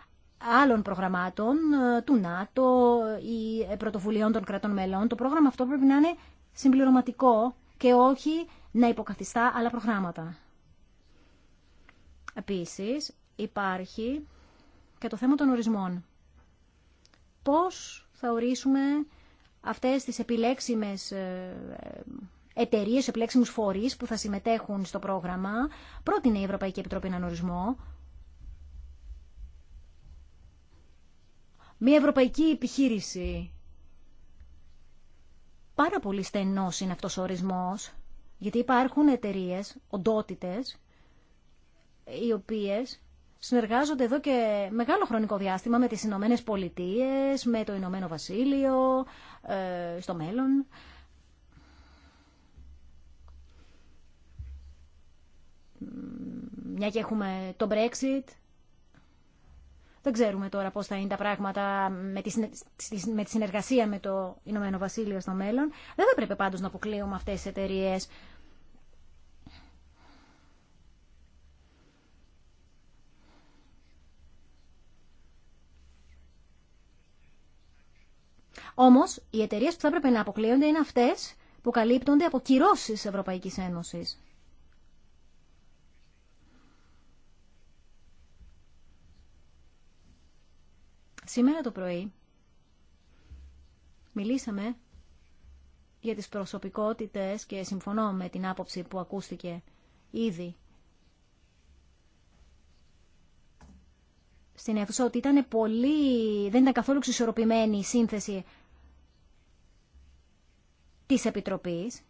άλλων προγραμμάτων ε, του ΝΑΤΟ ή πρωτοβουλειών των κρατών μελών. Το πρόγραμμα αυτό πρέπει να είναι συμπληρωματικό και όχι να υποκαθιστά άλλα προγράμματα. Επίσης υπάρχει και το θέμα των ορισμών. Πώς θα ορίσουμε αυτές τις επιλέξιμες ε, ε, εταιρείες, επιλέξιμους φορείς που θα συμμετέχουν στο πρόγραμμα. Πρότεινε η Ευρωπαϊκή Επιτροπή έναν ορισμό. Μια ευρωπαϊκή επιχείρηση. Πάρα πολύ στενός είναι αυτός ο ορισμός, γιατί υπάρχουν εταιρείες, οντότητες, οι οποίες συνεργάζονται εδώ και μεγάλο χρονικό διάστημα με τις Ηνωμένε Πολιτείε, με το Ηνωμένο Βασίλειο, ε, στο μέλλον. Μια και έχουμε το Brexit. Δεν ξέρουμε τώρα πώς θα είναι τα πράγματα με τη συνεργασία με το Ηνωμένο Βασίλειο στο μέλλον. Δεν θα πρέπει πάντως να αποκλείουμε αυτές τις εταιρείε Όμω, οι εταιρείε που θα έπρεπε να αποκλείονται είναι αυτέ που καλύπτονται από κυρώσει ευρωπαϊκή Ένωση. Σήμερα το πρωί μιλήσαμε για τις προσωπικότητες και συμφωνώ με την άποψη που ακούστηκε ήδη στην αίθουσα ότι ήταν πολύ, δεν ήταν καθόλου ξεσορροπημένη η σύνθεση της Επιτροπής,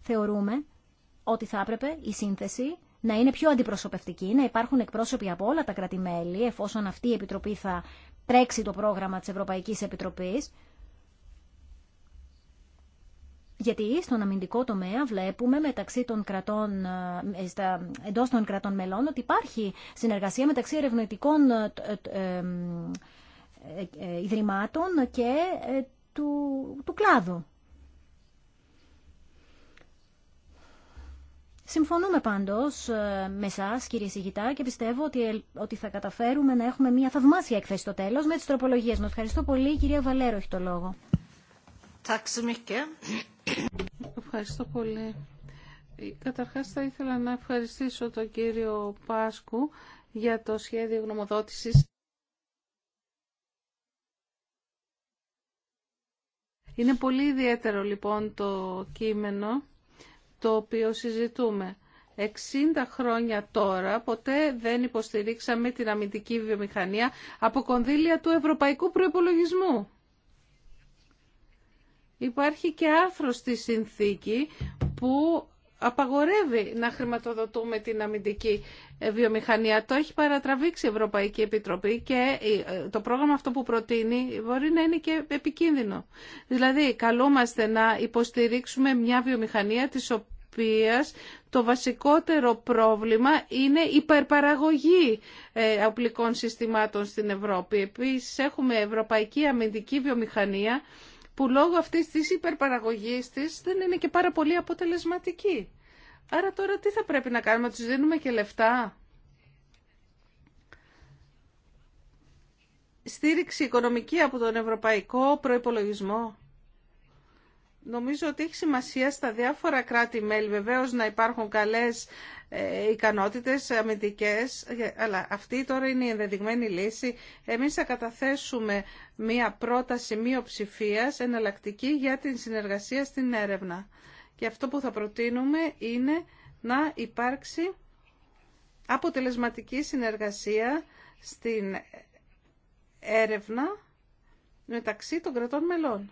θεωρούμε ότι θα έπρεπε η σύνθεση να είναι πιο αντιπροσωπευτική, να υπάρχουν εκπρόσωποι από όλα τα κρατημέλη, εφόσον αυτή η Επιτροπή θα τρέξει το πρόγραμμα της Ευρωπαϊκής Επιτροπής. Γιατί στον αμυντικό τομέα βλέπουμε μεταξύ των κρατών, εντός των κρατών μελών ότι υπάρχει συνεργασία μεταξύ ερευνητικών ιδρυμάτων και του, του κλάδου. Συμφωνούμε πάντως ε, με εσά, κύριε Σιγητά, και πιστεύω ότι, ότι θα καταφέρουμε να έχουμε μια θαυμάσια εκθέση στο τέλος με τις τροπολογίες μας. Ευχαριστώ πολύ. κυρία Βαλέρο έχει το λόγο. Ευχαριστώ πολύ. Καταρχάς θα ήθελα να ευχαριστήσω τον κύριο Πάσκου για το σχέδιο γνωμοδότησης Είναι πολύ ιδιαίτερο λοιπόν το κείμενο το οποίο συζητούμε. 60 χρόνια τώρα ποτέ δεν υποστηρίξαμε την αμυντική βιομηχανία από κονδύλια του ευρωπαϊκού προϋπολογισμού. Υπάρχει και άρθρο στη συνθήκη που απαγορεύει να χρηματοδοτούμε την αμυντική ε, βιομηχανία. Το έχει παρατραβήξει η Ευρωπαϊκή Επιτροπή και ε, το πρόγραμμα αυτό που προτείνει μπορεί να είναι και επικίνδυνο. Δηλαδή, καλούμαστε να υποστηρίξουμε μια βιομηχανία της οποίας το βασικότερο πρόβλημα είναι η υπερπαραγωγή ε, οπλικών συστημάτων στην Ευρώπη. Επίσης, έχουμε ευρωπαϊκή αμυντική βιομηχανία που λόγω αυτής της υπερπαραγωγής της δεν είναι και πάρα πολύ αποτελεσματική. Άρα τώρα τι θα πρέπει να κάνουμε, τους δίνουμε και λεφτά. Στήριξη οικονομική από τον ευρωπαϊκό προϋπολογισμό. Νομίζω ότι έχει σημασία στα διάφορα κράτη-μέλη βεβαίως να υπάρχουν καλές ε, ικανότητες αμυντικές, ε, αλλά αυτή τώρα είναι η ενδεδειγμένη λύση. Εμείς θα καταθέσουμε μία πρόταση μειοψηφία εναλλακτική για την συνεργασία στην έρευνα. Και αυτό που θα προτείνουμε είναι να υπάρξει αποτελεσματική συνεργασία στην έρευνα μεταξύ των κρατών μελών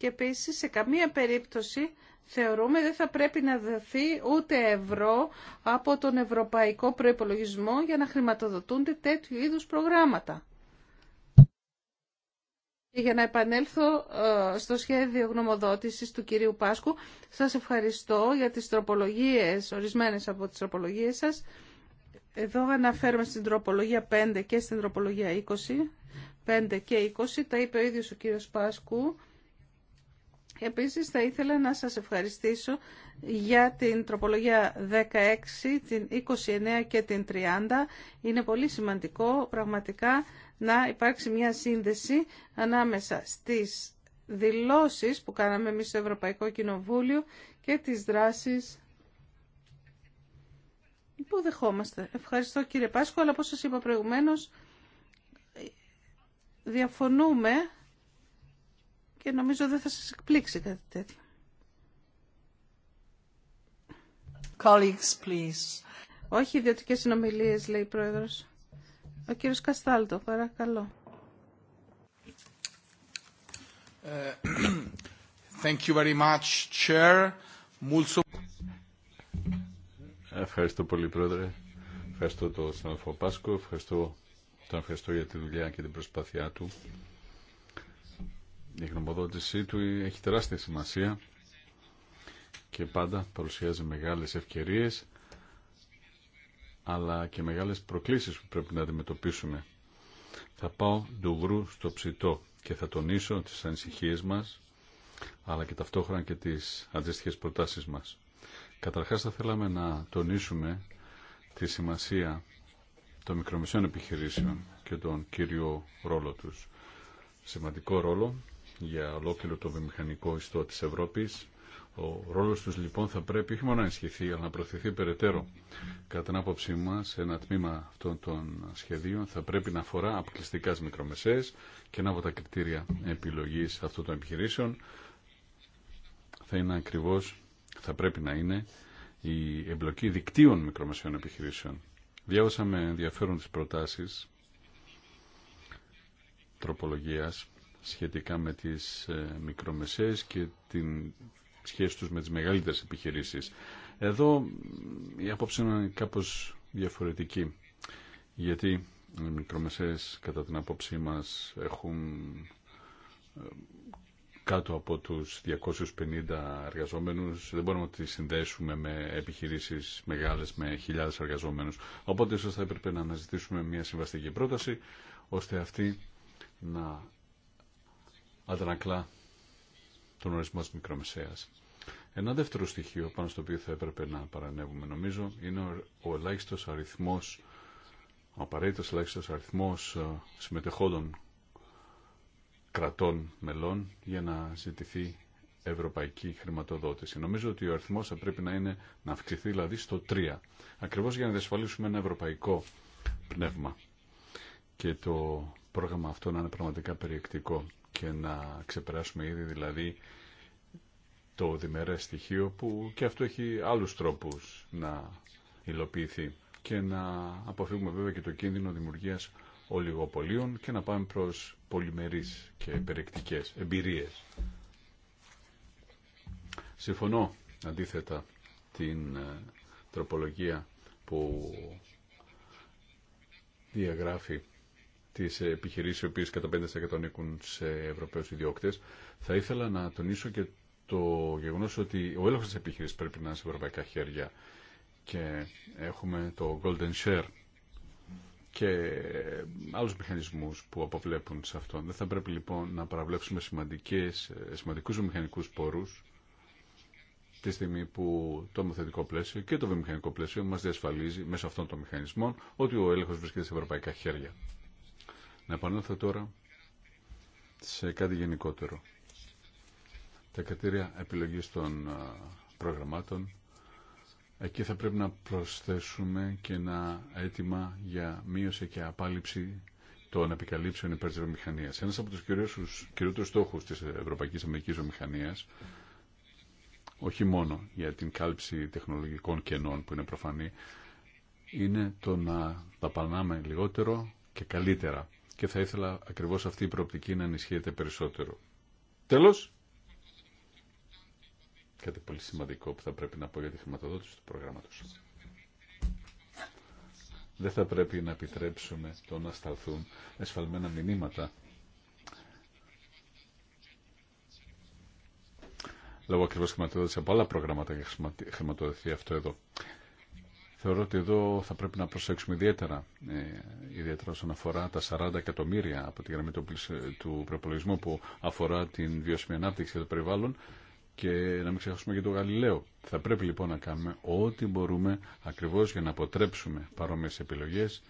και επίσης σε καμία περίπτωση θεωρούμε δεν θα πρέπει να δοθεί ούτε ευρώ από τον ευρωπαϊκό προϋπολογισμό για να χρηματοδοτούνται τέτοιου είδους προγράμματα. Και για να επανέλθω ε, στο σχέδιο γνωμοδότησης του κυρίου Πάσκου, σας ευχαριστώ για τις τροπολογίες, ορισμένες από τις τροπολογίες σας. Εδώ αναφέρουμε στην τροπολογία 5 και στην τροπολογία 20, 5 και 20, τα είπε ο ίδιος ο κύριος Πάσκου. Επίσης θα ήθελα να σας ευχαριστήσω για την τροπολογία 16, την 29 και την 30. Είναι πολύ σημαντικό πραγματικά να υπάρξει μια σύνδεση ανάμεσα στις δηλώσεις που κάναμε εμείς στο Ευρωπαϊκό Κοινοβούλιο και τις δράσεις που δεχόμαστε. Ευχαριστώ κύριε Πάσκο, αλλά όπως σας είπα προηγουμένως, διαφωνούμε και νομίζω δεν θα σας εκπλήξει κάτι τέτοιο. Colleagues, please. Όχι ιδιωτικέ συνομιλίε, λέει η πρόεδρο. Ο κύριο Καστάλτο, παρακαλώ. Ε, thank you very much, Chair. Ευχαριστώ πολύ, Πρόεδρε. Ευχαριστώ τον συνάδελφο Πάσκο. Ευχαριστώ, τον ευχαριστώ για τη δουλειά και την προσπάθειά του η γνωμοδότησή του έχει τεράστια σημασία και πάντα παρουσιάζει μεγάλες ευκαιρίες αλλά και μεγάλες προκλήσεις που πρέπει να αντιμετωπίσουμε. Θα πάω ντουγρού στο ψητό και θα τονίσω τις ανησυχίες μας αλλά και ταυτόχρονα και τις αντίστοιχες προτάσεις μας. Καταρχάς θα θέλαμε να τονίσουμε τη σημασία των μικρομεσαίων επιχειρήσεων και τον κύριο ρόλο τους. Σημαντικό ρόλο για ολόκληρο το βιομηχανικό ιστό της Ευρώπης. Ο ρόλος τους λοιπόν θα πρέπει όχι μόνο να ενισχυθεί, αλλά να προωθηθεί περαιτέρω. Κατά την άποψή μας, ένα τμήμα αυτών των σχεδίων θα πρέπει να αφορά αποκλειστικά στις μικρομεσαίες και ένα από τα κριτήρια επιλογής αυτών των επιχειρήσεων θα είναι ακριβώς, θα πρέπει να είναι η εμπλοκή δικτύων μικρομεσαίων επιχειρήσεων. Διάβασα με ενδιαφέρον τις προτάσεις τροπολογίας σχετικά με τις ε, μικρομεσαίες και την σχέση τους με τις μεγαλύτερες επιχειρήσεις. Εδώ η απόψη είναι κάπως διαφορετική, γιατί οι μικρομεσαίες κατά την απόψή μας έχουν ε, κάτω από τους 250 εργαζόμενους. Δεν μπορούμε να τις συνδέσουμε με επιχειρήσεις μεγάλες με χιλιάδες εργαζόμενους. Οπότε ίσως θα έπρεπε να αναζητήσουμε μια συμβαστική πρόταση ώστε αυτή να αντανακλά τον ορισμό της μικρομεσαίας. Ένα δεύτερο στοιχείο πάνω στο οποίο θα έπρεπε να παρανεύουμε νομίζω είναι ο ελάχιστος αριθμός, ο απαραίτητος ελάχιστος αριθμός ε, συμμετεχόντων κρατών μελών για να ζητηθεί ευρωπαϊκή χρηματοδότηση. Νομίζω ότι ο αριθμός θα πρέπει να, είναι, να αυξηθεί δηλαδή στο 3, ακριβώς για να διασφαλίσουμε ένα ευρωπαϊκό πνεύμα και το πρόγραμμα αυτό να είναι πραγματικά περιεκτικό και να ξεπεράσουμε ήδη δηλαδή το διμερέ στοιχείο που και αυτό έχει άλλους τρόπους να υλοποιηθεί και να αποφύγουμε βέβαια και το κίνδυνο δημιουργίας ολιγοπολίων και να πάμε προς πολυμερείς και περιεκτικές εμπειρίες. Συμφωνώ αντίθετα την ε, τροπολογία που διαγράφει τι επιχειρήσει οι οποίε κατά 5% ανήκουν σε ευρωπαίου ιδιώκτες. Θα ήθελα να τονίσω και το γεγονό ότι ο έλεγχο τη επιχείρηση πρέπει να είναι σε ευρωπαϊκά χέρια και έχουμε το Golden Share και άλλους μηχανισμούς που αποβλέπουν σε αυτό. Δεν θα πρέπει λοιπόν να παραβλέψουμε σημαντικές, σημαντικούς μηχανικούς πόρους τη στιγμή που το νομοθετικό πλαίσιο και το βιομηχανικό πλαίσιο μας διασφαλίζει μέσω αυτών των μηχανισμών ότι ο έλεγχος βρίσκεται σε ευρωπαϊκά χέρια. Να επανέλθω τώρα σε κάτι γενικότερο. Τα κριτήρια επιλογής των προγραμμάτων Εκεί θα πρέπει να προσθέσουμε και ένα αίτημα για μείωση και απάλληψη των επικαλύψεων υπέρ της βιομηχανίας. Ένας από τους κυρίους στόχους της Ευρωπαϊκής Αμερικής Βιομηχανίας, όχι μόνο για την κάλυψη τεχνολογικών κενών που είναι προφανή, είναι το να δαπανάμε λιγότερο και καλύτερα και θα ήθελα ακριβώς αυτή η προοπτική να ενισχύεται περισσότερο. Τέλος, κάτι πολύ σημαντικό που θα πρέπει να πω για τη χρηματοδότηση του προγράμματος. Δεν θα πρέπει να επιτρέψουμε το να σταλθούν εσφαλμένα μηνύματα λόγω ακριβώ χρηματοδότηση από άλλα προγράμματα για χρηματοδοτηθεί αυτό εδώ. Θεωρώ ότι εδώ θα πρέπει να προσέξουμε ιδιαίτερα, ε, ιδιαίτερα όσον αφορά τα 40 εκατομμύρια από τη γραμμή του προπολογισμού που αφορά την βιώσιμη ανάπτυξη και το περιβάλλον και να μην ξεχάσουμε και το Γαλιλαίο. Θα πρέπει λοιπόν να κάνουμε ό,τι μπορούμε ακριβώς για να αποτρέψουμε παρόμοιες επιλογές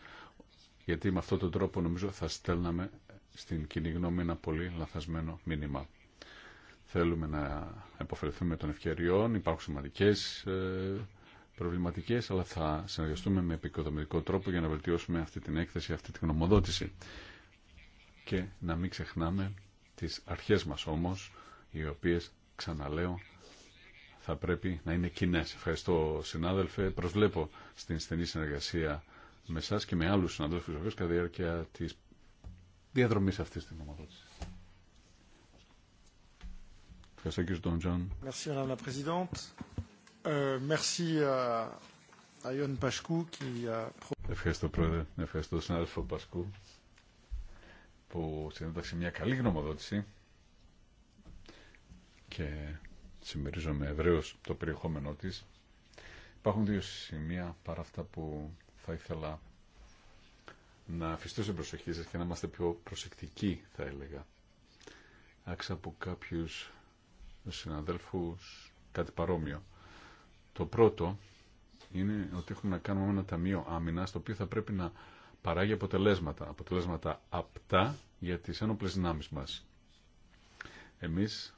γιατί με αυτόν τον τρόπο νομίζω θα στέλναμε στην κοινή γνώμη ένα πολύ λαθασμένο μήνυμα. Θέλουμε να επωφεληθούμε των ευκαιριών, υπάρχουν σημαντικές ε, προβληματικές, αλλά θα συνεργαστούμε με επικοδομητικό τρόπο για να βελτιώσουμε αυτή την έκθεση, αυτή την γνωμοδότηση. Και να μην ξεχνάμε τις αρχές μας όμως, οι οποίες, ξαναλέω, θα πρέπει να είναι κοινέ. Ευχαριστώ συνάδελφε. Προσβλέπω στην στενή συνεργασία με εσά και με άλλου συναδέλφου κατά τη διάρκεια τη διαδρομή αυτή τη νομοδότηση. Ευχαριστώ κύριε κύριε Πρόεδρε. Euh, ευχαριστώ πρόεδρε, ευχαριστώ τον συνάδελφο Πασκού που συνέταξε μια καλή γνωμοδότηση και συμμερίζομαι ευρέως το περιεχόμενό της. Υπάρχουν δύο σημεία παρά αυτά που θα ήθελα να αφιστώ σε προσοχή σας και να είμαστε πιο προσεκτικοί θα έλεγα. Άξα από κάποιους συναδέλφους κάτι παρόμοιο. Το πρώτο είναι ότι έχουμε να κάνουμε ένα ταμείο άμυνα, το οποίο θα πρέπει να παράγει αποτελέσματα. Αποτελέσματα απτά για τις ένοπλε δυνάμεις μας. Εμείς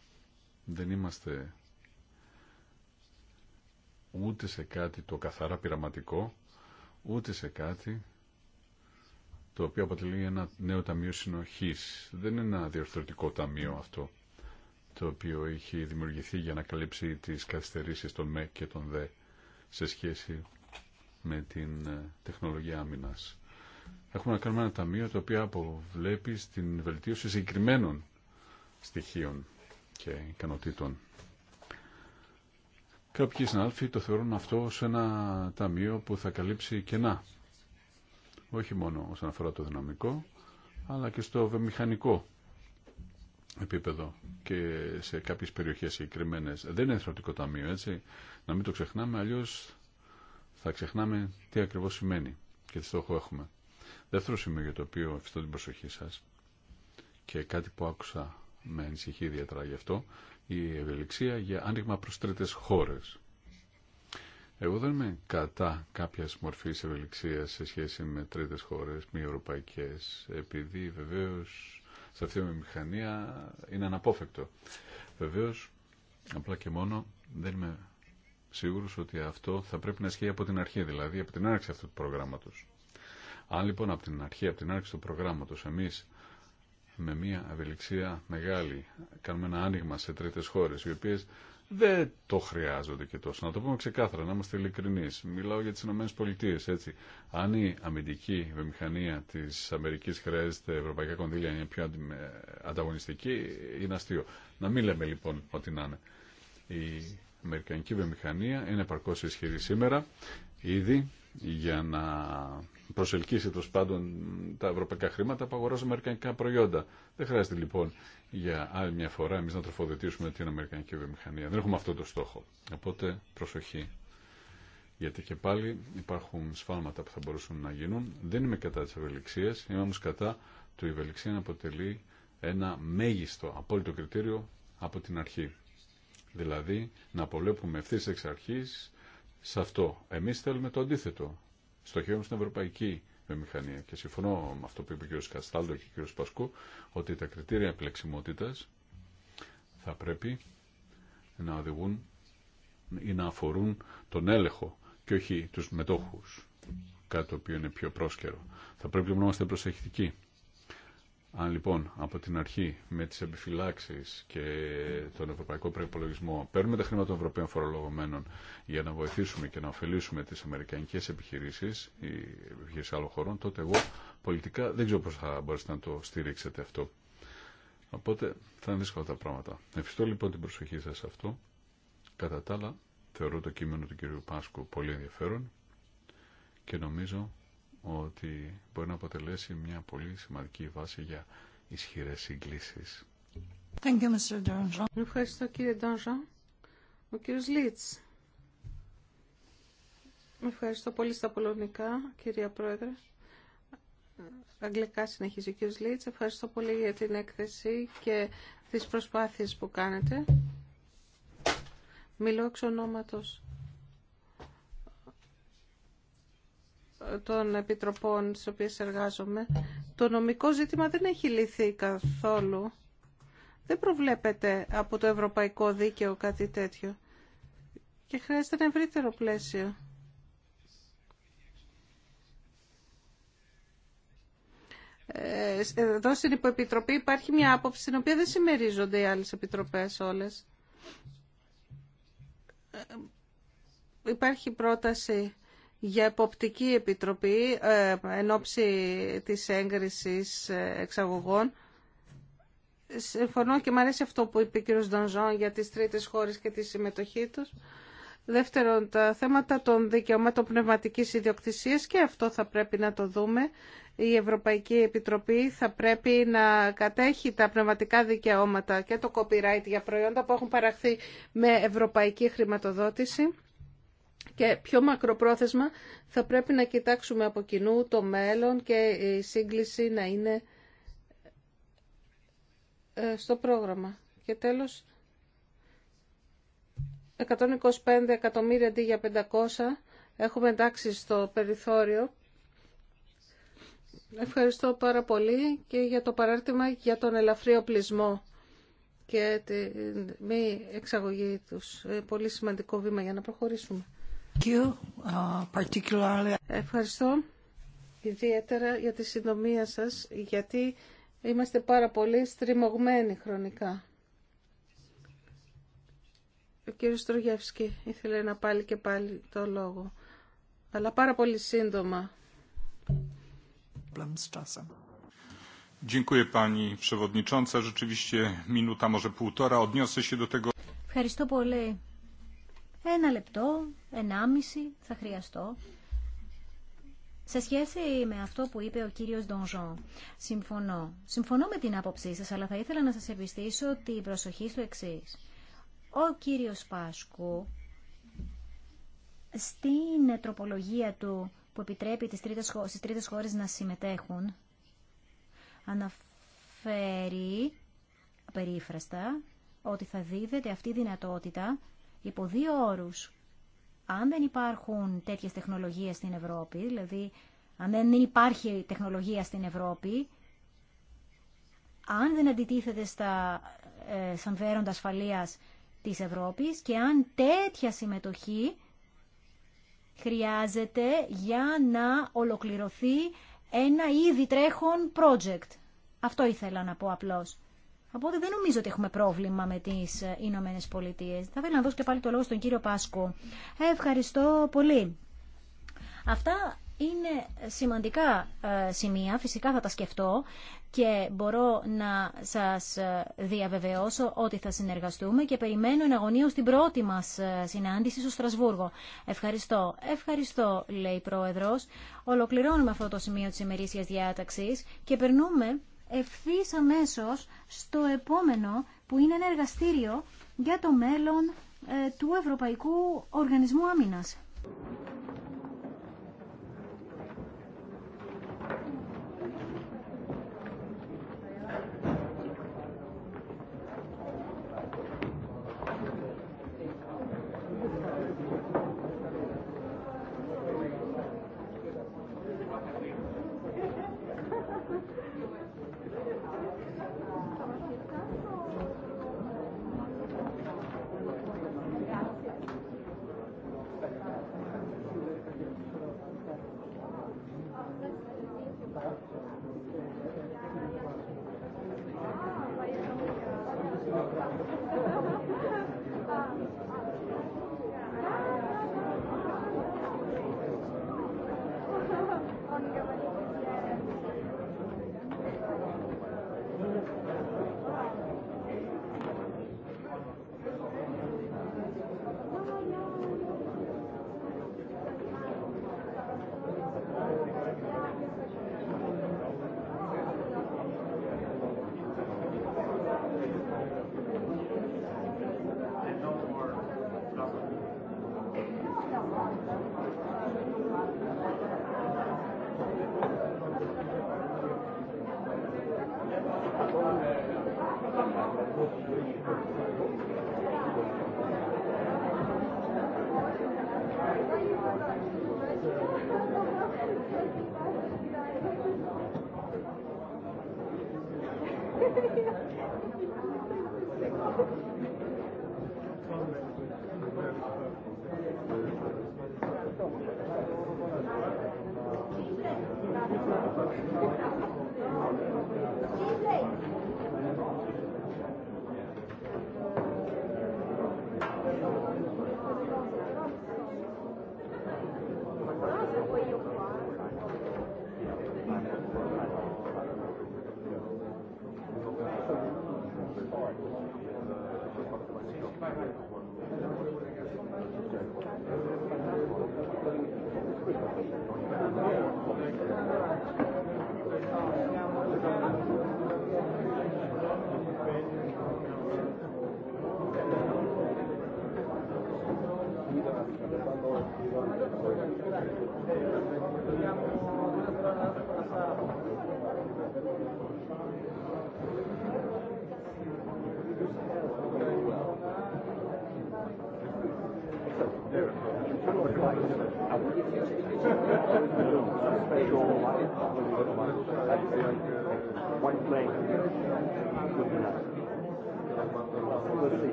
δεν είμαστε ούτε σε κάτι το καθαρά πειραματικό, ούτε σε κάτι το οποίο αποτελεί ένα νέο ταμείο συνοχής. Δεν είναι ένα διορθωτικό ταμείο αυτό το οποίο είχε δημιουργηθεί για να καλύψει τις καθυστερήσεις των ΜΕ και των ΔΕ σε σχέση με την ε, τεχνολογία άμυνας. Έχουμε να κάνουμε ένα ταμείο το οποίο αποβλέπει στην βελτίωση συγκεκριμένων στοιχείων και ικανοτήτων. Κάποιοι συνάδελφοι το θεωρούν αυτό ως ένα ταμείο που θα καλύψει κενά. Όχι μόνο όσον αφορά το δυναμικό, αλλά και στο βιομηχανικό επίπεδο και σε κάποιες περιοχές συγκεκριμένε. Δεν είναι εθνοτικό ταμείο, έτσι. Να μην το ξεχνάμε, αλλιώς θα ξεχνάμε τι ακριβώς σημαίνει και τι στόχο έχουμε. Δεύτερο σημείο για το οποίο ευχαριστώ την προσοχή σα και κάτι που άκουσα με ανησυχεί ιδιαίτερα γι' αυτό, η ευελιξία για άνοιγμα προ τρίτε χώρες. Εγώ δεν είμαι κατά κάποια μορφή ευελιξία σε σχέση με τρίτε χώρε, μη ευρωπαϊκέ, επειδή βεβαίω σε αυτή τη μηχανία είναι αναπόφευκτο. Βεβαίω, απλά και μόνο δεν είμαι σίγουρο ότι αυτό θα πρέπει να ισχύει από την αρχή, δηλαδή από την άρξη αυτού του προγράμματος. Αν λοιπόν από την αρχή, από την άρξη του προγράμματος εμείς με μια ευελιξία μεγάλη κάνουμε ένα άνοιγμα σε τρίτες χώρε, οι οποίε δεν το χρειάζονται και τόσο. Να το πούμε ξεκάθαρα, να είμαστε ειλικρινεί. Μιλάω για τι ΗΠΑ, έτσι. Αν η αμυντική βιομηχανία τη Αμερική χρειάζεται ευρωπαϊκά κονδύλια, είναι πιο ε, ανταγωνιστική, είναι αστείο. Να μην λέμε λοιπόν ότι να είναι. Η αμερικανική βιομηχανία είναι παρκώ ισχυρή σήμερα, ήδη για να προσελκύσει τέλο πάντων τα ευρωπαϊκά χρήματα που αγοράζουν αμερικανικά προϊόντα. Δεν χρειάζεται λοιπόν για άλλη μια φορά εμείς να τροφοδοτήσουμε την Αμερικανική βιομηχανία. Δεν έχουμε αυτό το στόχο. Οπότε προσοχή. Γιατί και πάλι υπάρχουν σφάλματα που θα μπορούσαν να γίνουν. Δεν είμαι κατά της ευελιξίας, είμαι όμως κατά του ευελιξία να αποτελεί ένα μέγιστο απόλυτο κριτήριο από την αρχή. Δηλαδή να απολέπουμε ευθύ εξ αρχής σε αυτό. Εμείς θέλουμε το αντίθετο. Στοχεύουμε στην ευρωπαϊκή και συμφωνώ με αυτό που είπε ο κ. Καστάλτο και ο κ. Πασκού, ότι τα κριτήρια επιλεξιμότητας θα πρέπει να οδηγούν ή να αφορούν τον έλεγχο και όχι τους μετόχους, κάτι το οποίο είναι πιο πρόσκαιρο. Θα πρέπει λοιπόν να είμαστε προσεκτικοί αν λοιπόν από την αρχή με τις επιφυλάξεις και τον ευρωπαϊκό προπολογισμό παίρνουμε τα χρήματα των Ευρωπαίων φορολογωμένων για να βοηθήσουμε και να ωφελήσουμε τις αμερικανικές επιχειρήσεις ή επιχειρήσεις άλλων χωρών, τότε εγώ πολιτικά δεν ξέρω πώς θα μπορέσετε να το στηρίξετε αυτό. Οπότε θα είναι δύσκολα τα πράγματα. Ευχαριστώ λοιπόν την προσοχή σας σε αυτό. Κατά τα άλλα, θεωρώ το κείμενο του κ. Πάσκου πολύ ενδιαφέρον και νομίζω ότι μπορεί να αποτελέσει μια πολύ σημαντική βάση για ισχυρές συγκλήσεις. Ευχαριστώ κύριε Ντόνζο. Ο κύριος Λίτς. Ευχαριστώ πολύ στα πολωνικά, κυρία Πρόεδρε. Αγγλικά συνεχίζει ο κύριος Λίτς. Ευχαριστώ πολύ για την έκθεση και τις προσπάθειες που κάνετε. Μιλώ εξ ονόματος των επιτροπών στις οποίες εργάζομαι, το νομικό ζήτημα δεν έχει λυθεί καθόλου. Δεν προβλέπεται από το ευρωπαϊκό δίκαιο κάτι τέτοιο. Και χρειάζεται ένα ευρύτερο πλαίσιο. Ε, εδώ στην υποεπιτροπή υπάρχει μια άποψη στην οποία δεν συμμερίζονται οι άλλες επιτροπές όλες. Ε, υπάρχει πρόταση για εποπτική επιτροπή ε, εν ώψη της έγκρισης ε, εξαγωγών. Συμφωνώ και μου αρέσει αυτό που είπε ο κ. για τις τρίτες χώρες και τη συμμετοχή τους. Δεύτερον, τα θέματα των δικαιωμάτων πνευματικής ιδιοκτησίας και αυτό θα πρέπει να το δούμε. Η Ευρωπαϊκή Επιτροπή θα πρέπει να κατέχει τα πνευματικά δικαιώματα και το copyright για προϊόντα που έχουν παραχθεί με ευρωπαϊκή χρηματοδότηση. Και πιο μακροπρόθεσμα θα πρέπει να κοιτάξουμε από κοινού το μέλλον και η σύγκληση να είναι ε, στο πρόγραμμα. Και τέλος, 125 εκατομμύρια αντί για 500 έχουμε εντάξει στο περιθώριο. Ευχαριστώ πάρα πολύ και για το παράρτημα για τον ελαφρύ οπλισμό και τη μη εξαγωγή τους. Ε, πολύ σημαντικό βήμα για να προχωρήσουμε. Uh, Ευχαριστώ ιδιαίτερα για τη συντομία σας, γιατί είμαστε πάρα πολύ στριμωγμένοι χρονικά. Ο κύριος Στρογεύσκη ήθελε να πάλι και πάλι το λόγο, αλλά πάρα πολύ σύντομα. Ευχαριστώ πολύ, ένα λεπτό, ενάμιση θα χρειαστώ σε σχέση με αυτό που είπε ο κύριος Ντονζόν, συμφωνώ. Συμφωνώ με την άποψή σας, αλλά θα ήθελα να σας επιστήσω την προσοχή στο εξή. Ο κύριος Πάσκου, στην τροπολογία του που επιτρέπει τις τρίτες, στις τρίτες χώρες να συμμετέχουν, αναφέρει περίφραστα ότι θα δίδεται αυτή η δυνατότητα υπό δύο όρους. Αν δεν υπάρχουν τέτοιες τεχνολογίες στην Ευρώπη, δηλαδή αν δεν υπάρχει τεχνολογία στην Ευρώπη, αν δεν αντιτίθεται στα ε, συμφέροντα ασφαλείας της Ευρώπης και αν τέτοια συμμετοχή χρειάζεται για να ολοκληρωθεί ένα ήδη τρέχον project. Αυτό ήθελα να πω απλώς. Οπότε δεν νομίζω ότι έχουμε πρόβλημα με τι ε, Ηνωμένε Πολιτείε. Θα ήθελα να δώσω και πάλι το λόγο στον κύριο Πάσκο. Ευχαριστώ πολύ. Αυτά είναι σημαντικά ε, σημεία, φυσικά θα τα σκεφτώ και μπορώ να σας ε, διαβεβαιώσω ότι θα συνεργαστούμε και περιμένω αγωνία στην πρώτη μας συνάντηση στο Στρασβούργο. Ευχαριστώ. Ευχαριστώ, λέει η Πρόεδρος. Ολοκληρώνουμε αυτό το σημείο της ημερήσιας διάταξης και περνούμε ευθύ αμέσω στο επόμενο που είναι ένα εργαστήριο για το μέλλον ε, του Ευρωπαϊκού Οργανισμού Άμυνας.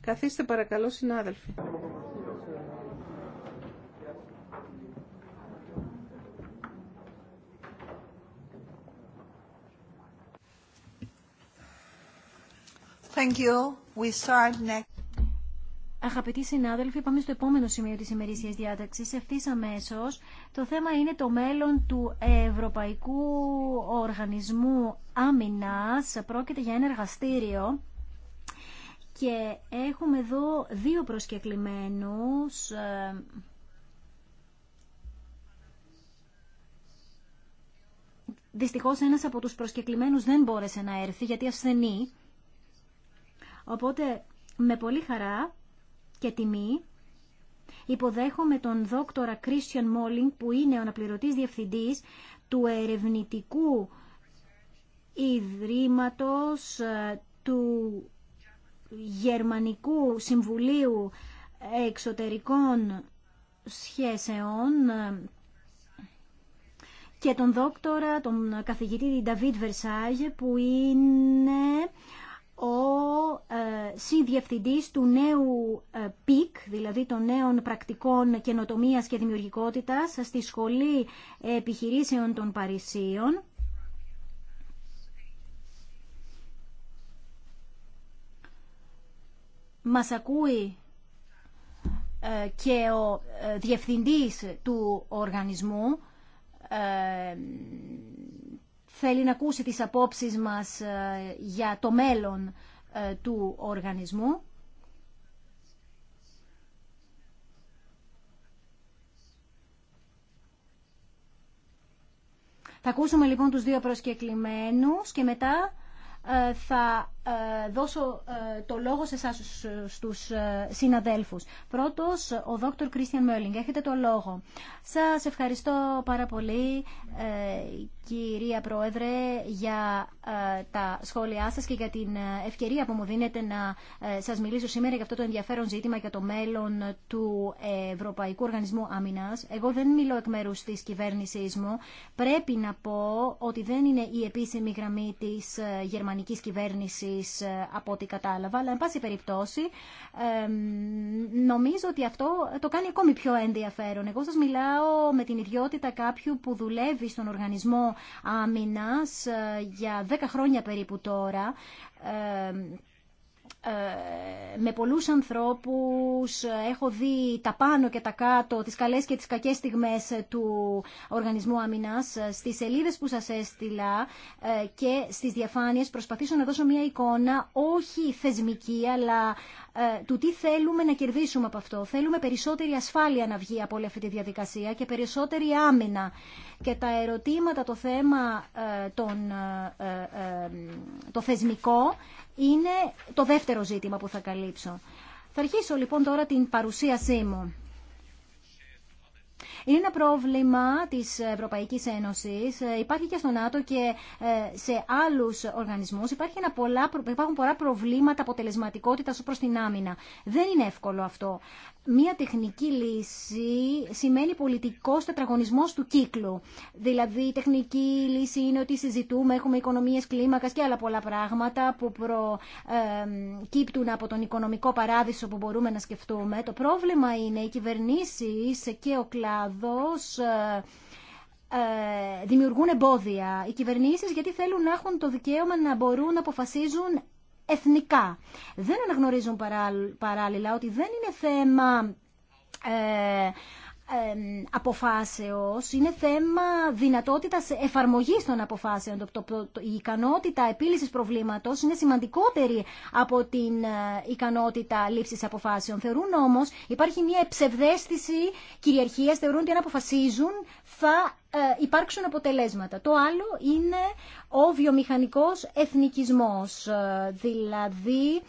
Καθίστε παρακαλώ συνάδελφοι. Thank you. We start next. Αγαπητοί συνάδελφοι, πάμε στο επόμενο σημείο της ημερήσιας διάταξης. Ευθύς αμέσως, το θέμα είναι το μέλλον του Ευρωπαϊκού Οργανισμού Άμυνας. Πρόκειται για ένα εργαστήριο και έχουμε εδώ δύο προσκεκλημένους. Ε, δυστυχώς ένας από τους προσκεκλημένους δεν μπόρεσε να έρθει γιατί ασθενεί. Οπότε με πολύ χαρά και τιμή υποδέχομαι τον δόκτορα Κρίστιαν Μόλινγκ που είναι ο αναπληρωτής διευθυντής του ερευνητικού ιδρύματος ε, του Γερμανικού Συμβουλίου Εξωτερικών Σχέσεων ε, και τον δόκτορα, τον καθηγητή Νταβίτ Βερσάγε που είναι ο ε, συνδιευθυντής του νέου ε, ΠΙΚ, δηλαδή των νέων πρακτικών καινοτομίας και δημιουργικότητας στη Σχολή Επιχειρήσεων των Παρισίων Μας ακούει ε, και ο ε, διευθυντής του οργανισμού ε, θέλει να ακούσει τις απόψεις μας για το μέλλον του οργανισμού. Θα ακούσουμε λοιπόν τους δύο προσκεκλημένους και μετά θα ε, δώσω ε, το λόγο σε εσάς στους ε, συναδέλφους. Πρώτος, ο δόκτωρ Κρίστιαν Μέρλινγκ. Έχετε το λόγο. Σας ευχαριστώ πάρα πολύ, κυρία Πρόεδρε, για τα σχόλιά σας και για την ευκαιρία που μου δίνετε να σας μιλήσω σήμερα για αυτό το ενδιαφέρον ζήτημα για το μέλλον του Ευρωπαϊκού Οργανισμού Άμυνας. Εγώ δεν μιλώ εκ μέρου τη κυβέρνησή μου. Πρέπει να πω ότι δεν είναι η επίσημη γραμμή της γερμανικής κυβέρνηση της ε, από ό,τι κατάλαβα, αλλά εν πάση περιπτώσει νομίζω ότι αυτό το κάνει ακόμη πιο ενδιαφέρον. Εγώ σας μιλάω με την ιδιότητα κάποιου που δουλεύει στον οργανισμό άμυνας ε, για 10 χρόνια περίπου τώρα ε, με πολλούς ανθρώπους ε, έχω δει τα πάνω και τα κάτω, τις καλές και τις κακές στιγμές ε, του Οργανισμού Αμυνάς. Στις σελίδες που σας έστειλα και στις διαφάνειες προσπαθήσω να δώσω μια εικόνα όχι θεσμική αλλά του τι θέλουμε να κερδίσουμε από αυτό. Θέλουμε περισσότερη ασφάλεια να βγει από όλη αυτή τη διαδικασία και περισσότερη άμυνα. Και τα ερωτήματα, το θέμα τον, το θεσμικό είναι το δεύτερο ζήτημα που θα καλύψω. Θα αρχίσω λοιπόν τώρα την παρουσίασή μου. Είναι ένα πρόβλημα της Ευρωπαϊκής Ένωσης, ε, υπάρχει και στο ΝΑΤΟ και ε, σε άλλους οργανισμούς. Υπάρχει ένα πολλά, υπάρχουν πολλά προβλήματα αποτελεσματικότητας προς την άμυνα. Δεν είναι εύκολο αυτό. Μία τεχνική λύση σημαίνει πολιτικός τετραγωνισμό του κύκλου. Δηλαδή η τεχνική λύση είναι ότι συζητούμε, έχουμε οικονομίες κλίμακας και άλλα πολλά πράγματα που προκύπτουν από τον οικονομικό παράδεισο που μπορούμε να σκεφτούμε. Το πρόβλημα είναι οι κυβερνήσει και ο κλάδος ε, ε, δημιουργούν εμπόδια. Οι κυβερνήσεις γιατί θέλουν να έχουν το δικαίωμα να μπορούν να αποφασίζουν εθνικά. Δεν αναγνωρίζουν παράλληλα ότι δεν είναι θέμα ε, αποφάσεως είναι θέμα δυνατότητας εφαρμογής των αποφάσεων. Η ικανότητα επίλυσης προβλήματος είναι σημαντικότερη από την ε, ικανότητα λήψης αποφάσεων. Θεωρούν όμως, υπάρχει μια ψευδέστηση κυριαρχίας, θεωρούν ότι αν αποφασίζουν θα ε, υπάρξουν αποτελέσματα. Το άλλο είναι ο βιομηχανικός εθνικισμός, ε, δηλαδή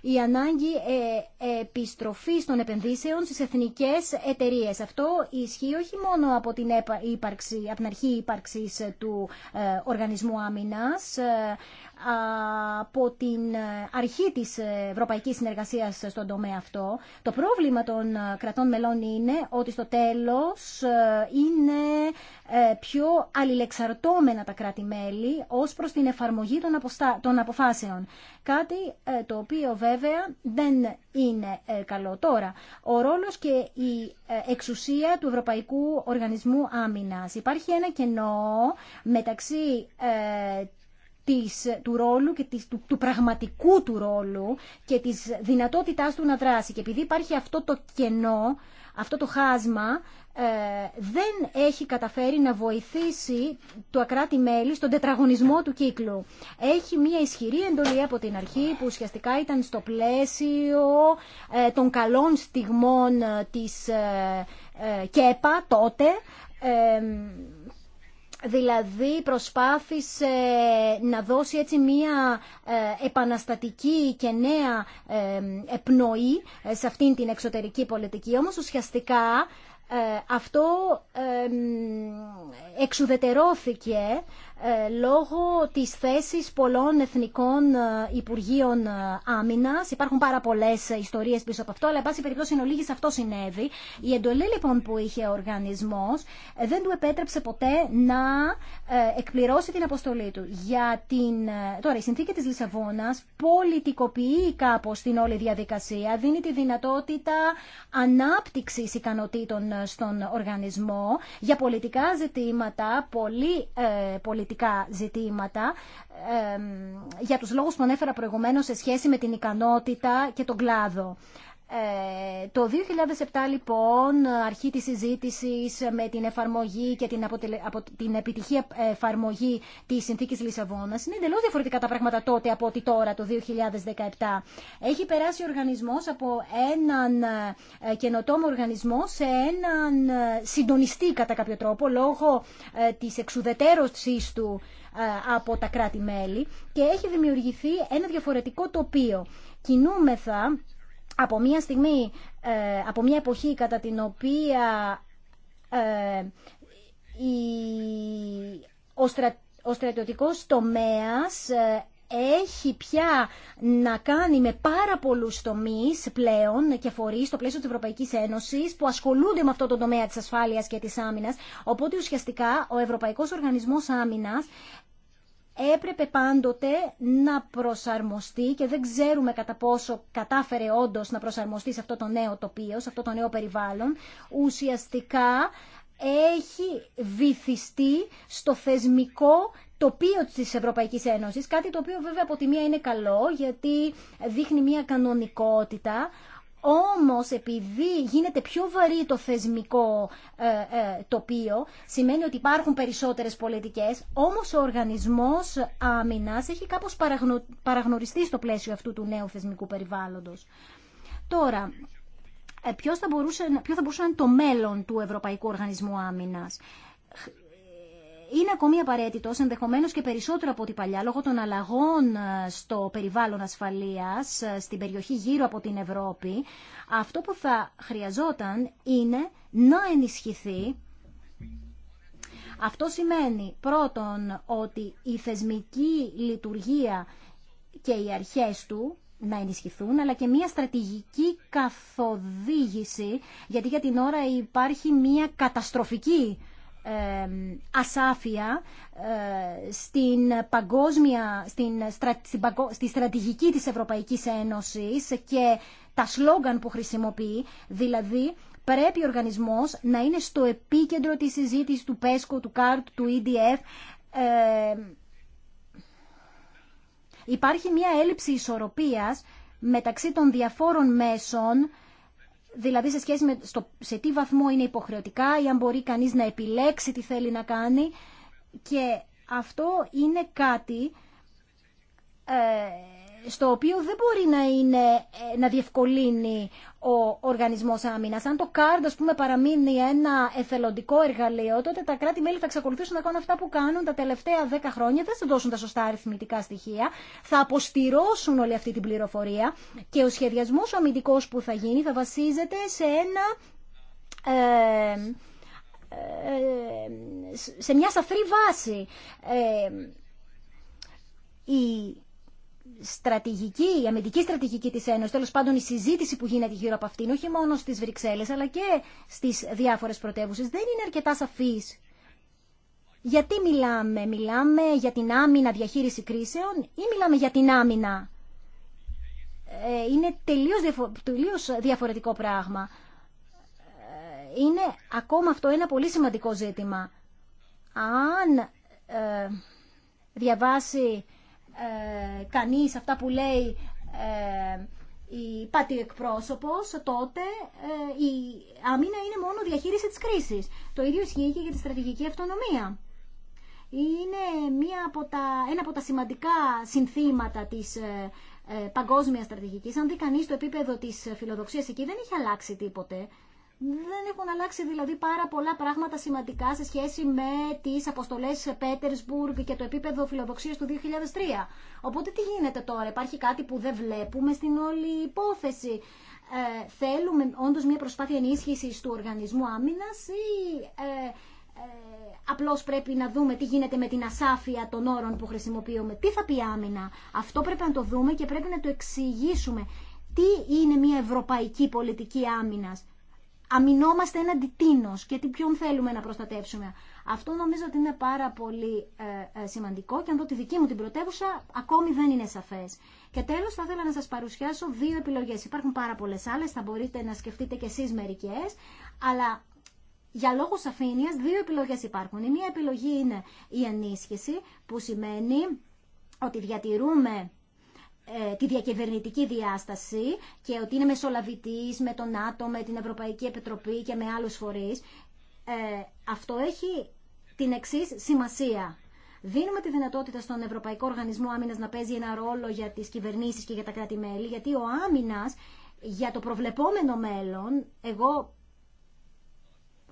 η ανάγκη ε, επιστροφής των επενδύσεων στις εθνικές εταιρείες. Αυτό ισχύει όχι μόνο από την, ύπαρξη, από την αρχή ύπαρξης του ε, Οργανισμού Άμυνας, ε, από την αρχή της ευρωπαϊκής συνεργασίας στον τομέα αυτό. Το πρόβλημα των κρατών μελών είναι ότι στο τέλος ε, είναι ε, πιο αλληλεξαρτώμενα τα κράτη-μέλη ως προς την εφαρμογή των, αποστα... των αποφάσεων. Κάτι ε, το οποίο βέβαια δεν είναι καλό τώρα. Ο ρόλος και η εξουσία του Ευρωπαϊκού Οργανισμού Άμυνας. Υπάρχει ένα κενό μεταξύ της, του ρόλου και της, του, πραγματικού του ρόλου και της δυνατότητάς του να δράσει. Και επειδή υπάρχει αυτό το κενό, αυτό το χάσμα, ε, δεν έχει καταφέρει να βοηθήσει το ακράτη μέλη στον τετραγωνισμό του κύκλου. Έχει μια ισχυρή εντολή από την αρχή που ουσιαστικά ήταν στο πλαίσιο ε, των καλών στιγμών ε, της ε, ΚΕΠΑ τότε Δηλαδή προσπάθησε να δώσει έτσι μία ε, επαναστατική και νέα ε, επνοή ε, σε αυτήν την εξωτερική πολιτική. Όμως ουσιαστικά αυτό εξουδετερώθηκε ε, λόγω της θέσης πολλών εθνικών ε, υπουργείων ε, Άμυνα. Υπάρχουν πάρα πολλές ιστορίες πίσω από αυτό, αλλά εν πάση περιπτώσει εν ολίγης αυτό συνέβη. Η εντολή λοιπόν που είχε ο οργανισμός δεν του επέτρεψε ποτέ να εκπληρώσει την αποστολή του. Για την... Τώρα η συνθήκη της Λισαβόνας πολιτικοποιεί κάπως την όλη διαδικασία, δίνει τη δυνατότητα ανάπτυξης ικανοτήτων στον οργανισμό για πολιτικά ζητήματα, πολύ πολιτικά πολιτικά ζητήματα ε, για τους λόγους που ανέφερα προηγουμένως σε σχέση με την ικανότητα και τον κλάδο. Ε, το 2007 λοιπόν αρχή της συζήτησης με την εφαρμογή και την, απο... την επιτυχή εφαρμογή της συνθήκης Λισαβόνας είναι εντελώς διαφορετικά τα πράγματα τότε από ότι τώρα το 2017. Έχει περάσει ο οργανισμός από έναν ε, καινοτόμο οργανισμό σε έναν ε, συντονιστή κατά κάποιο τρόπο λόγω της εξουδετέρωσης του από τα κράτη-μέλη και έχει δημιουργηθεί ένα διαφορετικό τοπίο. Κινούμεθα από μια στιγμή, ε, από μια εποχή κατά την οποία ε, ο στρατιωτικός τομέας ε, έχει πια να κάνει με πάρα πολλούς τομείς πλέον και φορείς στο πλαίσιο της Ευρωπαϊκής Ένωσης που ασχολούνται με αυτό το τομέα της ασφάλειας και της άμυνας. Οπότε ουσιαστικά ο Ευρωπαϊκός Οργανισμός Άμυνας έπρεπε πάντοτε να προσαρμοστεί και δεν ξέρουμε κατά πόσο κατάφερε όντω να προσαρμοστεί σε αυτό το νέο τοπίο, σε αυτό το νέο περιβάλλον. Ουσιαστικά έχει βυθιστεί στο θεσμικό τοπίο της Ευρωπαϊκής Ένωσης, κάτι το οποίο βέβαια από τη μία είναι καλό γιατί δείχνει μία κανονικότητα, όμως επειδή γίνεται πιο βαρύ το θεσμικό ε, ε, τοπίο, σημαίνει ότι υπάρχουν περισσότερες πολιτικές, όμως ο οργανισμός αμυνάς έχει κάπως παραγνωριστεί στο πλαίσιο αυτού του νέου θεσμικού περιβάλλοντος. Τώρα, ε, ποιος θα μπορούσε, ποιο θα μπορούσε να είναι το μέλλον του Ευρωπαϊκού Οργανισμού Άμυνας είναι ακόμη απαραίτητο, ενδεχομένω και περισσότερο από την παλιά, λόγω των αλλαγών ε, στο περιβάλλον ασφαλεία, ε, στην περιοχή γύρω από την Ευρώπη. Αυτό που θα χρειαζόταν είναι να ενισχυθεί. Αυτό σημαίνει πρώτον ότι η θεσμική λειτουργία και οι αρχές του να ενισχυθούν, αλλά και μια στρατηγική καθοδήγηση, γιατί για την ώρα υπάρχει μια καταστροφική ε, ασάφεια ε, στην παγκόσμια, στην, στη στρατηγική της Ευρωπαϊκής Ένωσης και τα σλόγγαν που χρησιμοποιεί, δηλαδή πρέπει ο οργανισμός να είναι στο επίκεντρο της συζήτησης του ΠΕΣΚΟ, του ΚΑΡΤ, του EDF. Ε, υπάρχει μια έλλειψη ισορροπίας μεταξύ των διαφόρων μέσων δηλαδή σε σχέση με σε τι βαθμό είναι υποχρεωτικά ή αν μπορεί κανείς να επιλέξει τι θέλει να κάνει και αυτό είναι κάτι ε, στο οποίο δεν μπορεί να, είναι, ε, να διευκολύνει ο οργανισμός άμυνα. Αν το CARD, ας πούμε, παραμείνει ένα εθελοντικό εργαλείο, τότε τα κράτη-μέλη θα εξακολουθήσουν να κάνουν αυτά που κάνουν τα τελευταία δέκα χρόνια, δεν θα δώσουν τα σωστά αριθμητικά στοιχεία, θα αποστηρώσουν όλη αυτή την πληροφορία και ο σχεδιασμό ο που θα γίνει θα βασίζεται σε ένα... Ε, ε, σε μια σαφρή βάση. Ε, η στρατηγική, η αμυντική στρατηγική της Ένωσης, τέλος πάντων η συζήτηση που γίνεται γύρω από αυτήν, όχι μόνο στις Βρυξέλλες, αλλά και στις διάφορες πρωτεύουσες, δεν είναι αρκετά σαφής. Γιατί μιλάμε, μιλάμε για την άμυνα διαχείριση κρίσεων ή μιλάμε για την άμυνα. Ε, είναι τελείως, διαφορετικό πράγμα. Ε, είναι ακόμα αυτό ένα πολύ σημαντικό ζήτημα. Αν ε, διαβάσει ε, κανείς αυτά που λέει ε, η πάτη εκπρόσωπος, τότε ε, η άμυνα είναι μόνο διαχείριση της κρίσης. Το ίδιο ισχύει και για τη στρατηγική αυτονομία. Είναι μία από τα, ένα από τα σημαντικά συνθήματα της ε, ε παγκόσμιας στρατηγικής. Αν δει κανείς το επίπεδο της φιλοδοξίας εκεί δεν έχει αλλάξει τίποτε. Δεν έχουν αλλάξει δηλαδή πάρα πολλά πράγματα σημαντικά σε σχέση με τι αποστολέ σε Πέτερσμπουργκ και το επίπεδο φιλοδοξία του 2003. Οπότε τι γίνεται τώρα, υπάρχει κάτι που δεν βλέπουμε στην όλη υπόθεση. Ε, θέλουμε όντω μια προσπάθεια ενίσχυση του οργανισμού Άμυνα ή ε, ε, απλώς πρέπει να δούμε τι γίνεται με την ασάφεια των όρων που χρησιμοποιούμε. Τι θα πει άμυνα. Αυτό πρέπει να το δούμε και πρέπει να το εξηγήσουμε. Τι είναι μια ευρωπαϊκή πολιτική άμυνας αμυνόμαστε έναντι τίνο και τι ποιον θέλουμε να προστατεύσουμε. Αυτό νομίζω ότι είναι πάρα πολύ ε, ε, σημαντικό και αν δω τη δική μου την πρωτεύουσα ακόμη δεν είναι σαφές. Και τέλο, θα ήθελα να σας παρουσιάσω δύο επιλογές. Υπάρχουν πάρα πολλές άλλες, θα μπορείτε να σκεφτείτε κι εσείς μερικές, αλλά για λόγους αφήνειας δύο επιλογές υπάρχουν. Η μία επιλογή είναι η ενίσχυση που σημαίνει ότι διατηρούμε ε, τη διακυβερνητική διάσταση και ότι είναι μεσολαβητής με τον ΝΑΤΟ, με την Ευρωπαϊκή Επιτροπή και με άλλους φορείς, ε, αυτό έχει την εξή σημασία. Δίνουμε τη δυνατότητα στον Ευρωπαϊκό Οργανισμό Άμυνα να παίζει ένα ρόλο για τι κυβερνήσει και για τα κράτη-μέλη, γιατί ο άμυνα για το προβλεπόμενο μέλλον, εγώ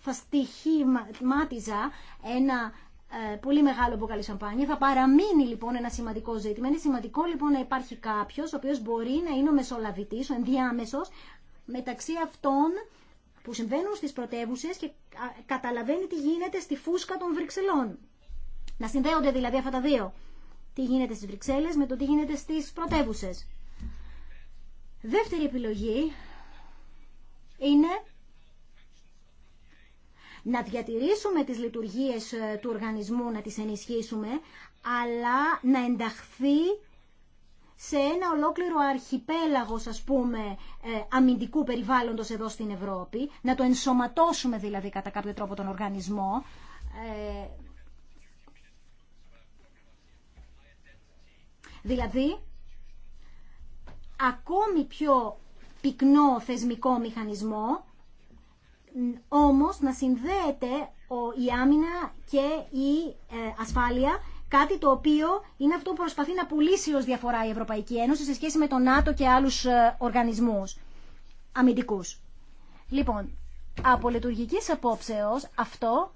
θα στοιχημάτιζα ένα ε, πολύ μεγάλο μπουκάλι σαμπάνια. Θα παραμείνει λοιπόν ένα σημαντικό ζήτημα. Είναι σημαντικό λοιπόν να υπάρχει κάποιο ο οποίο μπορεί να είναι ο μεσολαβητή, ο ενδιάμεσο μεταξύ αυτών που συμβαίνουν στι πρωτεύουσε και καταλαβαίνει τι γίνεται στη φούσκα των Βρυξελών. Να συνδέονται δηλαδή αυτά τα δύο. Τι γίνεται στι Βρυξέλλε με το τι γίνεται στι πρωτεύουσε. Δεύτερη επιλογή είναι να διατηρήσουμε τις λειτουργίες ε, του οργανισμού, να τις ενισχύσουμε, αλλά να ενταχθεί σε ένα ολόκληρο αρχιπέλαγος, ας πούμε, ε, αμυντικού περιβάλλοντος εδώ στην Ευρώπη, να το ενσωματώσουμε δηλαδή κατά κάποιο τρόπο τον οργανισμό, ε, δηλαδή ακόμη πιο πυκνό θεσμικό μηχανισμό όμως να συνδέεται η άμυνα και η ε, ασφάλεια κάτι το οποίο είναι αυτό που προσπαθεί να πουλήσει ως διαφορά η Ευρωπαϊκή Ένωση σε σχέση με τον ΝΑΤΟ και άλλους ε, οργανισμούς αμυντικούς. Λοιπόν, από λειτουργική απόψεως αυτό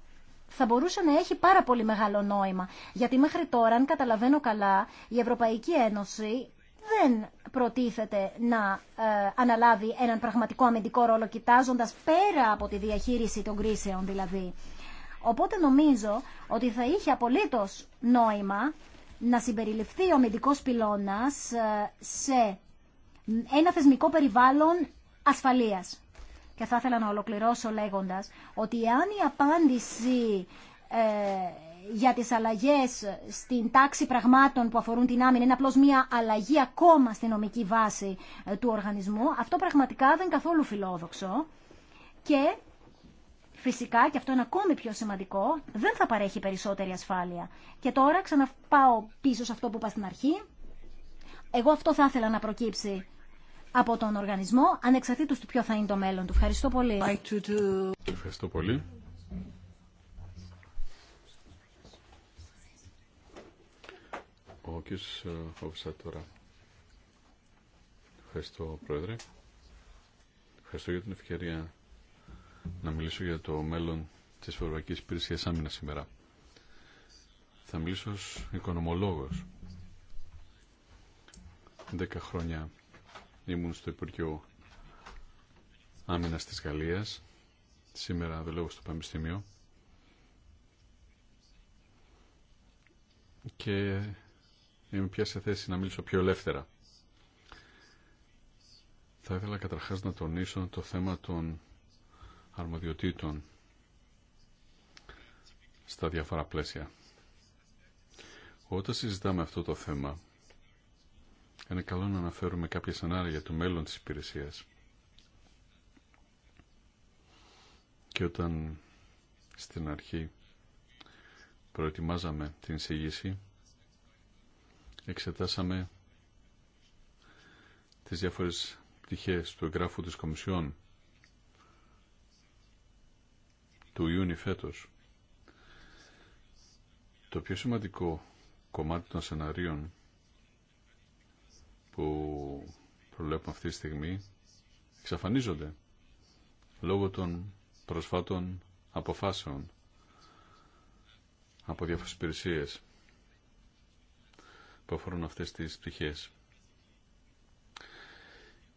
θα μπορούσε να έχει πάρα πολύ μεγάλο νόημα. Γιατί μέχρι τώρα, αν καταλαβαίνω καλά, η Ευρωπαϊκή Ένωση δεν προτίθεται να ε, αναλάβει έναν πραγματικό αμυντικό ρόλο κοιτάζοντας πέρα από τη διαχείριση των κρίσεων δηλαδή. Οπότε νομίζω ότι θα είχε απολύτως νόημα να συμπεριληφθεί ο αμυντικός πυλώνας ε, σε ένα θεσμικό περιβάλλον ασφαλείας. Και θα ήθελα να ολοκληρώσω λέγοντας ότι αν η απάντηση ε, για τις αλλαγές στην τάξη πραγμάτων που αφορούν την άμυνα είναι απλώς μια αλλαγή ακόμα στην νομική βάση ε, του οργανισμού. Αυτό πραγματικά δεν είναι καθόλου φιλόδοξο και φυσικά, και αυτό είναι ακόμη πιο σημαντικό, δεν θα παρέχει περισσότερη ασφάλεια. Και τώρα ξαναπάω πίσω σε αυτό που είπα στην αρχή. Εγώ αυτό θα ήθελα να προκύψει από τον οργανισμό, ανεξαρτήτως του ποιο θα είναι το μέλλον του. Ευχαριστώ Ευχαριστώ πολύ. Ε, τώρα. Ευχαριστώ, Πρόεδρε. Ευχαριστώ για την ευκαιρία να μιλήσω για το μέλλον της Ευρωπαϊκής Υπηρεσίας Άμυνα σήμερα. Θα μιλήσω ως οικονομολόγος. Δέκα χρόνια ήμουν στο Υπουργείο Άμυνα της Γαλλίας. Σήμερα δουλεύω στο Πανεπιστήμιο. Και είμαι πια σε θέση να μιλήσω πιο ελεύθερα. Θα ήθελα καταρχάς να τονίσω το θέμα των αρμοδιοτήτων στα διάφορα πλαίσια. Όταν συζητάμε αυτό το θέμα, είναι καλό να αναφέρουμε κάποια σενάρια για το μέλλον της υπηρεσίας. Και όταν στην αρχή προετοιμάζαμε την εισηγήση, εξετάσαμε τις διάφορες πτυχές του εγγράφου της Κομισιόν του Ιούνιου φέτος. Το πιο σημαντικό κομμάτι των σενάριων που προβλέπουμε αυτή τη στιγμή εξαφανίζονται λόγω των προσφάτων αποφάσεων από διάφορες υπηρεσίες που αφορούν αυτές τις πτυχές.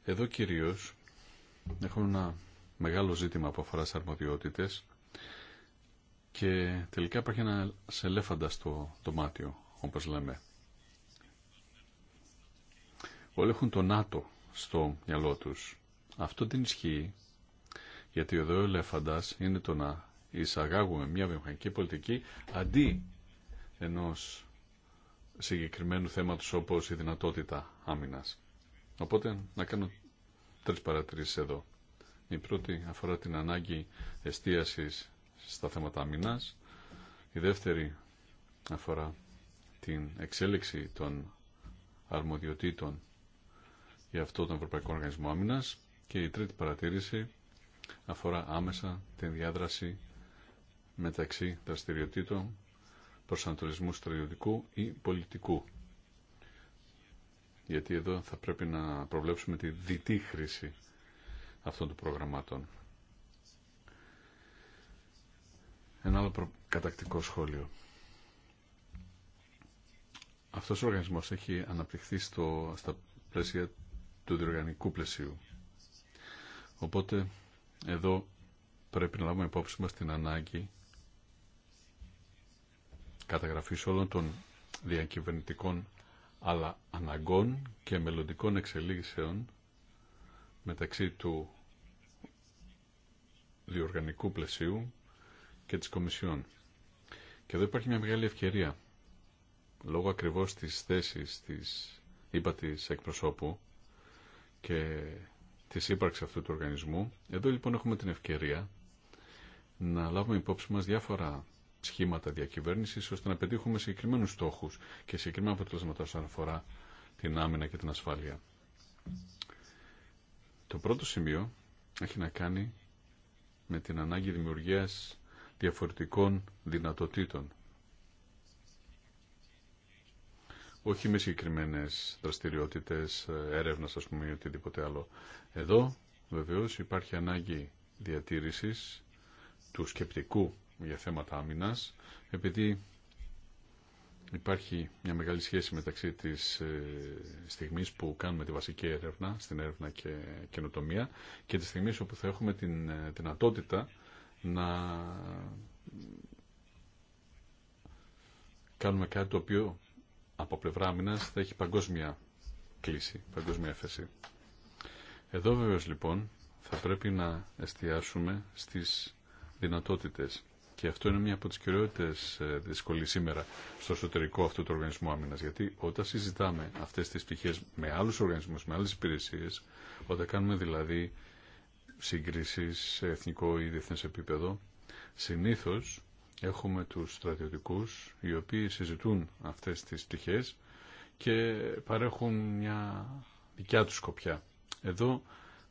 Εδώ κυρίως έχουμε ένα μεγάλο ζήτημα που αφορά στις αρμοδιότητες και τελικά υπάρχει ένα ελέφαντα στο δωμάτιο, όπως λέμε. Όλοι έχουν το ΝΑΤΟ στο μυαλό τους. Αυτό δεν ισχύει, γιατί εδώ ο ελέφαντας είναι το να εισαγάγουμε μια βιομηχανική πολιτική αντί ενός συγκεκριμένου θέματος όπως η δυνατότητα άμυνας. Οπότε να κάνω τρεις παρατηρήσεις εδώ. Η πρώτη αφορά την ανάγκη εστίασης στα θέματα αμυνάς. Η δεύτερη αφορά την εξέλιξη των αρμοδιοτήτων για αυτό τον Ευρωπαϊκό Οργανισμό Άμυνας. Και η τρίτη παρατήρηση αφορά άμεσα την διάδραση μεταξύ δραστηριοτήτων προσανατολισμού στρατιωτικού ή πολιτικού. Γιατί εδώ θα πρέπει να προβλέψουμε τη διτή χρήση αυτών των προγραμμάτων. Ένα άλλο κατακτικό σχόλιο. Αυτός ο οργανισμός έχει αναπτυχθεί στο, στα πλαίσια του διοργανικού πλαισίου. Οπότε εδώ πρέπει να λάβουμε υπόψη μας την ανάγκη καταγραφής όλων των διακυβερνητικών αλλά αναγκών και μελλοντικών εξελίξεων μεταξύ του διοργανικού πλαισίου και της Κομισιόν. Και εδώ υπάρχει μια μεγάλη ευκαιρία. Λόγω ακριβώς της θέσης της είπα της εκπροσώπου και της ύπαρξης αυτού του οργανισμού, εδώ λοιπόν έχουμε την ευκαιρία να λάβουμε υπόψη μας διάφορα σχήματα διακυβέρνησης ώστε να πετύχουμε συγκεκριμένου στόχους και συγκεκριμένα αποτελέσματα όσον αφορά την άμυνα και την ασφάλεια. Το πρώτο σημείο έχει να κάνει με την ανάγκη δημιουργίας διαφορετικών δυνατοτήτων. Όχι με συγκεκριμένε δραστηριότητε, έρευνας α πούμε ή οτιδήποτε άλλο. Εδώ βεβαίω υπάρχει ανάγκη διατήρηση του σκεπτικού για θέματα άμυνας επειδή υπάρχει μια μεγάλη σχέση μεταξύ της ε, στιγμής που κάνουμε τη βασική έρευνα στην έρευνα και καινοτομία και της στιγμής όπου θα έχουμε την ε, δυνατότητα να κάνουμε κάτι το οποίο από πλευρά άμυνας θα έχει παγκόσμια κλίση, παγκόσμια έφεση. Εδώ βεβαίως λοιπόν θα πρέπει να εστιάσουμε στις δυνατότητες και αυτό είναι μια από τις κυριότητες ε, δυσκολίες σήμερα στο εσωτερικό αυτού του οργανισμού άμυνα. Γιατί όταν συζητάμε αυτές τις πτυχές με άλλους οργανισμούς, με άλλες υπηρεσίε, όταν κάνουμε δηλαδή συγκρίσεις σε εθνικό ή διεθνέ επίπεδο, συνήθως έχουμε τους στρατιωτικούς οι οποίοι συζητούν αυτές τις πτυχές και παρέχουν μια δικιά του σκοπιά. Εδώ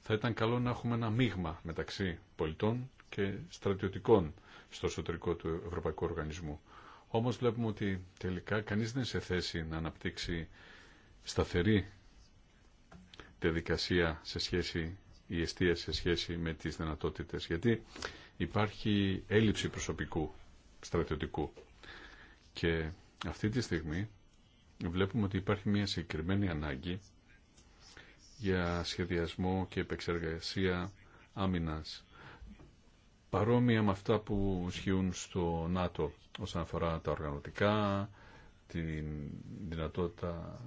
θα ήταν καλό να έχουμε ένα μείγμα μεταξύ πολιτών και στρατιωτικών στο εσωτερικό του Ευρωπαϊκού Οργανισμού. Όμως βλέπουμε ότι τελικά κανείς δεν είναι σε θέση να αναπτύξει σταθερή διαδικασία σε σχέση η αιστεία σε σχέση με τις δυνατότητες. Γιατί υπάρχει έλλειψη προσωπικού στρατιωτικού. Και αυτή τη στιγμή βλέπουμε ότι υπάρχει μια συγκεκριμένη ανάγκη για σχεδιασμό και επεξεργασία άμυνας παρόμοια με αυτά που ισχύουν στο ΝΑΤΟ όσον αφορά τα οργανωτικά, την δυνατότητα,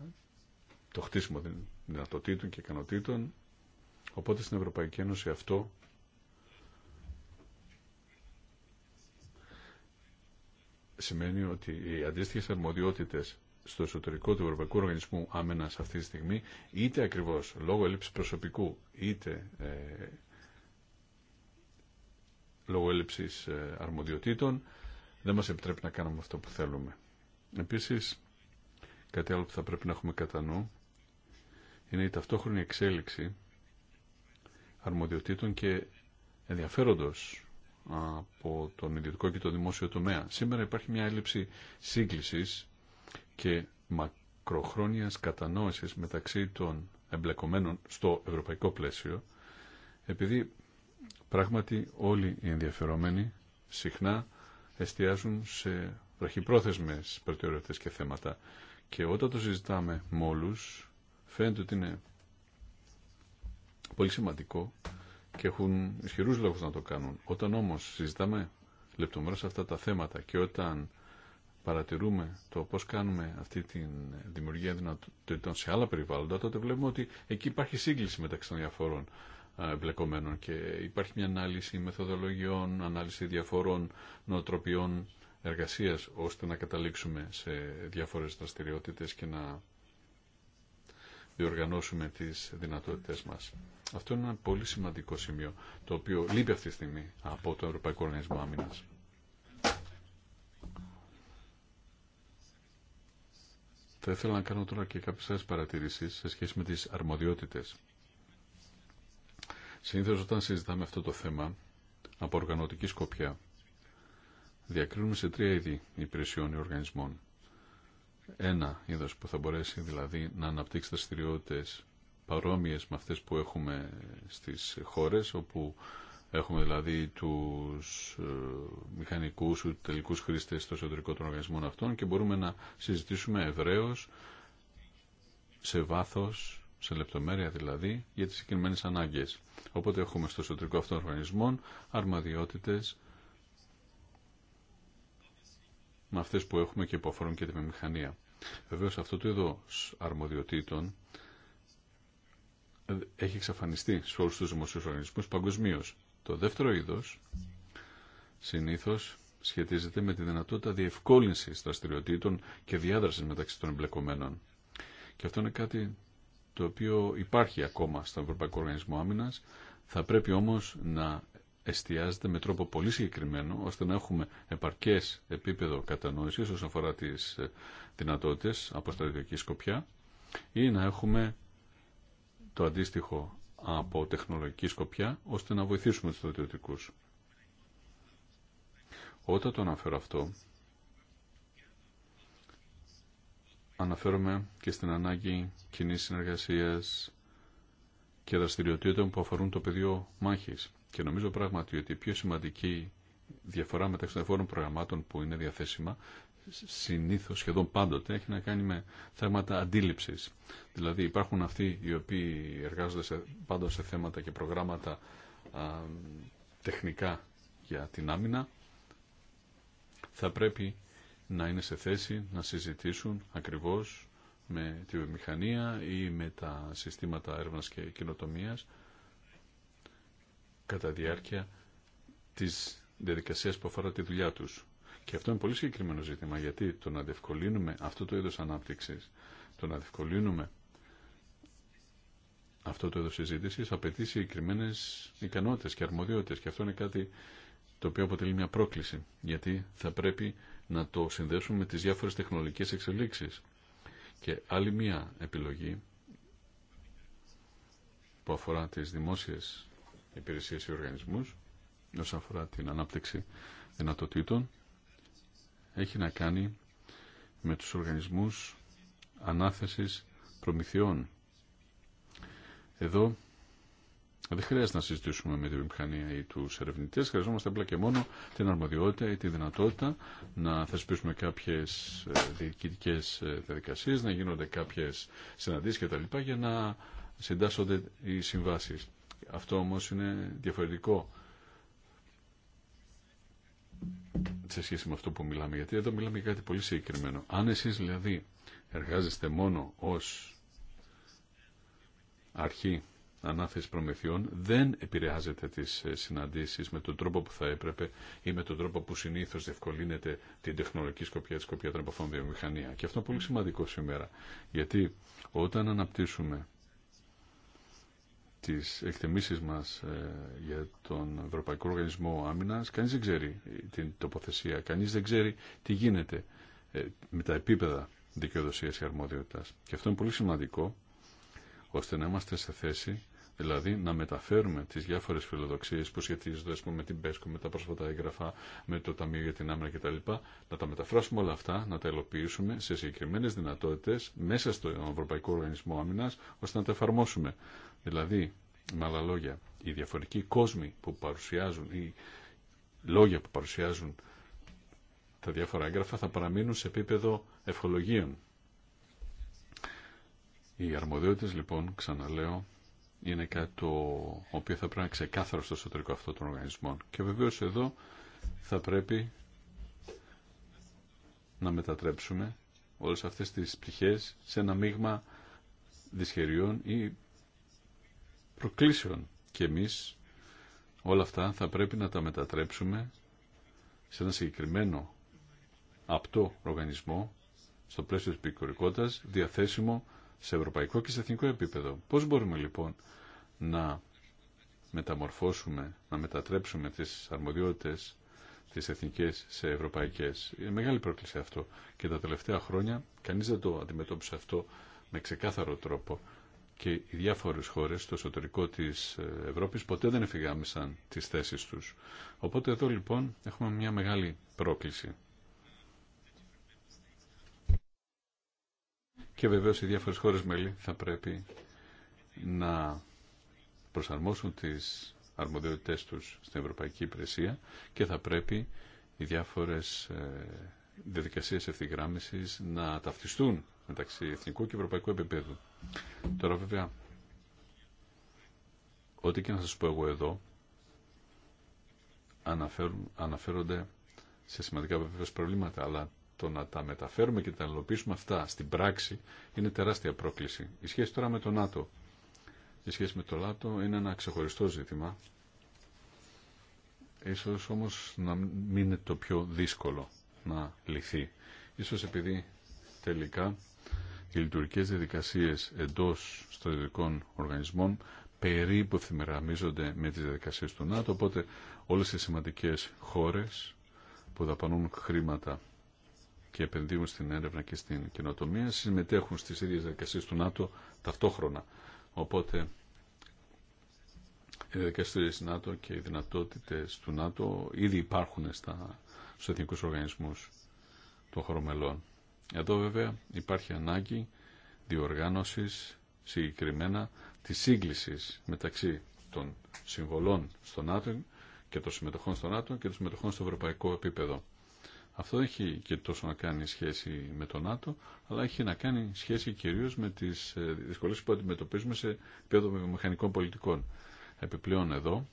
το χτίσιμο δυνατοτήτων και ικανοτήτων. Οπότε στην Ευρωπαϊκή Ένωση αυτό σημαίνει ότι οι αντίστοιχε αρμοδιότητε στο εσωτερικό του Ευρωπαϊκού Οργανισμού Άμενα αυτή τη στιγμή, είτε ακριβώ λόγω έλλειψη προσωπικού, είτε ε, λόγω έλλειψη ε, αρμοδιοτήτων δεν μας επιτρέπει να κάνουμε αυτό που θέλουμε. Επίσης, κάτι άλλο που θα πρέπει να έχουμε κατά νου είναι η ταυτόχρονη εξέλιξη αρμοδιοτήτων και ενδιαφέροντος από τον ιδιωτικό και το δημόσιο τομέα. Σήμερα υπάρχει μια έλλειψη σύγκληση και μακροχρόνιας κατανόησης μεταξύ των εμπλεκομένων στο ευρωπαϊκό πλαίσιο, επειδή Πράγματι όλοι οι ενδιαφερόμενοι συχνά εστιάζουν σε βραχυπρόθεσμες προτεραιότητες και θέματα. Και όταν το συζητάμε με όλους, φαίνεται ότι είναι πολύ σημαντικό και έχουν ισχυρούς λόγους να το κάνουν. Όταν όμως συζητάμε λεπτομερώς αυτά τα θέματα και όταν παρατηρούμε το πώς κάνουμε αυτή τη δημιουργία δυνατοτήτων σε άλλα περιβάλλοντα, τότε βλέπουμε ότι εκεί υπάρχει σύγκληση μεταξύ των διαφορών εμπλεκομένων και υπάρχει μια ανάλυση μεθοδολογιών, ανάλυση διαφορών νοοτροπιών εργασίας ώστε να καταλήξουμε σε διάφορες δραστηριότητες και να διοργανώσουμε τις δυνατότητες μας. Αυτό είναι ένα πολύ σημαντικό σημείο το οποίο λείπει αυτή τη στιγμή από το Ευρωπαϊκό Οργανισμό Άμυνας. Θα ήθελα να κάνω τώρα και κάποιες παρατηρήσεις σε σχέση με τις αρμοδιότητες Συνήθως όταν συζητάμε αυτό το θέμα από οργανωτική σκοπιά διακρίνουμε σε τρία είδη υπηρεσιών ή οργανισμών. Ένα είδος που θα μπορέσει δηλαδή να αναπτύξει δραστηριότητε παρόμοιες με αυτές που έχουμε στις χώρες όπου Έχουμε δηλαδή τους ε, μηχανικούς ή τελικούς χρήστες στο εσωτερικό των οργανισμών αυτών και μπορούμε να συζητήσουμε ευρέως σε βάθος σε λεπτομέρεια δηλαδή, για τις συγκεκριμένε ανάγκες. Οπότε έχουμε στο εσωτερικό αυτών οργανισμών αρμαδιότητες με αυτές που έχουμε και που αφορούν και τη μηχανία. Βεβαίω αυτό το είδο αρμοδιοτήτων έχει εξαφανιστεί σε όλους τους δημοσίους οργανισμούς παγκοσμίω. Το δεύτερο είδος συνήθως σχετίζεται με τη δυνατότητα διευκόλυνσης δραστηριοτήτων και διάδρασης μεταξύ των εμπλεκομένων. Και αυτό είναι κάτι το οποίο υπάρχει ακόμα στον Ευρωπαϊκό Οργανισμό Άμυνα, θα πρέπει όμως να εστιάζεται με τρόπο πολύ συγκεκριμένο, ώστε να έχουμε επαρκές επίπεδο κατανόησης όσον αφορά τις ε, δυνατότητε από στρατιωτική σκοπιά ή να έχουμε το αντίστοιχο από τεχνολογική σκοπιά, ώστε να βοηθήσουμε τους στρατιωτικούς. Όταν το αναφέρω αυτό, αναφέρομαι και στην ανάγκη κοινή συνεργασίας και δραστηριοτήτων που αφορούν το πεδίο μάχης. Και νομίζω πράγματι ότι η πιο σημαντική διαφορά μεταξύ των εφόρων προγραμμάτων που είναι διαθέσιμα συνήθως σχεδόν πάντοτε έχει να κάνει με θέματα αντίληψης. Δηλαδή υπάρχουν αυτοί οι οποίοι εργάζονται πάντοτε σε θέματα και προγράμματα τεχνικά για την άμυνα. Θα πρέπει να είναι σε θέση να συζητήσουν ακριβώς με τη βιομηχανία ή με τα συστήματα έρευνας και κοινοτομίας κατά διάρκεια της διαδικασίας που αφορά τη δουλειά τους. Και αυτό είναι πολύ συγκεκριμένο ζήτημα, γιατί το να διευκολύνουμε αυτό το είδος ανάπτυξης, το να διευκολύνουμε αυτό το είδος συζήτηση απαιτεί συγκεκριμένε ικανότητες και αρμοδιότητες και αυτό είναι κάτι το οποίο αποτελεί μια πρόκληση, γιατί θα πρέπει να το συνδέσουμε με τις διάφορες τεχνολογικές εξελίξεις. Και άλλη μία επιλογή που αφορά τις δημόσιες υπηρεσίες ή οργανισμούς όσον αφορά την ανάπτυξη δυνατοτήτων έχει να κάνει με τους οργανισμούς ανάθεσης προμηθειών. Εδώ δεν χρειάζεται να συζητήσουμε με τη βιομηχανία ή του ερευνητέ. Χρειαζόμαστε απλά και μόνο την αρμοδιότητα ή τη δυνατότητα να θεσπίσουμε κάποιε διοικητικέ ε, διαδικασίε, να γίνονται κάποιε συναντήσει κτλ. για να συντάσσονται οι συμβάσει. Αυτό όμω είναι διαφορετικό σε σχέση με αυτό που μιλάμε. Γιατί εδώ μιλάμε για κάτι πολύ συγκεκριμένο. Αν εσεί δηλαδή εργάζεστε μόνο ω αρχή ανάθεση προμηθειών δεν επηρεάζεται τις ε, συναντήσεις με τον τρόπο που θα έπρεπε ή με τον τρόπο που συνήθως διευκολύνεται την τεχνολογική σκοπιά, τη σκοπιά των επαφών βιομηχανία. Και αυτό είναι πολύ σημαντικό σήμερα, γιατί όταν αναπτύσσουμε τις εκτιμήσεις μας ε, για τον Ευρωπαϊκό Οργανισμό Άμυνας, κανείς δεν ξέρει την τοποθεσία, κανείς δεν ξέρει τι γίνεται ε, με τα επίπεδα δικαιοδοσίας και αρμόδιοτητας. Και αυτό είναι πολύ σημαντικό, ώστε να είμαστε σε θέση Δηλαδή να μεταφέρουμε τις διάφορες φιλοδοξίες που σχετίζονται ας πούμε, με την ΠΕΣΚΟ, με τα πρόσφατα έγγραφα, με το Ταμείο για την Άμυνα κτλ. Να τα μεταφράσουμε όλα αυτά, να τα ελοποιήσουμε σε συγκεκριμένες δυνατότητες μέσα στο Ευρωπαϊκό Οργανισμό Άμυνας, ώστε να τα εφαρμόσουμε. Δηλαδή, με άλλα λόγια, οι διαφορετικοί κόσμοι που παρουσιάζουν, οι λόγια που παρουσιάζουν τα διάφορα έγγραφα θα παραμείνουν σε επίπεδο ευχολογίων. Οι αρμοδιότητες λοιπόν, ξαναλέω, είναι κάτι το οποίο θα πρέπει να ξεκάθαρο στο εσωτερικό αυτό των οργανισμών. Και βεβαίω εδώ θα πρέπει να μετατρέψουμε όλες αυτές τις πτυχές σε ένα μείγμα δυσχεριών ή προκλήσεων. Και εμείς όλα αυτά θα πρέπει να τα μετατρέψουμε σε ένα συγκεκριμένο απτό οργανισμό στο πλαίσιο της πικορικότητας διαθέσιμο σε ευρωπαϊκό και σε εθνικό επίπεδο. Πώς μπορούμε λοιπόν να μεταμορφώσουμε, να μετατρέψουμε τις αρμοδιότητες τις εθνικές σε ευρωπαϊκές. Είναι μεγάλη πρόκληση αυτό. Και τα τελευταία χρόνια κανείς δεν το αντιμετώπισε αυτό με ξεκάθαρο τρόπο. Και οι διάφορες χώρες στο εσωτερικό της ε, Ευρώπης ποτέ δεν εφηγάμισαν τις θέσεις τους. Οπότε εδώ λοιπόν έχουμε μια μεγάλη πρόκληση. Και βεβαίως οι διάφορες χώρες μέλη θα πρέπει να προσαρμόσουν τις αρμοδιότητές τους στην Ευρωπαϊκή Υπηρεσία και θα πρέπει οι διάφορες ε, διαδικασίες ευθυγράμμισης να ταυτιστούν μεταξύ εθνικού και ευρωπαϊκού επίπεδου. Τώρα βέβαια, ό,τι και να σας πω εγώ εδώ, αναφέρονται σε σημαντικά βέβαια προβλήματα, αλλά το να τα μεταφέρουμε και τα υλοποιήσουμε αυτά στην πράξη είναι τεράστια πρόκληση. Η σχέση τώρα με το ΝΑΤΟ. Η σχέση με το ΝΑΤΟ είναι ένα ξεχωριστό ζήτημα. Ίσως όμως να μην είναι το πιο δύσκολο να λυθεί. Ίσως επειδή τελικά οι λειτουργικές διαδικασίες εντός στρατιωτικών οργανισμών περίπου θυμεραμίζονται με τις διαδικασίες του ΝΑΤΟ, οπότε όλες οι σημαντικές χώρες που δαπανούν χρήματα και επενδύουν στην έρευνα και στην καινοτομία συμμετέχουν στις ίδιες διαδικασίες του ΝΑΤΟ ταυτόχρονα. Οπότε οι διαδικασίε του ΝΑΤΟ και οι δυνατότητες του ΝΑΤΟ ήδη υπάρχουν στα, στους εθνικούς οργανισμούς των χωρομελών. Εδώ βέβαια υπάρχει ανάγκη διοργάνωσης συγκεκριμένα τη σύγκληση μεταξύ των συμβολών στον ΝΑΤΟ και των συμμετοχών στον ΝΑΤΟ και των συμμετοχών στο ευρωπαϊκό επίπεδο. Αυτό δεν έχει και τόσο να κάνει σχέση με το ΝΑΤΟ, αλλά έχει να κάνει σχέση κυρίως με τις ε, δυσκολίες που αντιμετωπίζουμε σε επίπεδο μηχανικών πολιτικών. Επιπλέον εδώ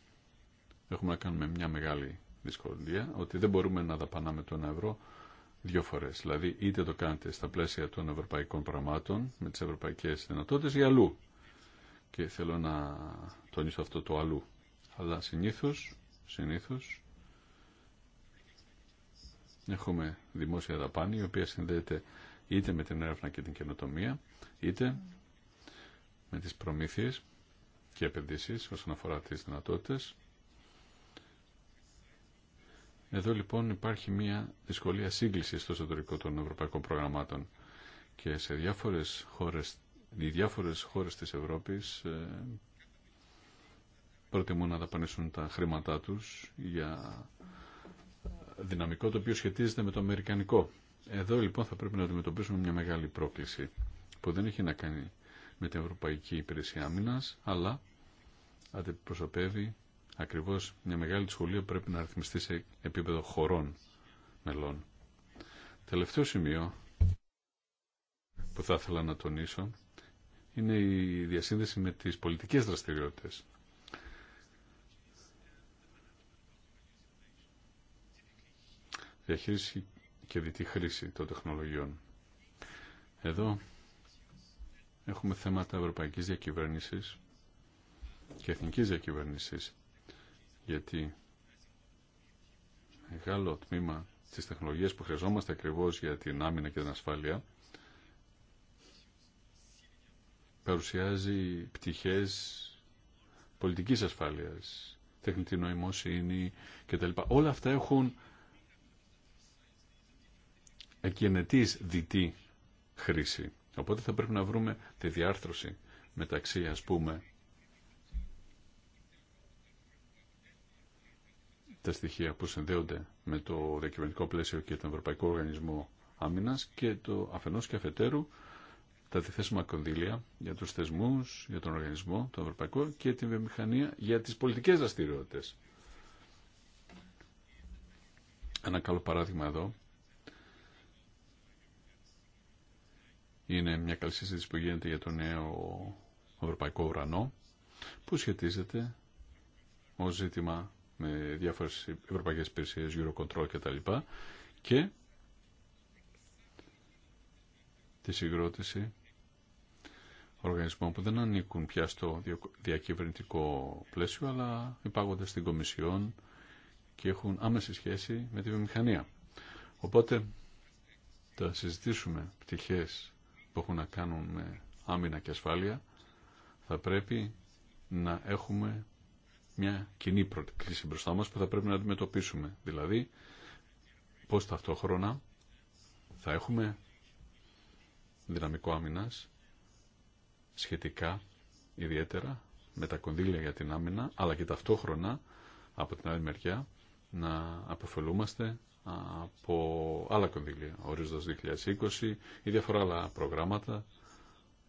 έχουμε να κάνουμε μια μεγάλη δυσκολία, ότι δεν μπορούμε να δαπανάμε τον ευρώ δύο φορές. Δηλαδή είτε το κάνετε στα πλαίσια των ευρωπαϊκών πραγμάτων, με τις ευρωπαϊκές δυνατότητες ή αλλού. Και θέλω να τονίσω αυτό το αλλού. Αλλά συνήθως, συνήθως Έχουμε δημόσια δαπάνη, η οποία συνδέεται είτε με την έρευνα και την καινοτομία, είτε με τις προμήθειες και επενδύσεις όσον αφορά τις δυνατότητες. Εδώ λοιπόν υπάρχει μια δυσκολία σύγκληση στο εσωτερικό των ευρωπαϊκών προγραμμάτων και σε διάφορες χώρες, οι διάφορες χώρες της Ευρώπης ε, προτιμούν να δαπανίσουν τα χρήματά τους για δυναμικό το οποίο σχετίζεται με το αμερικανικό. Εδώ λοιπόν θα πρέπει να αντιμετωπίσουμε μια μεγάλη πρόκληση που δεν έχει να κάνει με την Ευρωπαϊκή Υπηρεσία Άμυνα, αλλά αντιπροσωπεύει ακριβώ μια μεγάλη δυσκολία που πρέπει να αριθμιστεί σε επίπεδο χωρών μελών. Τελευταίο σημείο που θα ήθελα να τονίσω είναι η διασύνδεση με τις πολιτικές δραστηριότητες. διαχείριση και δυτή χρήση των τεχνολογιών. Εδώ έχουμε θέματα ευρωπαϊκής διακυβέρνησης και εθνικής διακυβέρνησης, γιατί μεγάλο τμήμα της τεχνολογίας που χρειαζόμαστε ακριβώς για την άμυνα και την ασφάλεια παρουσιάζει πτυχές πολιτικής ασφάλειας, τεχνητή νοημοσύνη κτλ. Όλα αυτά έχουν εκενετής διτή χρήση. Οπότε θα πρέπει να βρούμε τη διάρθρωση μεταξύ, ας πούμε, τα στοιχεία που συνδέονται με το διακυβερνητικό πλαίσιο και τον Ευρωπαϊκό Οργανισμό Άμυνας και το αφενός και αφετέρου τα διθέσιμα κονδύλια για τους θεσμούς, για τον οργανισμό, τον ευρωπαϊκό και την βιομηχανία για τις πολιτικές δραστηριότητε. Ένα καλό παράδειγμα εδώ είναι μια καλή συζήτηση που γίνεται για το νέο ευρωπαϊκό ουρανό που σχετίζεται ω ζήτημα με διάφορες ευρωπαϊκές υπηρεσίες, Eurocontrol κτλ. και τη συγκρότηση οργανισμών που δεν ανήκουν πια στο διακυβερνητικό πλαίσιο αλλά υπάγονται στην Κομισιόν και έχουν άμεση σχέση με τη βιομηχανία. Οπότε θα συζητήσουμε πτυχές που έχουν να κάνουν με άμυνα και ασφάλεια, θα πρέπει να έχουμε μια κοινή κρίση μπροστά μας που θα πρέπει να αντιμετωπίσουμε. Δηλαδή, πώς ταυτόχρονα θα έχουμε δυναμικό άμυνας σχετικά ιδιαίτερα με τα κονδύλια για την άμυνα, αλλά και ταυτόχρονα από την άλλη μεριά να αποφελούμαστε από άλλα κονδύλια, ορίζοντας 2020 ή διάφορα άλλα προγράμματα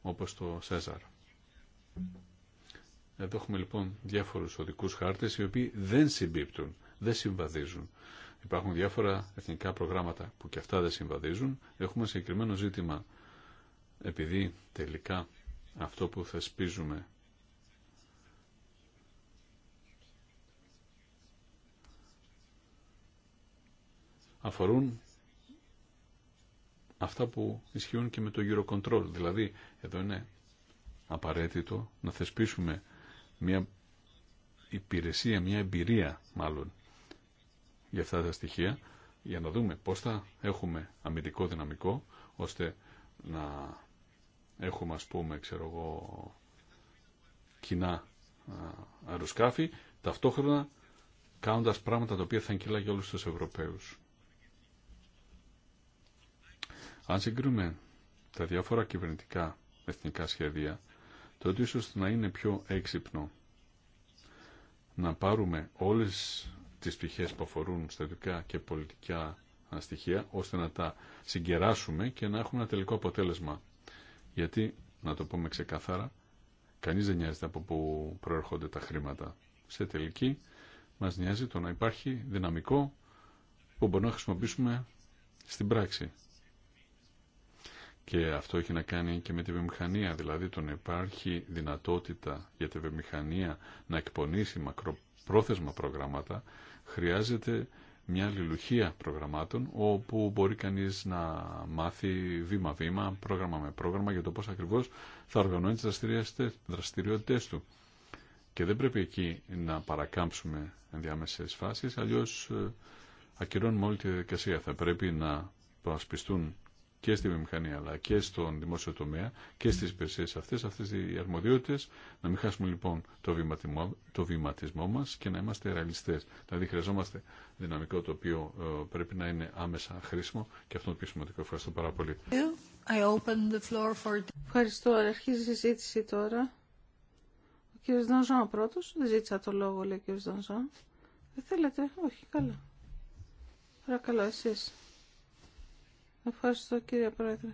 όπως το ΣΕΖΑΡ. Εδώ έχουμε λοιπόν διάφορους οδικούς χάρτες οι οποίοι δεν συμπίπτουν, δεν συμβαδίζουν. Υπάρχουν διάφορα εθνικά προγράμματα που και αυτά δεν συμβαδίζουν. Έχουμε συγκεκριμένο ζήτημα επειδή τελικά αυτό που θεσπίζουμε αφορούν αυτά που ισχύουν και με το Eurocontrol. Δηλαδή, εδώ είναι απαραίτητο να θεσπίσουμε μια υπηρεσία, μια εμπειρία μάλλον για αυτά τα στοιχεία, για να δούμε πώς θα έχουμε αμυντικό δυναμικό, ώστε να έχουμε ας πούμε, ξέρω εγώ, κοινά αεροσκάφη, ταυτόχρονα κάνοντας πράγματα τα οποία θα εγκυλάγει όλους τους Ευρωπαίους. Αν συγκρίνουμε τα διάφορα κυβερνητικά εθνικά σχέδια, τότε ίσως να είναι πιο έξυπνο να πάρουμε όλες τις πτυχές που αφορούν στατικά και πολιτικά στοιχεία, ώστε να τα συγκεράσουμε και να έχουμε ένα τελικό αποτέλεσμα. Γιατί, να το πούμε ξεκάθαρα, κανείς δεν νοιάζεται από πού προέρχονται τα χρήματα. Σε τελική, μας νοιάζει το να υπάρχει δυναμικό που μπορούμε να χρησιμοποιήσουμε στην πράξη. Και αυτό έχει να κάνει και με τη βιομηχανία, δηλαδή τον υπάρχει δυνατότητα για τη βιομηχανία να εκπονήσει μακροπρόθεσμα προγράμματα, χρειάζεται μια λιλουχία προγραμμάτων όπου μπορεί κανείς να μάθει βήμα-βήμα, πρόγραμμα με πρόγραμμα για το πώς ακριβώς θα οργανώνει τις δραστηριότητες του. Και δεν πρέπει εκεί να παρακάμψουμε ενδιάμεσες φάσεις, αλλιώς ε, ακυρώνουμε όλη τη διαδικασία. Θα πρέπει να προασπιστούν και στη βιομηχανία αλλά και στον δημόσιο τομέα και στις υπηρεσίες αυτές, αυτές οι αρμοδιότητες, να μην χάσουμε λοιπόν το, βηματισμό, το βηματισμό μας και να είμαστε ρεαλιστές. Δηλαδή χρειαζόμαστε δυναμικό το οποίο ε, πρέπει να είναι άμεσα χρήσιμο και αυτό το πιο σημαντικό. Ευχαριστώ πάρα πολύ. Ευχαριστώ. Αρχίζει η συζήτηση τώρα. Ο κ. Δανζόν ο πρώτος. Δεν ζήτησα το λόγο, λέει ο κ. Δανζόν. Δεν θέλετε. Όχι. Καλά. Παρακαλώ εσείς. Ευχαριστώ κύριε Πρόεδρε.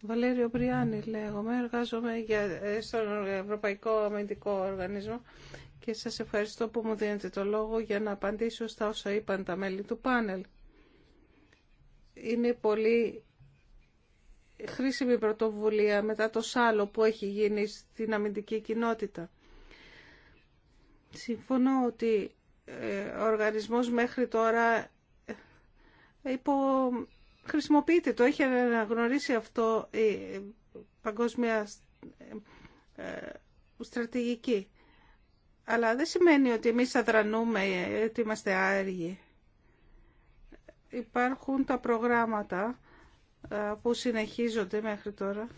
Βαλέριο Μπριάνη λέγομαι, εργάζομαι για, ε, στον Ευρωπαϊκό Αμυντικό Οργανισμό και σας ευχαριστώ που μου δίνετε το λόγο για να απαντήσω στα όσα είπαν τα μέλη του πάνελ. Είναι πολύ χρήσιμη πρωτοβουλία μετά το σάλο που έχει γίνει στην αμυντική κοινότητα. Συμφωνώ ότι ε, ο οργανισμός μέχρι τώρα ε, υπό χρησιμοποιείται, το έχει αναγνωρίσει αυτό η παγκόσμια ε, στρατηγική. Αλλά δεν σημαίνει ότι εμείς αδρανούμε ότι είμαστε άεργοι. Υπάρχουν τα προγράμματα ε, που συνεχίζονται μέχρι τώρα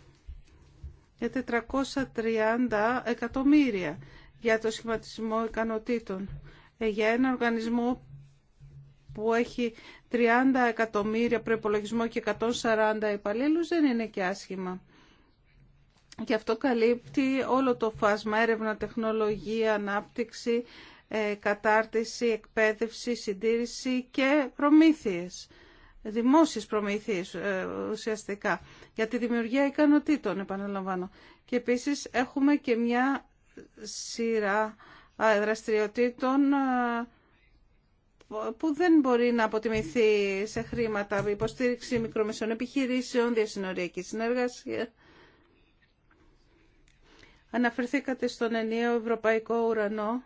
για 430 εκατομμύρια για το σχηματισμό ικανοτήτων ε, για ένα οργανισμό που έχει 30 εκατομμύρια προπολογισμό και 140 υπαλλήλου δεν είναι και άσχημα. Και αυτό καλύπτει όλο το φάσμα έρευνα, τεχνολογία, ανάπτυξη, ε, κατάρτιση, εκπαίδευση, συντήρηση και προμήθειες. Δημόσιες προμήθειες ε, ουσιαστικά. Για τη δημιουργία ικανοτήτων, επαναλαμβάνω. Και επίσης έχουμε και μια σειρά ε, δραστηριοτήτων που δεν μπορεί να αποτιμηθεί σε χρήματα υποστήριξη μικρομεσών επιχειρήσεων, διασυνοριακή συνεργασία. Αναφερθήκατε στον ενιαίο ευρωπαϊκό ουρανό.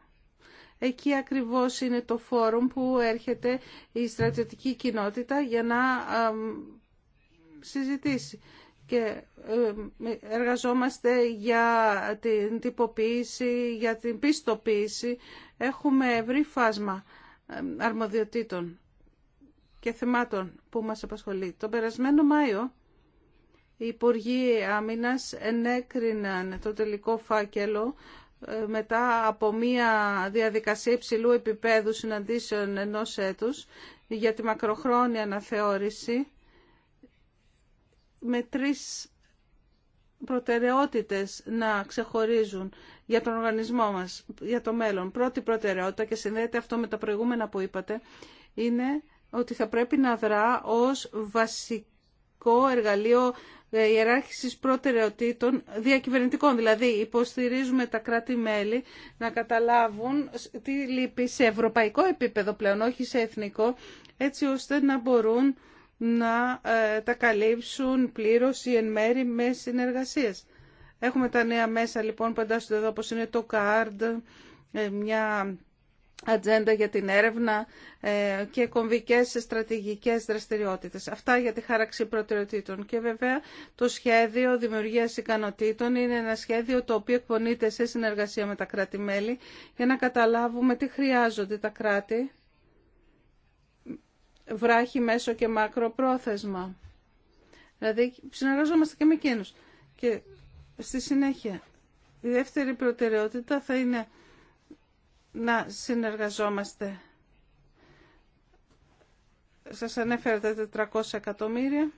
Εκεί ακριβώς είναι το φόρουμ που έρχεται η στρατιωτική κοινότητα για να συζητήσει. Και εργαζόμαστε για την τυποποίηση, για την πιστοποίηση. Έχουμε ευρύ φάσμα αρμοδιοτήτων και θεμάτων που μας απασχολεί. Τον περασμένο Μάιο οι Υπουργοί Άμυνας ενέκριναν το τελικό φάκελο ε, μετά από μία διαδικασία υψηλού επίπεδου συναντήσεων ενός έτους για τη μακροχρόνια αναθεώρηση με τρεις προτεραιότητες να ξεχωρίζουν για τον οργανισμό μας, για το μέλλον. Πρώτη προτεραιότητα και συνδέεται αυτό με τα προηγούμενα που είπατε, είναι ότι θα πρέπει να δρά ως βασικό εργαλείο ε, ιεράρχησης προτεραιοτήτων διακυβερνητικών. Δηλαδή υποστηρίζουμε τα κράτη-μέλη να καταλάβουν τι λείπει σε ευρωπαϊκό επίπεδο πλέον, όχι σε εθνικό, έτσι ώστε να μπορούν να ε, τα καλύψουν πλήρως ή εν μέρη με συνεργασίες. Έχουμε τα νέα μέσα λοιπόν εντάσσονται εδώ όπως είναι το CARD, ε, μια ατζέντα για την έρευνα ε, και κομβικές στρατηγικές δραστηριότητες. Αυτά για τη χάραξη προτεραιοτήτων. Και βέβαια το σχέδιο δημιουργίας ικανοτήτων είναι ένα σχέδιο το οποίο εκπονείται σε συνεργασία με τα κράτη-μέλη για να καταλάβουμε τι χρειάζονται τα κράτη βράχη, μέσο και μακροπρόθεσμα. Δηλαδή συνεργαζόμαστε και με εκείνους. Και Στη συνέχεια, η δεύτερη προτεραιότητα θα είναι να συνεργαζόμαστε. Σας ανέφερα τα 400 εκατομμύρια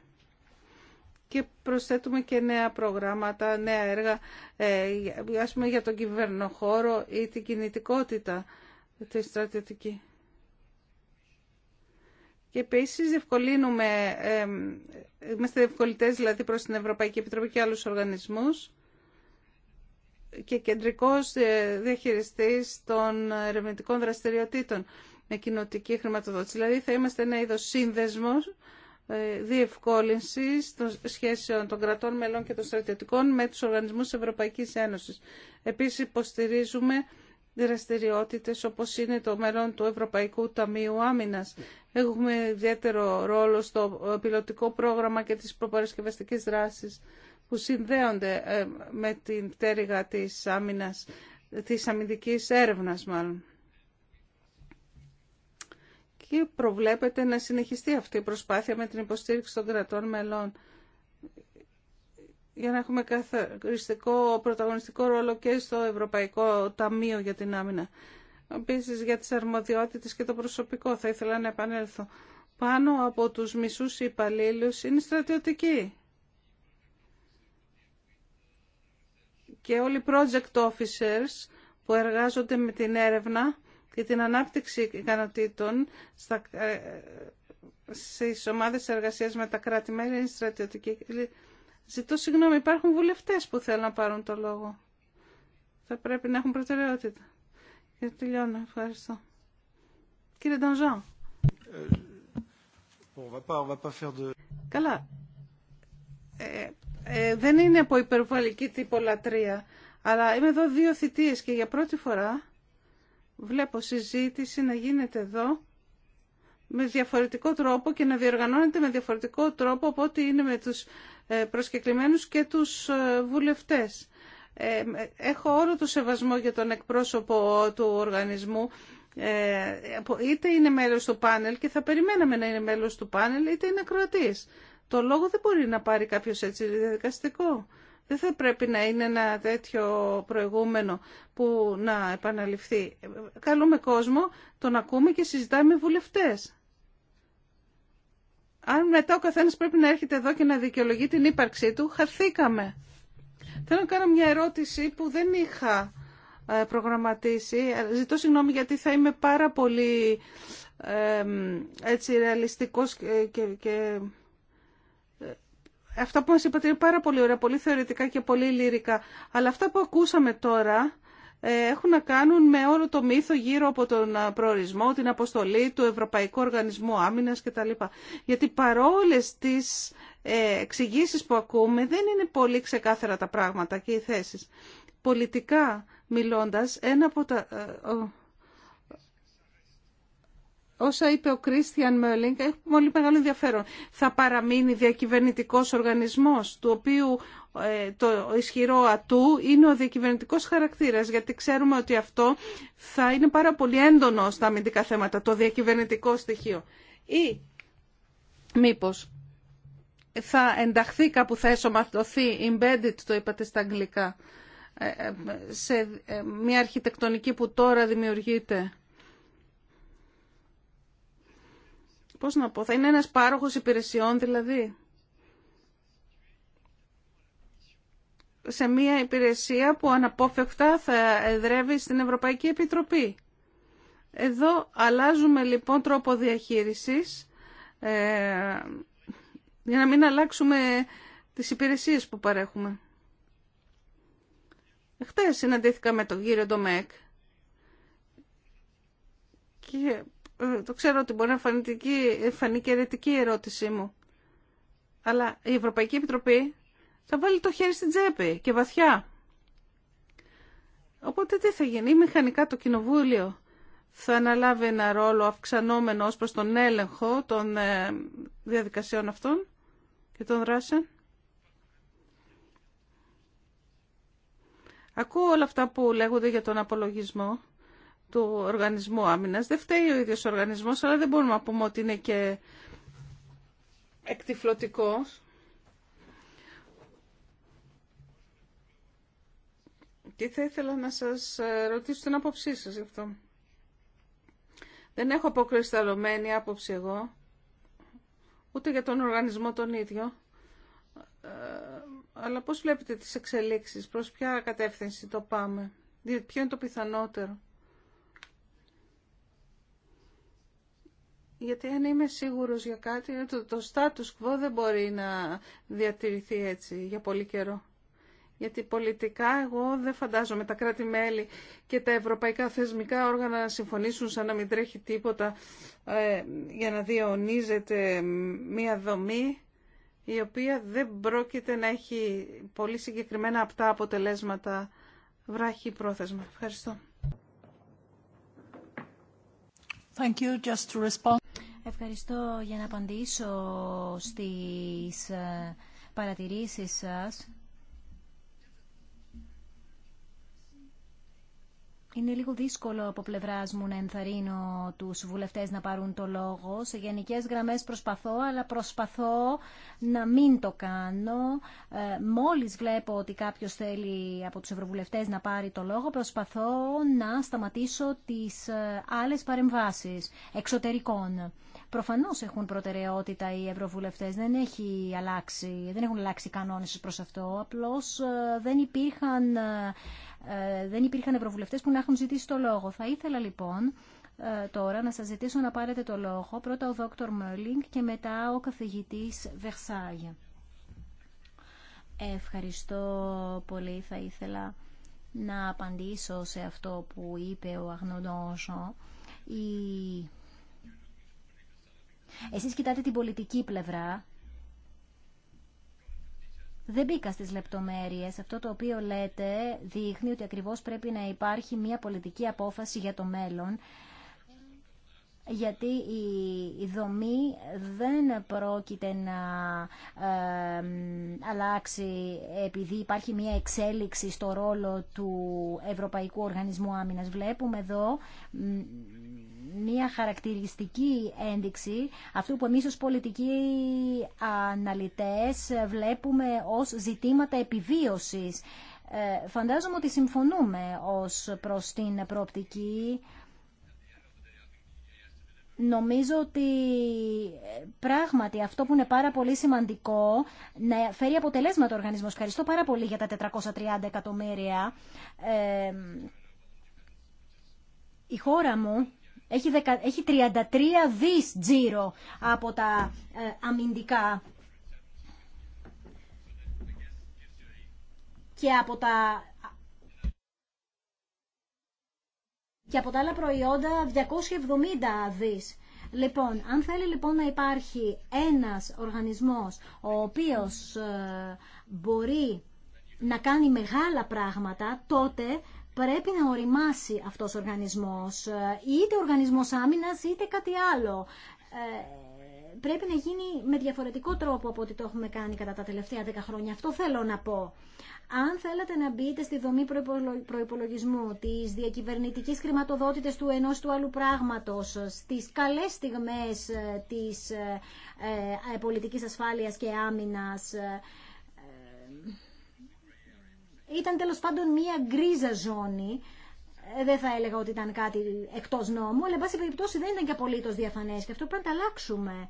και προσθέτουμε και νέα προγράμματα, νέα έργα, ε, ας για τον κυβερνοχώρο ή την κινητικότητα τη στρατιωτική. Και επίσης διευκολύνουμε, είμαστε διευκολυτέ δηλαδή προς την Ευρωπαϊκή Επιτροπή και άλλους οργανισμούς και κεντρικός ε, διαχειριστή των ερευνητικών δραστηριοτήτων με κοινοτική χρηματοδότηση. Δηλαδή θα είμαστε ένα είδος σύνδεσμος ε, διευκόλυνση των σχέσεων των κρατών μελών και των στρατιωτικών με του οργανισμού Ευρωπαϊκή Ευρωπαϊκής Ένωσης. υποστηρίζουμε δραστηριότητες όπως είναι το μέλλον του Ευρωπαϊκού Ταμείου Άμυνας. Έχουμε ιδιαίτερο ρόλο στο ε, πιλωτικό πρόγραμμα και τις προπαρασκευαστικές δράσεις που συνδέονται ε, με την πτέρυγα της άμυνας, της αμυντικής έρευνας μάλλον. Και προβλέπεται να συνεχιστεί αυτή η προσπάθεια με την υποστήριξη των κρατών μελών για να έχουμε καθαριστικό πρωταγωνιστικό ρόλο και στο Ευρωπαϊκό Ταμείο για την Άμυνα. Επίση για τις αρμοδιότητες και το προσωπικό θα ήθελα να επανέλθω. Πάνω από τους μισούς υπαλλήλου είναι στρατιωτικοί. Και όλοι οι project officers που εργάζονται με την έρευνα και την ανάπτυξη ικανοτήτων στα, ε, στις ομάδες εργασίας με τα κράτη-μέλη είναι στρατιωτικοί Ζητώ συγγνώμη, υπάρχουν βουλευτέ που θέλουν να πάρουν το λόγο. Θα πρέπει να έχουν προτεραιότητα. Και τελειώνω. Ευχαριστώ. Κύριε Ντανζό. Ε, Καλά. Ε, ε, δεν είναι από υπερβολική τύπο λατρεία. αλλά είμαι εδώ δύο θητείες και για πρώτη φορά βλέπω συζήτηση να γίνεται εδώ με διαφορετικό τρόπο και να διοργανώνεται με διαφορετικό τρόπο από ό,τι είναι με τους ε, προσκεκλημένους και τους ε, βουλευτές. Ε, έχω όλο το σεβασμό για τον εκπρόσωπο του οργανισμού είτε είναι μέλος του πάνελ και θα περιμέναμε να είναι μέλος του πάνελ είτε είναι ακροατής. Το λόγο δεν μπορεί να πάρει κάποιος έτσι διαδικαστικό. Δεν θα πρέπει να είναι ένα τέτοιο προηγούμενο που να επαναληφθεί. Καλούμε κόσμο, τον ακούμε και συζητάμε βουλευτές. Αν μετά ο καθένα πρέπει να έρχεται εδώ και να δικαιολογεί την ύπαρξή του, χαθήκαμε. Θέλω να κάνω μια ερώτηση που δεν είχα ε, προγραμματίσει. Ε, ζητώ συγγνώμη γιατί θα είμαι πάρα πολύ ε, έτσι ρεαλιστικός και, και, ε, Αυτά που μας είπατε είναι πάρα πολύ ωραία, πολύ θεωρητικά και πολύ λυρικά. Αλλά αυτά που ακούσαμε τώρα ε, έχουν να κάνουν με όλο το μύθο γύρω από τον ε, προορισμό, την αποστολή του Ευρωπαϊκού Οργανισμού Άμυνας κτλ. Γιατί παρόλες τις ε, εξηγήσει που ακούμε δεν είναι πολύ ξεκάθαρα τα πράγματα και οι θέσεις. Πολιτικά μιλώντας, ένα από τα... Όσα είπε ο Κρίστιαν Μέλινγκ έχουν πολύ μεγάλο ενδιαφέρον. Θα παραμείνει διακυβερνητικός οργανισμός, του οποίου ε, το ισχυρό ατού είναι ο διακυβερνητικό χαρακτήρας, γιατί ξέρουμε ότι αυτό θα είναι πάρα πολύ έντονο στα αμυντικά θέματα, το διακυβερνητικό στοιχείο. Ή μήπως θα ενταχθεί κάπου, θα εσωματωθεί, embedded το είπατε στα αγγλικά, ε, ε, σε μια αρχιτεκτονική που τώρα δημιουργείται. Πώς να πω, θα είναι ένας πάροχος υπηρεσιών δηλαδή. σε μια υπηρεσία που αναπόφευκτα θα εδρεύει στην Ευρωπαϊκή Επιτροπή. Εδώ αλλάζουμε λοιπόν τρόπο διαχείρισης ε, για να μην αλλάξουμε τις υπηρεσίες που παρέχουμε. Χθε συναντήθηκα με τον κύριο Ντομέκ και ε, το ξέρω ότι μπορεί να φανεί και ερετική ερώτησή μου αλλά η Ευρωπαϊκή Επιτροπή θα βάλει το χέρι στην τσέπη και βαθιά. Οπότε τι θα γίνει, μηχανικά το κοινοβούλιο θα αναλάβει ένα ρόλο αυξανόμενο ως προς τον έλεγχο των ε, διαδικασιών αυτών και των δράσεων. Ακούω όλα αυτά που λέγονται για τον απολογισμό του οργανισμού άμυνας. Δεν φταίει ο ίδιος ο οργανισμός, αλλά δεν μπορούμε να πούμε ότι είναι και εκτιφλωτικός. Και θα ήθελα να σας ε, ρωτήσω την άποψή σας γι' αυτό. Δεν έχω αποκρισταλωμένη άποψη εγώ, ούτε για τον οργανισμό τον ίδιο, ε, αλλά πώς βλέπετε τις εξελίξεις, προς ποια κατεύθυνση το πάμε, ποιο είναι το πιθανότερο. Γιατί αν είμαι σίγουρος για κάτι, το, το status quo δεν μπορεί να διατηρηθεί έτσι για πολύ καιρό γιατί πολιτικά εγώ δεν φαντάζομαι τα κράτη-μέλη και τα ευρωπαϊκά θεσμικά όργανα να συμφωνήσουν σαν να μην τρέχει τίποτα ε, για να διαιωνίζεται μία δομή η οποία δεν πρόκειται να έχει πολύ συγκεκριμένα απτά αποτελέσματα βράχη πρόθεσμα. Ευχαριστώ. Thank you. Just to respond. Ευχαριστώ για να απαντήσω στις ε, παρατηρήσεις σας. Είναι λίγο δύσκολο από πλευρά μου να ενθαρρύνω του βουλευτέ να πάρουν το λόγο. Σε γενικέ γραμμέ προσπαθώ, αλλά προσπαθώ να μην το κάνω. Ε, Μόλι βλέπω ότι κάποιο θέλει από του ευρωβουλευτέ να πάρει το λόγο, προσπαθώ να σταματήσω τι ε, άλλε παρεμβάσει εξωτερικών. Προφανώ έχουν προτεραιότητα οι ευρωβουλευτέ. Δεν, δεν έχουν αλλάξει οι κανόνε προ αυτό. Απλώ ε, δεν υπήρχαν ε, δεν υπήρχαν ευρωβουλευτές που να έχουν ζητήσει το λόγο. Θα ήθελα λοιπόν ε, τώρα να σας ζητήσω να πάρετε το λόγο, πρώτα ο Δόκτωρ Μέρλινγκ και μετά ο καθηγητής Βερσάγια. Ευχαριστώ πολύ. Θα ήθελα να απαντήσω σε αυτό που είπε ο Αγνοντόζο. Η... Εσείς κοιτάτε την πολιτική πλευρά δεν μπήκα στις λεπτομέρειες. Αυτό το οποίο λέτε δείχνει ότι ακριβώς πρέπει να υπάρχει μια πολιτική απόφαση για το μέλλον γιατί η δομή δεν πρόκειται να αλλάξει επειδή υπάρχει μια εξέλιξη στο ρόλο του Ευρωπαϊκού Οργανισμού Άμυνας. Βλέπουμε εδώ μια χαρακτηριστική ένδειξη αυτού που εμείς ως πολιτικοί αναλυτές βλέπουμε ως ζητήματα επιβίωσης. Ε, φαντάζομαι ότι συμφωνούμε ως προς την προοπτική Νομίζω ότι ε, πράγματι αυτό που είναι πάρα πολύ σημαντικό να φέρει αποτελέσματα ο οργανισμός. Ευχαριστώ πάρα πολύ για τα 430 εκατομμύρια. Ε, η χώρα μου έχει, έχει 33 δις τζίρο από τα ε, αμυντικά και από τα και από τα άλλα προϊόντα 270 δις. Λοιπόν, αν θέλει λοιπόν να υπάρχει ένας οργανισμός ο οποίος ε, μπορεί να κάνει μεγάλα πράγματα, τότε πρέπει να οριμάσει αυτός ο οργανισμός, είτε οργανισμός άμυνας είτε κάτι άλλο. Ε, πρέπει να γίνει με διαφορετικό τρόπο από ό,τι το έχουμε κάνει κατά τα τελευταία δέκα χρόνια. Αυτό θέλω να πω. Αν θέλετε να μπείτε στη δομή προϋπολογισμού της διακυβερνητική χρηματοδότητας του ενός του άλλου πράγματο, στι καλέ στιγμέ ε, τη ε, πολιτικής ασφάλειας και άμυνα, ήταν τέλος πάντων μια γκρίζα ζώνη. Ε, δεν θα έλεγα ότι ήταν κάτι εκτός νόμου, αλλά εν πάση περιπτώσει δεν ήταν και απολύτως διαφανές και αυτό πρέπει να τα αλλάξουμε.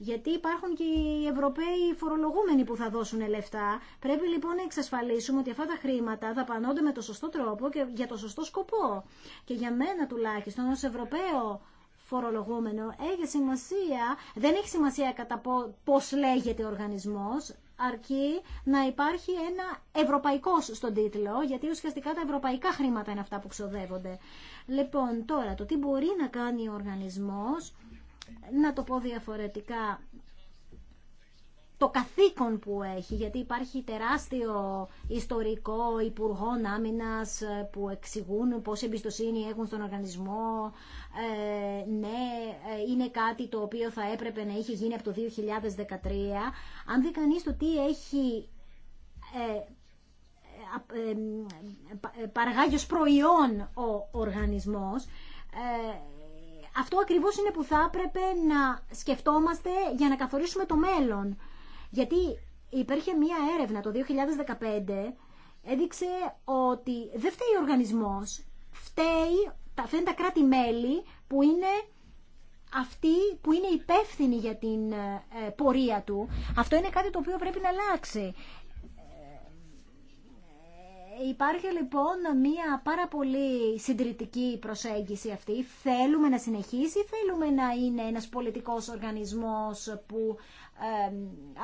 Γιατί υπάρχουν και οι Ευρωπαίοι φορολογούμενοι που θα δώσουν λεφτά. Πρέπει λοιπόν να εξασφαλίσουμε ότι αυτά τα χρήματα θα δαπανώνται με το σωστό τρόπο και για το σωστό σκοπό. Και για μένα τουλάχιστον ως Ευρωπαίο φορολογούμενο έχει σημασία, δεν έχει σημασία κατά πώς λέγεται ο οργανισμός, αρκεί να υπάρχει ένα ευρωπαϊκό στον τίτλο, γιατί ουσιαστικά τα ευρωπαϊκά χρήματα είναι αυτά που ξοδεύονται. Λοιπόν, τώρα, το τι μπορεί να κάνει ο οργανισμός, να το πω διαφορετικά, το καθήκον που έχει, γιατί υπάρχει τεράστιο ιστορικό υπουργών άμυνα που εξηγούν πόση εμπιστοσύνη έχουν στον οργανισμό, ε, ναι, ε, είναι κάτι το οποίο θα έπρεπε να είχε γίνει από το 2013. Αν δει κανείς το τι έχει ε, ε παραγάγει ως προϊόν ο οργανισμός, αυτό ακριβώς είναι που θα έπρεπε να σκεφτόμαστε για να καθορίσουμε το μέλλον. Γιατί υπήρχε μία έρευνα το 2015, έδειξε ότι δεν φταίει ο οργανισμός, φταίει αυτά είναι τα κράτη-μέλη που είναι αυτοί που είναι υπεύθυνοι για την ε, πορεία του. Αυτό είναι κάτι το οποίο πρέπει να αλλάξει. Ε, υπάρχει λοιπόν μια πάρα πολύ συντηρητική προσέγγιση αυτή. Θέλουμε να συνεχίσει, θέλουμε να είναι ένας πολιτικός οργανισμός που ε,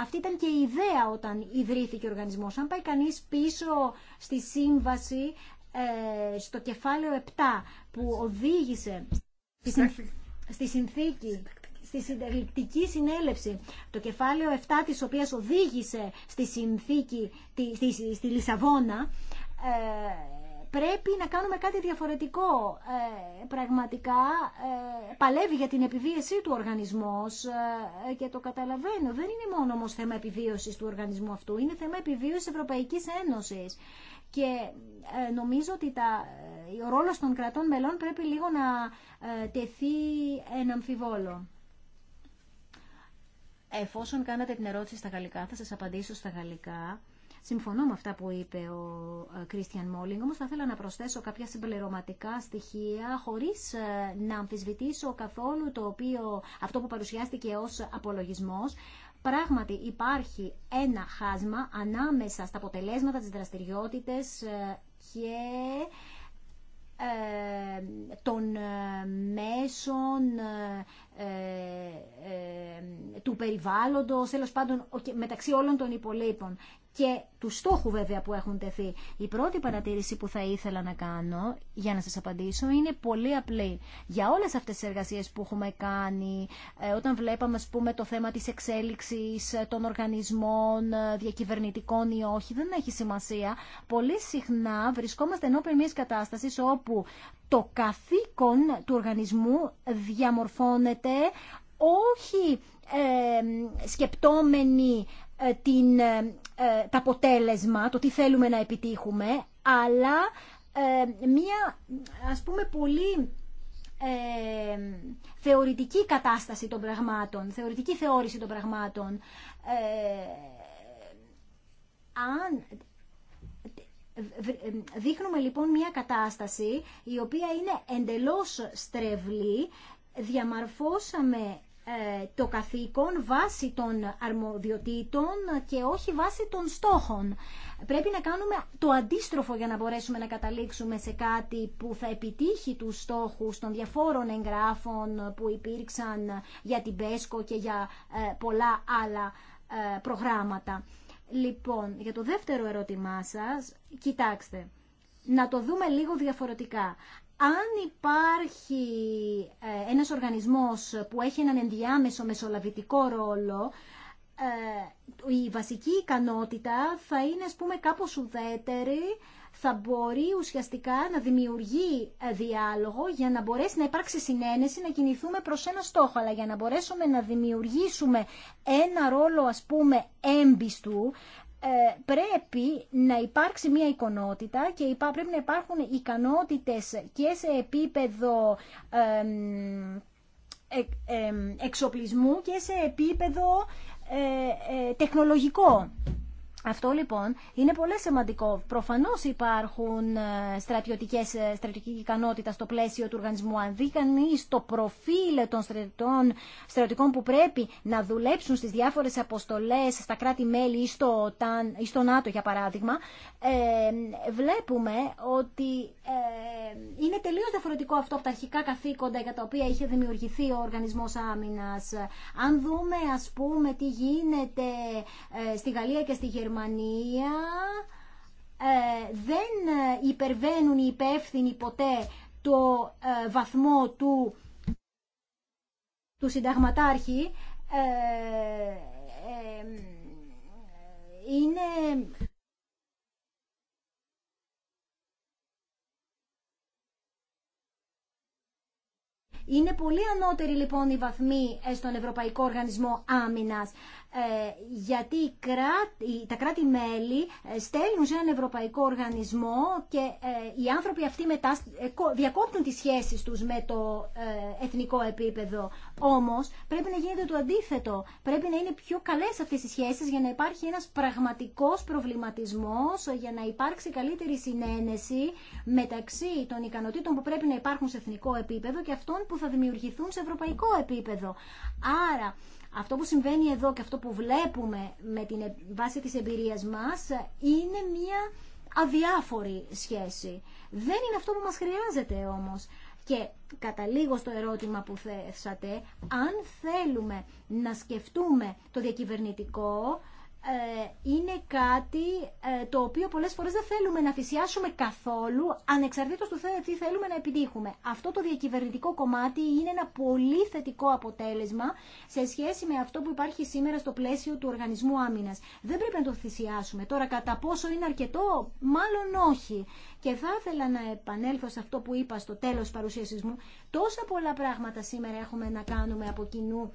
αυτή ήταν και η ιδέα όταν ιδρύθηκε ο οργανισμός. Αν πάει κανείς πίσω στη σύμβαση ε, στο κεφάλαιο 7 που οδήγησε στη συνθήκη στη συντελεκτική συνέλευση το κεφάλαιο 7 της οποίας οδήγησε στη συνθήκη στη, στη, Λισαβόνα ε, πρέπει να κάνουμε κάτι διαφορετικό. Ε, πραγματικά ε, παλεύει για την επιβίωσή του οργανισμός ε, και το καταλαβαίνω. Δεν είναι μόνο όμως θέμα επιβίωσης του οργανισμού αυτού, είναι θέμα επιβίωσης Ευρωπαϊκής Ένωσης και ε, νομίζω ότι τα, ε, ο ρόλος των κρατών μελών πρέπει λίγο να ε, τεθεί εν αμφιβόλο. Εφόσον κάνατε την ερώτηση στα γαλλικά, θα σας απαντήσω στα γαλλικά. Συμφωνώ με αυτά που είπε ο Κρίστιαν Μόλινγκ, όμως θα ήθελα να προσθέσω κάποια συμπληρωματικά στοιχεία, χωρίς να αμφισβητήσω καθόλου το οποίο, αυτό που παρουσιάστηκε ως απολογισμός. Πράγματι υπάρχει ένα χάσμα ανάμεσα στα αποτελέσματα της δραστηριότητες ε, και ε, των ε, μέσων του περιβάλλοντος, τέλο πάντων μεταξύ όλων των υπολείπων και του στόχου βέβαια που έχουν τεθεί. Η πρώτη παρατήρηση που θα ήθελα να κάνω για να σας απαντήσω είναι πολύ απλή. Για όλες αυτές τις εργασίες που έχουμε κάνει, ε, όταν βλέπαμε ας πούμε, το θέμα της εξέλιξης ε, των οργανισμών, ε, διακυβερνητικών ή όχι, δεν έχει σημασία. Πολύ συχνά βρισκόμαστε ενώπιν μιας κατάστασης όπου το καθήκον του οργανισμού διαμορφώνεται όχι ε, σκεπτόμενοι ε, την, ε, ε, τα αποτέλεσμα, το τι θέλουμε να επιτύχουμε, αλλά μία ας πούμε πολύ ε, θεωρητική κατάσταση των πραγμάτων, θεωρητική θεώρηση των πραγμάτων. αν δείχνουμε λοιπόν μια κατάσταση η οποία είναι εντελώς στρεβλή, διαμαρφώσαμε ε, το καθήκον βάσει των αρμοδιοτήτων και όχι βάσει των στόχων. Πρέπει να κάνουμε το αντίστροφο για να μπορέσουμε να καταλήξουμε σε κάτι που θα επιτύχει τους στόχους των διαφόρων εγγράφων που υπήρξαν για την ΠΕΣΚΟ και για ε, πολλά άλλα ε, προγράμματα. Λοιπόν, για το δεύτερο ερώτημά σας, κοιτάξτε, να το δούμε λίγο διαφορετικά αν υπάρχει ε, ένας οργανισμός που έχει έναν ενδιάμεσο μεσολαβητικό ρόλο, ε, η βασική ικανότητα θα είναι, ας πούμε, κάπως ουδέτερη, θα μπορεί ουσιαστικά να δημιουργεί ε, διάλογο για να μπορέσει να υπάρξει συνένεση, να κινηθούμε προς ένα στόχο. Αλλά για να μπορέσουμε να δημιουργήσουμε ένα ρόλο, ας πούμε, έμπιστου, ε, πρέπει να υπάρξει μια εικονότητα και πρέπει να υπάρχουν ικανότητες και σε επίπεδο εξοπλισμού και σε επίπεδο ε, ε, τεχνολογικό. Αυτό λοιπόν είναι πολύ σημαντικό. Προφανώ υπάρχουν ε, στρατιωτικέ ε, στρατιωτική ικανότητα στο πλαίσιο του οργανισμού. Αν δει κανεί το προφίλ των στρατιωτών, στρατιωτικών που πρέπει να δουλέψουν στι διάφορε αποστολέ στα κράτη-μέλη ή, στο, ή ΝΑΤΟ, για παράδειγμα, ε, βλέπουμε ότι ε, είναι τελείω διαφορετικό αυτό από τα αρχικά καθήκοντα για τα οποία είχε δημιουργηθεί ο οργανισμό άμυνα. Αν δούμε, α πούμε, τι γίνεται ε, στη Γαλλία και στη Γερμανία, Γερμανία ε, δεν ε, υπερβαίνουν οι υπεύθυνοι ποτέ το ε, βαθμό του, του συνταγματάρχη. είναι... Είναι πολύ ανώτεροι λοιπόν οι βαθμοί στον Ευρωπαϊκό Οργανισμό Άμυνα. Ε, γιατί τα κράτη-μέλη ε, στέλνουν σε έναν ευρωπαϊκό οργανισμό και ε, οι άνθρωποι αυτοί μετά διακόπτουν τις σχέσεις τους με το εθνικό επίπεδο. Όμως πρέπει να γίνεται το αντίθετο. Πρέπει να είναι πιο καλές αυτές οι σχέσεις για να υπάρχει ένας πραγματικός προβληματισμός, για να υπάρξει καλύτερη συνένεση μεταξύ των ικανοτήτων που πρέπει να υπάρχουν σε εθνικό επίπεδο και αυτών που θα δημιουργηθούν σε ευρωπαϊκό επίπεδο. Άρα αυτό που συμβαίνει εδώ και αυτό που βλέπουμε με την ε, βάση της εμπειρίας μας είναι μια αδιάφορη σχέση. Δεν είναι αυτό που μας χρειάζεται όμως. Και καταλήγω στο ερώτημα που θέσατε, αν θέλουμε να σκεφτούμε το διακυβερνητικό, ε, είναι κάτι ε, το οποίο πολλές φορές δεν θέλουμε να θυσιάσουμε καθόλου ανεξαρτήτως του τι θέλουμε να επιτύχουμε. Αυτό το διακυβερνητικό κομμάτι είναι ένα πολύ θετικό αποτέλεσμα σε σχέση με αυτό που υπάρχει σήμερα στο πλαίσιο του οργανισμού άμυνας. Δεν πρέπει να το θυσιάσουμε. Τώρα κατά πόσο είναι αρκετό, μάλλον όχι. Και θα ήθελα να επανέλθω σε αυτό που είπα στο τέλος παρουσίασης μου. Τόσα πολλά πράγματα σήμερα έχουμε να κάνουμε από κοινού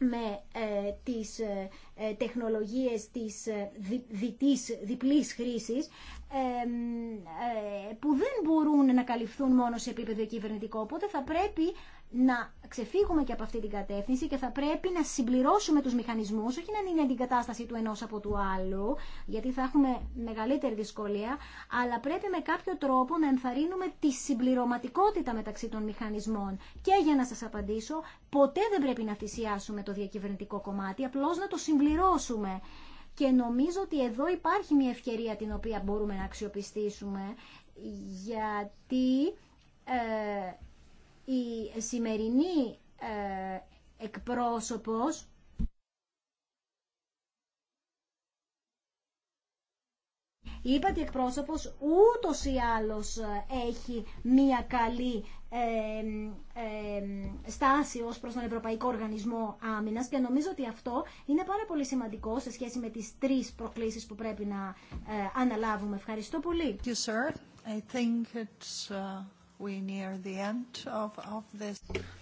με ε, τις ε, ε, τεχνολογίες της διτής, διπλής χρήσης που δεν μπορούν να καλυφθούν μόνο σε επίπεδο κυβερνητικό. Οπότε θα πρέπει να ξεφύγουμε και από αυτή την κατεύθυνση και θα πρέπει να συμπληρώσουμε τους μηχανισμούς, όχι να είναι η κατάσταση του ενός από του άλλου, γιατί θα έχουμε μεγαλύτερη δυσκολία, αλλά πρέπει με κάποιο τρόπο να ενθαρρύνουμε τη συμπληρωματικότητα μεταξύ των μηχανισμών. Και για να σας απαντήσω, ποτέ δεν πρέπει να θυσιάσουμε το διακυβερνητικό κομμάτι, απλώς να το συμπληρώσουμε. Και νομίζω ότι εδώ υπάρχει μια ευκαιρία την οποία μπορούμε να αξιοπιστήσουμε, γιατί... Ε, η σημερινή ε, εκπρόσωπος Είπα ότι εκπρόσωπος ούτως ή άλλως ε, έχει μία καλή ε, στάση ως προς τον Ευρωπαϊκό Οργανισμό Άμυνας και νομίζω ότι αυτό είναι πάρα πολύ σημαντικό σε σχέση με τις τρεις προκλήσεις που πρέπει να αναλάβουμε. Ευχαριστώ πολύ. Uh,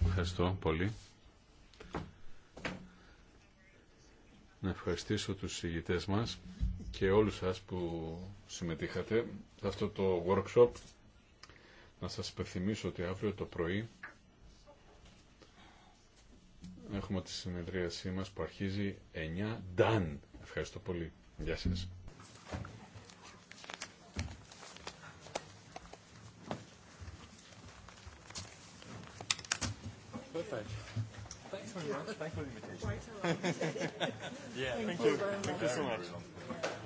Ευχαριστώ πολύ. Να ευχαριστήσω τους συγητές μας και όλους σας που συμμετείχατε σε αυτό το workshop. Να σας υπενθυμίσω ότι αύριο το πρωί έχουμε τη συνεδρίασή μας που αρχίζει 9 Ευχαριστώ πολύ. Γεια σας. Thanks. Thanks very much. Thanks for the invitation. yeah, thank you. Thank you so much.